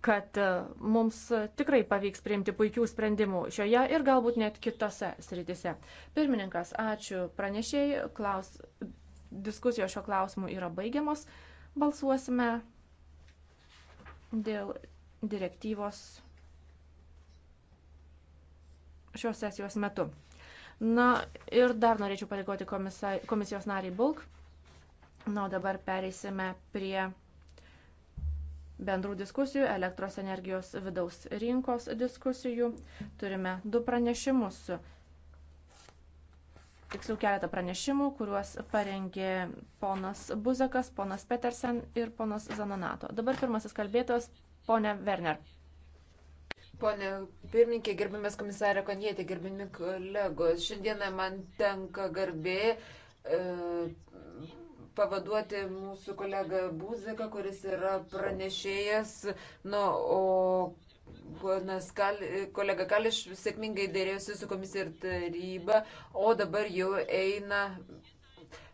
kad e, mums tikrai pavyks priimti puikių sprendimų šioje ir galbūt net kitose sritise. Pirmininkas, ačiū pranešėjai. Klaus... Diskusijos šio klausimu yra baigiamos. Balsuosime dėl direktyvos šios sesijos metu. Na ir dar norėčiau padėkoti komisijos nariai Bulk. Na, o dabar pereisime prie bendrų diskusijų, elektros energijos vidaus rinkos diskusijų. Turime du pranešimus, tiksliau keletą pranešimų, kuriuos parengė ponas Buzekas, ponas Petersen ir ponas Zanonato. Dabar pirmasis kalbėtojas, ponė Werner. Pone pirmininkė, gerbiamės komisarė Konietė, gerbiami kolegos, šiandieną man tenka garbė e, pavaduoti mūsų kolegą Būziką, kuris yra pranešėjas, nu, o Kal, kolega Kališ sėkmingai dėrėjosi su komisija ir taryba, o dabar jau eina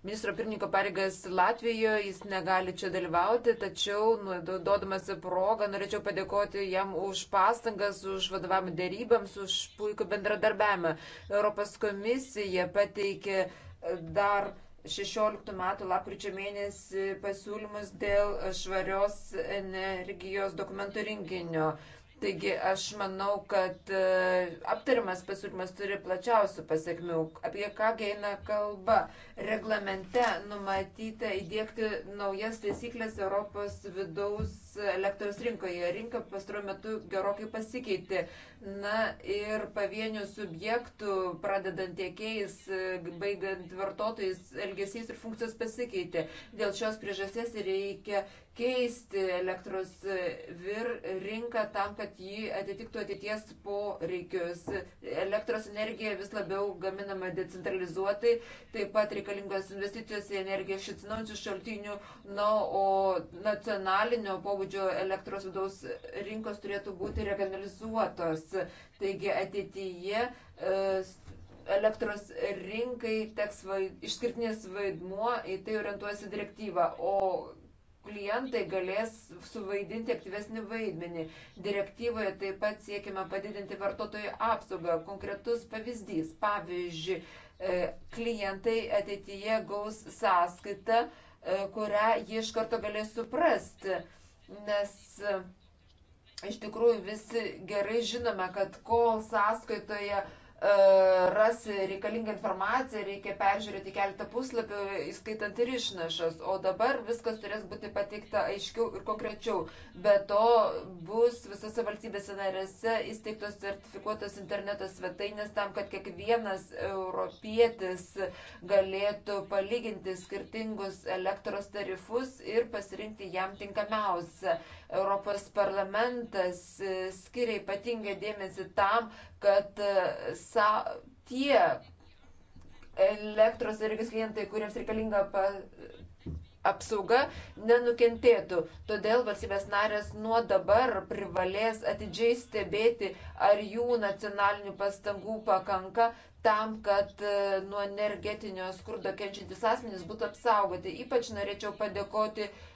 ministro pirmininko pareigas Latvijoje, jis negali čia dalyvauti, tačiau, nu, duodamas progą, norėčiau padėkoti jam už pastangas, už vadovavimą dėrybams, už puikų bendradarbiavimą. Europos komisija pateikė dar 16 metų lapkričio mėnesį pasiūlymus dėl švarios energijos dokumentų rinkinio. Taigi aš manau, kad e, aptariamas pasiūlymas turi plačiausių pasiekmių. Apie ką eina kalba? Reglamente numatyta įdėkti naujas taisyklės Europos vidaus elektros rinkoje. Rinka pastaruoju metu gerokai pasikeitė. Na ir pavienių subjektų, pradedant tiekėjais, baigiant vartotojais, elgesys ir funkcijos pasikeitė. Dėl šios priežasties reikia keisti elektros e, vir rinką tam, kad jį atitiktų ateities poreikius. Elektros energija vis labiau gaminama decentralizuotai, taip pat reikalingos investicijos į energiją iš atsinaujančių šaltinių, na, o nacionalinio pobūdžio elektros vidaus rinkos turėtų būti regionalizuotos. Taigi ateityje e, elektros rinkai teks vaid, išskirtinės vaidmuo, į tai orientuojasi direktyva, o klientai galės suvaidinti aktyvesnį vaidmenį. Direktyvoje taip pat siekime padidinti vartotojų apsaugą. Konkretus pavyzdys. Pavyzdžiui, e, klientai ateityje gaus sąskaitą, e, kurią jie iš karto galės suprasti. Nes e, iš tikrųjų visi gerai žinome, kad kol sąskaitoje E, ras reikalingą informaciją, reikia peržiūrėti keletą puslapių, įskaitant ir išnašas, o dabar viskas turės būti pateikta aiškiau ir konkrečiau. Be to bus visose valstybėse narėse įsteigtos sertifikuotos interneto svetainės tam, kad kiekvienas europietis galėtų palyginti skirtingus elektros tarifus ir pasirinkti jam tinkamiausią. Europos parlamentas e, skiria ypatingą dėmesį tam, kad e, sa, tie elektros energijos klientai, kuriems reikalinga pa, apsauga, nenukentėtų. Todėl valstybės narės nuo dabar privalės atidžiai stebėti, ar jų nacionalinių pastangų pakanka tam, kad e, nuo energetinio skurdo kenčiantis asmenys būtų apsaugoti. Ypač norėčiau padėkoti uh,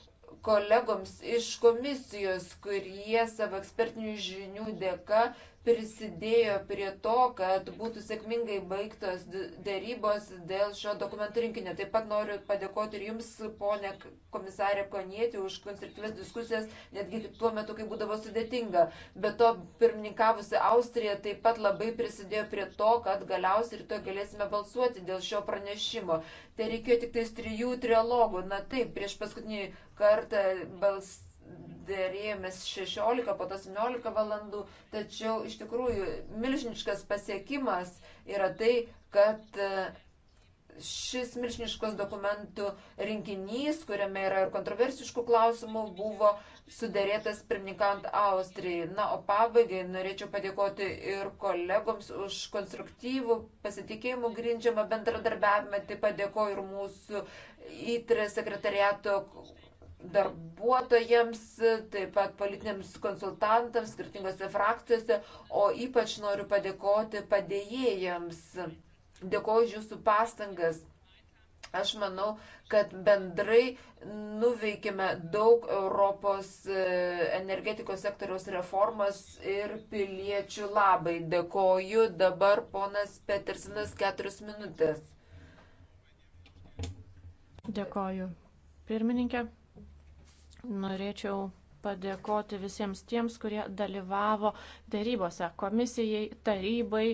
kolegoms iš komisijos, kurie savo ekspertinių žinių dėka prisidėjo prie to, kad būtų sėkmingai baigtos dėrybos dėl šio dokumentų rinkinio. Taip pat noriu padėkoti ir Jums, ponė komisarė Konietė, už konstruktyves diskusijas, netgi tuo metu, kai būdavo sudėtinga. Be to, pirmininkavusi Austrija taip pat labai prisidėjo prie to, kad galiausiai rytoj galėsime balsuoti dėl šio pranešimo. Tai reikėjo tik tais trijų trialogų. Na taip, prieš paskutinį kartą balsuoti dėrėjomės 16, po to 17 valandų, tačiau iš tikrųjų milžiniškas pasiekimas yra tai, kad e, šis milžiniškas dokumentų rinkinys, kuriame yra ir kontroversiškų klausimų, buvo sudėrėtas pirmininkant Austrijai. Na, o pabaigai norėčiau padėkoti ir kolegoms už konstruktyvų pasitikėjimų grindžiamą bendradarbiavimą. Taip pat dėkoju ir mūsų įtrė e sekretariato darbuotojams, taip pat politiniams konsultantams skirtingose frakcijose, o ypač noriu padėkoti padėjėjams. Dėkoju už jūsų pastangas. Aš manau, kad bendrai nuveikime daug Europos e, energetikos sektoriaus reformas ir piliečių labai. Dėkoju. Dabar ponas Petersinas keturias minutės. Dėkoju. Pirmininkė. Norėčiau padėkoti visiems tiems, kurie dalyvavo darybose, komisijai, tarybai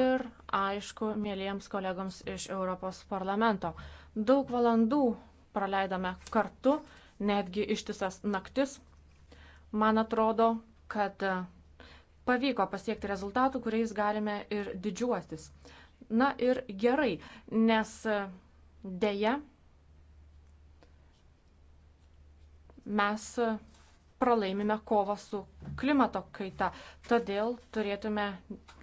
ir, aišku, mėlyjams kolegoms iš Europos parlamento. Daug valandų praleidome kartu, netgi ištisas naktis. Man atrodo, kad pavyko pasiekti rezultatų, kuriais galime ir didžiuotis. Na ir gerai, nes dėja mes pralaimime kovą su klimato kaita. Todėl turėtume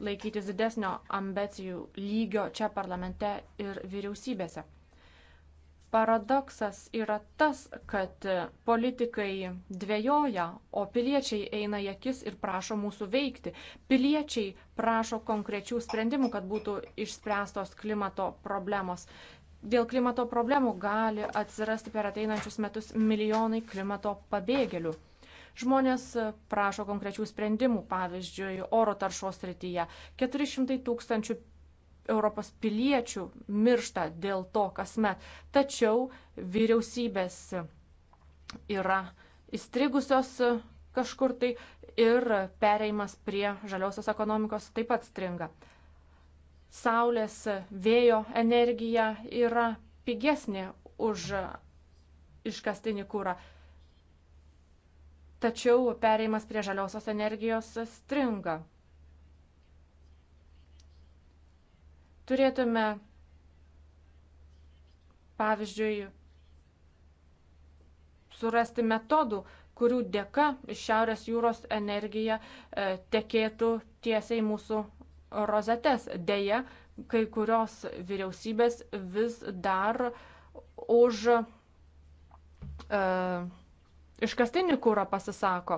laikytis didesnio ambicijų lygio čia parlamente ir vyriausybėse. Paradoksas yra tas, kad politikai dvėjoja, o piliečiai eina į akis ir prašo mūsų veikti. Piliečiai prašo konkrečių sprendimų, kad būtų išspręstos klimato problemos. Dėl klimato problemų gali atsirasti per ateinančius metus milijonai klimato pabėgėlių. Žmonės prašo konkrečių sprendimų, pavyzdžiui, oro taršos srityje. 400 tūkstančių Europos piliečių miršta dėl to kasmet. Tačiau vyriausybės yra įstrigusios kažkur tai ir pereimas prie žaliosios ekonomikos taip pat stringa saulės, vėjo energija yra pigesnė už iškastinį kūrą. Tačiau pereimas prie žaliosios energijos stringa. Turėtume, pavyzdžiui, surasti metodų, kurių dėka iš Šiaurės jūros energija e, tekėtų tiesiai mūsų rozetes. Deja, kai kurios vyriausybės vis dar už e, iškastinį kūrą pasisako.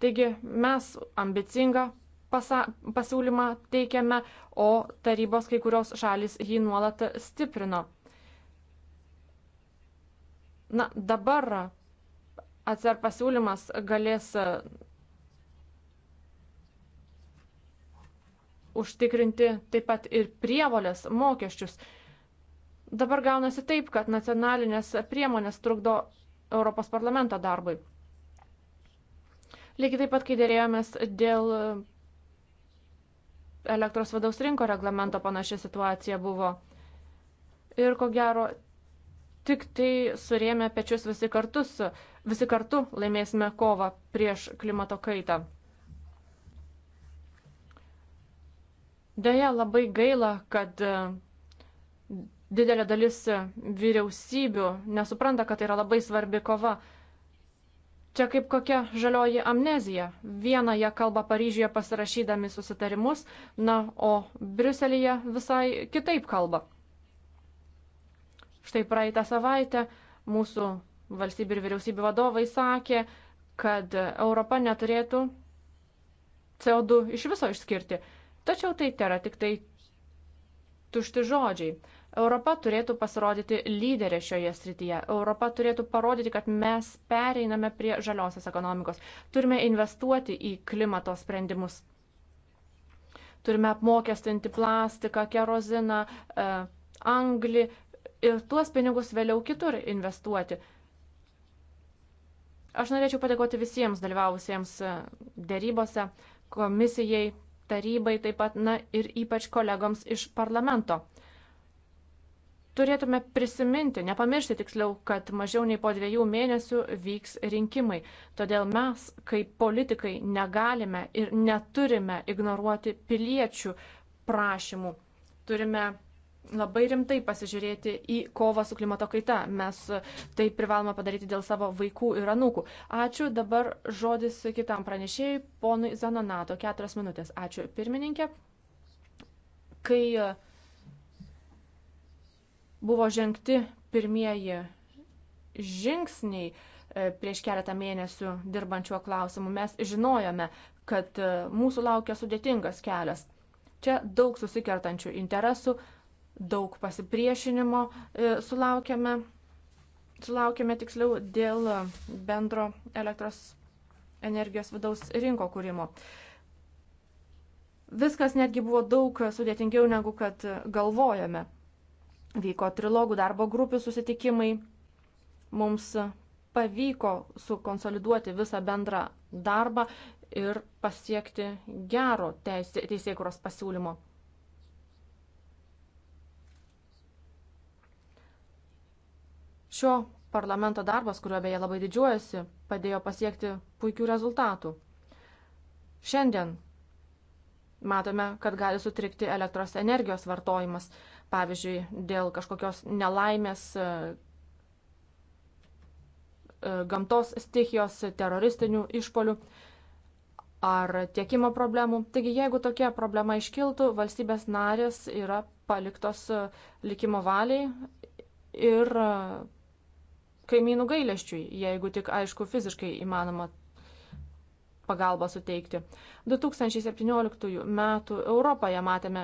Taigi mes ambicingą pasa, pasiūlymą teikiame, o tarybos kai kurios šalis jį nuolat stiprino. Na, dabar atsar pasiūlymas galės užtikrinti taip pat ir prievolės mokesčius. Dabar gaunasi taip, kad nacionalinės priemonės trukdo Europos parlamento darbui. Lygiai taip pat, kai dėrėjomės dėl elektros vidaus rinko reglamento, panaši situacija buvo. Ir ko gero, tik tai surėmė pečius visi, kartus, visi kartu laimėsime kovą prieš klimato kaitą. Deja, labai gaila, kad e, didelė dalis vyriausybių nesupranta, kad tai yra labai svarbi kova. Čia kaip kokia žalioji amnezija. Vieną jie kalba Paryžiuje pasirašydami susitarimus, na, o Briuselėje visai kitaip kalba. Štai praeitą savaitę mūsų valstybių ir vyriausybių vadovai sakė, kad Europa neturėtų CO2 iš viso išskirti. Tačiau tai yra tik tai tušti žodžiai. Europa turėtų pasirodyti lyderė šioje srityje. Europa turėtų parodyti, kad mes pereiname prie žaliosios ekonomikos. Turime investuoti į klimato sprendimus. Turime apmokestinti plastiką, keroziną, e, anglį ir tuos pinigus vėliau kitur investuoti. Aš norėčiau padėkoti visiems dalyvavusiems e, dėrybose, komisijai, tarybai, taip pat, na ir ypač kolegoms iš parlamento. Turėtume prisiminti, nepamiršti tiksliau, kad mažiau nei po dviejų mėnesių vyks rinkimai. Todėl mes, kaip politikai, negalime ir neturime ignoruoti piliečių prašymų. Turime labai rimtai pasižiūrėti į kovą su klimato kaita. Mes tai privalome padaryti dėl savo vaikų ir anūkų. Ačiū. Dabar žodis kitam pranešėjai, ponui Zanonato. Keturias minutės. Ačiū, pirmininkė. Kai buvo žengti pirmieji žingsniai e, prieš keletą mėnesių dirbančių klausimų, mes žinojome, kad e, mūsų laukia sudėtingas kelias. Čia daug susikertančių interesų, daug pasipriešinimo e, sulaukėme, sulaukėme tiksliau dėl bendro elektros energijos vidaus rinko kūrimo. Viskas netgi buvo daug sudėtingiau negu kad galvojame. Vyko trilogų darbo grupių susitikimai, mums pavyko sukonsoliduoti visą bendrą darbą ir pasiekti gero teisėkuros pasiūlymo. Šio parlamento darbas, kuriuo beje labai didžiuojasi, padėjo pasiekti puikių rezultatų. Šiandien matome, kad gali sutrikti elektros energijos vartojimas, pavyzdžiui, dėl kažkokios nelaimės e, e, gamtos stichijos, teroristinių išpolių ar tiekimo problemų. Taigi, jeigu tokia problema iškiltų, valstybės narės yra paliktos e, likimo valiai ir kaimynų gailesčiui, jeigu tik aišku fiziškai įmanoma pagalbą suteikti. 2017 m. Europoje matėme,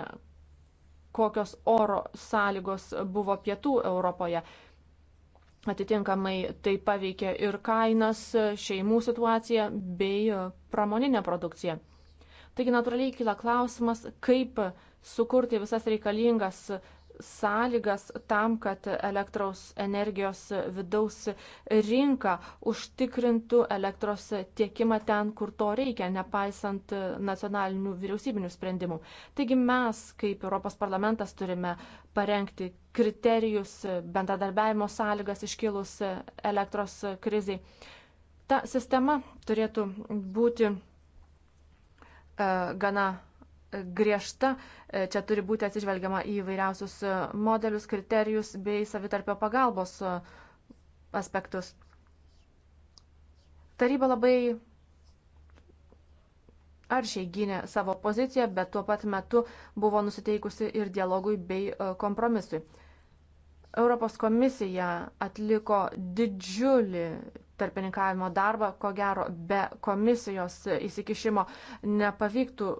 kokios oro sąlygos buvo pietų Europoje. Atitinkamai tai paveikė ir kainas, šeimų situaciją bei pramoninę produkciją. Taigi natūraliai kyla klausimas, kaip sukurti visas reikalingas sąlygas tam, kad elektros energijos vidaus rinka užtikrintų elektros tiekimą ten, kur to reikia, nepaisant nacionalinių vyriausybinių sprendimų. Taigi mes, kaip Europos parlamentas, turime parengti kriterijus, bendradarbiavimo sąlygas iškilus elektros krizai. Ta sistema turėtų būti e, gana griežta. E, čia turi būti atsižvelgiama į vairiausius e, modelius, kriterijus bei savitarpio pagalbos e, aspektus. Taryba labai aršiai gynė savo poziciją, bet tuo pat metu buvo nusiteikusi ir dialogui bei kompromisui. Europos komisija atliko didžiulį tarpininkavimo darbą, ko gero be komisijos įsikišimo nepavyktų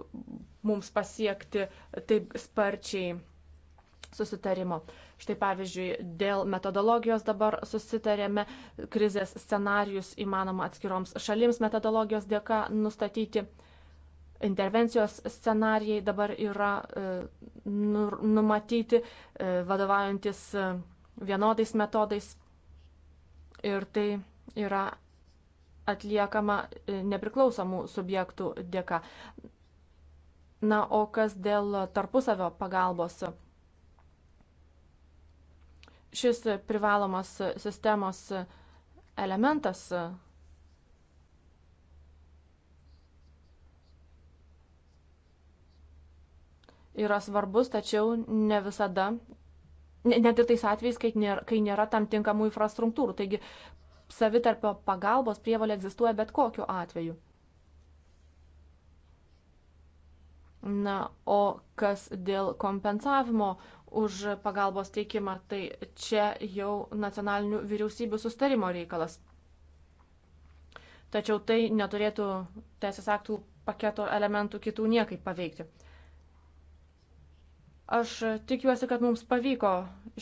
mums pasiekti taip sparčiai susitarimo. Štai pavyzdžiui, dėl metodologijos dabar susitarėme, krizės scenarius įmanoma atskiroms šalims metodologijos dėka nustatyti intervencijos scenarijai dabar yra e, numatyti, e, vadovaujantis e, vienodais metodais. Ir tai yra atliekama nepriklausomų subjektų dėka. Na, o kas dėl tarpusavio pagalbos? Šis privalomas sistemos elementas yra svarbus, tačiau ne visada, net ir tais atvejais, kai nėra, kai nėra tam tinkamų infrastruktūrų. Taigi savitarpio pagalbos prievalė egzistuoja bet kokiu atveju. Na, o kas dėl kompensavimo už pagalbos teikimą, tai čia jau nacionalinių vyriausybių sustarimo reikalas. Tačiau tai neturėtų teisės aktų paketo elementų kitų niekaip paveikti. Aš tikiuosi, kad mums pavyko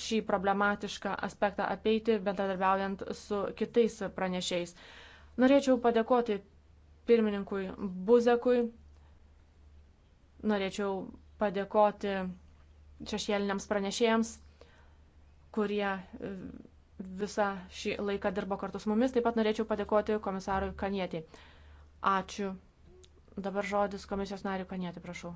šį problematišką aspektą apeiti, bendradarbiaujant su kitais pranešėjais. Norėčiau padėkoti pirmininkui Buzekui, norėčiau padėkoti šešėliniams pranešėjams, kurie visą šį laiką dirbo kartu su mumis. Taip pat norėčiau padėkoti komisarui Kanietį. Ačiū. Dabar žodis komisijos nariu Kanietį, prašau.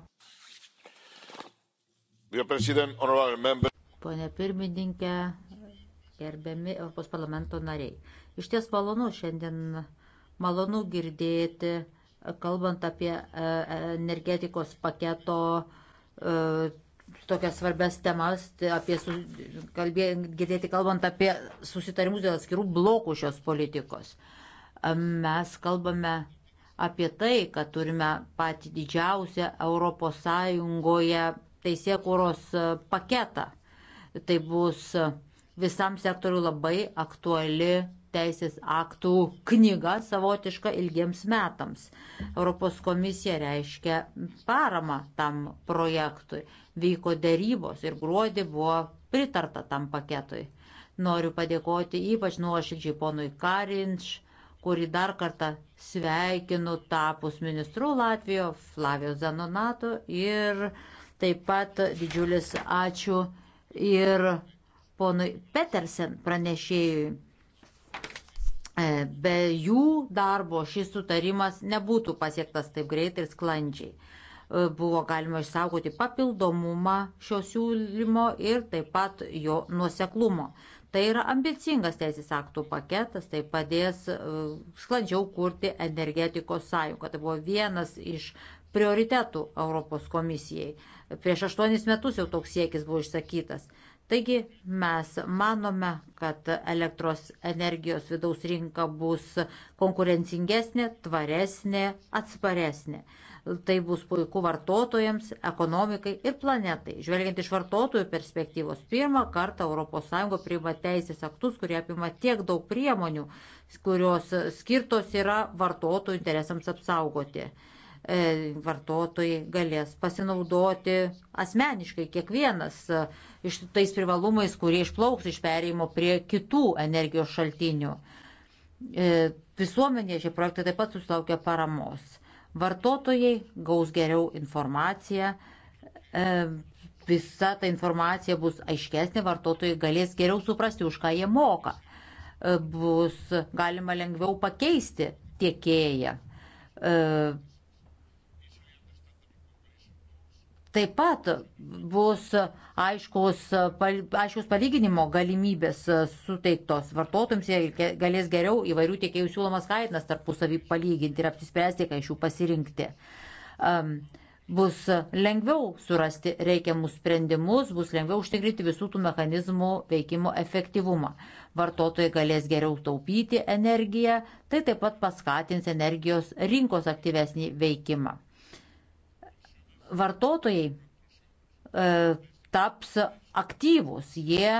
Pone pirmininkė, gerbiami Europos parlamento nariai. Iš ties malonu šiandien, malonu girdėti, kalbant apie e, energetikos paketo e, tokias svarbias temas, apie, kalbė, girdėti kalbant apie susitarimus dėl atskirų blokų šios politikos. E, mes kalbame apie tai, kad turime patį didžiausią ES teisėkūros e, paketą. Tai bus e, visam sektoriu labai aktuali teisės aktų knyga savotiška ilgiems metams. Europos komisija reiškia paramą tam projektui. Vyko dėrybos ir gruodį buvo pritarta tam paketui. Noriu padėkoti ypač nuoširdžiai ponui Karinč, kurį dar kartą sveikinu tapus ministru Latvijo, Flavijos Zanonato ir uh, Taip pat didžiulis ačiū ir ponui Petersen pranešėjui. E, be jų darbo šis sutarimas nebūtų pasiektas taip greitai ir sklandžiai. E, buvo galima išsaugoti papildomumą šio siūlymo ir taip pat jo nuoseklumo. Tai yra ambicingas teisės aktų paketas, tai padės e, sklandžiau kurti energetikos sąjungą. Tai buvo vienas iš prioritetų Europos komisijai. Prieš aštuonis metus jau toks siekis buvo išsakytas. Taigi mes manome, kad elektros energijos vidaus rinka bus konkurencingesnė, tvaresnė, atsparesnė. Tai bus puiku vartotojams, ekonomikai ir planetai. Žvelgiant iš vartotojų perspektyvos, pirmą kartą ES priima teisės aktus, kurie apima tiek daug priemonių, kurios skirtos yra vartotojų interesams apsaugoti. E, vartotojai galės pasinaudoti asmeniškai kiekvienas e, iš tais privalumais, kurie išplauks iš perėjimo prie kitų energijos šaltinių. E, Visuomenėje šie projektai taip pat susilaukia paramos. Vartotojai gaus geriau informaciją, visa ta informacija bus aiškesnė, vartotojai galės geriau suprasti, už ką jie moka. Bus galima lengviau pakeisti tiekėją Taip pat bus aiškus, aiškus palyginimo galimybės suteiktos vartotojams, jie galės geriau įvairių tiekėjų siūlomas kainas tarpusavį palyginti ir apsispręsti, ką iš jų pasirinkti. Um, bus lengviau surasti reikiamus sprendimus, bus lengviau užtikrinti visų tų mechanizmų veikimo efektyvumą. Vartotojai galės geriau taupyti energiją, tai taip pat paskatins energijos rinkos aktyvesnį veikimą vartotojai e, taps aktyvūs, jie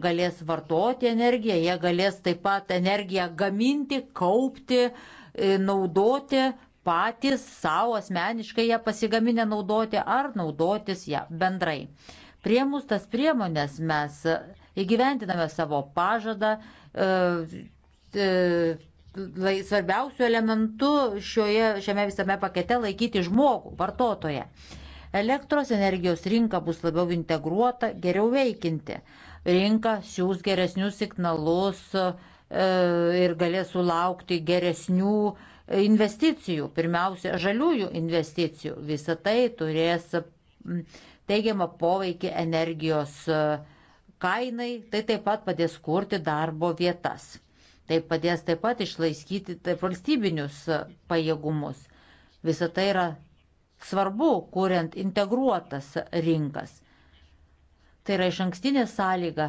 galės vartoti energiją, jie galės taip pat energiją gaminti, kaupti, e, naudoti patys savo asmeniškai ją pasigaminę naudoti ar naudotis ją bendrai. Priemus tas priemonės mes įgyventiname savo pažadą. E, e, svarbiausių elementų šioje, šiame visame pakete laikyti žmogų, vartotoje. Elektros energijos rinka bus labiau integruota, geriau veikinti. Rinka siūs geresnius signalus e, ir galės sulaukti geresnių investicijų, pirmiausia, žaliųjų investicijų. Visą tai turės teigiamą poveikį energijos e, kainai, tai taip pat padės kurti darbo vietas. Tai padės taip pat išlaikyti taip valstybinius pajėgumus. Visą tai yra svarbu, kuriant integruotas rinkas. Tai yra iš ankstinė sąlyga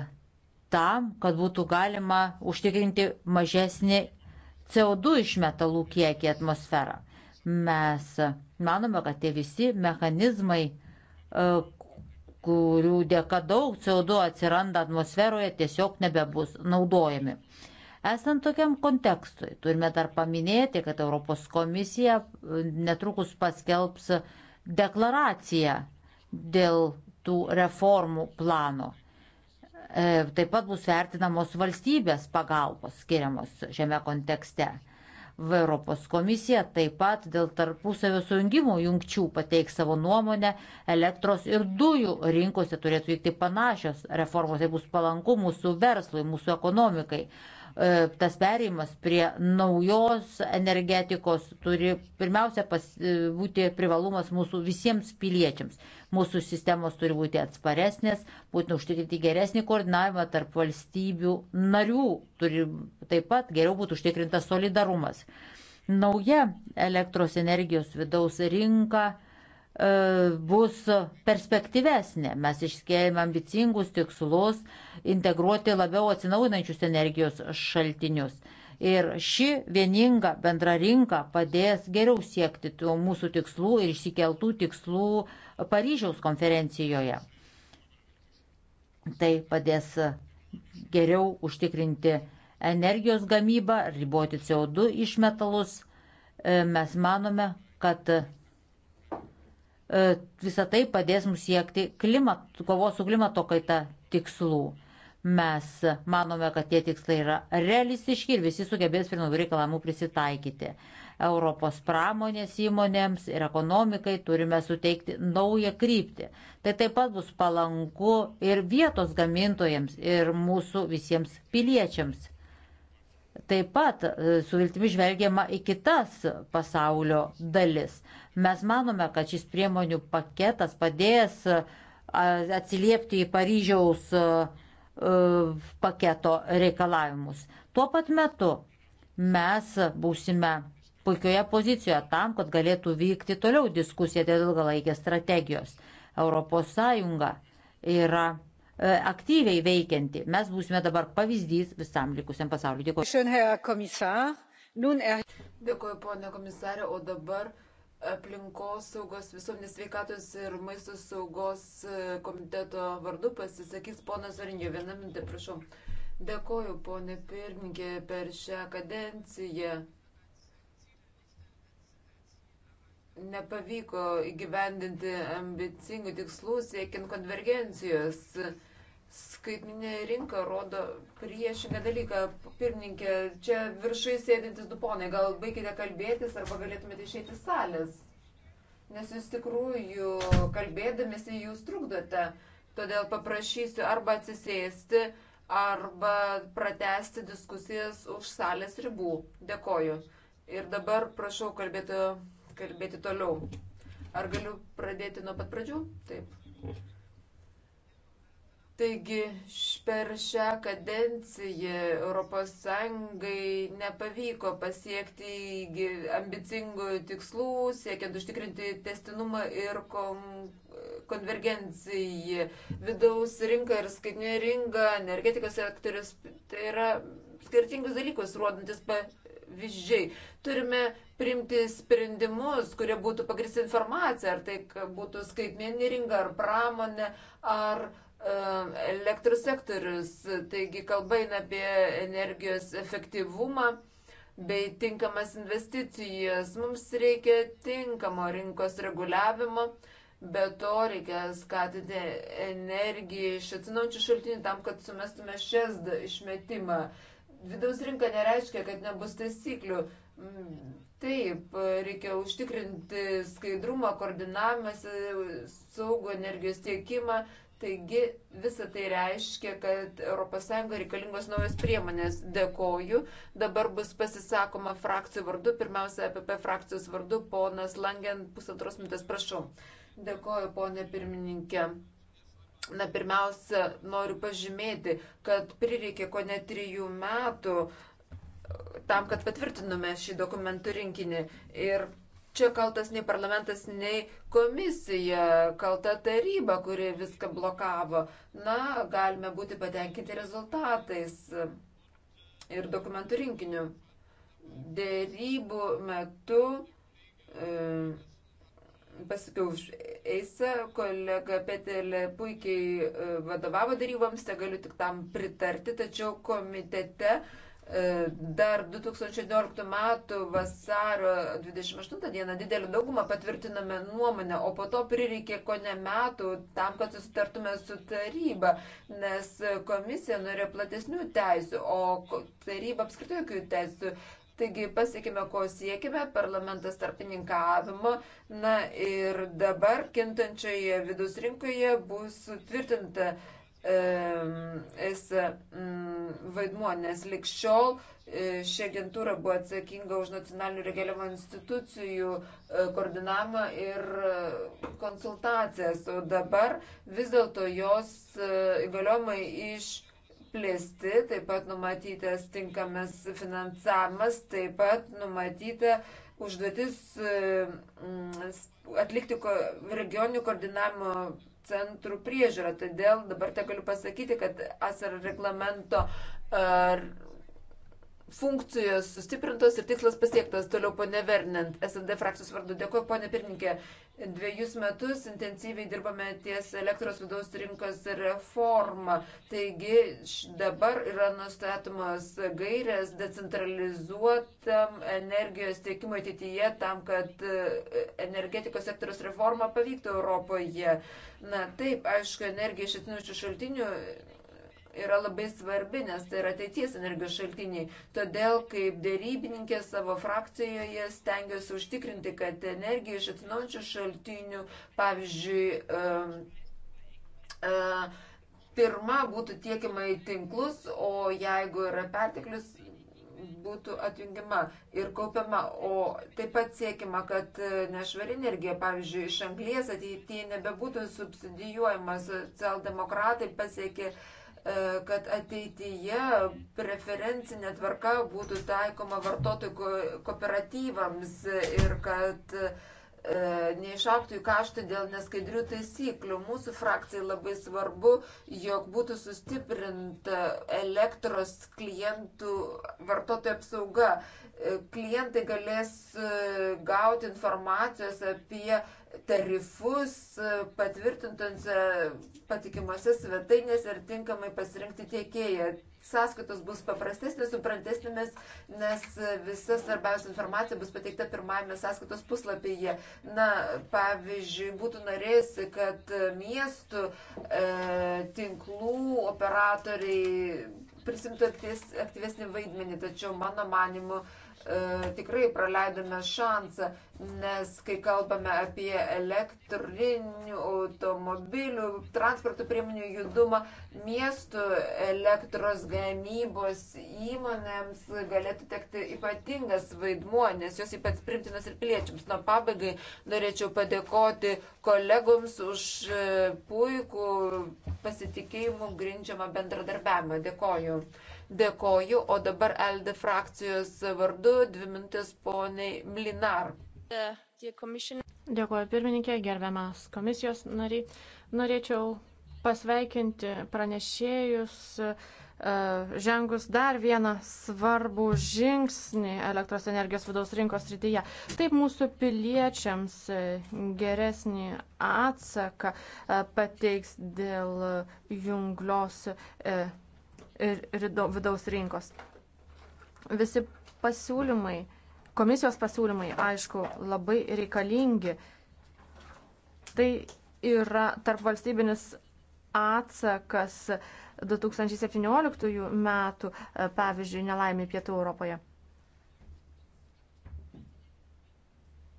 tam, kad būtų galima užtikrinti mažesnį CO2 išmetalų kiekį į atmosferą. Mes manome, kad tie visi mechanizmai, e, kurių dėka daug CO2 atsiranda atmosferoje, tiesiog nebebus naudojami. Esant tokiam kontekstui, turime dar paminėti, kad Europos komisija e, netrukus paskelbs deklaraciją dėl tų reformų plano. E, taip pat bus vertinamos valstybės pagalbos skiriamos šiame kontekste. V Europos komisija taip pat dėl tarpusavio sujungimo jungčių pateiks savo nuomonę, elektros ir dujų rinkose turėtų vykti panašios reformos, tai bus palanku mūsų verslui, mūsų ekonomikai. E, tas perėjimas prie naujos energetikos turi pirmiausia pas, e, būti privalumas mūsų visiems piliečiams. Mūsų sistemos turi būti atsparesnės, būtina užtikrinti geresnį koordinavimą tarp valstybių narių, turi taip pat geriau būtų užtikrintas solidarumas. Nauja elektros energijos vidaus rinka E, bus perspektyvesnė. Mes išskėjame ambicingus tikslus integruoti labiau atsinaujinančius energijos šaltinius. Ir ši vieninga bendra rinka padės geriau siekti tų mūsų tikslų ir išsikeltų tikslų Paryžiaus konferencijoje. Tai padės geriau užtikrinti energijos gamybą, riboti CO2 išmetalus. E, mes manome, kad E, Visą tai padės mums siekti klimat, kovos su klimato kaita tikslų. Mes manome, kad tie tikslai yra realistiški ir visi sugebės prie naujų reikalavimų prisitaikyti. Europos pramonės įmonėms ir ekonomikai turime suteikti naują kryptį. Tai taip pat bus palanku ir vietos gamintojams, ir mūsų visiems piliečiams. Taip pat e, su viltimi žvelgiama į kitas pasaulio dalis. Mes manome, kad šis priemonių paketas padės e, atsiliepti į Paryžiaus e, paketo reikalavimus. Tuo pat metu mes būsime puikioje pozicijoje tam, kad galėtų vykti toliau diskusija dėl ilgalaikės strategijos. ES yra E, aktyviai veikianti. Mes būsime dabar pavyzdys visam likusiam pasauliu. Dėkuoju. Er- Dėkuoju, ponė komisarė, o dabar aplinkos saugos, visuomenės sveikatos ir maisto saugos e, komiteto vardu pasisakys ponas Orinio. Vieną minutę, prašau. Dėkoju, ponė pirmininkė, per šią kadenciją. Nepavyko įgyvendinti ambicingų tikslų siekiant konvergencijos skaitminė rinka rodo priešingą dalyką. Pirmininkė, čia viršui sėdintis du ponai, gal baigite kalbėtis arba galėtumėte išeiti salės. Nes jūs tikrųjų kalbėdamėsi jūs trukdote. Todėl paprašysiu arba atsisėsti, arba pratesti diskusijas už salės ribų. Dėkoju. Ir dabar prašau kalbėti, kalbėti toliau. Ar galiu pradėti nuo pat pradžių? Taip. Taigi per šią kadenciją ES nepavyko pasiekti ambicingų tikslų, siekiant užtikrinti testinumą ir konvergenciją. Vidaus rinka ir skaitinė rinka, energetikos sektorius tai yra skirtingus dalykus rodantis pavyzdžiai. Turime priimti sprendimus, kurie būtų pagristi informacija, ar tai būtų skaitmeninė rinka, ar pramonė, ar uh, elektros sektorius. Taigi kalba eina apie energijos efektyvumą bei tinkamas investicijas. Mums reikia tinkamo rinkos reguliavimo, bet to reikia skatinti energiją iš atsinaujančių šaltinių tam, kad sumestume šias išmetimą. Vidaus rinka nereiškia, kad nebus taisyklių. Mm, taip, reikia užtikrinti skaidrumą, koordinavimą, saugų energijos tiekimą, Taigi visą tai reiškia, kad ES reikalingos naujos priemonės. Dėkoju. Dabar bus pasisakoma frakcijų vardu. Pirmiausia, APP e frakcijos vardu ponas Langen pusantros minutės. Prašau. Dėkoju, ponė pirmininkė. Na, pirmiausia, noriu pažymėti, kad prireikė ko ne trijų metų tam, kad patvirtinume šį dokumentų rinkinį. Ir Čia kaltas nei parlamentas, nei komisija, kalta taryba, kuri viską blokavo. Na, galime būti patenkinti rezultatais ir dokumentų rinkiniu. Dėrybų metu e, pasakiau už eisą, kolega Petelė puikiai e, vadovavo dėryboms, tai galiu tik tam pritarti, tačiau komitete e, E, dar 2019 m. vasario 28 d. didelį daugumą patvirtinome nuomonę, o po to prireikė ko ne metų tam, kad susitartume su taryba, nes komisija norėjo platesnių teisų, o taryba apskritai jokių teisų. Taigi pasiekime, ko siekime, parlamentas tarpininkavimo, na ir dabar kintančioje vidaus rinkoje bus sutvirtinta es mm, vaidmuo, nes likščiol e, ši agentūra buvo atsakinga už nacionalinių reguliavimo institucijų e, koordinavimą ir e, konsultacijas, o dabar vis dėlto jos įgaliojimai iš plėsti, taip pat numatytas tinkamas finansavimas, taip pat numatyta užduotis atlikti regioninių koordinavimo centrų priežiūra. Todėl dabar te galiu pasakyti, kad ASR reglamento ar, funkcijos sustiprintos ir tikslas pasiektas. Toliau, ponė Vernant, SND frakcijos vardu, dėkuoju, ponė pirmininkė dviejus metus intensyviai dirbame ties elektros vidaus rinkos reforma. Taigi dabar yra nustatomos gairės decentralizuotam energijos tiekimo ateityje tam, kad e, energetikos sektoriaus reforma pavyktų Europoje. Na taip, aišku, energija iš atsinaujančių šaltinių yra labai svarbi, nes tai yra ateities energijos šaltiniai. Todėl, kaip dėrybininkė savo frakcijoje, stengiuosi užtikrinti, kad energija iš atsinaujančių šaltinių, pavyzdžiui, uh, uh, pirma būtų tiekima į tinklus, o jeigu yra perteklius, būtų atjungiama ir kaupiama, o taip pat siekima, kad nešvari energija, pavyzdžiui, iš anglies ateityje nebebūtų subsidijuojama. Socialdemokratai pasiekė uh, E, kad ateityje preferencinė tvarka būtų taikoma vartotojų kooperatyvams ir kad e, neišauktų į kaštą dėl neskaidrių taisyklių. Mūsų frakcijai labai svarbu, jog būtų sustiprinta elektros klientų vartotojų apsauga. E, klientai galės gauti informacijos apie tarifus e, patvirtintus patikimuose svetainėse ir tinkamai pasirinkti tiekėją. Sąskaitos bus paprastesnės, suprantesnės, nes visa svarbiausia informacija bus pateikta pirmajame sąskaitos puslapyje. Na, pavyzdžiui, būtų norėjusi, kad miestų e, tinklų operatoriai prisimtų aktyvesnį vaidmenį, tačiau mano manimu, e, E, tikrai praleidome šansą, nes kai kalbame apie elektrinių automobilių, transporto priemonių judumą, miestų elektros gamybos įmonėms galėtų tekti ypatingas vaidmuo, nes jos ypač primtinas ir piliečiams. Na, pabaigai norėčiau padėkoti kolegoms už e, puikų pasitikėjimų grindžiamą bendradarbiavimą. Dėkoju. Dėkoju, o dabar Elde frakcijos vardu dvi minutės poniai Mlinar. Dėkoju pirmininkė, gerbiamas komisijos nariai. Norėčiau pasveikinti pranešėjus e, žengus dar vieną svarbų žingsnį elektros energijos vidaus rinkos rytyje. Taip mūsų piliečiams geresnį atsaką e, pateiks dėl junglios e, vidaus rinkos. Visi pasiūlymai, komisijos pasiūlymai, aišku, labai reikalingi. Tai yra tarp valstybinis atsakas 2017 metų, e, pavyzdžiui, nelaimė Pietų Europoje.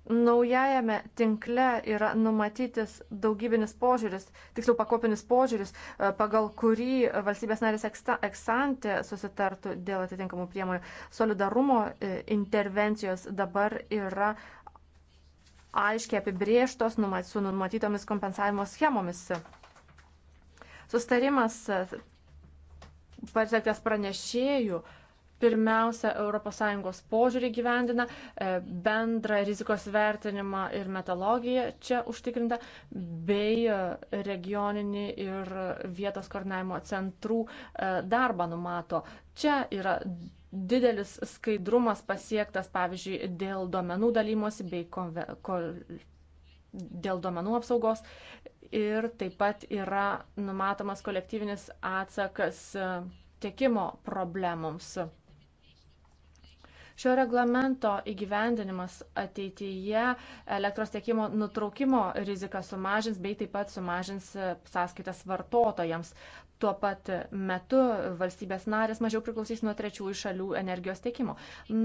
Naujajame tinkle yra numatytis daugybinis požiūris, tiksliau pakopinis požiūris, e, pagal kurį valstybės narės eksantė susitartų dėl atitinkamų priemonių. Solidarumo e, intervencijos dabar yra aiškiai apibrieštos su numatytomis kompensavimo schemomis. Sustarimas e, pasiektas pranešėjų pirmiausia ES požiūrį gyvendina, e, bendrą rizikos vertinimą ir metalogiją čia užtikrinta, bei e, regioninį ir vietos koordinavimo centrų e, darbą numato. Čia yra didelis skaidrumas pasiektas, pavyzdžiui, dėl duomenų dalymosi bei konve, ko, dėl duomenų apsaugos ir taip pat yra numatomas kolektyvinis atsakas tiekimo problemoms. Šio reglamento įgyvendinimas ateityje elektros tiekimo nutraukimo riziką sumažins bei taip pat sumažins e, sąskaitas vartotojams. Tuo pat metu valstybės narės mažiau priklausys nuo trečiųjų šalių energijos tiekimo.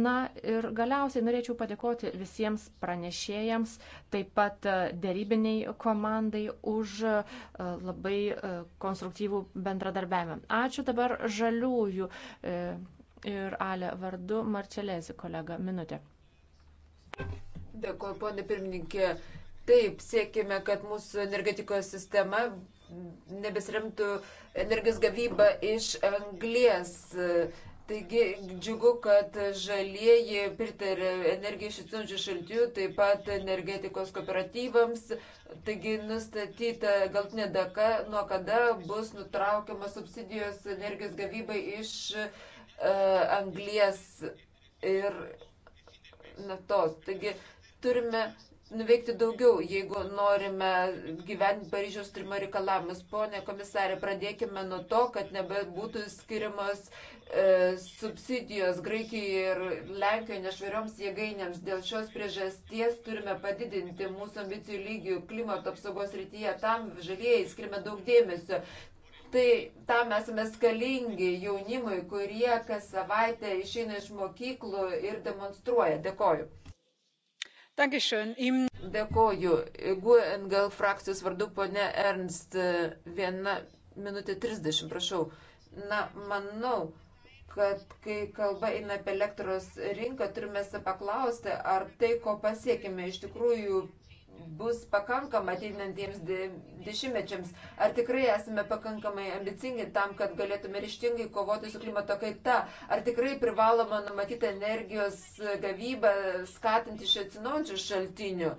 Na ir galiausiai norėčiau padėkoti visiems pranešėjams, taip pat e, dėrybiniai komandai už e, labai konstruktyvų bendradarbiavimą. Ačiū dabar žaliųjų ir Alė vardu Marčelėzi kolega. Minutė. Dėkuoju, ponė pirmininkė. Taip, siekime, kad mūsų energetikos sistema nebesiremtų energijos gavybą iš anglies. Taigi džiugu, kad žalieji pritarė energiją iš atsinaujančių šaltinių, taip pat energetikos kooperatyvams. Taigi nustatyta galtinė daka, nuo kada bus nutraukiamas subsidijos energijos gavybai iš uh, E, anglies ir naftos. Taigi turime nuveikti daugiau, jeigu norime gyventi Paryžiaus trimo reikalavimus. Pone komisarė, pradėkime nuo to, kad nebebūtų skiriamos e, subsidijos Graikijoje ir Lenkijoje nešvarioms jėgainėms. Dėl šios priežasties turime padidinti mūsų ambicijų lygių klimato apsaugos rytyje. Tam žalieji skirime daug dėmesio. Tai tam esame skalingi jaunimui, kurie kas savaitę išeina iš mokyklų ir demonstruoja. Dėkoju. Dėkoju. GUNGL frakcijos vardu ponė Ernst, viena minutė 30, prašau. Na, manau, kad kai kalba eina apie elektros rinką, turime paklausti, ar tai, ko pasiekime, iš tikrųjų bus pakankama ateinantiems dešimtmečiams. Ar tikrai esame pakankamai ambicingi tam, kad galėtume ryštingai kovoti su klimato kaita? Ar tikrai privaloma numatyti energijos gavybą skatinti iš atsinaujančių šaltinių?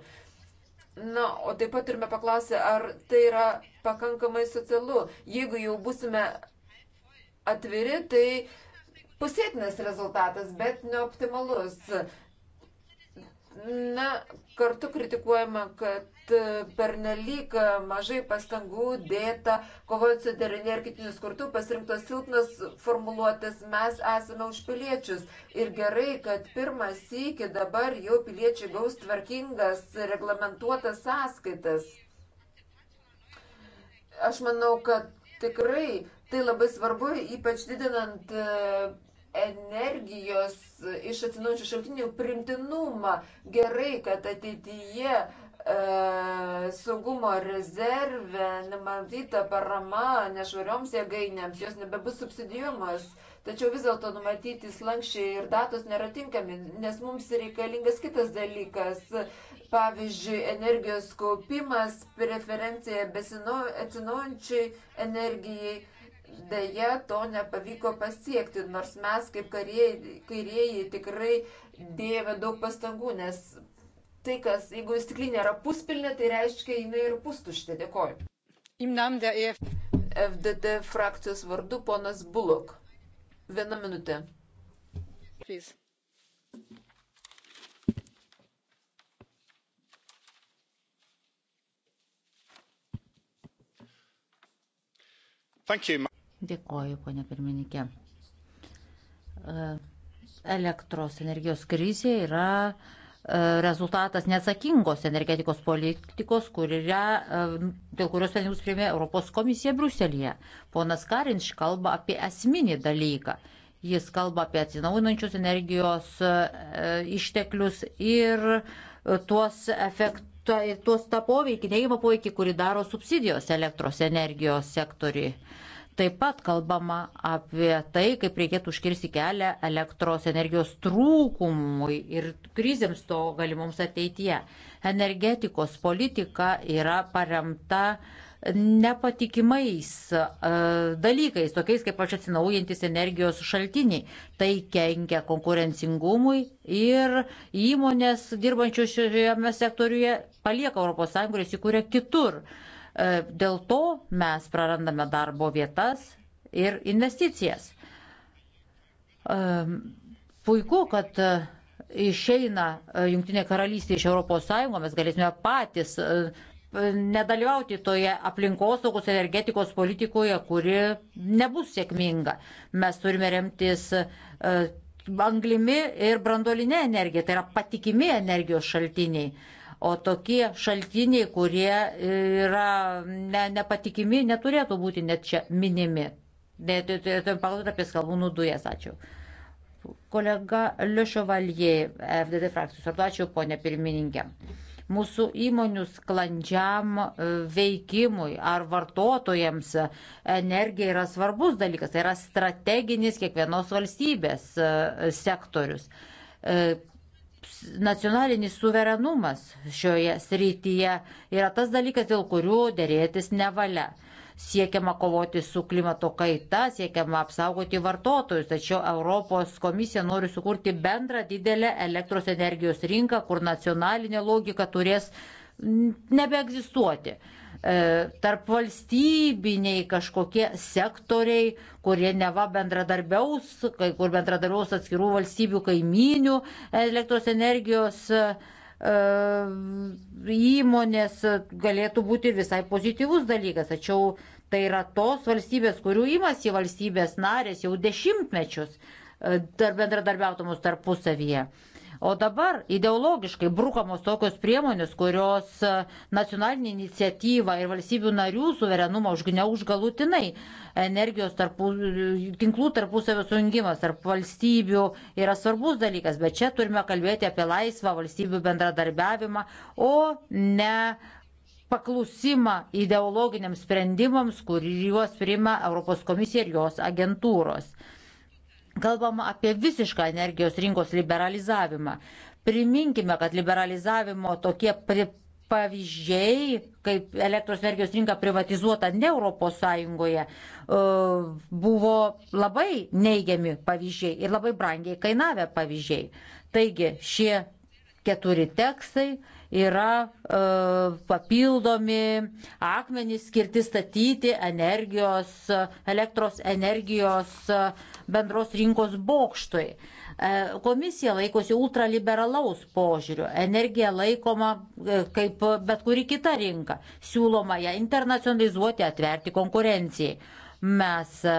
Na, o taip pat turime paklausyti, ar tai yra pakankamai socialu. Jeigu jau busime atviri, tai pusėtinas rezultatas, bet neoptimalus. Na, kartu kritikuojama, kad e, pernelyg e, mažai pastangų dėta kovojant su derinė ir kitiniu skurtu pasirinktos silpnas formuluotės mes esame už piliečius. Ir gerai, kad pirmą sykį dabar jau piliečiai gaus tvarkingas, reglamentuotas sąskaitas. Aš manau, kad tikrai tai labai svarbu, ypač didinant e, energijos e, iš atsinaujančių šaltinių primtinumą. Gerai, kad ateityje e, saugumo rezervė nematyta parama nešvarioms jėgainėms, jos nebebus subsidijuomos. Tačiau vis dėlto numatyti slankščiai ir datos nėra tinkami, nes mums reikalingas kitas dalykas. Pavyzdžiui, energijos kaupimas, preferencija atsinaujančiai energijai dėja to nepavyko pasiekti, nors mes kaip kairieji tikrai dėjome daug pastangų, nes tai, kas, jeigu stiklinė yra puspilnė, tai reiškia, jinai yra pustuštė. Dėkoju. E FDD frakcijos vardu ponas Bulok. Viena minutė. Please. Thank you. Dėkoju, ponė pirmininkė. E, elektros energijos krizė yra e, rezultatas neatsakingos energetikos politikos, kuria, e, dėl kurios sprendimus priėmė Europos komisija Bruselėje. Ponas Karinš kalba apie esminį dalyką. Jis kalba apie atsinaujinančius energijos išteklius ir tuos efektus. Tuos tą poveikį, neįmą poveikį, kurį daro subsidijos elektros energijos sektoriui. Uh, Taip pat kalbama apie tai, kaip reikėtų užkirsti kelią elektros energijos trūkumui ir krizėms to galimoms ateityje. Energetikos politika yra paremta nepatikimais e, dalykais, tokiais kaip aš atsinaujantis energijos šaltiniai. Tai kenkia konkurencingumui ir įmonės dirbančių šioje sektoriuje palieka ES ir įsikūrė kitur. E, dėl to mes prarandame darbo vietas ir investicijas. E, puiku, kad e, išeina Junktinė karalystė iš ES, mes galėsime patys nedalyvauti toje aplinkosaugos energetikos politikoje, kuri nebus sėkminga. Mes turime remtis anglimi ir brandolinė energija, tai yra patikimi energijos šaltiniai. O tokie šaltiniai, kurie yra ne, nepatikimi, neturėtų būti net čia minimi. Tai, tai, tai Pagalvoti apie skalbūnų dujas, ačiū. Kolega Liušovaljė, FDD frakcijos, vardu ačiū, ponė pirmininkė mūsų įmonių sklandžiam e, veikimui ar vartotojams energija yra svarbus dalykas, tai yra strateginis kiekvienos valstybės e, sektorius. E, nacionalinis suverenumas šioje srityje yra tas dalykas, dėl kurių dėrėtis nevalia. Siekiama kovoti su klimato kaita, siekiama apsaugoti vartotojus, tačiau Europos komisija nori sukurti bendrą didelę elektros energijos rinką, kur nacionalinė logika turės nebeegzistuoti. E, tarp valstybiniai kažkokie sektoriai, kurie neva bendradarbiaus, kai kur bendradarbiaus atskirų valstybių kaiminių elektros energijos e, įmonės galėtų būti visai pozityvus dalykas, tačiau tai yra tos valstybės, kurių imasi valstybės narės jau dešimtmečius e, dar bendradarbiautumus tarpusavyje. O dabar ideologiškai brukamos tokios priemonės, kurios e, nacionalinį iniciatyvą ir valstybių narių suverenumą užgneuž galutinai. Energijos tarpų, tinklų tarpusavio sujungimas tarp valstybių yra svarbus dalykas, bet čia turime kalbėti apie laisvą valstybių bendradarbiavimą, o ne paklusimą ideologiniams sprendimams, kuriuos priima Europos komisija ir jos agentūros. Kalbama apie visišką energijos rinkos liberalizavimą. Priminkime, kad liberalizavimo tokie pavyzdžiai, kaip elektros energijos rinka privatizuota ne ES, e, buvo labai neigiami pavyzdžiai ir labai brangiai kainavę pavyzdžiai. Taigi šie keturi tekstai yra e, papildomi akmenys skirti statyti energijos, elektros energijos e, bendros rinkos bokštui. E, komisija laikosi ultraliberalaus požiūriu. Energija laikoma e, kaip bet kuri kita rinka. Siūloma ją internacionalizuoti, atverti konkurencijai. Mes e,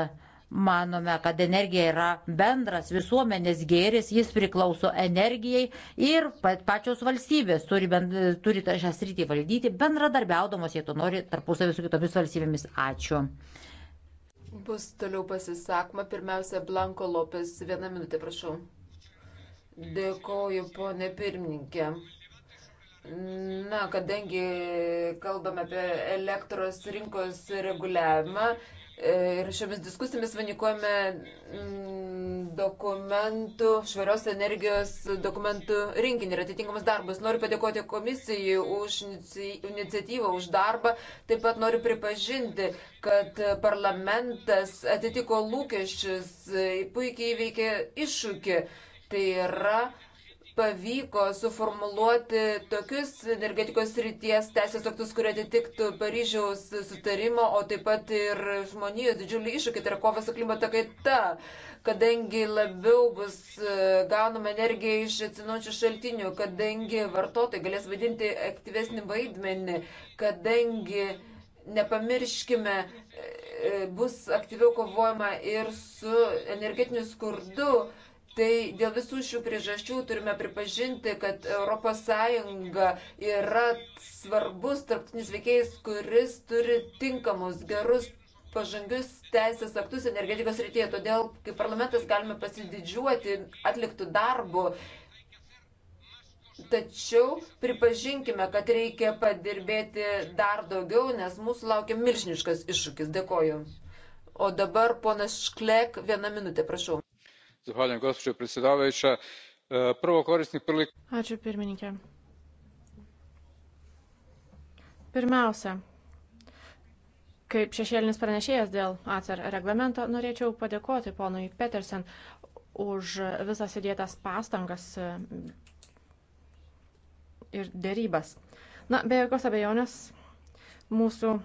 Manome, kad energija yra bendras visuomenės gėris, jis priklauso energijai ir pačios valstybės turi, bend, turi šią sritį valdyti, bendradarbiaudamos, jei to nori, tarpusavį su kitomis valstybėmis. Ačiū. Bus toliau pasisakoma. Pirmiausia, Blanko Lopes. Vieną minutę, prašau. Dėkoju, ponė pirmininkė. Na, kadangi kalbame apie elektros rinkos reguliavimą, Ir šiomis diskusijomis vainikuojame mm, dokumentų, švarios energijos dokumentų rinkinį ir atitinkamus darbus. Noriu padėkoti komisijai už iniciatyvą, už darbą. Taip pat noriu pripažinti, kad parlamentas atitiko lūkesčius, puikiai įveikė iššūkį. Tai yra pavyko suformuluoti tokius energetikos ryties teisės aktus, kurie atitiktų Paryžiaus sutarimo, o taip pat ir žmonijos didžiulį iššūkį, tai yra kova su klimato kaita, kadangi labiau bus e, gaunama energija iš atsinaujančių šaltinių, kadangi vartotojai galės vaidinti aktyvesnį vaidmenį, kadangi nepamirškime, e, e, bus aktyviau kovojama ir su energetiniu skurdu Tai dėl visų šių priežasčių turime pripažinti, kad ES yra svarbus tarptinis veikėjas, kuris turi tinkamus, gerus, pažangius teisės aktus energetikos rytyje. Todėl, kaip parlamentas, galime pasididžiuoti atliktų darbų. Tačiau pripažinkime, kad reikia padirbėti dar daugiau, nes mūsų laukia milžiniškas iššūkis. Dėkoju. O dabar ponas Šklek, vieną minutę, prašau gospođo predsjedavajuća e, prvo koristim priliku. ačiū pirmininke pirmiausia kaip šešėlinis pranešėjas dėl acer reglamento norėčiau padėkoti ponui petersen už visas įdėtas pastangas ir dėrybas. Na, be jokios abejonės, mūsų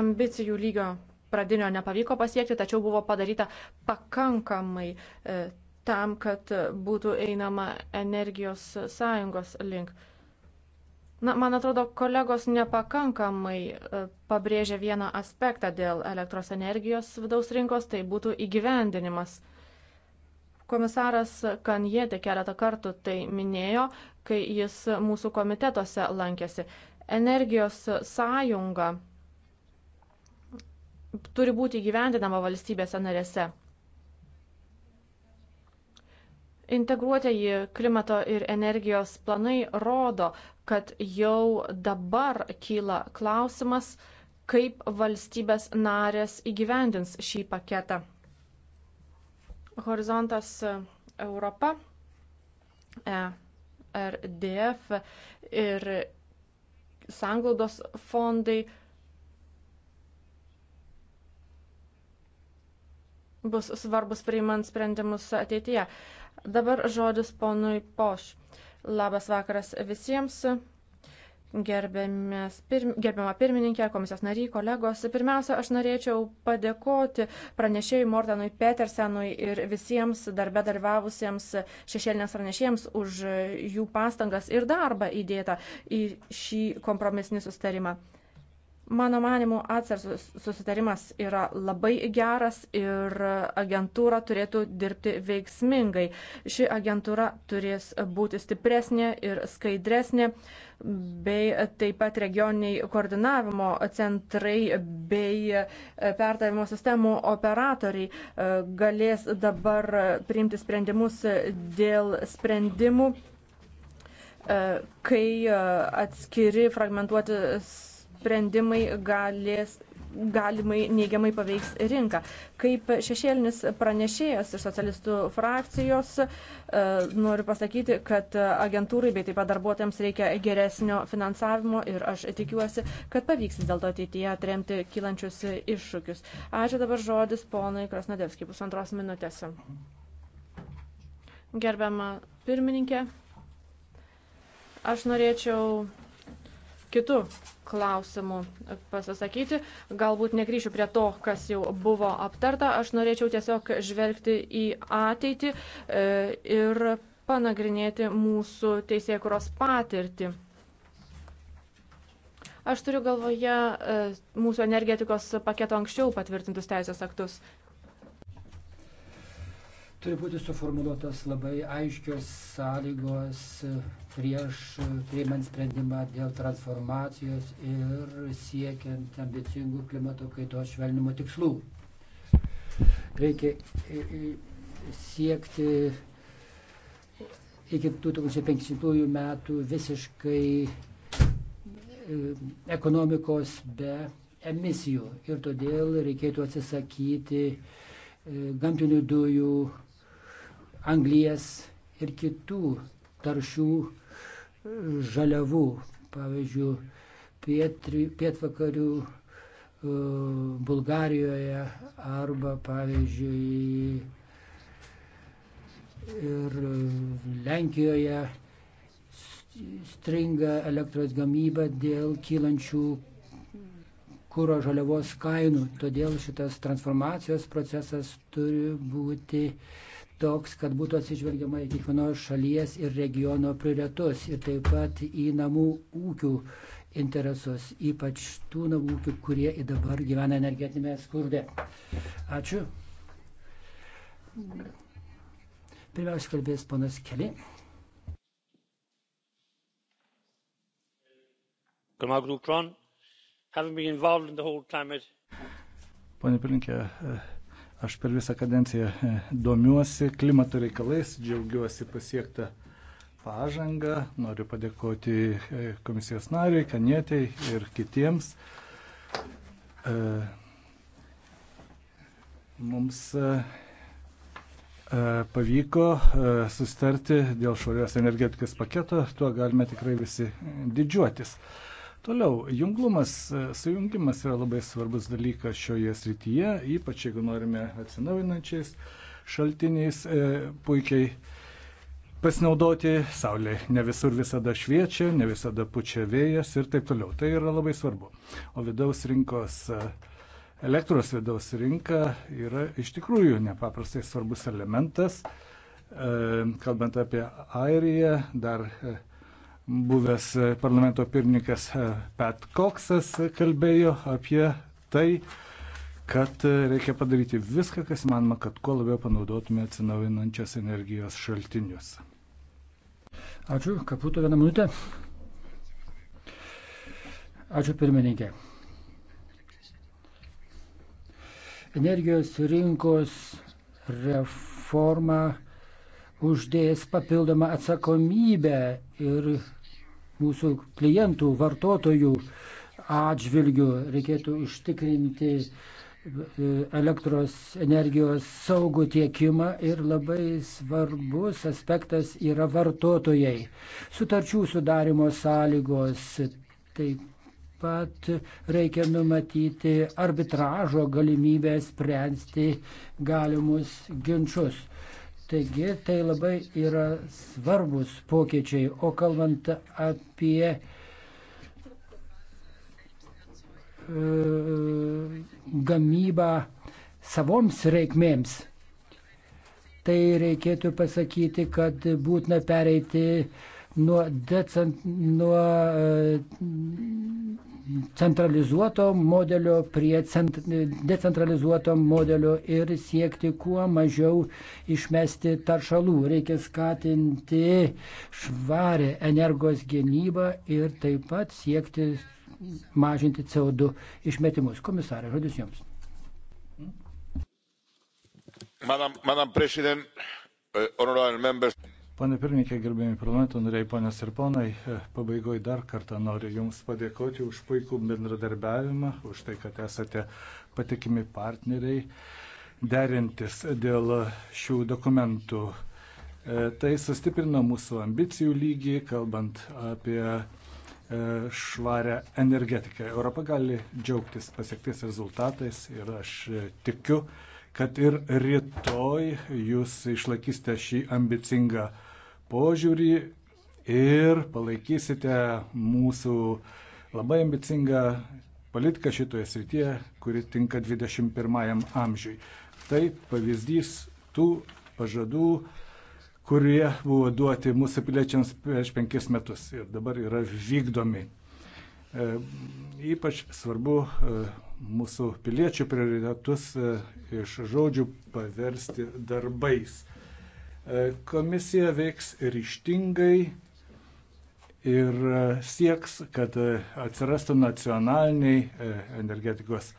ambicijų lygio pradinio nepavyko pasiekti, tačiau buvo padaryta pakankamai e, tam, kad būtų einama energijos sąjungos link. Na, man atrodo, kolegos nepakankamai e, pabrėžia vieną aspektą dėl elektros energijos vidaus rinkos, tai būtų įgyvendinimas. Komisaras Kanjėti keletą kartų tai minėjo, kai jis mūsų komitetuose lankėsi. Energijos sąjunga turi būti gyvendinama valstybėse narėse. Integruotieji klimato ir energijos planai rodo, kad jau dabar kyla klausimas, kaip valstybės narės įgyvendins šį paketą. Horizontas e, Europa, e, RDF ir sanglaudos fondai bus svarbus priimant sprendimus ateityje. Dabar žodis ponui Poš. Labas vakaras visiems. Pirm, gerbiama pirmininkė, komisijos nariai, kolegos, pirmiausia, aš norėčiau padėkoti pranešėjui Mordanui Petersenui ir visiems darbe dalyvavusiems šešėlinės pranešėjams už jų pastangas ir darbą įdėtą į šį kompromisinį sustarimą. Mano manimu, atsars susitarimas yra labai geras ir agentūra turėtų dirbti veiksmingai. Ši agentūra turės būti stipresnė ir skaidresnė, bei taip pat regioniniai koordinavimo centrai bei perdavimo sistemų operatoriai e, galės dabar priimti sprendimus dėl sprendimų e, kai e, atskiri fragmentuoti sprendimai galės galimai neigiamai paveiks rinką. Kaip šešėlinis pranešėjas iš socialistų frakcijos e, noriu pasakyti, kad agentūrai bei taip pat darbuotojams reikia geresnio finansavimo ir aš tikiuosi, kad pavyks vis dėlto ateityje atremti kylančius iššūkius. Ačiū dabar žodis ponai Krasnodevskiai pusantros minutės. Gerbiama pirmininkė, aš norėčiau kitų klausimų pasisakyti. Galbūt negryšiu prie to, kas jau buvo aptarta. Aš norėčiau tiesiog žvelgti į ateitį e, ir panagrinėti mūsų teisėkuros patirtį. Aš turiu galvoje e, mūsų energetikos paketo anksčiau patvirtintus teisės aktus. Turi būti suformuoluotas labai aiškios sąlygos prieš priimant sprendimą dėl transformacijos ir siekiant ambicingų klimato kaitos švelnimo tikslų. Reikia siekti iki 2050 metų visiškai ekonomikos be emisijų ir todėl reikėtų atsisakyti gamtinių dujų anglijas ir kitų taršių e, žaliavų. Pavyzdžiui, pietri, pietvakarių e, Bulgarijoje arba, pavyzdžiui, ir e, Lenkijoje stringa elektros gamyba dėl kylančių kūro žaliavos kainų. Todėl šitas transformacijos procesas turi būti uh, toks, kad būtų atsižvelgiama į kiekvienos šalies ir regiono prioritetus ir taip pat į namų ūkių interesus, ypač tų namų ūkių, kurie ir dabar gyvena energetinėme skurde. Ačiū. Pirmiausia, kalbės ponas Keli. Pone Pilinkė, Aš per visą kadenciją e, domiuosi klimato reikalais, džiaugiuosi pasiektą pažangą, noriu padėkoti e, komisijos nariai, kanietiai ir kitiems. E, mums pavyko sustarti dėl švarios energetikos paketo, tuo galime tikrai visi didžiuotis. Toliau, junglumas, e, sujungimas yra labai svarbus dalykas šioje srityje, ypač jeigu norime atsinaujinančiais šaltiniais e, puikiai pasinaudoti. Saulė ne visur visada šviečia, ne visada pučia vėjas ir taip toliau. Tai yra labai svarbu. O vidaus rinkos, e, elektros vidaus rinka yra iš tikrųjų nepaprastai svarbus elementas. E, kalbant apie Airiją, dar buvęs e, parlamento pirmininkas e, Pat Coxas kalbėjo apie tai, kad e, reikia padaryti viską, kas įmanoma, kad kuo labiau panaudotume atsinaujinančias energijos šaltinius. Ačiū, kaputo vieną minutę. Ačiū pirmininkė. Energijos rinkos reforma uždės papildomą atsakomybę ir mūsų klientų, vartotojų atžvilgių reikėtų užtikrinti e, elektros energijos saugų tiekimą ir labai svarbus aspektas yra vartotojai. Sutarčių sudarimo sąlygos taip pat reikia numatyti arbitražo galimybę spręsti galimus ginčius. Taigi tai labai yra svarbus pokyčiai. O kalbant apie e, gamybą savoms reikmėms. Tai reikėtų pasakyti, kad būtina pereiti nuo, decent, nuo e, centralizuoto modelio prie cent, decentralizuoto modelio ir siekti kuo mažiau išmesti taršalų. Reikia skatinti švarę energijos gynybą ir taip pat siekti mažinti CO2 išmetimus. Komisarė, žodis Jums. Madam, Madam President, eh, honorable members. Pane pirmininkė, gerbėjami parlamento nariai, ponios ir ponai, pabaigoje dar kartą noriu Jums padėkoti už puikų bendradarbiavimą, už tai, kad esate patikimi partneriai derintis dėl šių dokumentų. E, tai sustiprina mūsų ambicijų lygį, kalbant apie e, švarę energetiką. Europa gali džiaugtis pasiektais rezultatais ir aš e, tikiu, kad ir rytoj jūs išlaikysite šį ambicingą požiūrį ir palaikysite mūsų labai ambicingą politiką šitoje srityje, kuri tinka 21 amžiui. Tai pavyzdys tų pažadų, kurie buvo duoti mūsų piliečiams prieš penkis metus ir dabar yra vykdomi. E, ypač svarbu e, mūsų piliečių prioritetus e, iš žodžių paversti darbais. E, komisija veiks ryštingai ir e, sieks, kad e, atsirastų nacionaliniai energetikos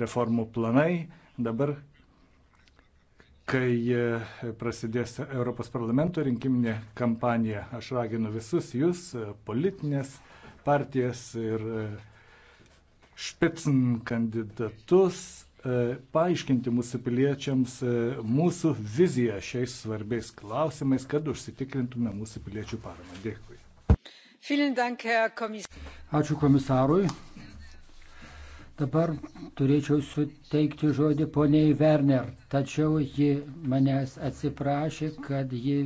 reformų planai. Dabar, kai prasidės Europos parlamento rinkiminė kampanija, aš raginu visus jūs, politinės partijas ir špicn kandidatus E, paaiškinti mūsų piliečiams e, mūsų viziją šiais svarbiais klausimais, kad užsitikrintume mūsų piliečių paramą. Dėkui. Ačiū komisarui. Dabar turėčiau suteikti žodį poniai Werner, tačiau ji manęs atsiprašė, kad ji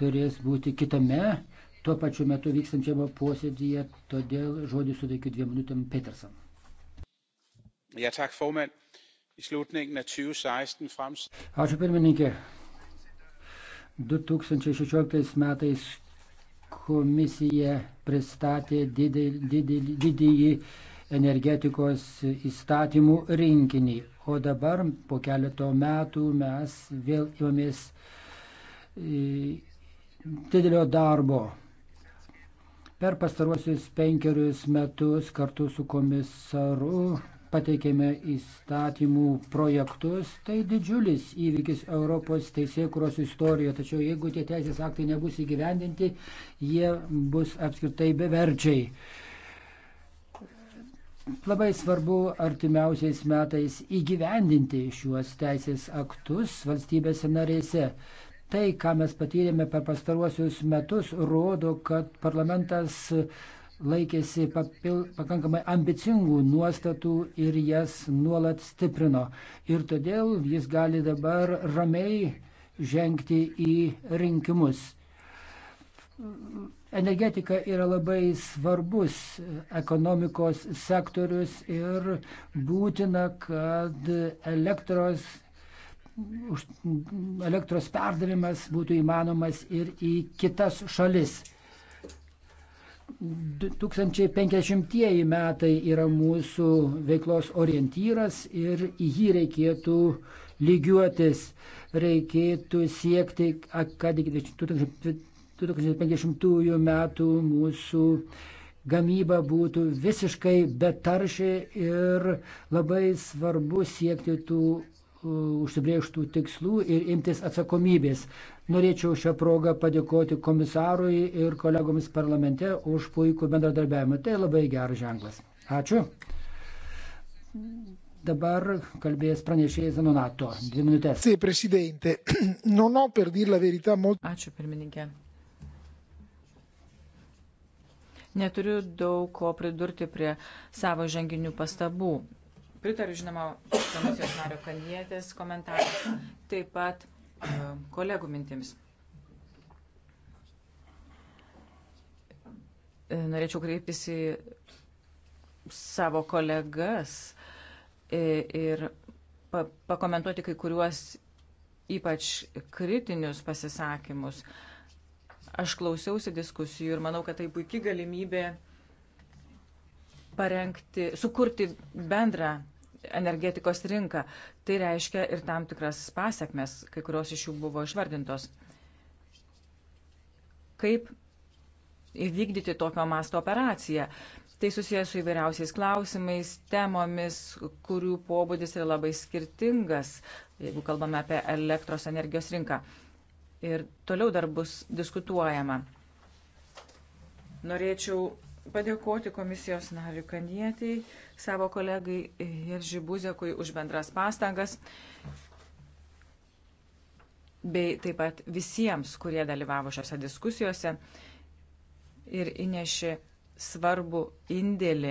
turės būti kitame tuo pačiu metu vykstančiame posėdyje, todėl žodį suteikiu dviem minutėm Peterson. Ja, tak, formand. Ačiū pirmininkė. 2016 metais komisija pristatė didelį, didelį, didįjį energetikos įstatymų rinkinį. O dabar po keleto metų mes vėl jomis e, didelio darbo. Per pastaruosius penkerius metus kartu su komisaru pateikėme įstatymų projektus, tai didžiulis įvykis Europos teisėkuros istorijoje, tačiau jeigu tie teisės aktai nebus įgyvendinti, jie bus apskritai beverčiai. Labai svarbu artimiausiais metais įgyvendinti šiuos teisės aktus valstybėse narėse. Tai, ką mes patyrėme per pastaruosius metus, rodo, kad parlamentas laikėsi papil, pakankamai ambicingų nuostatų ir jas nuolat stiprino. Ir todėl jis gali dabar ramiai žengti į rinkimus. Energetika yra labai svarbus ekonomikos sektorius ir būtina, kad elektros, elektros perdavimas būtų įmanomas ir į kitas šalis. 2050 metai yra mūsų veiklos orientyras ir į jį reikėtų lygiuotis. Reikėtų siekti, kad iki 2050 metų mūsų gamyba būtų visiškai betaršė ir labai svarbu siekti tų užsibrieštų tikslų ir imtis atsakomybės. Norėčiau šią progą padėkoti komisarui ir kolegoms parlamente už puikų bendradarbiavimą. Tai labai geras ženklas. Ačiū. Dabar kalbės pranešėjas Zanonato. Dvi minutės. Sì, presidente, non ho per dir la verità molto. Ačiū, pirmininkė. Neturiu daug ko pridurti prie savo ženginių pastabų. Pritariu, žinoma, komisijos nario kanietės komentarams. Taip pat E, kolegų mintims. E, norėčiau kreiptis į savo kolegas e, ir pakomentuoti kai kuriuos ypač kritinius pasisakymus. Aš klausiausi diskusijų ir manau, kad tai puikia galimybė parengti, sukurti bendrą energetikos rinką. Tai reiškia ir tam tikras pasiekmes, kai kurios iš jų buvo išvardintos. Kaip įvykdyti tokio masto operaciją? Tai susijęs su įvairiausiais klausimais, temomis, kurių pobūdis yra labai skirtingas, jeigu kalbame apie elektros energijos rinką. Ir toliau dar bus diskutuojama. Norėčiau padėkoti komisijos nariu Kanietiai savo kolegai Jerži Buzekui už bendras pastangas bei taip pat visiems, kurie dalyvavo šiose diskusijose ir įnešė svarbu indėlį.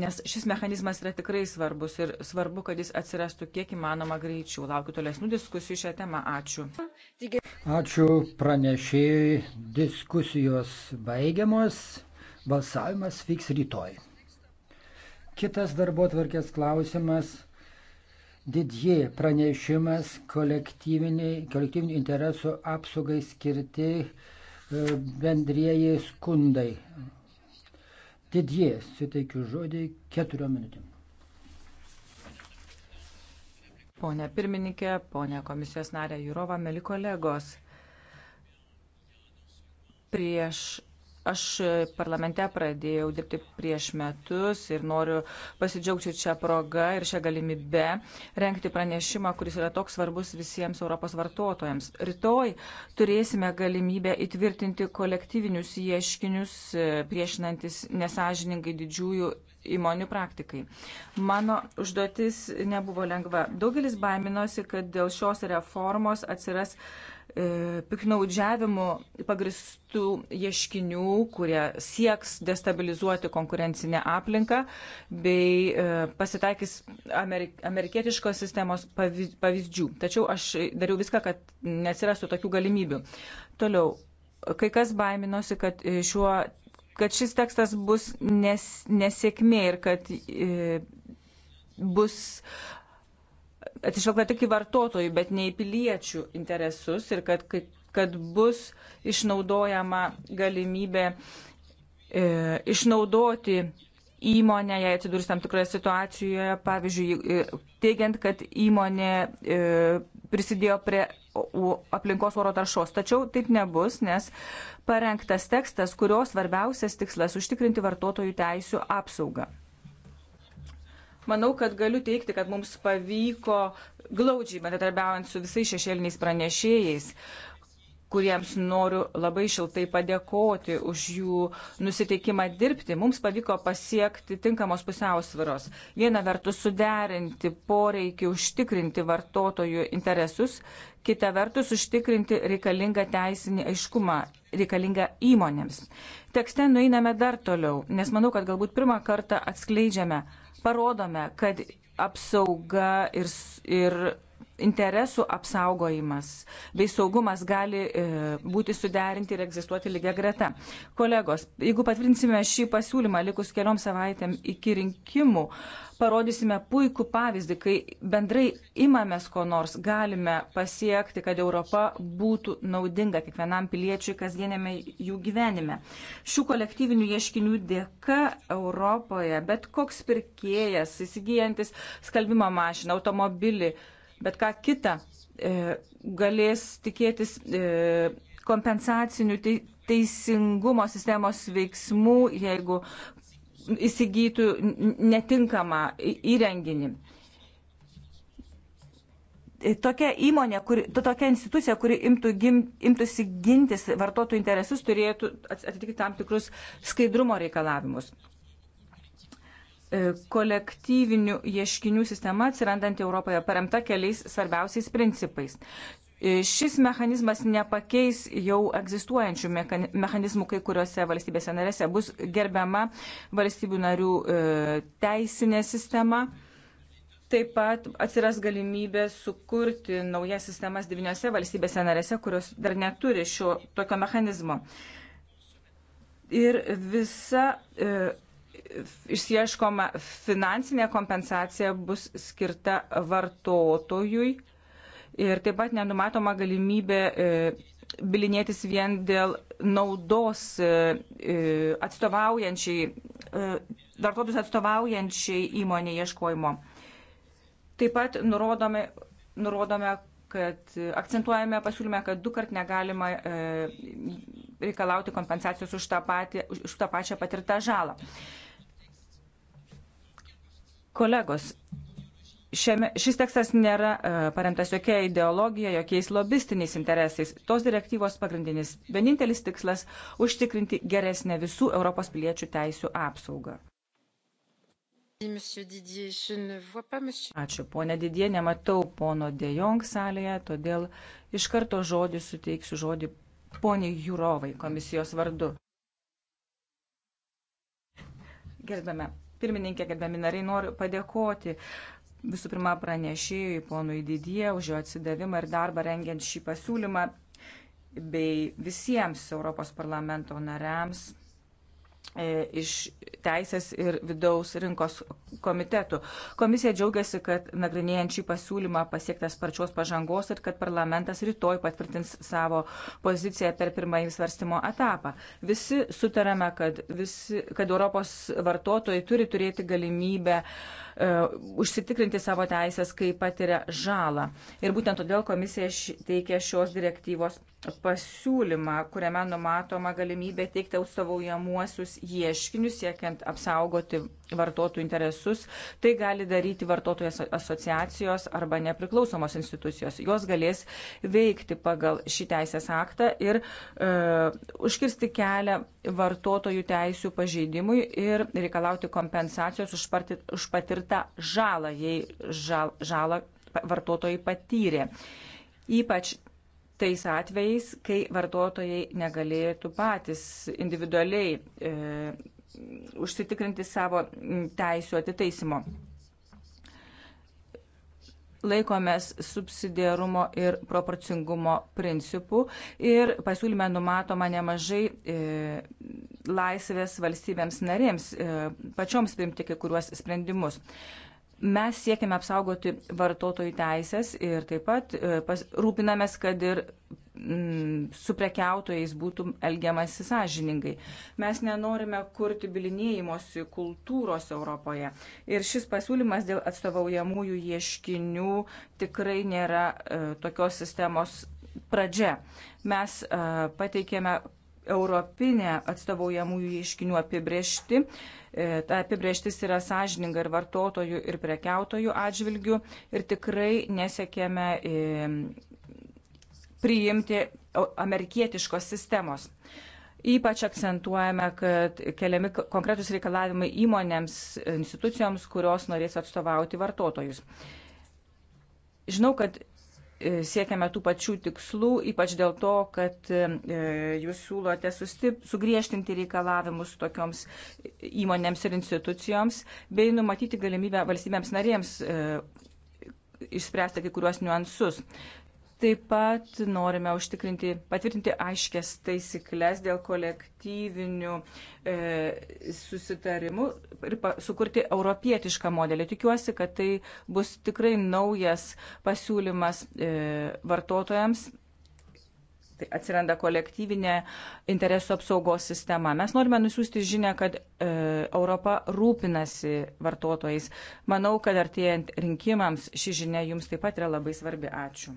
Nes šis mechanizmas yra tikrai svarbus ir svarbu, kad jis atsirastų kiek įmanoma greičiau. Laukiu tolesnių diskusijų šią temą. Ačiū. Ačiū pranešėjai. Diskusijos baigiamos. Balsavimas vyks rytoj. Kitas darbo tvarkės klausimas - didie pranešimas kolektyvinių interesų apsaugai skirti e, bendrieji skundai. Didie, suteikiu žodį keturiom minutėm. Pone pirmininkė, pone komisijos narė Jurova, meli kolegos. Prieš Aš e, parlamente pradėjau dirbti prieš metus ir noriu pasidžiaugti čia proga ir šią galimybę renkti pranešimą, kuris yra toks svarbus visiems Europos vartotojams. Rytoj turėsime galimybę įtvirtinti kolektyvinius ieškinius e, priešinantis nesažiningai didžiųjų įmonių praktikai. Mano užduotis nebuvo lengva. Daugelis baiminosi, kad dėl šios reformos atsiras E, piknaudžiavimu pagristų ieškinių, kurie sieks destabilizuoti konkurencinę aplinką, bei e, pasitaikys amerikietiškos sistemos pavyzdžių. Tačiau aš dariau viską, kad nesirastų tokių galimybių. Toliau, kai kas baiminosi, kad e, šiuo kad šis tekstas bus nes, nesėkmė ir kad e, bus atsižvelgta tik į vartotojų, bet ne į piliečių interesus ir kad, kad, kad bus išnaudojama galimybė e, išnaudoti įmonę, jei atsidurs tam tikroje situacijoje, pavyzdžiui, e, teigiant, kad įmonė e, prisidėjo prie aplinkos oro taršos. Tačiau taip nebus, nes parengtas tekstas, kurio svarbiausias tikslas - užtikrinti vartotojų teisų apsaugą. Manau, kad galiu teikti, kad mums pavyko glaudžiai bendradarbiaujant su visais šešėliniais pranešėjais kuriems noriu labai šiltai padėkoti už jų nusiteikimą dirbti. Mums pavyko pasiekti tinkamos pusiausviros. Viena vertus suderinti poreikį užtikrinti vartotojų interesus, kita vertus užtikrinti reikalingą teisinį aiškumą, reikalingą įmonėms. Tekste nueiname dar toliau, nes manau, kad galbūt pirmą kartą atskleidžiame parodome, kad apsauga ir, ir interesų apsaugojimas bei saugumas gali e, būti suderinti ir egzistuoti lygia greta. Kolegos, jeigu patvirtinsime šį pasiūlymą likus keliom savaitėm iki rinkimų, parodysime puikų pavyzdį, kai bendrai imamės ko nors, galime pasiekti, kad Europa būtų naudinga kiekvienam piliečiui kasdienėme jų gyvenime. Šių kolektyvinių ieškinių dėka Europoje bet koks pirkėjas, įsigijantis skalbimo mašiną, automobilį, bet ką kitą e, galės tikėtis e, kompensacinių te, teisingumo sistemos veiksmų, jeigu įsigytų netinkamą įrenginį e, tokia įmonė, kuri, tokia institucija, kuri imtų gim, imtųsi gintis vartotojų interesus, turėtų atitikti tam tikrus skaidrumo reikalavimus. E, kolektyvinių ieškinių sistema atsirandanti Europoje paremta keliais svarbiausiais principais. E, šis mechanizmas nepakeis jau egzistuojančių mechanizmų kai kuriuose valstybėse narėse. Bus gerbiama valstybių narių e, teisinė sistema. Taip pat atsiras galimybė sukurti naujas sistemas devyniose valstybėse narėse, kurios dar neturi šio tokio mechanizmo. Ir visa e, išsieškoma finansinė kompensacija bus skirta vartotojui ir taip pat nenumatoma galimybė e, bilinėtis vien dėl naudos e, e, atstovaujančiai, darbuotojus atstovaujančiai įmonė ieškojimo. Taip pat nurodome, nurodome kad akcentuojame pasiūlyme, kad du kart negalima reikalauti kompensacijos už tą, patį, už tą pačią patirtą žalą. Kolegos, šiame, šis tekstas nėra uh, paremtas jokia ideologija, jokiais lobistiniais interesais. Tos direktyvos pagrindinis, vienintelis tikslas - užtikrinti geresnę visų Europos piliečių teisų apsaugą. Ačiū, ponė Didie, nematau pono Dejong salėje, todėl iš karto žodį suteiksiu žodį poniai Jurovai komisijos vardu. Gerbėme Pirmininkė, gerbiami nariai, noriu padėkoti visų pirma pranešėjui, ponui Didie, už jo atsidavimą ir darbą rengiant šį pasiūlymą bei visiems Europos parlamento nariams E, iš Teisės ir vidaus rinkos komitetų. Komisija džiaugiasi, kad nagrinėjant šį pasiūlymą pasiektas parčios pažangos ir kad parlamentas rytoj patvirtins savo poziciją per pirmąjį svarstymo etapą. Visi sutarame, kad, visi, kad Europos vartotojai turi turėti galimybę uh, E, užsitikrinti savo teisės, kai patiria žalą. Ir būtent todėl komisija teikia šios direktyvos pasiūlymą, kuriame numatoma galimybė teikti atstovaujamuosius ieškinius, siekiant apsaugoti vartotojų interesus. Tai gali daryti vartotojų asociacijos arba nepriklausomos institucijos. Jos galės veikti pagal šį teisės aktą ir e, užkirsti kelią vartotojų teisų pažeidimui ir reikalauti kompensacijos už, partit, už patirtą patirtą žalą, jei žal, žalą vartotojai patyrė. Ypač tais atvejais, kai vartotojai negalėtų patys individualiai e, užsitikrinti savo teisų atitaisimo. Laikomės subsidiarumo ir proporcingumo principų ir pasiūlyme numatoma nemažai e, laisvės valstybėms narėms e, pačioms priimti kai kuriuos sprendimus. Mes siekime apsaugoti vartotojų teisės ir taip pat e, rūpinamės, kad ir mm, su prekiautojais būtų elgiamasi sąžiningai. Mes nenorime kurti bilinėjimosi kultūros Europoje. Ir šis pasiūlymas dėl atstovaujamųjų ieškinių tikrai nėra e, tokios sistemos pradžia. Mes e, pateikėme europinę atstovaujamųjų ieškinių apibriešti. E, ta apibrieštis yra sąžininga ir vartotojų, ir prekiautojų atžvilgių ir tikrai nesiekėme e, priimti amerikietiškos sistemos. Ypač akcentuojame, kad keliami konkretus reikalavimai įmonėms, institucijoms, kurios norės atstovauti vartotojus. Žinau, kad E, siekiame tų pačių tikslų, ypač dėl to, kad e, jūs siūlote sustip, sugriežtinti reikalavimus tokioms įmonėms ir institucijoms, bei numatyti galimybę valstybėms narėms e, išspręsti kai kuriuos niuansus. Taip pat norime užtikrinti, patvirtinti aiškės taisyklės dėl kolektyvinių e, susitarimų ir pa, sukurti europietišką modelį. Tikiuosi, kad tai bus tikrai naujas pasiūlymas e, vartotojams. Tai atsiranda kolektyvinė interesų apsaugos sistema. Mes norime nusiųsti žinę, kad e, Europa rūpinasi vartotojais. Manau, kad artėjant rinkimams ši žinia jums taip pat yra labai svarbi. Ačiū.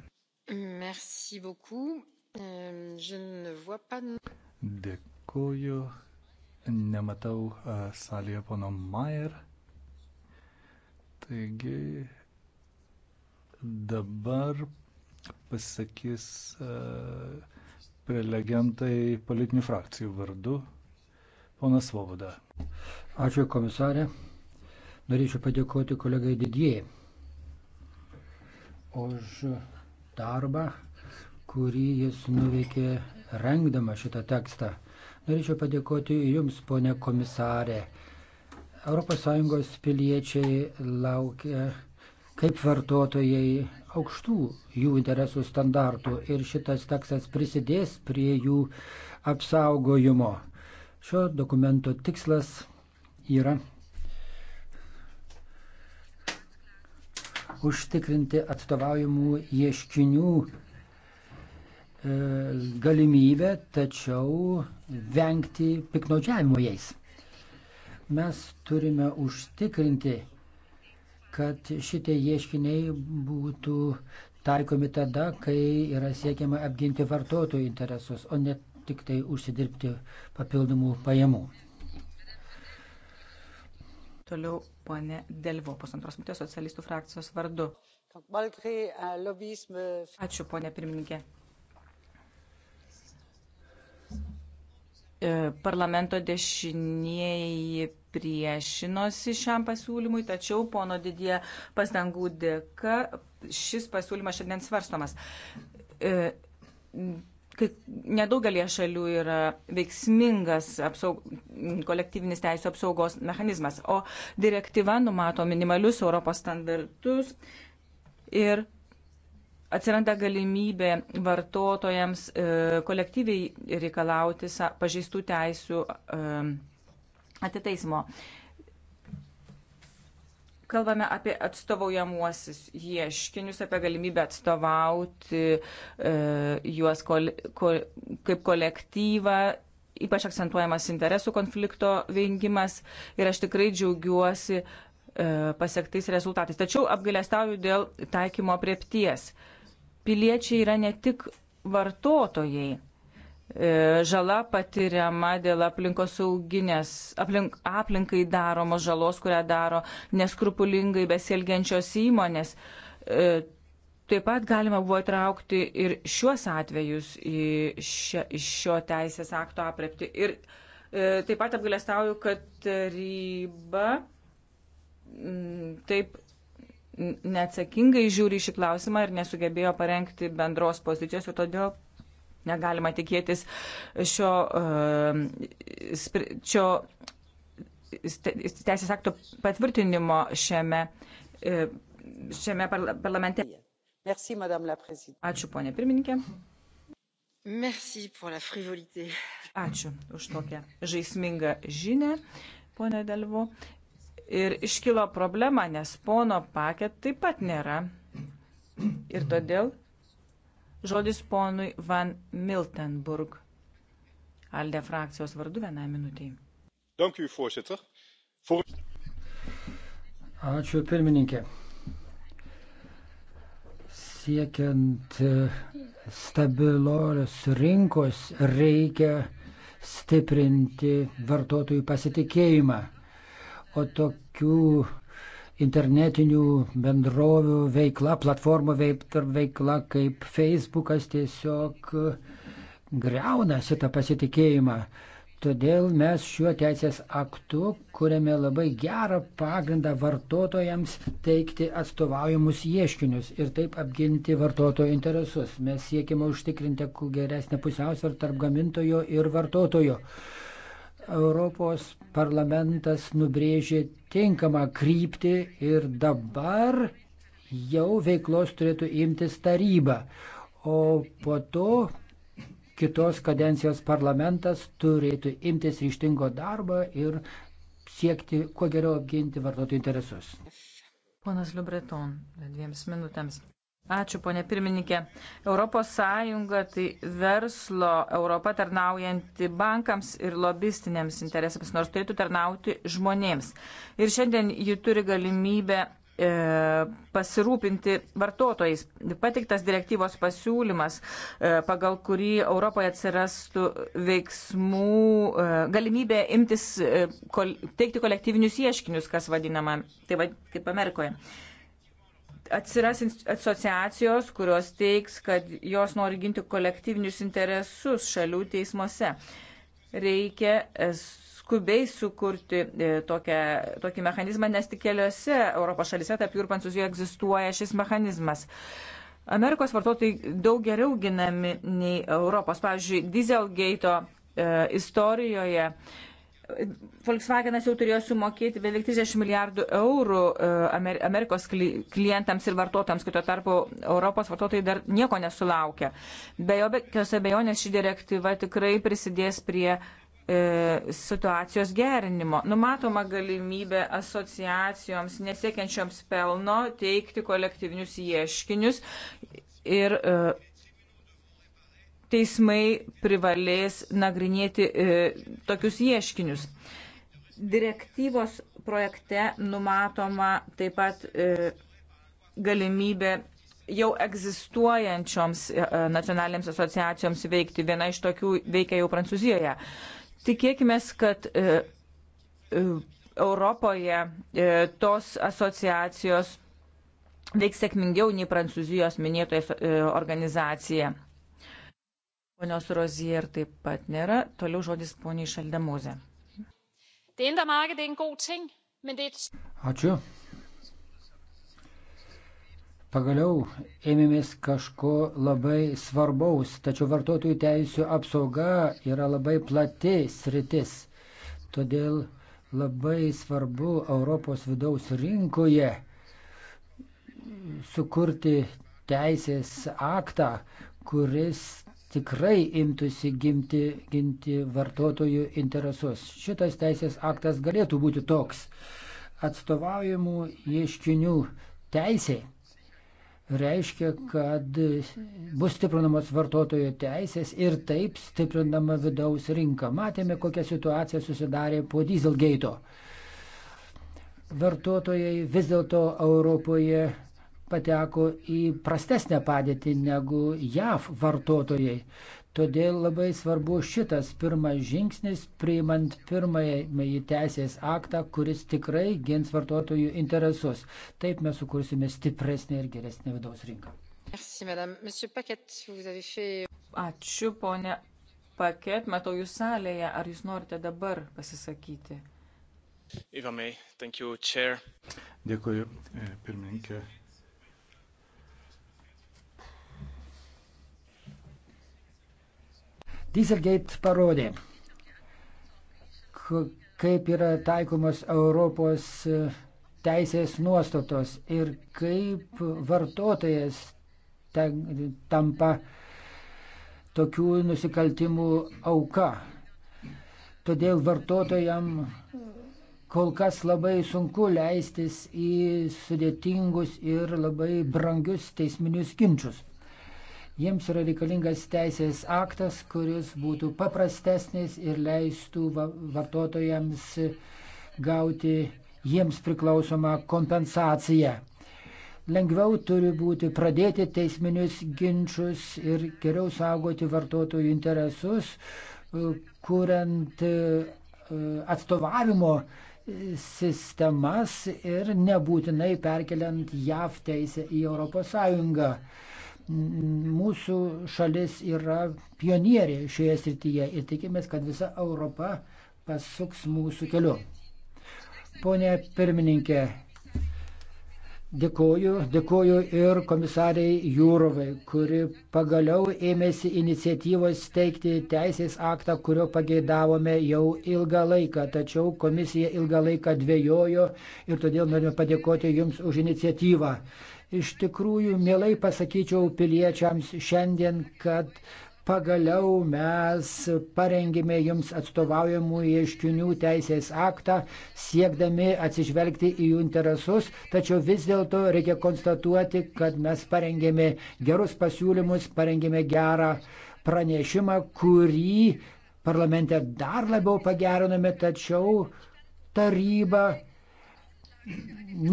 Euh, Dėkuoju. Nematau e, salėje pono Maier. Taigi dabar pasakys e, prelegentai politinių frakcijų vardu. Ponas Svoboda. Ačiū komisarė. Norėčiau padėkoti kolegai Didijai už darbą, kurį jis nuveikė rengdama šitą tekstą. Norėčiau padėkoti Jums, ponė komisarė. ES piliečiai laukia kaip vartotojai aukštų jų interesų standartų ir šitas tekstas prisidės prie jų apsaugojimo. Šio dokumento tikslas yra užtikrinti atstovaujamų ieškinių e, galimybę, tačiau vengti piknaudžiavimo jais. Mes turime užtikrinti, kad šitie ieškiniai būtų taikomi tada, kai yra siekiama apginti vartotojų interesus, o ne tik tai užsidirbti papildomų pajamų. Toliau ponė Delvo, pusantros minutės socialistų frakcijos vardu. Ačiū, ponė pirmininkė. E, parlamento dešinieji priešinosi šiam pasiūlymui, tačiau pono didie pastangų dėka šis pasiūlymas šiandien svarstomas e, kai nedaugelie šalių yra veiksmingas apsaug, kolektyvinis teisų apsaugos mechanizmas, o direktyva numato minimalius Europos standartus ir atsiranda galimybė vartotojams e, kolektyviai reikalauti sa, pažeistų teisų e, atitaismo. E, Kalbame apie atstovaujamuosius ieškinius, apie galimybę atstovauti e, juos kol, kol, kaip kolektyvą. Ypač akcentuojamas interesų konflikto vengimas ir aš tikrai džiaugiuosi e, pasiektais rezultatais. Tačiau apgailestauju dėl taikymo priepties. Piliečiai yra ne tik vartotojai, E, žala patiriama dėl aplinkosauginės, aplink, aplinkai daromos žalos, kurią daro neskrupulingai besielgiančios įmonės. E, taip pat galima buvo įtraukti ir šiuos atvejus į šio, šio teisės akto aprepti. Ir e, taip pat apgalėstauju, kad taryba mm, taip neatsakingai žiūri šį klausimą ir nesugebėjo parengti bendros pozicijos ir todėl Negalima tikėtis šio, e, šio teisės akto patvirtinimo šiame, e, šiame parlamente. Merci, Ačiū, ponė pirmininkė. Merci pour la frivolité. Ačiū už tokią žaismingą žinę, ponė Dalvo. Ir iškilo problema, nes pono paket taip pat nėra. Ir todėl Žodis ponui Van Miltenburg. Alde frakcijos vardu vieną minutį. Ačiū pirmininkė. Siekiant e, stabilios rinkos reikia stiprinti vartotojų pasitikėjimą. O tokių internetinių bendrovių veikla, platformų veikla kaip Facebookas tiesiog e, greuna šitą pasitikėjimą. Todėl mes šiuo teisės aktu kuriame labai gerą pagrindą vartotojams teikti atstovaujamus ieškinius ir taip apginti vartotojo interesus. Mes siekime užtikrinti geresnę pusiausvyrą tarp gamintojo ir vartotojo. Europos parlamentas nubrėžė tinkamą kryptį ir dabar jau veiklos turėtų imtis taryba. O po to kitos kadencijos parlamentas turėtų imtis ryštingo darbo ir siekti kuo geriau apginti vartotojų interesus. Ponas Liubreton, dviems minutėms. Ačiū, ponė pirmininkė. Europos Sąjunga tai verslo Europa tarnaujanti bankams ir lobistiniams interesams, nors turėtų tarnauti žmonėms. Ir šiandien ji turi galimybę e, pasirūpinti vartotojais. Patiktas direktyvos pasiūlymas, e, pagal kurį Europoje atsirastų veiksmų, e, galimybė imtis, e, kol, teikti kolektyvinius ieškinius, kas vadinama, tai va, kaip Amerikoje. E, atsiras asociacijos, kurios teiks, kad jos nori ginti kolektyvinius interesus šalių teismuose. Reikia e, skubiai sukurti e, tokią, tokį mechanizmą, nes tik keliose Europos šalise, tarp jų ir Prancūzijoje, egzistuoja šis mechanizmas. Amerikos vartotojai daug geriau ginami nei Europos. Pavyzdžiui, Dieselgate e, istorijoje e, Volkswagenas jau turėjo sumokėti beveik 30 milijardų eurų e, Amerikos klientams ir vartotojams, kito tarpu Europos vartotojai dar nieko nesulaukia. Be jo, be kios abejonės ši direktyva tikrai prisidės prie e, situacijos gerinimo. Numatoma galimybė asociacijoms nesiekiančioms pelno teikti kolektyvinius ieškinius ir uh, teismai privalės nagrinėti e, tokius ieškinius. Direktyvos projekte numatoma taip pat e, galimybė jau egzistuojančioms e, nacionalinėms asociacijoms veikti. Viena iš tokių veikia jau Prancūzijoje. Tikėkime, kad e, e, Europoje e, tos asociacijos veiks sėkmingiau nei Prancūzijos minėtoje e, organizacija. Ponios Rozier taip pat nėra. Toliau žodis poniai Šaldemuze. Er er Ačiū. Pagaliau ėmėmės kažko labai svarbaus, tačiau vartotojų teisų apsauga yra labai plati sritis. Todėl labai svarbu Europos vidaus rinkoje sukurti teisės aktą, kuris tikrai imtųsi gimti, ginti vartotojų interesus. Šitas teisės aktas galėtų būti toks. Atstovaujamų ieškinių teisė reiškia, kad bus stiprinamos vartotojo teisės ir taip stiprinama vidaus rinka. Matėme, kokia situacija susidarė po Dieselgate. O. Vartotojai vis dėlto Europoje pateko į prastesnę padėtį negu JAV vartotojai. Todėl labai svarbu šitas pirmas žingsnis, priimant pirmąjį teisės aktą, kuris tikrai gins vartotojų interesus. Taip mes sukursime stipresnį ir geresnį vidaus rinką. Ačiū, ponė Paket, matau jūs salėje. Ar jūs norite dabar pasisakyti? Ivamei, thank you, chair. Dėkuoju, e, pirmininkė. Dieselgate parodė, kaip yra taikomos Europos e, teisės nuostatos ir kaip vartotojas tampa tokių nusikaltimų auka. Todėl vartotojam kol kas labai sunku leistis į sudėtingus ir labai brangius teisminius ginčius. Jiems yra reikalingas teisės aktas, kuris būtų paprastesnis ir leistų vartotojams gauti jiems priklausomą kompensaciją. Lengviau turi būti pradėti teisminius ginčius ir geriau saugoti vartotojų interesus, e, kuriant e, atstovavimo sistemas ir nebūtinai perkeliant JAV teisę į ES. Mūsų šalis yra pionierė šioje srityje ir tikimės, kad visa Europa pasuks mūsų keliu. Pone pirmininkė, dėkoju, dėkoju ir komisariai Jūrovai, kuri pagaliau ėmėsi iniciatyvos steigti teisės aktą, kurio pageidavome jau ilgą laiką, tačiau komisija ilgą laiką dvėjojo ir todėl norime padėkoti Jums už iniciatyvą. Iš tikrųjų, mielai pasakyčiau piliečiams šiandien, kad pagaliau mes parengėme jums atstovaujamų ieškinių teisės aktą, siekdami atsižvelgti į jų interesus, tačiau vis dėlto reikia konstatuoti, kad mes parengėme gerus pasiūlymus, parengėme gerą pranešimą, kurį parlamente dar labiau pagerinome, tačiau taryba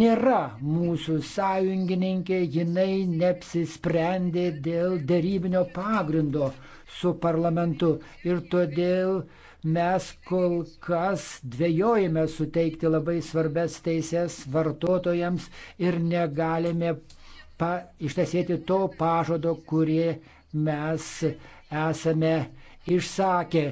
nėra mūsų sąjungininkė, jinai neapsisprendė dėl dėrybinio pagrindo su parlamentu ir todėl mes kol kas dvėjojame suteikti labai svarbes teises vartotojams ir negalime pa, ištesėti to pažado, kurie mes esame išsakė.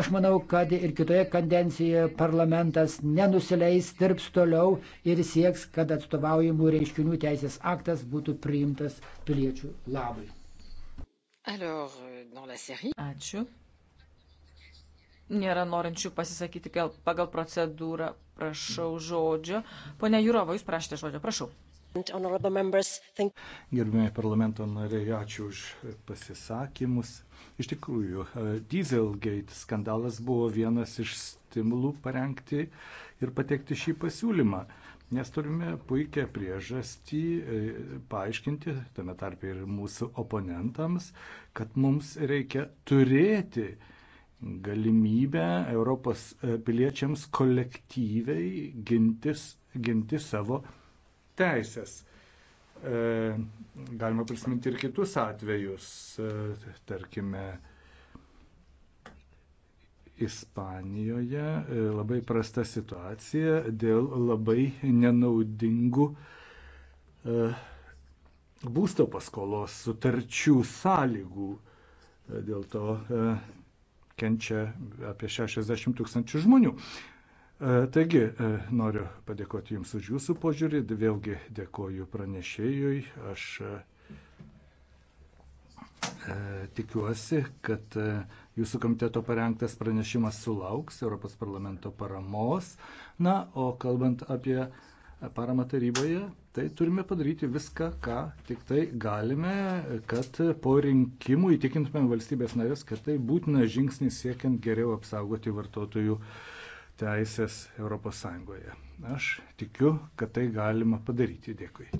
Aš manau, kad ir kitoje kadencijoje parlamentas nenusileis, dirbs toliau ir sieks, kad atstovaujamų reiškinių teisės aktas būtų priimtas piliečių labui. Alors, série... Ačiū. Nėra norinčių pasisakyti pagal procedūrą. Prašau žodžio. Pone Jurova, jūs prašėte žodžio. Prašau. Gerbėjai parlamento nariai, ačiū už pasisakymus. Iš tikrųjų, e, Dieselgate skandalas buvo vienas iš stimulų parengti ir patekti šį pasiūlymą, nes turime puikią priežastį e, paaiškinti, tame tarpe ir mūsų oponentams, kad mums reikia turėti galimybę Europos e, piliečiams kolektyviai gintis, ginti savo teisės. E, galima prisiminti ir kitus atvejus, e, tarkime, Ispanijoje e, labai prasta situacija dėl labai nenaudingų būsto paskolos sutarčių sąlygų. Dėl to kenčia apie 60 tūkstančių žmonių. E, taigi, e, noriu padėkoti Jums už Jūsų požiūrį, vėlgi dėkoju pranešėjui. Aš e, tikiuosi, kad Jūsų komiteto parengtas pranešimas sulauks Europos parlamento paramos. Na, o kalbant apie paramą taryboje, tai turime padaryti viską, ką tik tai galime, kad po rinkimų įtikintume valstybės narės, kad tai būtina žingsnis siekiant geriau apsaugoti vartotojų teisės ES. Aš tikiu, kad tai galima padaryti. Dėkui.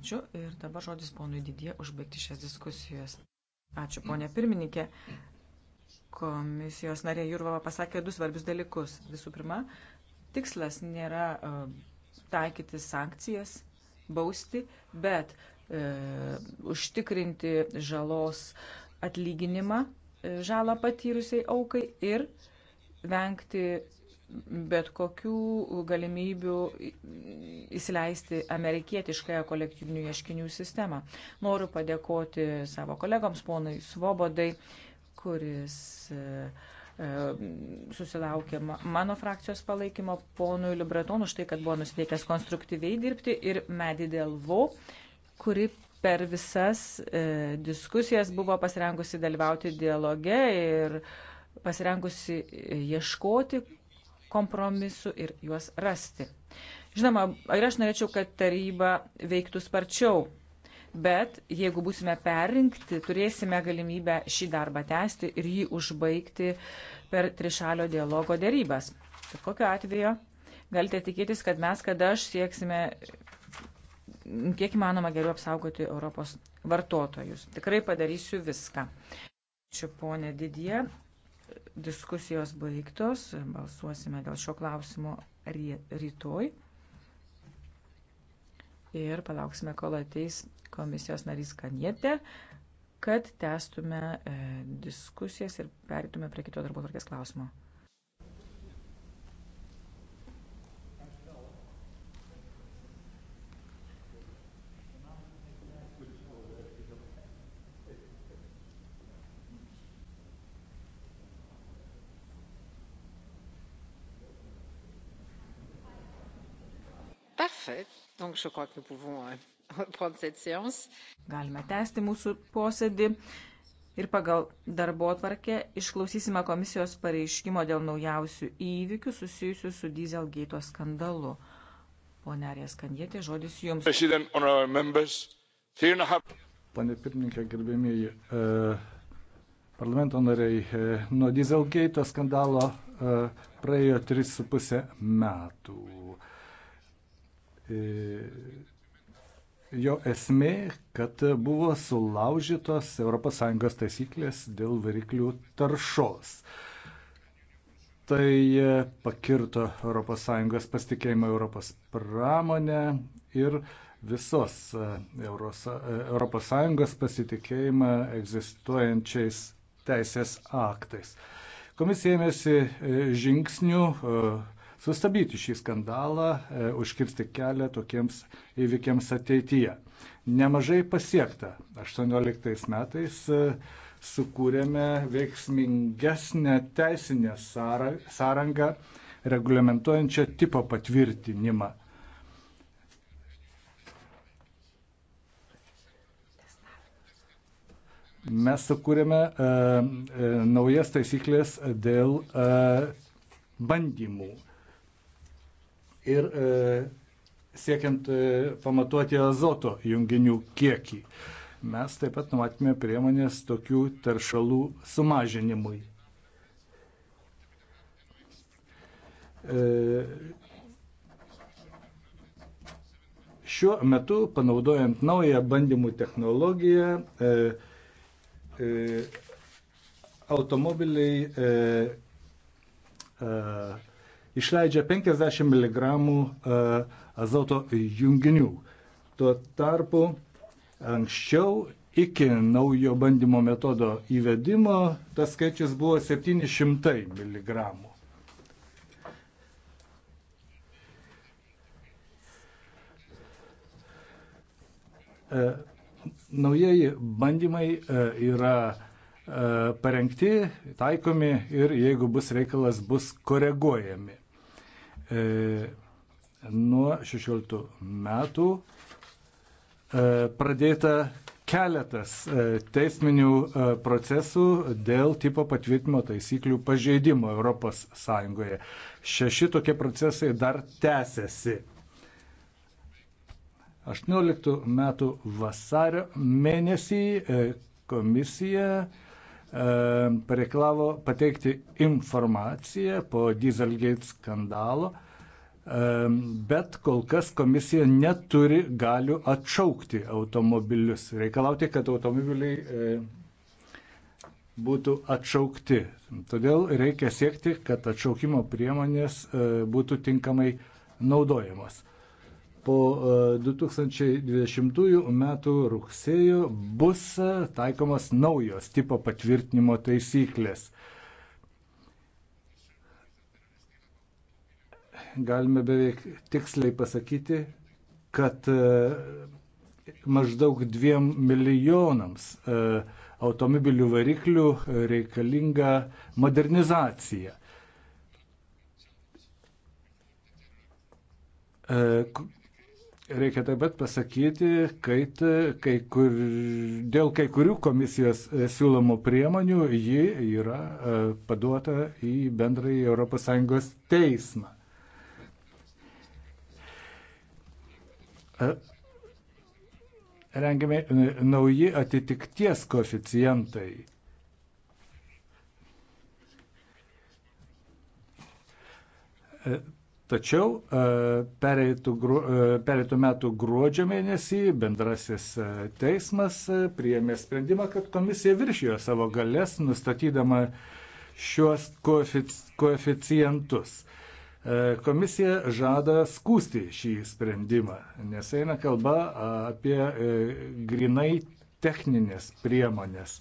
Ačiū ir dabar žodis ponui Didie užbaigti šias diskusijas. Ačiū, ponė pirmininkė. Komisijos narė Jurvava pasakė du svarbius dalykus. Visų pirma, tikslas nėra uh, taikyti sankcijas, bausti, bet e, uh, užtikrinti žalos atlyginimą e, žalą patyrusiai aukai ir uh, vengti bet kokių galimybių įsileisti amerikietiškąją kolektyvinių ieškinių sistemą. Noriu padėkoti savo kolegoms, ponai Svobodai, kuris e, e, susilaukė mano frakcijos palaikymo, ponui Libretonu už tai, kad buvo nusiteikęs konstruktyviai dirbti ir Medi Delvo, kuri per visas e, diskusijas buvo pasirengusi dalyvauti dialoge ir uh, pasirengusi ieškoti kompromisų ir juos rasti. Žinoma, ir aš norėčiau, kad taryba veiktų sparčiau, bet jeigu būsime perrinkti, turėsime galimybę šį darbą tęsti ir jį užbaigti per trišalio dialogo dėrybas. Bet kokiu atveju galite tikėtis, kad mes kada aš sieksime kiek įmanoma geriau apsaugoti Europos vartotojus. Tikrai padarysiu viską. Ačiū, ponė Didie. Diskusijos baigtos, balsuosime dėl šio klausimo rytoj ir palauksime, kol ateis komisijos narys Kanietė, kad testume e, diskusijas ir perėtume prie kito darbo tvarkės klausimo. Euh, Galime tęsti mūsų posėdį ir pagal darbo atvarkę išklausysime komisijos pareiškimo dėl naujausių įvykių susijusių su Dieselgate skandalu. Pone Arijas Kandėtė, žodis jums. Pane pirmininkė, gerbėmieji e, parlamento nariai, e, nuo Dieselgate skandalo e, praėjo 3,5 metų. E, jo esmė, kad buvo sulaužytos ES taisyklės dėl variklių taršos. Tai pakirto ES pasitikėjimą Europos pramonę ir visos e, e, ES pasitikėjimą egzistuojančiais teisės aktais. Komisija ėmėsi e, žingsnių sustabdyti šį skandalą, e, užkirsti kelią tokiems įvykiams ateityje. Nemažai pasiekta. 18 metais e, sukūrėme veiksmingesnę teisinę sąrangą reglamentuojančią tipo patvirtinimą. Mes sukūrėme e, e, naujas taisyklės dėl e, bandymų ir e, siekiant e, pamatuoti azoto junginių kiekį. Mes taip pat numatėme priemonės tokių teršalų sumažinimui. E, šiuo metu, panaudojant naują bandymų technologiją, e, e, automobiliai e, e, išleidžia 50 mg e, azoto junginių. Tuo tarpu anksčiau iki naujo bandymo metodo įvedimo tas skaičius buvo 700 mg. E, naujieji bandymai e, yra parengti, taikomi ir jeigu bus reikalas, bus koreguojami. E, nuo 16 metų e, pradėta keletas e, teisminių procesų dėl tipo patvirtinimo taisyklių pažeidimo Europos Sąjungoje. Šeši tokie procesai dar tęsiasi. 18 metų vasario mėnesį komisija Ehm, pareiklavo pateikti informaciją po Dieselgate skandalo, ehm, bet kol kas komisija neturi galių atšaukti automobilius, reikalauti, kad automobiliai ehm, būtų atšaukti. Todėl reikia siekti, kad atšaukimo priemonės būtų tinkamai naudojamos po 2020 e, metų rugsėjo bus e, taikomas naujos tipo patvirtinimo taisyklės. Galime beveik tiksliai pasakyti, kad e, maždaug dviem milijonams automobilių variklių reikalinga modernizacija Reikia taip pat pasakyti, kad kai kur, dėl kai kurių komisijos e, siūlomų priemonių ji yra e, paduota į bendrąjį ES teismą. E, rengiami nauji atitikties koficijantai. Tačiau e, pereitų, e, pereitų metų gruodžio mėnesį bendrasis e, teismas priėmė sprendimą, kad komisija viršijo savo galės, nustatydama šiuos koeficientus. Komisija žada skūsti šį sprendimą, nes eina kalba apie grinai techninės priemonės.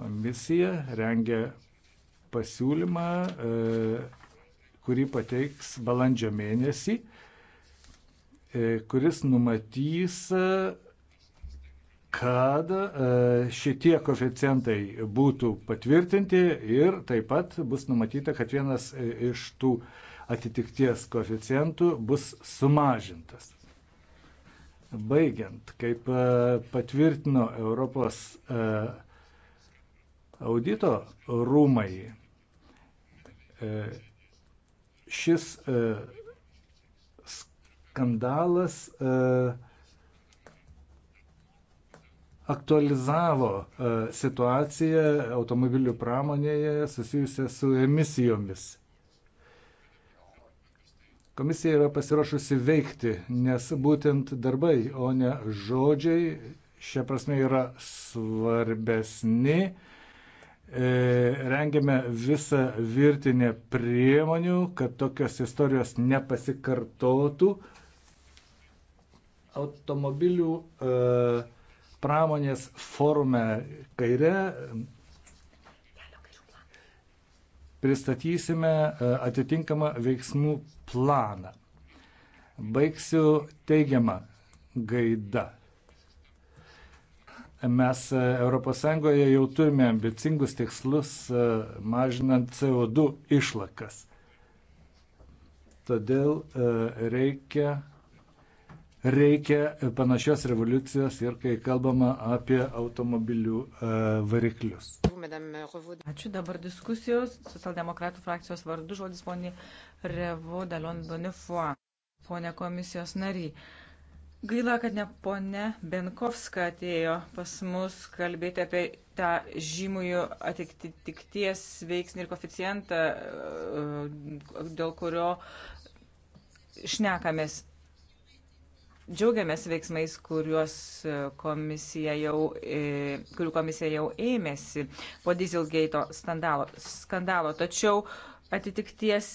Komisija rengia pasiūlymą kurį pateiks balandžio mėnesį, e, kuris numatys, kad e, šitie koficientai būtų patvirtinti ir taip pat bus numatyta, kad vienas e, iš tų atitikties koficientų bus sumažintas. Baigiant, kaip patvirtino Europos audito rūmai, šis e, skandalas e, aktualizavo e, situaciją automobilių pramonėje susijusią su emisijomis. Komisija yra pasiruošusi veikti, nes būtent darbai, o ne žodžiai, šia prasme yra svarbesni E, rengiame visą virtinę priemonių, kad tokios istorijos nepasikartotų. Automobilių e, pramonės forume kaire pristatysime e, atitinkamą veiksmų planą. Baigsiu teigiamą gaidą. Mes ES jau turime ambicingus tikslus e, mažinant CO2 išlakas. Todėl e, reikia, reikia panašios revoliucijos ir kai kalbama apie automobilių e, variklius. Ačiū dabar diskusijos. Socialdemokratų frakcijos vardu žodis poniai Revo Dalon Bonifua, ponia komisijos nariai. Gaila, kad ne ponė Benkovska atėjo pas mus kalbėti apie tą žymųjų atitikties veiksnį ir koficijantą, e, dėl kurio šnekamės. Džiaugiamės veiksmais, komisija jau, e, kurių komisija jau ėmėsi po Dieselgate skandalo. skandalo. Tačiau uh, atitikties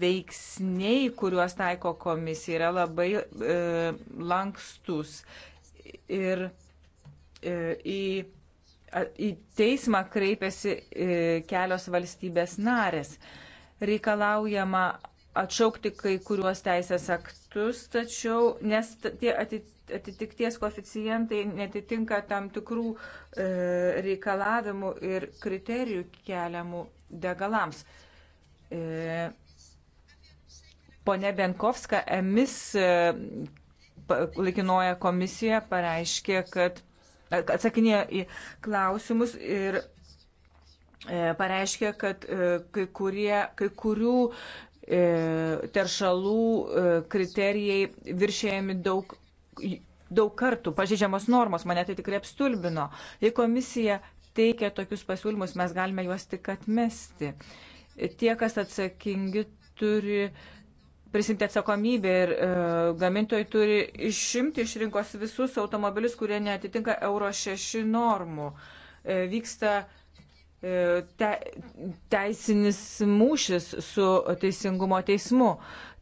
veiksniai, kuriuos taiko komisija, yra labai e, lankstus. Ir e, į, a, į teismą kreipiasi e, kelios valstybės narės. Reikalaujama atšaukti kai kuriuos teisės aktus, tačiau nes tie atitikties koeficientai netitinka tam tikrų e, reikalavimų ir kriterijų keliamų degalams. E, e, ponė Benkovska emis e, laikinoja komisija pareiškė, kad e, atsakinėjo į klausimus ir e, pareiškė, kad e, kai, kurie, kai kurių e, teršalų e, kriterijai viršėjami daug daug kartų pažeidžiamos normos, mane tai tikrai apstulbino. Jei komisija teikia tokius pasiūlymus, mes galime juos tik atmesti. E, Tie, kas atsakingi, turi prisimti atsakomybę ir e, gamintojai turi išimti iš rinkos visus automobilius, kurie netitinka Euro 6 normų. E, vyksta e, te, teisinis mūšis su teisingumo teismu.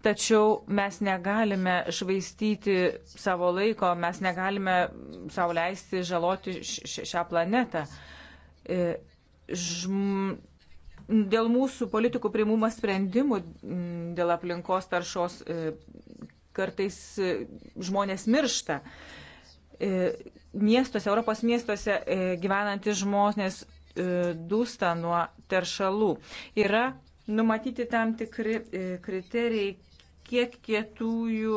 Tačiau mes negalime švaistyti savo laiko, mes negalime savo leisti žaloti šią planetą. E, žm dėl mūsų politikų primumą sprendimų dėl aplinkos taršos e, kartais e, žmonės miršta. E, miestuose, Europos miestuose gyvenantys žmonės dūsta nuo teršalų. Yra numatyti tam tikri kriterijai, kiek kietųjų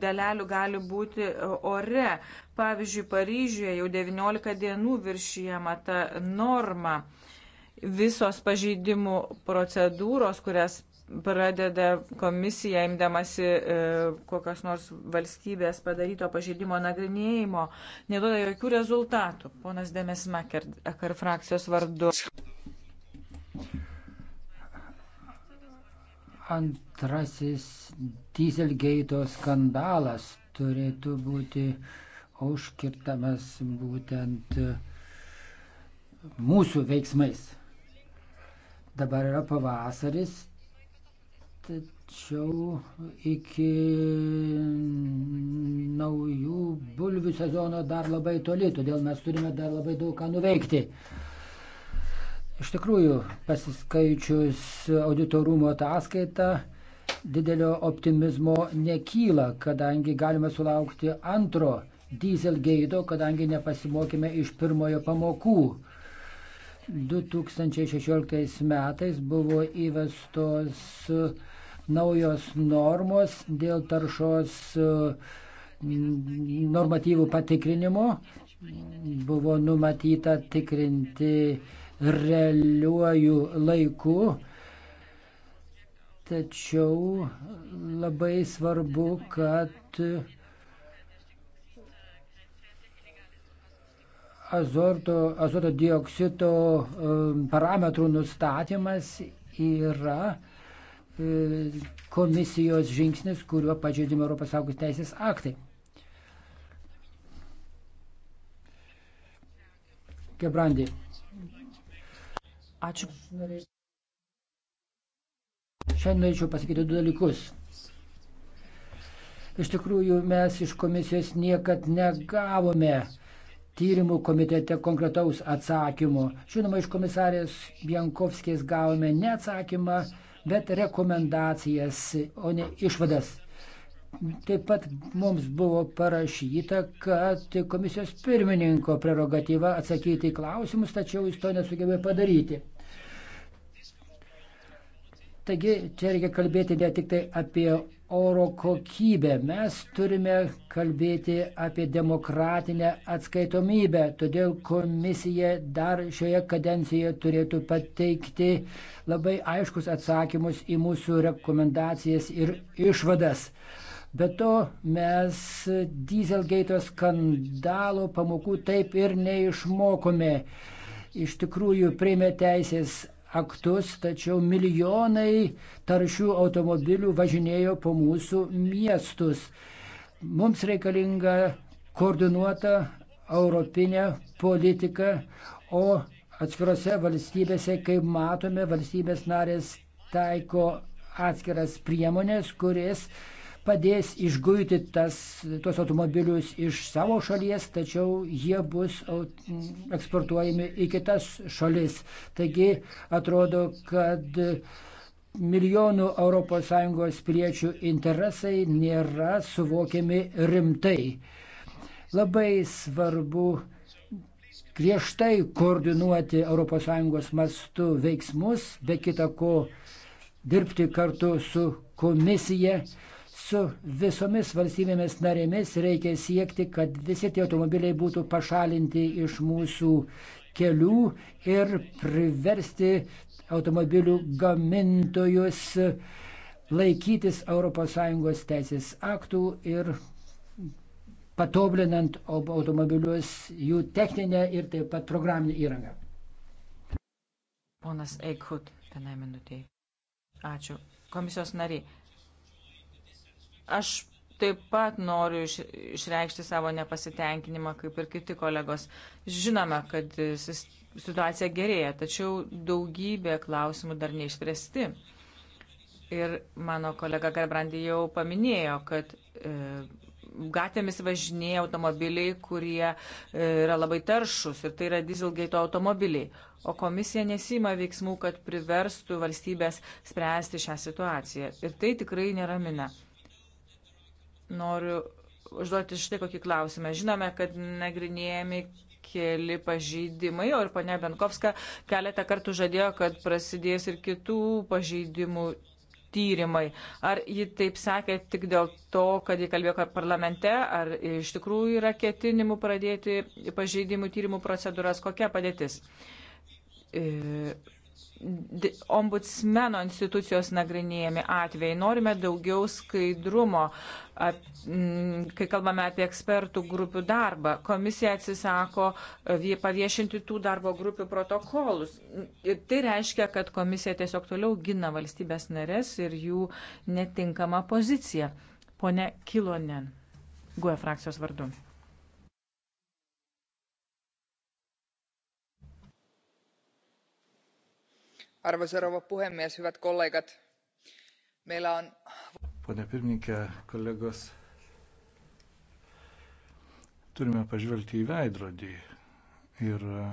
dalelių gali būti ore. Pavyzdžiui, Paryžiuje jau 19 dienų viršijama ta norma visos pažeidimų procedūros, kurias pradeda komisija imdamasi e, kokios nors valstybės padaryto pažeidimo nagrinėjimo, neduoda jokių rezultatų. Ponas Demes Maker, akar frakcijos vardu. Antrasis Dieselgate skandalas turėtų būti užkirtamas būtent e, mūsų veiksmais. Dabar yra pavasaris, tačiau iki naujų bulvių sezono dar labai toli, todėl mes turime dar labai daug ką nuveikti. Iš tikrųjų, pasiskaičius auditorumo ataskaitą, didelio optimizmo nekyla, kadangi galime sulaukti antro dieselgeido, kadangi nepasimokime iš pirmojo pamokų. 2016 metais buvo įvestos naujos normos dėl taršos mm, normatyvų patikrinimo. Buvo numatyta tikrinti realiuoju laiku, tačiau labai svarbu, kad azorto, azoto dioksito parametrų nustatymas yra e, komisijos žingsnis, kuriuo pažeidžiami Europos saugos teisės aktai. Gebrandi. Ačiū. Šiandien norėčiau pasakyti du dalykus. Iš tikrųjų, mes iš komisijos niekad negavome uh, tyrimų komitete konkretaus atsakymo. Žinoma, iš komisarės Bienkovskės gavome ne atsakymą, bet rekomendacijas, o ne išvadas. Taip pat mums buvo parašyta, kad komisijos pirmininko prerogatyva atsakyti į klausimus, tačiau jis to nesugebėjo padaryti. Taigi čia reikia kalbėti ne tik tai apie oro kokybę. Mes turime kalbėti apie demokratinę atskaitomybę, todėl komisija dar šioje kadencijoje turėtų pateikti labai aiškus atsakymus į mūsų rekomendacijas ir išvadas. Be to mes Dieselgate skandalo pamokų taip ir neišmokome. Iš tikrųjų, prieimė teisės aktus, tačiau milijonai taršių automobilių važinėjo po mūsų miestus. Mums reikalinga koordinuota europinė politika, o atskirose valstybėse, kaip matome, valstybės narės taiko atskiras priemonės, kuris uh, padės išguiti tas, tuos automobilius iš savo šalies, tačiau jie bus eksportuojami į kitas šalis. Taigi atrodo, kad milijonų ES piliečių interesai nėra suvokiami rimtai. Labai svarbu griežtai koordinuoti ES mastu veiksmus, be kita ko dirbti kartu su komisija, su visomis valstybėmis narėmis reikia siekti, kad visi tie automobiliai būtų pašalinti iš mūsų kelių ir priversti automobilių gamintojus laikytis ES teisės aktų ir patoblinant automobilius jų techninę ir taip pat programinę įrangą. Ponas Eikhut, vienai minutiai. Ačiū. Komisijos nariai, Aš taip pat noriu išreikšti savo nepasitenkinimą, kaip ir kiti kolegos. Žinome, kad situacija gerėja, tačiau daugybė klausimų dar neišspręsti. Ir mano kolega Garbrandi jau paminėjo, kad e, gatėmis važinėja automobiliai, kurie e, yra labai taršus ir tai yra dizelgeito automobiliai. O komisija nesima veiksmų, kad priverstų valstybės spręsti šią situaciją. Ir tai tikrai neramina. E, Noriu užduoti štai kokį klausimą. Žinome, kad nagrinėjami keli pažeidimai, o ir ponia Benkovska keletą kartų žadėjo, kad prasidės ir kitų pažeidimų tyrimai. Ar ji taip sakė tik dėl to, kad ji kalbėjo parlamente, ar iš tikrųjų yra ketinimų pradėti pažeidimų tyrimų procedūras, kokia padėtis? E ombudsmeno institucijos nagrinėjami atvejai. Norime daugiau skaidrumo, kai kalbame apie ekspertų grupių darbą. Komisija atsisako e, paviešinti tų darbo grupių protokolus. Ir tai reiškia, kad komisija tiesiog toliau gina valstybės narės ir jų netinkamą poziciją. Pone Kilonen, GUE frakcijos vardu. arvoisa puhemies hyvät kollegat meillä on. pone pirmininke kolegos turime pažvelgti į veidrodį ir e,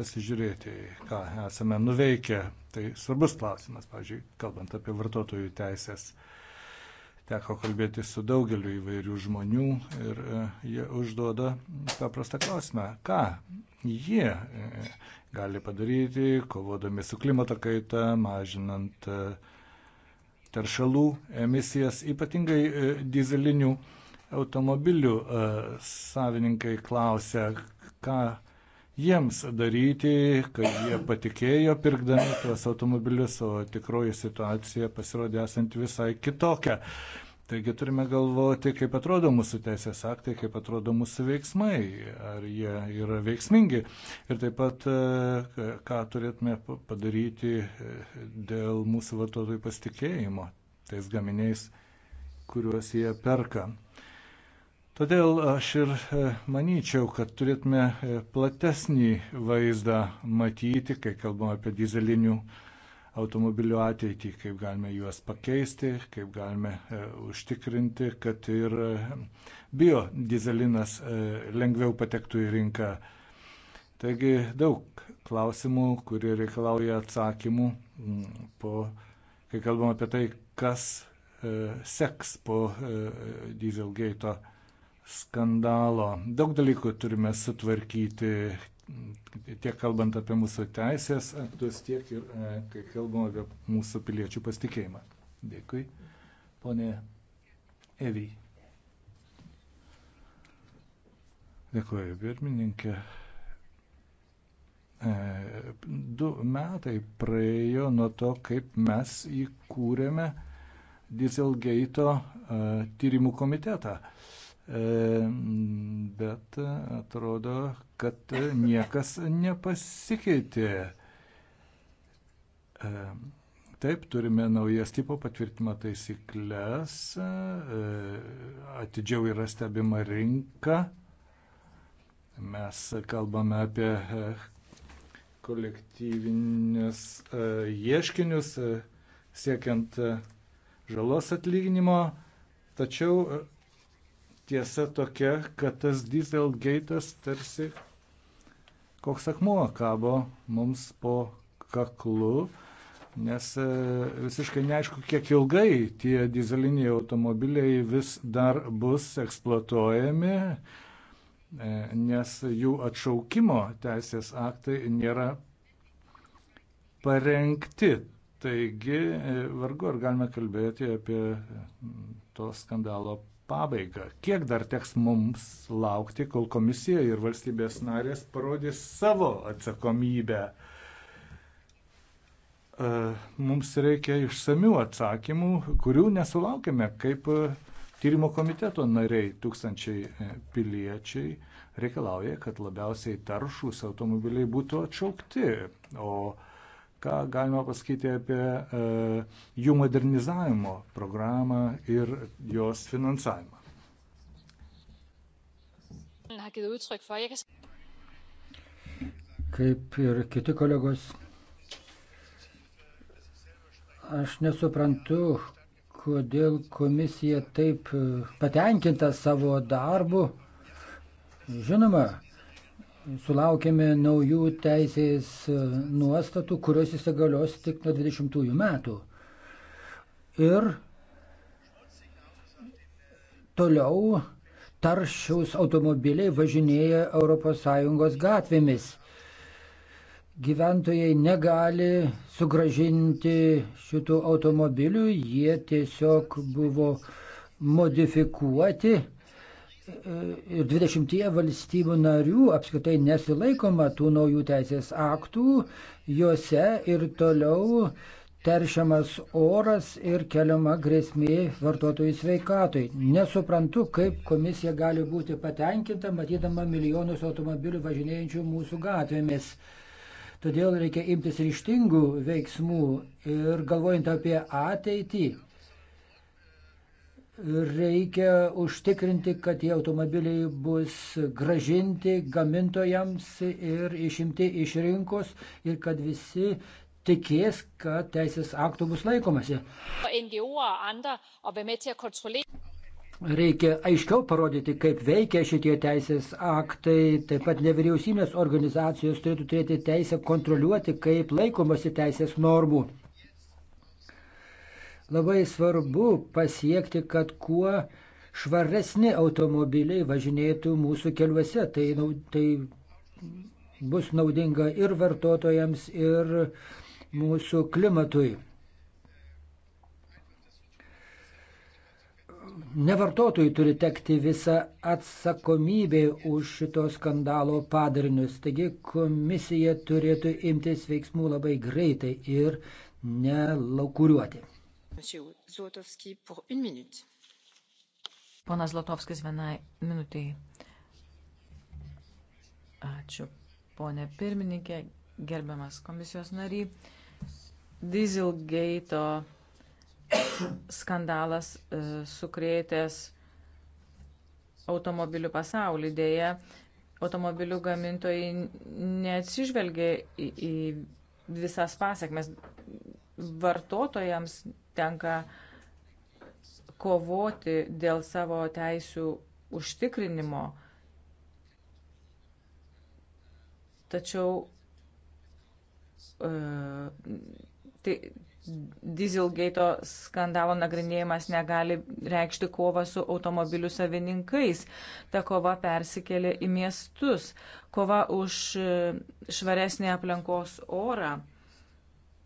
pasižiūrėti ką esame nuveikę tai svarbus klausimas pavyzdžiui kalbant apie vartotojų teises. Teko kalbėti su daugeliu įvairių žmonių ir e, jie užduoda paprastą klausimą, ką jie e, gali padaryti, kovodami su klimato kaita, mažinant e, teršalų emisijas, ypatingai dizelinių automobilių savininkai klausia, ką jiems daryti, kad jie patikėjo pirkdami tuos automobilius, o tikroji situacija pasirodė esant visai kitokia. Taigi turime galvoti, kaip atrodo mūsų teisės aktai, kaip atrodo mūsų veiksmai, ar jie yra veiksmingi. Ir taip pat, e, ką turėtume padaryti e, dėl mūsų vartotojų pasitikėjimo tais gaminiais, kuriuos jie perka. Todėl aš ir e, manyčiau, kad turėtume platesnį vaizdą matyti, kai kalbam apie dizelinių automobilių ateitį, kaip galime juos pakeisti, kaip galime e, užtikrinti, kad ir e, biodizelinas e, lengviau patektų į rinką. Taigi daug klausimų, kurie reikalauja atsakymų, po, kai kalbam apie tai, kas seks po Dieselgate skandalo. Daug dalykų turime sutvarkyti, tiek kalbant apie mūsų teisės aktus, tiek ir e, kai kalbam apie mūsų piliečių pasitikėjimą. Dėkui. Pone Evy. Dėkuoju, pirmininkė. E, du metai praėjo nuo to, kaip mes įkūrėme Dieselgate e, tyrimų komitetą. E, E, bet atrodo, kad niekas nepasikeitė. E, taip, turime naujas tipo patvirtimo taisyklės, e, atidžiau yra stebima rinka, mes kalbame apie kolektyvinius ieškinius siekiant žalos atlyginimo, tačiau tiesa tokia, kad tas dieselgeitas tarsi koks akmuo kabo mums po kaklu, nes e, visiškai neaišku, kiek ilgai tie dizeliniai automobiliai vis dar bus eksploatuojami, e, nes jų atšaukimo teisės aktai nėra parengti. Taigi, e, vargu ar galime kalbėti apie to skandalo pabaigą. Kiek dar teks mums laukti, kol komisija ir valstybės narės parodys savo atsakomybę? E, mums reikia išsamių atsakymų, kurių nesulaukime kaip e, tyrimo komiteto nariai. Tūkstančiai e, piliečiai reikalauja, kad labiausiai taršus automobiliai būtų atšaukti, o Ką galima pasakyti apie e, jų modernizavimo programą ir jos finansavimą? Kaip ir kiti kolegos, aš nesuprantu, kodėl komisija taip e, patenkinta savo darbu. Žinoma, sulaukėme naujų teisės e, nuostatų, kurios įsigalios tik nuo 20 metų. Ir toliau taršiaus automobiliai važinėja ES gatvėmis. Gyventojai negali sugražinti šitų automobilių, jie tiesiog buvo modifikuoti ir 20 valstybių narių apskritai nesilaikoma tų naujų teisės aktų, juose ir toliau teršiamas oras ir keliama grėsmė vartotojų sveikatui. Nesuprantu, kaip komisija gali būti patenkinta, matydama milijonus automobilių važinėjančių mūsų gatvėmis. Todėl reikia imtis ryštingų veiksmų ir galvojant apie ateitį, reikia užtikrinti, kad tie automobiliai bus gražinti gamintojams ir išimti iš rinkos ir kad visi tikės, kad teisės aktų bus laikomasi. Reikia aiškiau parodyti, kaip veikia šitie teisės aktai, taip pat nevyriausybinės organizacijos turėtų turėti teisę kontroliuoti, kaip laikomasi teisės normų. Labai svarbu pasiekti, kad kuo švaresni automobiliai važinėtų mūsų keliuose. Tai, tai bus naudinga ir vartotojams, ir mūsų klimatui. Ne vartotojui turi tekti visa atsakomybė už šito skandalo padarinius. Taigi komisija turėtų imtis veiksmų labai greitai ir nelaukuriuoti. Ponas Zlotovskis vienai minutiai. Ačiū, ponė pirmininkė, gerbiamas komisijos nary. Dieselgate skandalas e, sukrėtęs automobilių pasaulį. Dėja, automobilių gamintojai neatsižvelgia į, į visas pasiekmes. Vartotojams tenka kovoti dėl savo teisių užtikrinimo. Tačiau e, tai Dieselgate skandalo nagrinėjimas negali reikšti kovą su automobilių savininkais. Ta kova persikėlė į miestus. Kova už e, švaresnį aplinkos orą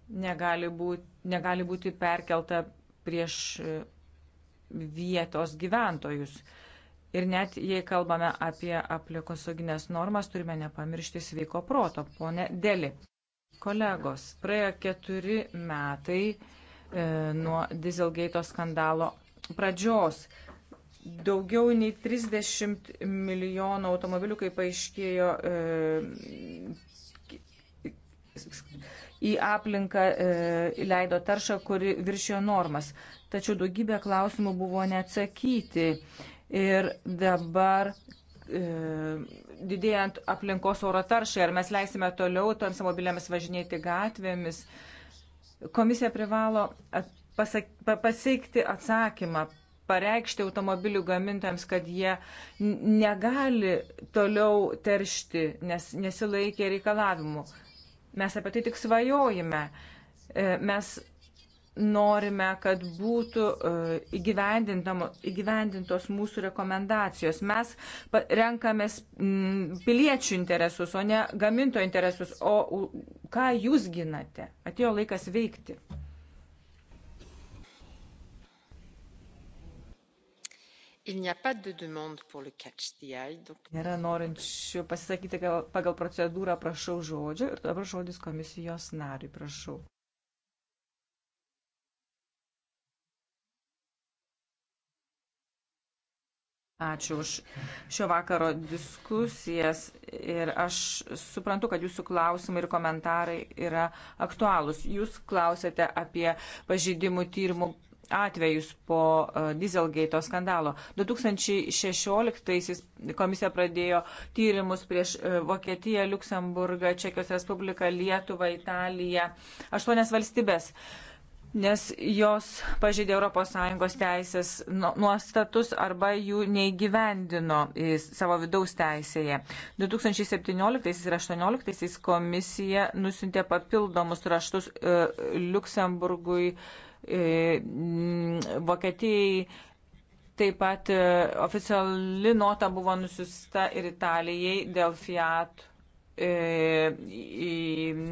negali būti, negali būti perkelta prieš e, vietos gyventojus. Ir net jei kalbame apie aplikosoginės normas, turime nepamiršti sveiko proto, ponė Deli. Kolegos, praėjo keturi metai e, nuo Dieselgate skandalo pradžios. Daugiau nei 30 milijonų automobilių, kaip paaiškėjo, e, į aplinką e, įleido taršą, kuri viršijo normas. Tačiau daugybė klausimų buvo neatsakyti. Ir dabar e, didėjant aplinkos oro taršai, ar mes leisime toliau toms mobiliams važinėti gatvėmis, komisija privalo pasak, pasikti atsakymą pareikšti automobilių gamintams, kad jie negali toliau teršti, nes nesilaikė reikalavimų. Mes apie tai tik svajojime. E, mes norime, kad būtų e, įgyvendintos mūsų rekomendacijos. Mes renkamės piliečių interesus, o ne gaminto interesus. O ką jūs ginate? Atėjo laikas veikti. Nėra norinčių pasisakyti pagal procedūrą, prašau žodžio ir dabar žodis komisijos nariui, prašau. Ačiū už šio vakaro diskusijas ir aš suprantu, kad jūsų klausimai ir komentarai yra aktualūs. Jūs klausėte apie pažydimų tyrimų atvejus po e, Dieselgate skandalo. 2016-aisiais komisija pradėjo tyrimus prieš e, Vokietiją, Luksemburgą, Čekijos Respubliką, Lietuvą, Italiją, aštuonias valstybės nes jos pažeidė ES teisės nu, nuostatus arba jų neįgyvendino savo vidaus teisėje. 2017 ir 2018 komisija nusintė papildomus raštus e, Luksemburgui, E, Vokietijai Taip pat e, oficiali nota buvo nusiusta ir Italijai dėl Fiat e, e,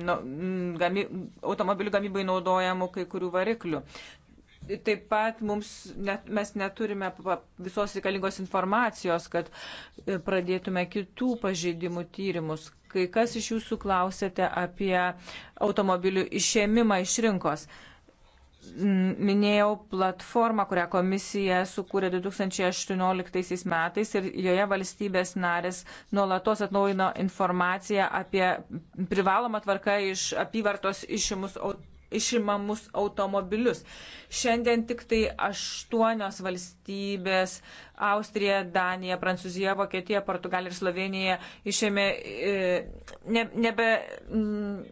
no, nu, gami, automobilių gamybai naudojamų kai kurių variklių. Taip pat mums, net, mes neturime visos reikalingos informacijos, kad e, pradėtume kitų pažeidimų tyrimus. Kai kas iš jūsų klausėte apie automobilių išėmimą iš rinkos. E, minėjau platformą, kurią komisija sukūrė 2018 metais ir joje valstybės narės nuolatos atnaujino informaciją apie privalomą tvarką iš apyvartos išimus išimamus automobilius. Šiandien tik tai aštuonios valstybės - Austrija, Danija, Prancūzija, Vokietija, Portugalija ir Slovenija - išėmė e, ne, nebe. M,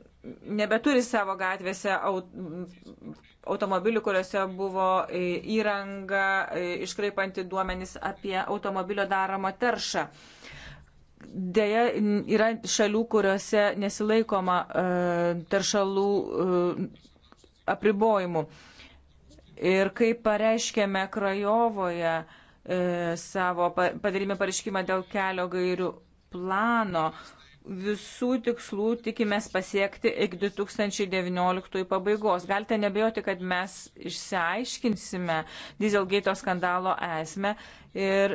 nebeturi savo gatvėse automobilių, kuriuose buvo e, įranga e, iškraipanti duomenys apie automobilio daromą taršą. Deja, yra šalių, kuriuose nesilaikoma e, taršalų apribojimų. Ir kaip pareiškėme Krajovoje savo padarymę pareiškimą dėl kelio gairių plano, visų tikslų tikimės pasiekti iki 2019 pabaigos. Galite nebejoti, kad mes išsiaiškinsime dizelgeito skandalo esmę ir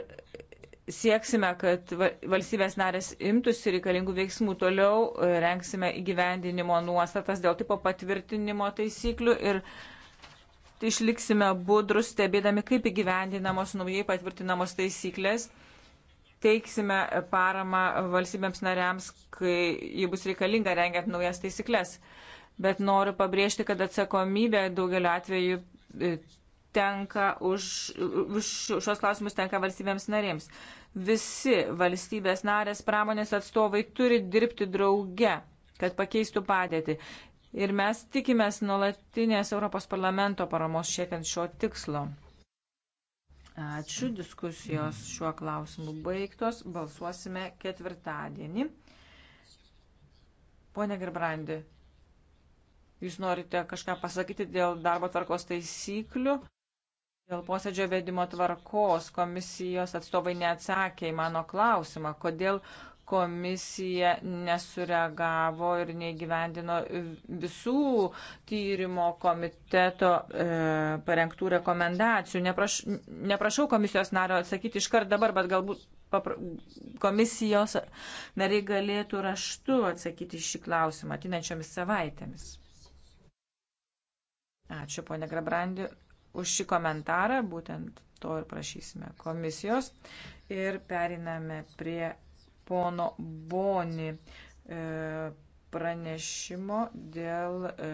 sieksime, kad valstybės narės imtųsi reikalingų veiksmų. Toliau e, renksime įgyvendinimo nuostatas dėl tipo patvirtinimo taisyklių ir išliksime budrus, stebėdami, kaip įgyvendinamos naujai patvirtinamos taisyklės teiksime paramą valstybėms nariams, kai jį bus reikalinga rengiant naujas taisyklės. Bet noriu pabrėžti, kad atsakomybė daugeliu atveju e, tenka už, už šios klausimus tenka valstybėms narėms. Visi valstybės narės pramonės atstovai turi dirbti drauge, kad pakeistų padėtį. Ir mes tikimės nuolatinės Europos parlamento paramos siekiant šio tikslo. Ačiū. Diskusijos šiuo klausimu baigtos. Balsuosime ketvirtadienį. Pone Gerbrandi, jūs norite kažką pasakyti dėl darbo tvarkos taisyklių? Dėl posėdžio vedimo tvarkos komisijos atstovai neatsakė į mano klausimą, kodėl komisija nesureagavo ir neįgyvendino visų tyrimo komiteto e, parengtų rekomendacijų. Nepraš, neprašau komisijos nario atsakyti iškart dabar, bet galbūt papra, komisijos nariai galėtų raštu atsakyti šį klausimą atinančiomis savaitėmis. Ačiū, ponė Grabrandi, už šį komentarą. Būtent to ir prašysime komisijos. Ir periname prie pono Boni e, pranešimo dėl e,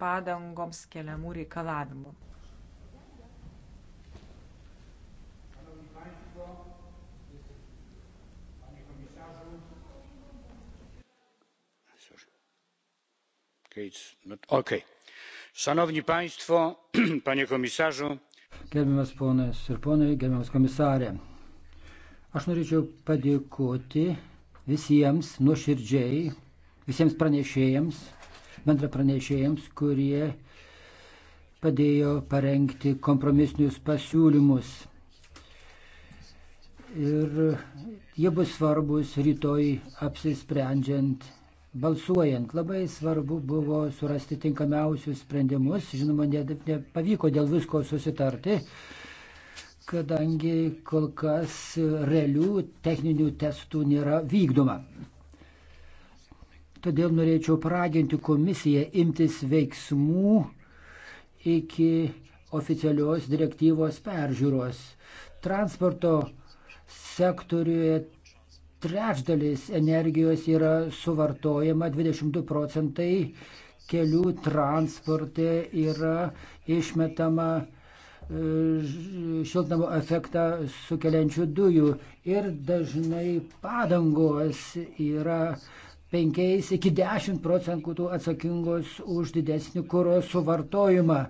padangoms keliamų reikalavimų. Szanowni Państwo, Panie Komisarzu. Gerbiamas ponas ir ponai, gerbiamas komisarė. Aš norėčiau padėkoti visiems nuoširdžiai, visiems pranešėjams, bendra pranešėjams, kurie padėjo parengti kompromisinius pasiūlymus. Ir jie bus svarbus rytoj apsisprendžiant balsuojant. Labai svarbu buvo surasti tinkamiausius sprendimus. Žinoma, nepavyko dėl visko susitarti, kadangi kol kas realių techninių testų nėra vykdoma. Todėl norėčiau praginti komisiją imtis veiksmų iki oficialios direktyvos peržiūros. Transporto sektoriuje trečdalis energijos yra suvartojama 22 procentai, kelių transporte yra išmetama šiltnamo efektą sukeliančių dujų ir dažnai padangos yra 5 iki 10 procentų atsakingos už didesnį kūro suvartojimą.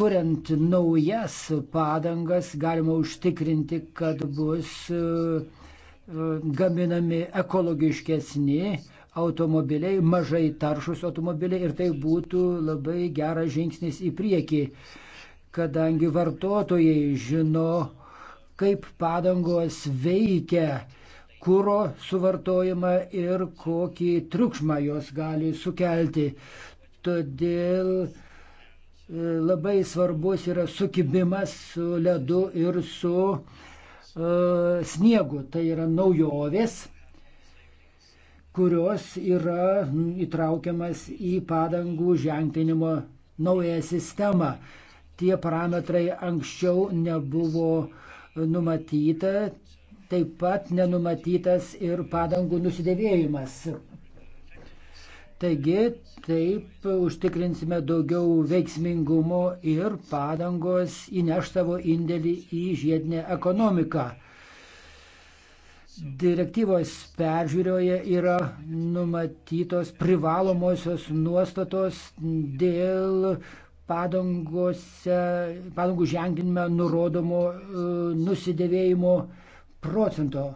Kuriant naujas padangas galima užtikrinti, kad bus e, gaminami ekologiškesni automobiliai, mažai taršus automobiliai ir tai būtų labai geras žingsnis į priekį, kadangi vartotojai žino, kaip padangos veikia kūro suvartojimą ir kokį triukšmą jos gali sukelti. Todėl e, labai svarbus yra sukibimas su ledu ir su uh, sniegu. Tai yra naujovės kurios yra įtraukiamas į padangų ženklinimo naują sistemą. Tie parametrai anksčiau nebuvo numatyta, taip pat nenumatytas ir padangų nusidėvėjimas. Taigi taip užtikrinsime daugiau veiksmingumo ir padangos įneš savo indėlį į žiedinę ekonomiką direktyvos peržiūroje yra numatytos privalomosios nuostatos dėl padangose, padangų ženklinime nurodomo e, nusidėvėjimo procento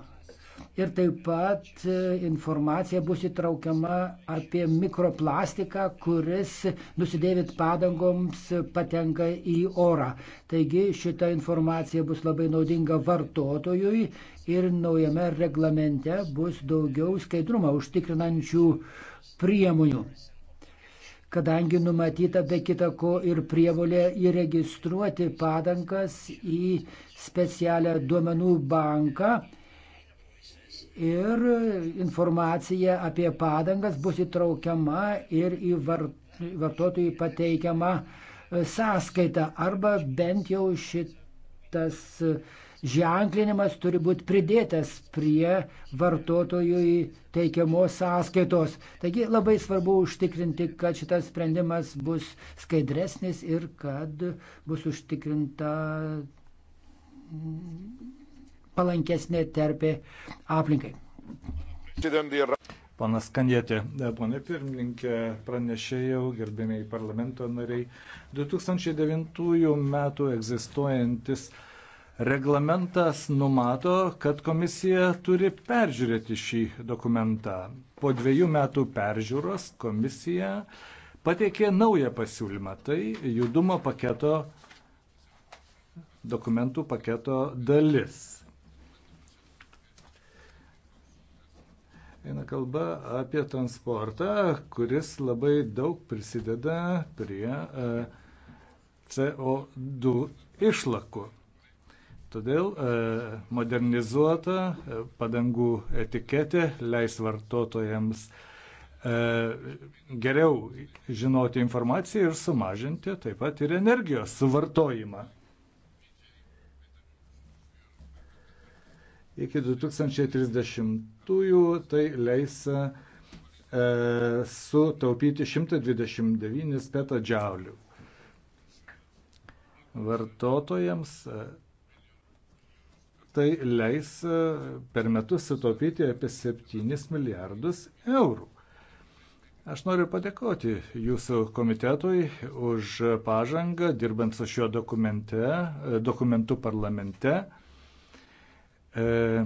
ir taip pat e, informacija bus įtraukiama apie mikroplastiką, kuris nusidėvit padangoms patenka į orą. Taigi šita informacija bus labai naudinga vartotojui ir naujame reglamente bus daugiau skaidrumą užtikrinančių priemonių kadangi numatyta be kita ko ir prievolė įregistruoti padangas į specialią duomenų banką ir informacija apie padangas bus įtraukiama ir į vartotojų pateikiamą e, sąskaitą arba bent jau šitas ženklinimas turi būti pridėtas prie vartotojui teikiamos sąskaitos. Taigi labai svarbu užtikrinti, kad šitas sprendimas bus skaidresnis ir kad bus užtikrinta palankesnė terpė aplinkai. Panas Kandėtė, ponė pirmininkė, pranešėjau, gerbėmiai parlamento nariai, 2009 metų egzistuojantis reglamentas numato, kad komisija turi peržiūrėti šį dokumentą. Po dviejų metų peržiūros komisija pateikė naują pasiūlymą, tai judumo paketo, dokumentų paketo dalis Eina kalba apie transportą, kuris labai daug prisideda prie e, CO2 išlakų. Todėl e, modernizuota e, padangų etiketė leis vartotojams geriau žinoti informaciją ir sumažinti taip pat ir energijos suvartojimą. iki 2030-ųjų tai leis e, sutaupyti 129 petadžiaulių. Vartotojams e, tai leis e, per metus sutaupyti apie 7 milijardus eurų. Aš noriu padėkoti jūsų komitetui už pažangą dirbant su šiuo dokumente, e, dokumentu parlamente. E,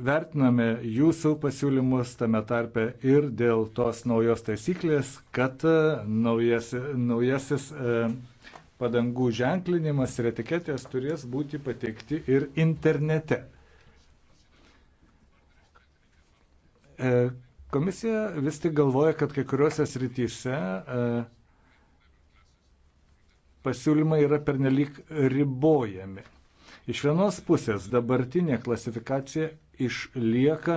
vertiname jūsų pasiūlymus tame tarpe ir dėl tos naujos taisyklės, kad e, naujas, naujasis e, padangų ženklinimas ir etiketės turės būti pateikti ir internete. Komisija vis tik galvoja, kad kai kuriuose srityse pasiūlymai yra pernelyg ribojami. Iš vienos pusės dabartinė klasifikacija išlieka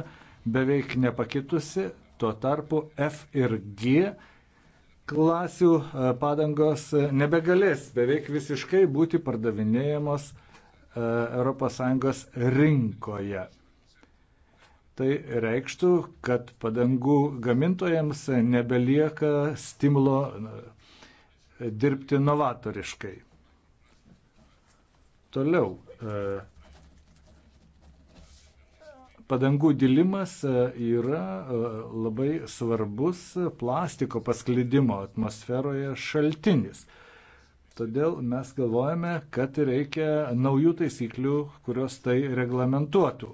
beveik nepakitusi, tuo tarpu F ir G klasių e, padangos e, nebegalės beveik visiškai būti pardavinėjamos ES rinkoje. Tai reikštų, kad padangų gamintojams nebelieka stimulo e, dirbti novatoriškai. Toliau. E, padangų dilimas e, yra e, labai svarbus plastiko pasklidimo atmosferoje šaltinis. Todėl mes galvojame, kad reikia naujų taisyklių, kurios tai reglamentuotų.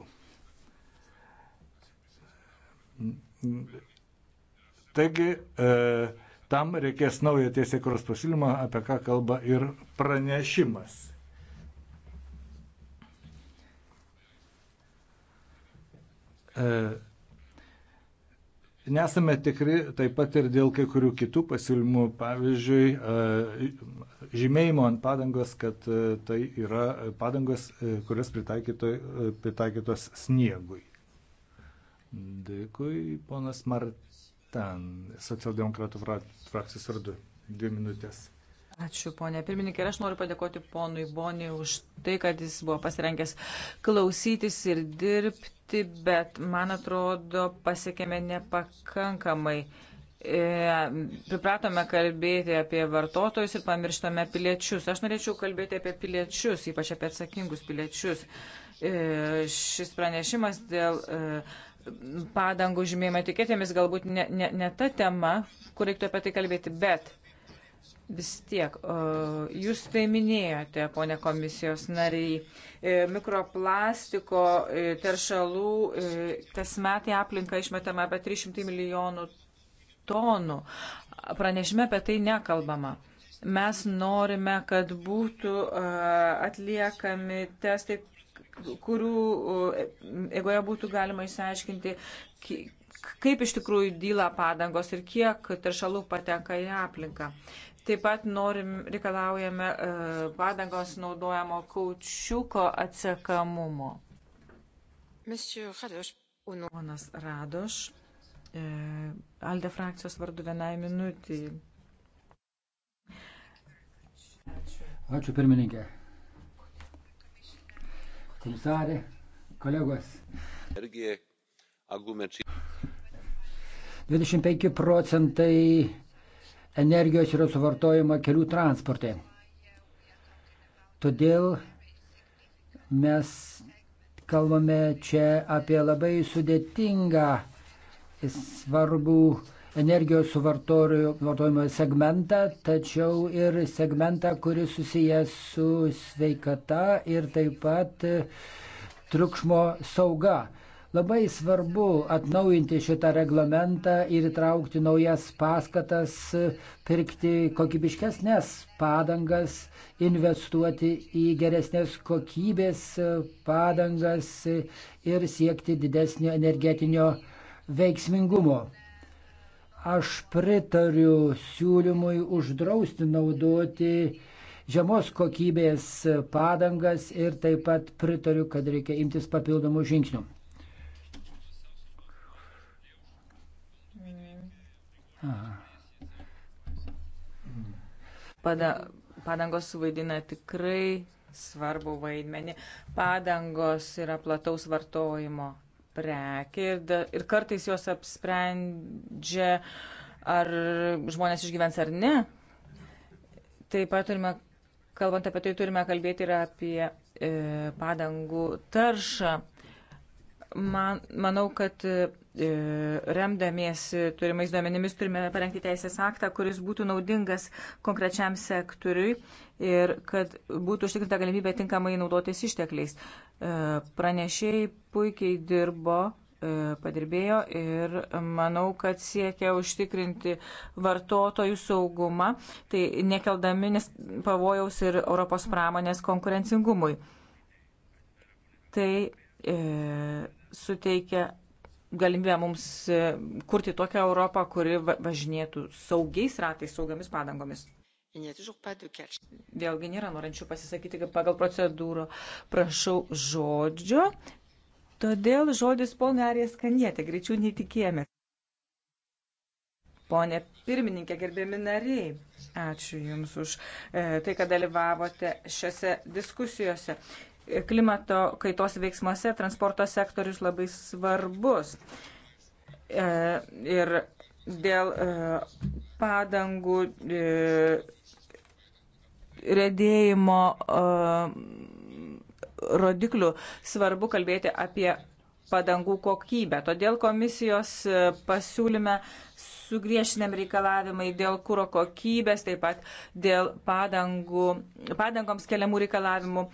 Taigi, tam reikės naujo teisėkuros pasiūlymo, apie ką kalba ir pranešimas. E, nesame tikri taip pat ir dėl kai kurių kitų pasiūlymų, pavyzdžiui, e, žymėjimo ant padangos, kad e, tai yra padangos, kurias pritaikyto, pritaikytos sniegui. Dėkui, ponas Martan, socialdemokratų frakcijos vardu. Dvi minutės. Ačiū, ponė pirmininkė. Ir aš noriu padėkoti ponui Boniui už tai, kad jis buvo pasirengęs klausytis ir dirbti, bet, man atrodo, pasiekėme nepakankamai. E, pripratome kalbėti apie vartotojus ir pamirštame piliečius. Aš norėčiau kalbėti apie piliečius, ypač apie atsakingus piliečius. E, šis pranešimas dėl e, padangų žymėjimo etiketėmis galbūt ne, ne, ne ta tema, kur reiktų apie tai kalbėti, bet Vis tiek, jūs tai minėjote, ponė komisijos nariai, e, mikroplastiko e, teršalų e, kasmet į aplinką išmetama apie 300 milijonų tonų. Pranešime apie tai nekalbama. Mes norime, kad būtų atliekami testai, kurių, jeigu būtų galima išsiaiškinti, kaip iš tikrųjų dyla padangos ir kiek teršalų patenka į aplinką. Taip pat norim, reikalaujame e, padangos naudojamo kaučiuko atsekamumo. Ponas Radoš, e, Alde frakcijos vardu vienai minutį. Ačiū pirmininkė. Komisarė, kolegos. 25 procentai energijos yra suvartojama kelių transporte. Todėl mes kalbame čia apie labai sudėtingą svarbų energijos suvartojimo segmentą, tačiau ir segmentą, kuris susijęs su sveikata ir taip pat triukšmo sauga. Labai svarbu atnaujinti šitą reglamentą ir įtraukti naujas paskatas, pirkti kokybiškesnės padangas, investuoti į geresnės kokybės padangas ir siekti didesnio energetinio veiksmingumo aš pritariu siūlymui uždrausti naudoti žemos kokybės padangas ir taip pat pritariu, kad reikia imtis papildomų žingsnių. Pada, padangos suvaidina tikrai svarbu vaidmenį. Padangos yra plataus vartojimo prekė ir, da, ir kartais jos apsprendžia, ar žmonės išgyvens ar ne. Taip pat turime, kalbant apie tai, turime kalbėti ir apie e, padangų taršą. Man, manau, kad e, remdamiesi turimais duomenimis turime parengti teisės aktą, kuris būtų naudingas konkrečiam sektoriui ir kad būtų užtikrinta galimybė tinkamai naudotis ištekliais. E, pranešėjai puikiai dirbo, e, padirbėjo ir manau, kad siekia užtikrinti vartotojų saugumą, tai nekeldami pavojaus ir Europos pramonės konkurencingumui. Tai e, suteikia galimybę mums e, kurti tokią Europą, kuri važinėtų saugiais ratais, saugiamis padangomis. Vėlgi nėra norinčių pasisakyti, kad pagal procedūrą prašau žodžio, todėl žodis polnarės kanėtė, greičiau netikėjome. Pone pirmininkė, gerbėmi nariai, ačiū Jums už e, tai, kad dalyvavote šiose diskusijose klimato kaitos veiksmuose transporto sektorius labai svarbus. E, ir dėl e, padangų e, redėjimo rodiklių svarbu kalbėti apie padangų kokybę. Todėl komisijos pasiūlyme sugriešinėm reikalavimai dėl kūro kokybės, taip pat dėl padangų, padangoms keliamų reikalavimų.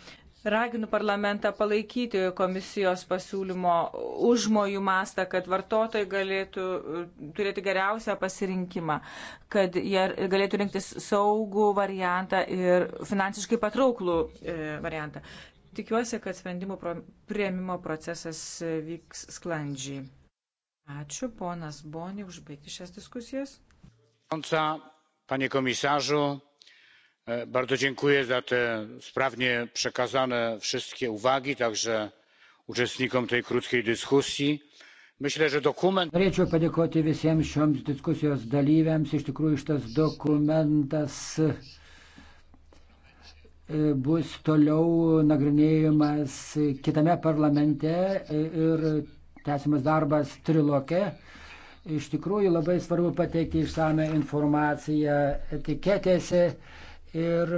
Raginu parlamentą palaikyti komisijos pasiūlymo užmojų mastą, kad vartotojai galėtų e, turėti geriausią pasirinkimą, kad jie galėtų rinktis saugų variantą ir finansiškai patrauklų e, variantą. Tikiuosi, kad sprendimų prieimimo procesas e, vyks sklandžiai. Ačiū, ponas Boni, užbaigti šias diskusijas. Panie komisarzu, E, bardzo dziękuję za te sprawnie przekazane wszystkie uwagi także uczestnikom tej krótkiej dyskusji. myślę że dokument. norėčiau padėkoti visiems šioms diskusijos dalyviams iš tikrųjų šitas dokumentas e, bus toliau nagrinėjamas kitame parlamente e, ir tęsiamas darbas triloke. Iš tikrųjų labai svarbu pateikti išsame informaciją etiketėse ir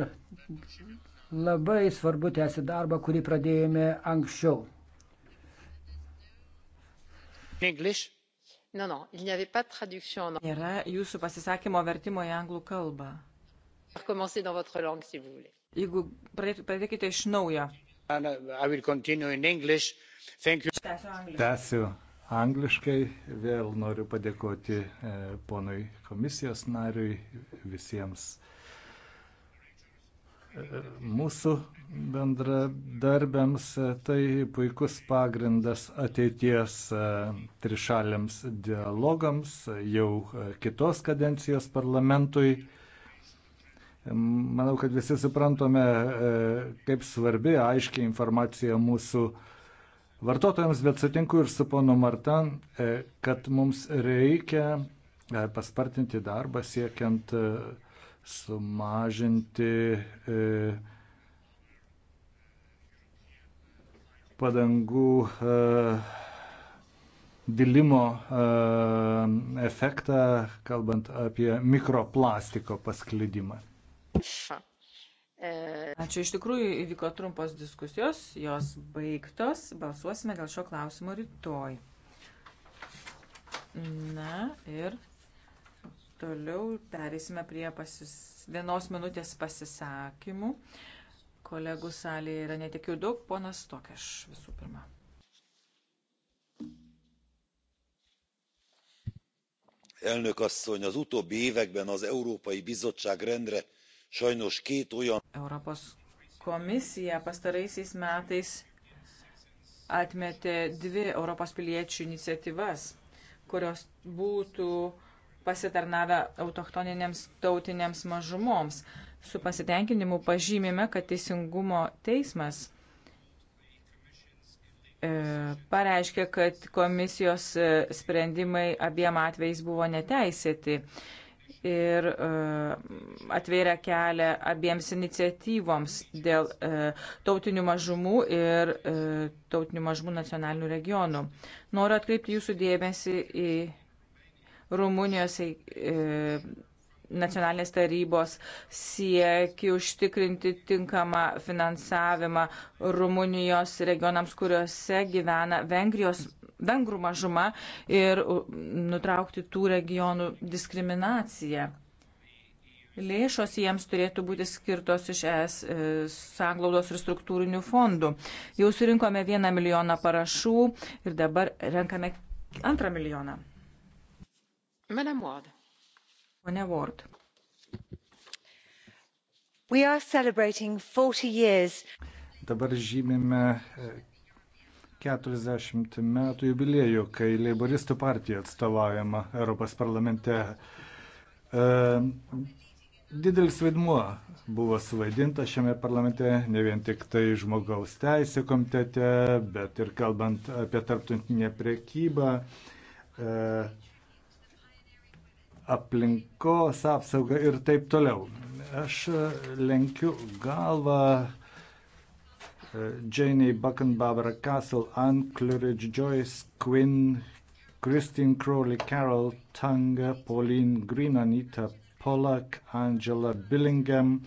labai svarbu tęsti darbą, kurį pradėjome anksčiau. English. Non, non, il n'y avait pas de traduction. Non. Nėra jūsų pasisakymo vertimo į anglų kalbą. Recommencez dans votre langue, si vous voulez. Jeigu pradėkite iš naujo. Uh, I will continue in English. Thank you. Tęsiu angliškai. Vėl noriu padėkoti e, ponui komisijos nariui visiems mūsų bendradarbiams tai puikus pagrindas ateities e, trišaliams dialogams jau kitos kadencijos parlamentui. Manau, kad visi suprantame, e, kaip svarbi aiškiai informacija mūsų vartotojams, bet sutinku ir su ponu Martan, e, kad mums reikia paspartinti darbą siekiant uh, sumažinti e, padangų e, dilimo e, efektą, kalbant apie mikroplastiko pasklidimą. Ačiū, iš tikrųjų įvyko trumpos diskusijos, jos baigtos, balsuosime dėl šio klausimo rytoj. Na ir Toliau pereisime prie pasis, vienos minutės pasisakymų. Kolegų salėje yra netikiu daug, ponas Tokiaš visų pirma. Elnök asszony, az utóbbi években az Európai Bizottság rendre sajnos két olyan... Europos komisija pastaraisiais metais atmetė dvi Europos piliečių iniciatyvas, kurios būtų uh, pasitarnavę autochtoninėms tautinėms mažumoms. Su pasitenkinimu pažymime, kad Teisingumo teismas e, pareiškė, kad komisijos e, sprendimai abiem atvejais buvo neteisėti ir e, atvėrė kelią abiems iniciatyvoms dėl tautinių mažumų ir tautinių mažumų nacionalinių regionų. Noriu atkreipti jūsų dėmesį į Rumunijos e, nacionalinės tarybos sieki užtikrinti tinkamą finansavimą Rumunijos regionams, kuriuose gyvena Vengrijos, vengrų mažuma ir nutraukti tų regionų diskriminaciją. Lėšos jiems turėtų būti skirtos iš ES e, sąglaudos ir struktūrinių fondų. Jau surinkome vieną milijoną parašų ir dabar renkame antrą milijoną. Madam Ward. Pone Ward. We are celebrating 40 years. Dabar žymime 40 e, metų jubiliejų, kai Leiboristų partija atstovaujama Europos parlamente. E, didelis vaidmuo buvo suvaidinta šiame parlamente, ne vien tik tai žmogaus teisė komitete, bet ir kalbant apie tarptautinę priekybą. E, aplinkos apsaugą ir taip toliau. Aš e, lenkiu galvą Janie e, Buckenbauer, Castle, Anne Cluridge, Joyce Quinn, Christine Crowley, Carol Tanga, Pauline Green, Anita Pollack, Angela Billingham,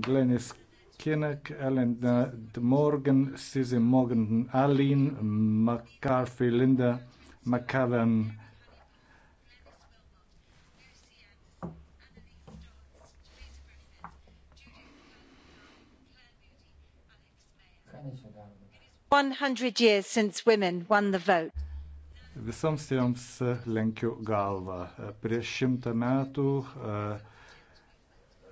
Glenis Kinnock, Ellen De Morgan, Susie Morgan, Aline McCarthy, Linda McCavan, Visoms joms eh, lenkiu galvą. Eh, prieš šimtą metų eh,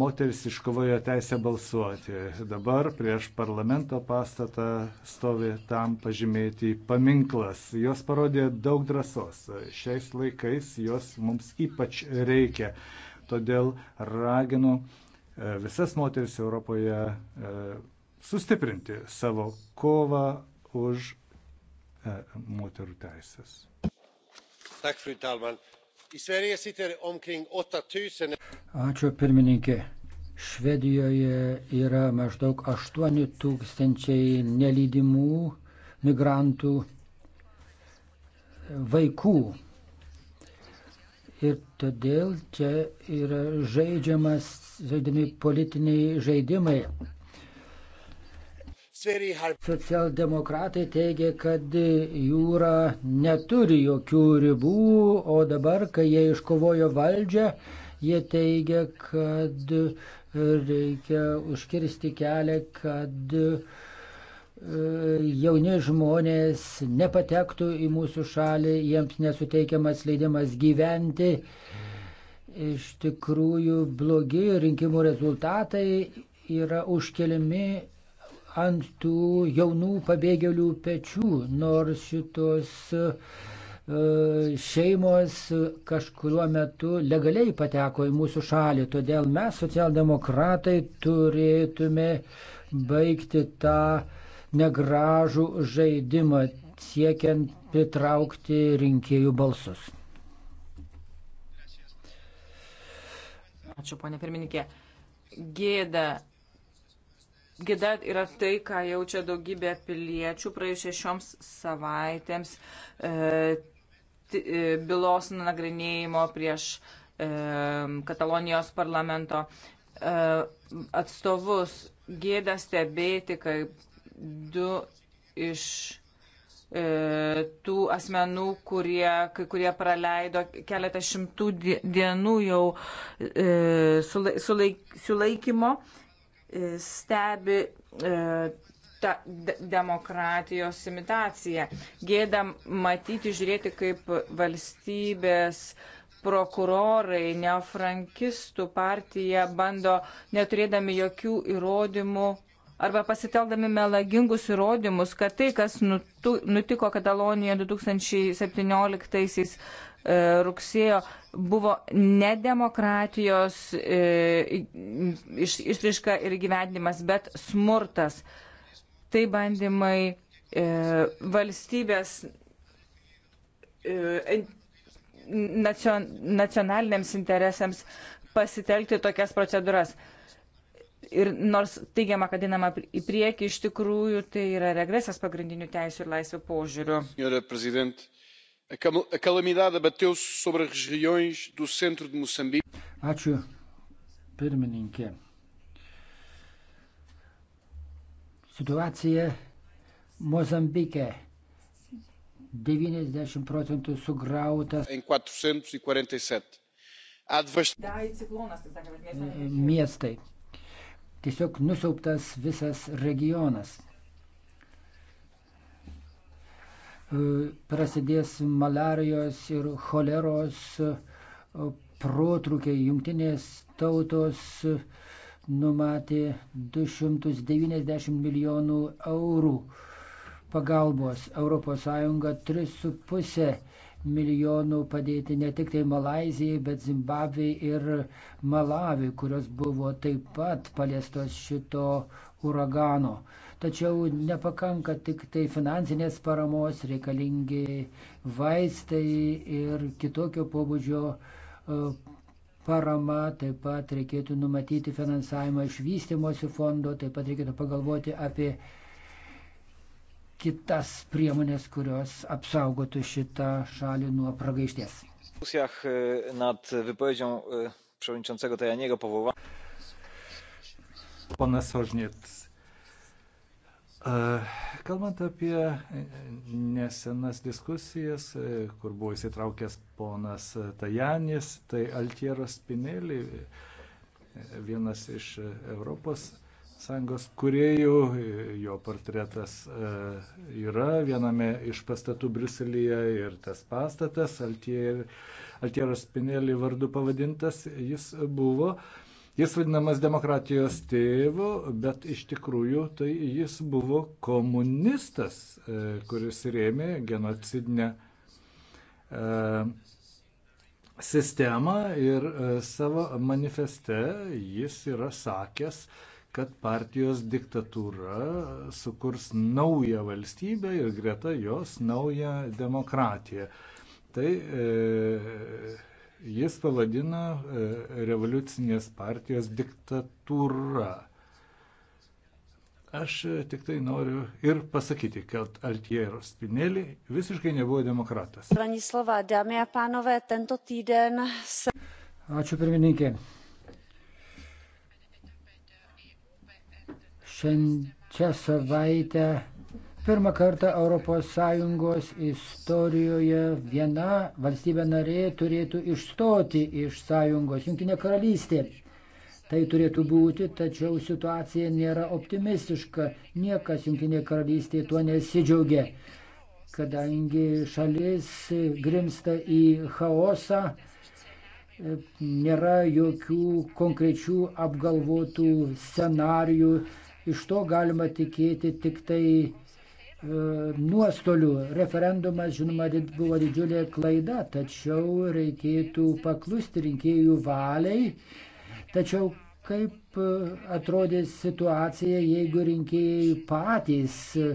moteris iškovojo teisę balsuoti. Dabar prieš parlamento pastatą stovi tam pažymėti paminklas. Jos parodė daug drąsos. Šiais laikais jos mums ypač reikia. Todėl raginu visas moteris Europoje sustiprinti savo kovą už e, moterų teisės. Ačiū pirmininkė. Švedijoje yra maždaug 8 tūkstančiai nelydimų migrantų vaikų. Ir todėl čia yra žaidžiamas, žaidimi politiniai žaidimai Socialdemokratai teigia, kad jūra neturi jokių ribų, o dabar, kai jie iškovojo valdžią, jie teigia, kad reikia užkirsti kelią, kad e, jauni žmonės nepatektų į mūsų šalį, jiems nesuteikiamas leidimas gyventi. Iš tikrųjų blogi rinkimų rezultatai yra užkeliami ant tų jaunų pabėgėlių pečių, nors šitos e, šeimos kažkuriuo metu legaliai pateko į mūsų šalį. Todėl mes, socialdemokratai, turėtume baigti tą negražų žaidimą siekiant pritraukti rinkėjų balsus. Ačiū, ponė pirmininkė. Gėda Gida yra tai, ką jaučia daugybė piliečių praėjus šešioms savaitėms e, t, e, bylos nagrinėjimo prieš e, Katalonijos parlamento e, atstovus. Gėda stebėti, kaip du iš e, tų asmenų, kurie, kai kurie praleido keletą šimtų dienų jau e, sulaik, sulaikymo. Sulaik, stebi e, ta demokratijos imitacija. Gėda matyti, žiūrėti, kaip valstybės prokurorai, neofrankistų partija bando, neturėdami jokių įrodymų arba pasiteldami melagingus įrodymus, kad tai, kas nutiko Katalonijoje 2017 E, rugsėjo buvo nedemokratijos e, išriška ir gyvenimas, bet smurtas. Tai bandymai e, valstybės nacionaliniams interesams pasitelkti tokias procedūras. Ir nors teigiama, kad einama į priekį, iš tikrųjų tai yra regresas pagrindinių teisų ir laisvių požiūrių a calamidade abateu-se sobre as regiões do centro de Moçambique. Ačiū, pirmininkė. Situacija Mozambike 90 procentų sugrautas. E e eh, miestai. Tiesiog nusiauptas visas regionas. prasidės malarijos ir choleros e, protrukiai. Jungtinės tautos numatė 290 milijonų eurų pagalbos, ES 3,5 milijonų padėti ne tik tai Malazijai, bet Zimbabvei ir Malaviui, kurios buvo taip pat paliestos šito uragano. Tačiau nepakanka tik tai finansinės paramos, reikalingi vaistai ir kitokio pobūdžio e, parama, taip pat reikėtų numatyti finansavimą iš vystimosi fondo, taip pat reikėtų pagalvoti apie kitas priemonės, kurios apsaugotų šitą šalį nuo pragaišties. E, ponas e, Ožnėts, e, kalbant apie nesenas diskusijas, kur buvo įsitraukęs ponas Tajanis, tai Altieras Pinėlį, vienas iš Europos sąjungos kuriejų. Jo portretas e, yra viename iš pastatų Bruselėje ir tas pastatas, Altier, Altiero Spinelį vardu pavadintas, jis buvo. Jis vadinamas demokratijos tėvu, bet iš tikrųjų tai jis buvo komunistas, e, kuris rėmė genocidinę e, sistemą ir savo manifeste jis yra sakęs, kad partijos diktatūra sukurs naują valstybę ir greta jos naują demokratiją. Tai e, jis pavadina e, revoliucinės partijos diktatūra. Aš e, tik tai noriu ir pasakyti, kad Altiero Spinelli visiškai nebuvo demokratas. Branislava, dámy a pánové, tento týden se... Ačiū pirmininkė. Šią savaitę pirmą kartą ES istorijoje viena valstybė narė turėtų išstoti iš sąjungos, Junktinė karalystė. Tai turėtų būti, tačiau situacija nėra optimistiška. Niekas Junktinė karalystė tuo nesidžiaugia, kadangi šalis grimsta į chaosą, nėra jokių konkrečių apgalvotų scenarijų iš to galima tikėti tik tai e, nuostolių. Referendumas, žinoma, buvo didžiulė klaida, tačiau reikėtų paklusti rinkėjų valiai. Tačiau kaip e, atrodys situacija, jeigu rinkėjai patys e,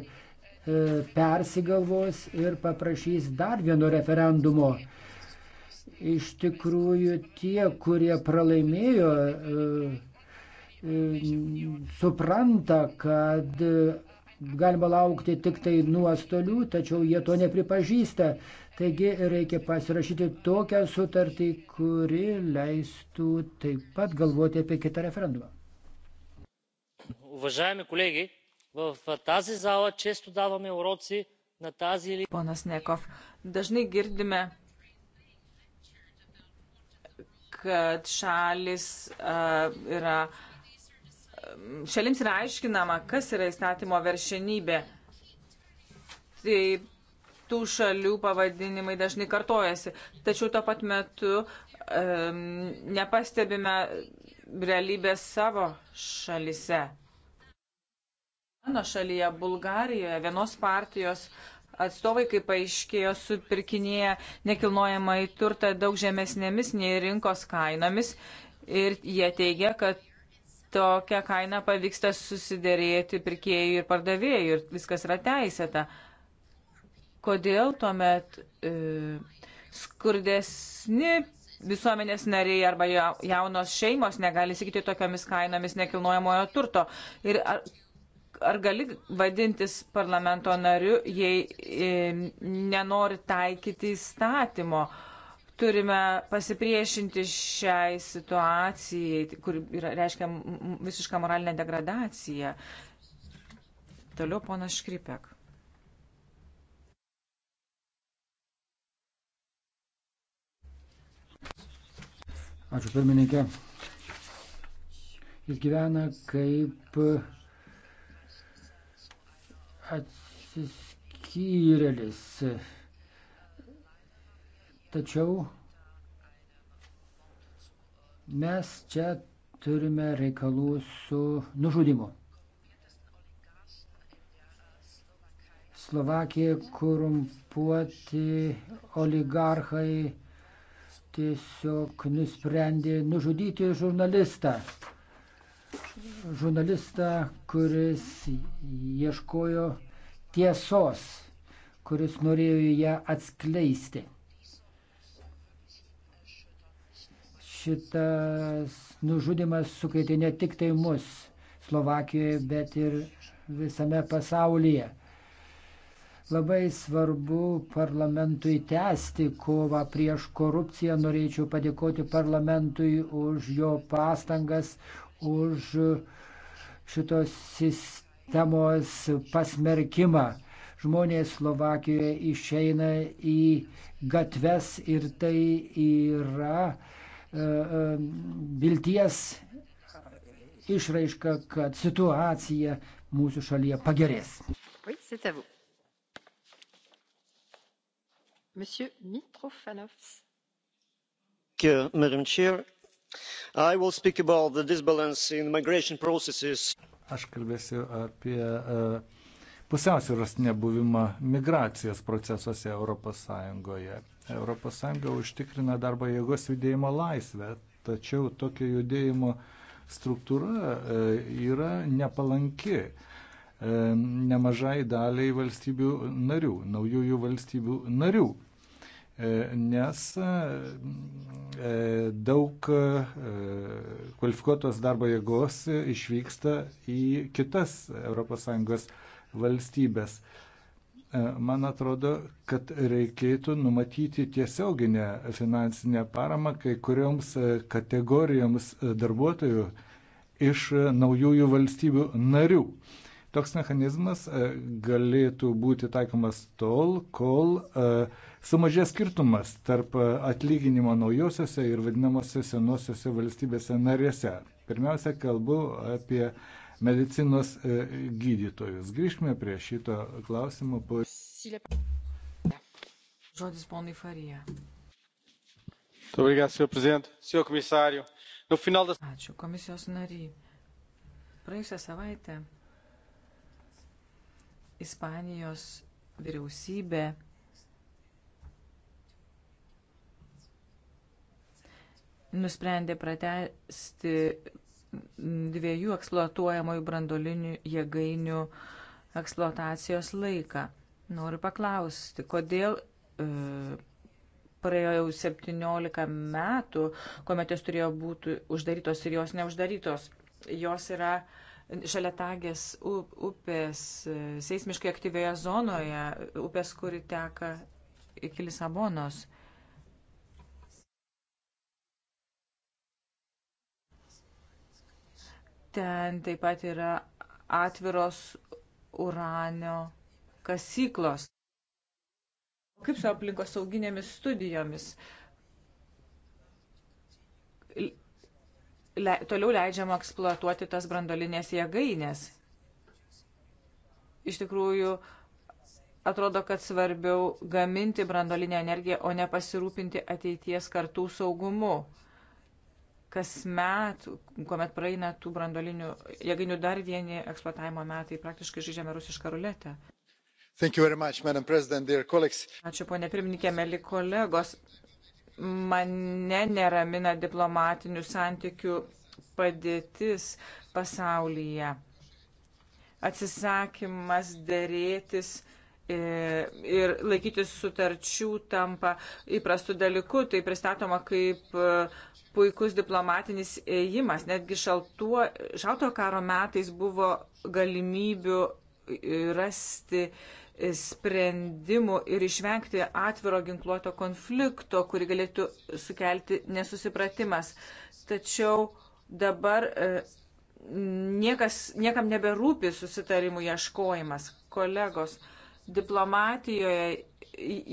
persigalvos ir paprašys dar vieno referendumo. Iš tikrųjų, tie, kurie pralaimėjo e, supranta, kad galima laukti tik tai nuostolių, tačiau jie to nepripažįsta. Taigi reikia pasirašyti tokią sutartį, kuri leistų taip pat galvoti apie kitą referendumą. Уважаеми колеги, в тази зала често даваме уроци на тази или... Ponas Nekov, dažnai girdime, kad šalis uh, yra uh, šalims yra aiškinama, kas yra įstatymo veršinybė. Tai tų šalių pavadinimai dažnai kartojasi. Tačiau tuo pat metu um, nepastebime realybės savo šalise. Mano šalyje, Bulgarijoje, vienos partijos atstovai, kaip paaiškėjo, supirkinėja nekilnojamą į turtą daug žemesnėmis nei rinkos kainomis. Ir jie teigia, kad tokią kainą pavyksta susiderėti pirkėjui ir pardavėjui ir viskas yra teisėta. Kodėl tuomet e, skurdesni visuomenės nariai arba jaunos šeimos negali įsigyti tokiamis kainomis nekilnojamojo turto? Ir ar, ar gali vadintis parlamento nariu, jei e, nenori taikyti įstatymo? E, turime pasipriešinti šiai situacijai, kur yra, reiškia visišką moralinę degradaciją. Toliau ponas Škripek. Ačiū pirmininkė. Jis gyvena kaip atsiskyrėlis Tačiau mes čia turime reikalų su nužudimu. Slovakija korumpuoti oligarchai tiesiog nusprendė nužudyti žurnalistą. Žurnalistą, kuris ieškojo tiesos, kuris norėjo ją atskleisti. Šitas nužudimas sukrėtė ne tik tai mus Slovakijoje, bet ir visame pasaulyje. Labai svarbu parlamentui tęsti kovą prieš korupciją. Norėčiau padėkoti parlamentui už jo pastangas, už šitos sistemos pasmerkimą. Žmonės Slovakijoje išeina į gatves ir tai yra uh, E, e, vilties išraiška, kad situacija mūsų šalyje pagerės. Oui, you, madam president i will speak about the disbalance in migration processes. aš kalbėsiu apie uh, pusiausvėros nebuvimą migracijos procesuose ES. ES užtikrina darbo jėgos judėjimo laisvę, tačiau tokio judėjimo struktūra e, yra nepalanki e, nemažai daliai valstybių narių, naujųjų valstybių narių, e, nes daug kvalifikuotos darbo jėgos išvyksta į kitas ES valstybės. E, man atrodo, kad reikėtų numatyti tiesioginę finansinę paramą kai kurioms e, kategorijoms e, darbuotojų iš naujųjų valstybių narių. Toks mechanizmas galėtų būti taikomas tol, kol sumažės skirtumas tarp atlyginimo naujosiuose ir vadinamosiuose senuosiuose valstybėse narėse. Pirmiausia, kalbu apie medicinos e, gydytojus. Grįžkime prie šito klausimo. Po... Žodis ponai Farija. Obrigado, senhor presidente. Senhor comissário, no final da... Ačiū komisijos nariai. Praėjusią savaitę Ispanijos vyriausybė nusprendė pratesti dviejų eksploatuojamojų brandolinių jėgainių eksploatacijos laiką. Noriu paklausti, kodėl e, praėjo jau 17 metų, kuomet jos turėjo būti uždarytos ir jos neuždarytos. Jos yra šalia tagės upės, e, seismiškai aktyvioje zonoje, upės, kuri teka iki Lisabonos. Ten taip pat yra atviros uranio kasyklos. Kaip su aplinkos sauginėmis studijomis? Le, toliau leidžiama eksploatuoti tas brandolinės jėgainės. Iš tikrųjų, atrodo, kad svarbiau gaminti brandolinę energiją, o ne pasirūpinti ateities kartų saugumu kasmet, kuomet praeina tų brandolinių jėgainių dar vieni eksploatavimo metai, praktiškai žaidžiame rusišką ruletę. Much, Ačiū, ponė pirmininkė, mėly kolegos. Mane neramina diplomatinių santykių padėtis pasaulyje. Atsisakymas dėrėtis E, ir laikytis sutarčių tampa įprastų dalykų, tai pristatoma kaip e, puikus diplomatinis ėjimas. Netgi šaltuo, šalto karo metais buvo galimybių rasti sprendimų ir išvengti atviro ginkluoto konflikto, kurį galėtų sukelti nesusipratimas. Tačiau dabar e, niekas, niekam neberūpi susitarimų ieškojimas. Kolegos, uh, Diplomatijoje,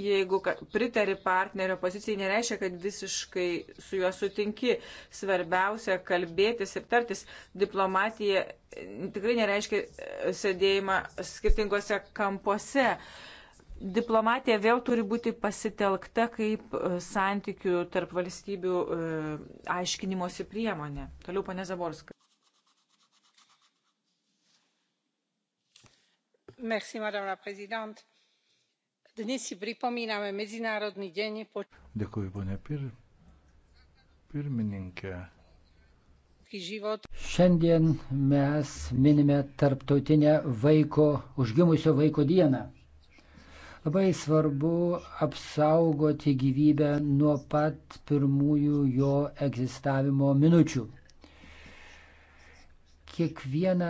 jeigu pritari partnerio pozicijai, nereiškia, kad visiškai su juo sutinki. Svarbiausia kalbėtis ir tartis. Diplomatija tikrai nereiškia e, sėdėjimą skirtingose kampuose. Diplomatija vėl turi būti pasitelkta kaip e, santykių tarp valstybių e, aiškinimosi priemonė. Toliau, pane Zaborska. madame la présidente dnes si pripomíname medzinárodný deň. Dėkuoju, ponė pir... pirmininkė. Šiandien mes minime tarptautinę vaiko, užgimusio vaiko dieną. Labai svarbu apsaugoti gyvybę nuo pat pirmųjų jo egzistavimo minučių. Kiekviena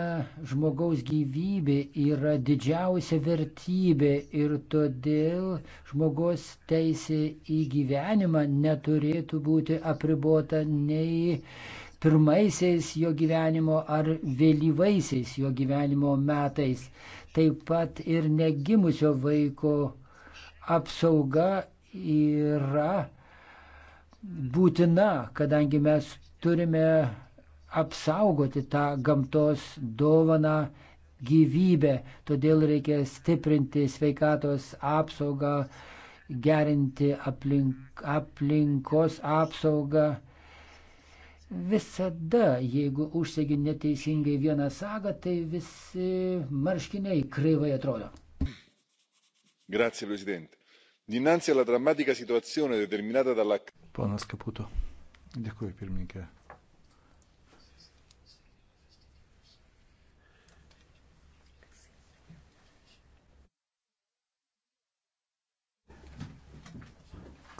žmogaus gyvybė yra didžiausia vertybė ir todėl žmogaus teisė į gyvenimą neturėtų būti apribota nei pirmaisiais jo gyvenimo ar vėlyvaisiais jo gyvenimo metais. Taip pat ir negimusio vaiko apsauga yra būtina, kadangi mes turime apsaugoti tą gamtos dovaną gyvybę. Todėl reikia stiprinti sveikatos apsaugą, gerinti aplink, aplinkos apsaugą. Visada, jeigu užsegi neteisingai vieną sagą, tai visi marškiniai kreivai atrodo. Grazie Presidente. Dinanzi alla drammatica situazione determinata dalla... Ponas Kaputo. Dėkuoju, pirmininkė.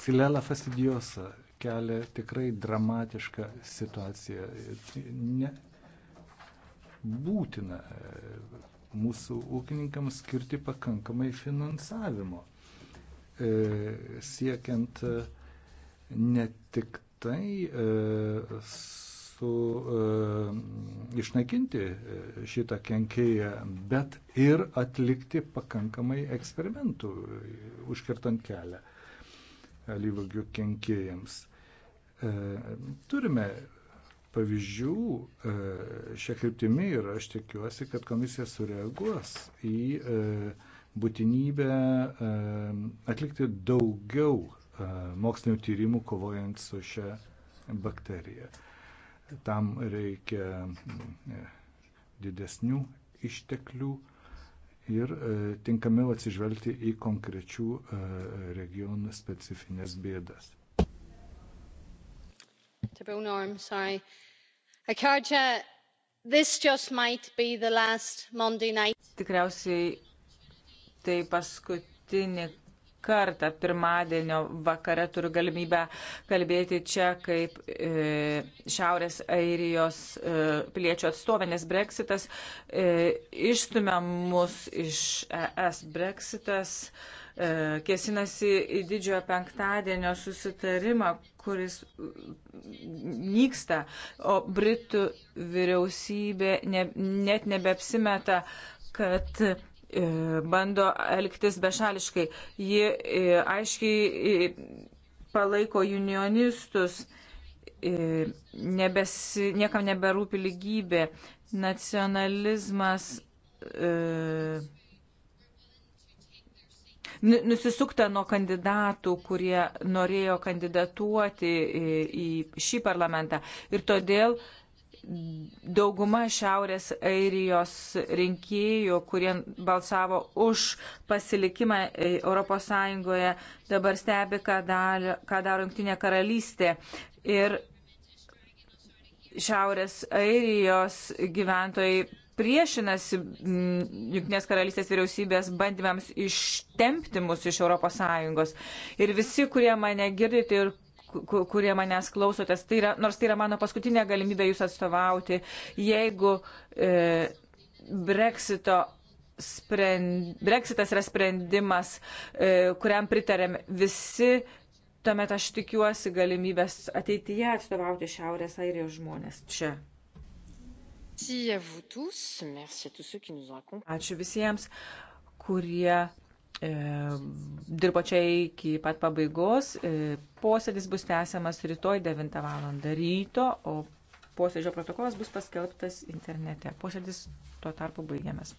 Ksilela fastidiosa kelia tikrai dramatišką situaciją. Ne, būtina e, mūsų ūkininkams skirti pakankamai finansavimo, e, siekiant e, ne tik tai su išnaikinti šitą kenkėją, bet ir atlikti pakankamai eksperimentų, užkirtant kelią alyvagių kenkėjams. E, turime pavyzdžių e, šią kryptimį ir aš tikiuosi, kad komisija sureaguos į e, būtinybę atlikti daugiau mokslinių tyrimų kovojant su šią bakteriją. Tam reikia didesnių išteklių, ir e, tinkamiau atsižvelgti į konkrečių e, regionų specifines bėdas. Tikriausiai tai paskutinė kartą pirmadienio vakare turiu galimybę kalbėti čia kaip e, Šiaurės Airijos e, piliečių atstovė, nes Brexitas e, išstumia mus iš ES. Brexitas e, kėsinasi į didžiojo penktadienio susitarimą, kuris nyksta, o Britų vyriausybė ne, net nebeapsimeta, kad E, bando elgtis bešališkai. Ji e, aiškiai e, palaiko unionistus, nebes, niekam neberūpi lygybė, nacionalizmas. Nu, nusisukta nuo kandidatų, kurie norėjo kandidatuoti į šį parlamentą. Ir todėl uh, dauguma Šiaurės Airijos rinkėjų, kurie balsavo už pasilikimą ES, dabar stebi, ką, dar, ką daro Junktinė karalystė. Ir Šiaurės Airijos gyventojai priešinasi mm, Junktinės karalystės vyriausybės bandymams ištempti mus iš ES. Ir visi, kurie mane girdite ir kurie manęs klausotės, tai yra, nors tai yra mano paskutinė galimybė jūs atstovauti, jeigu e, Brexito sprend, Brexitas yra sprendimas, e, kuriam pritarėm visi, tuomet aš tikiuosi galimybės ateityje atstovauti Šiaurės Airijos žmonės čia. Ačiū visiems, kurie E, dirbo čia iki pat pabaigos. E, posėdis bus tęsiamas rytoj 9 val. ryto, o posėdžio protokolas bus paskelbtas internete. Posėdis tuo tarpu baigiamas.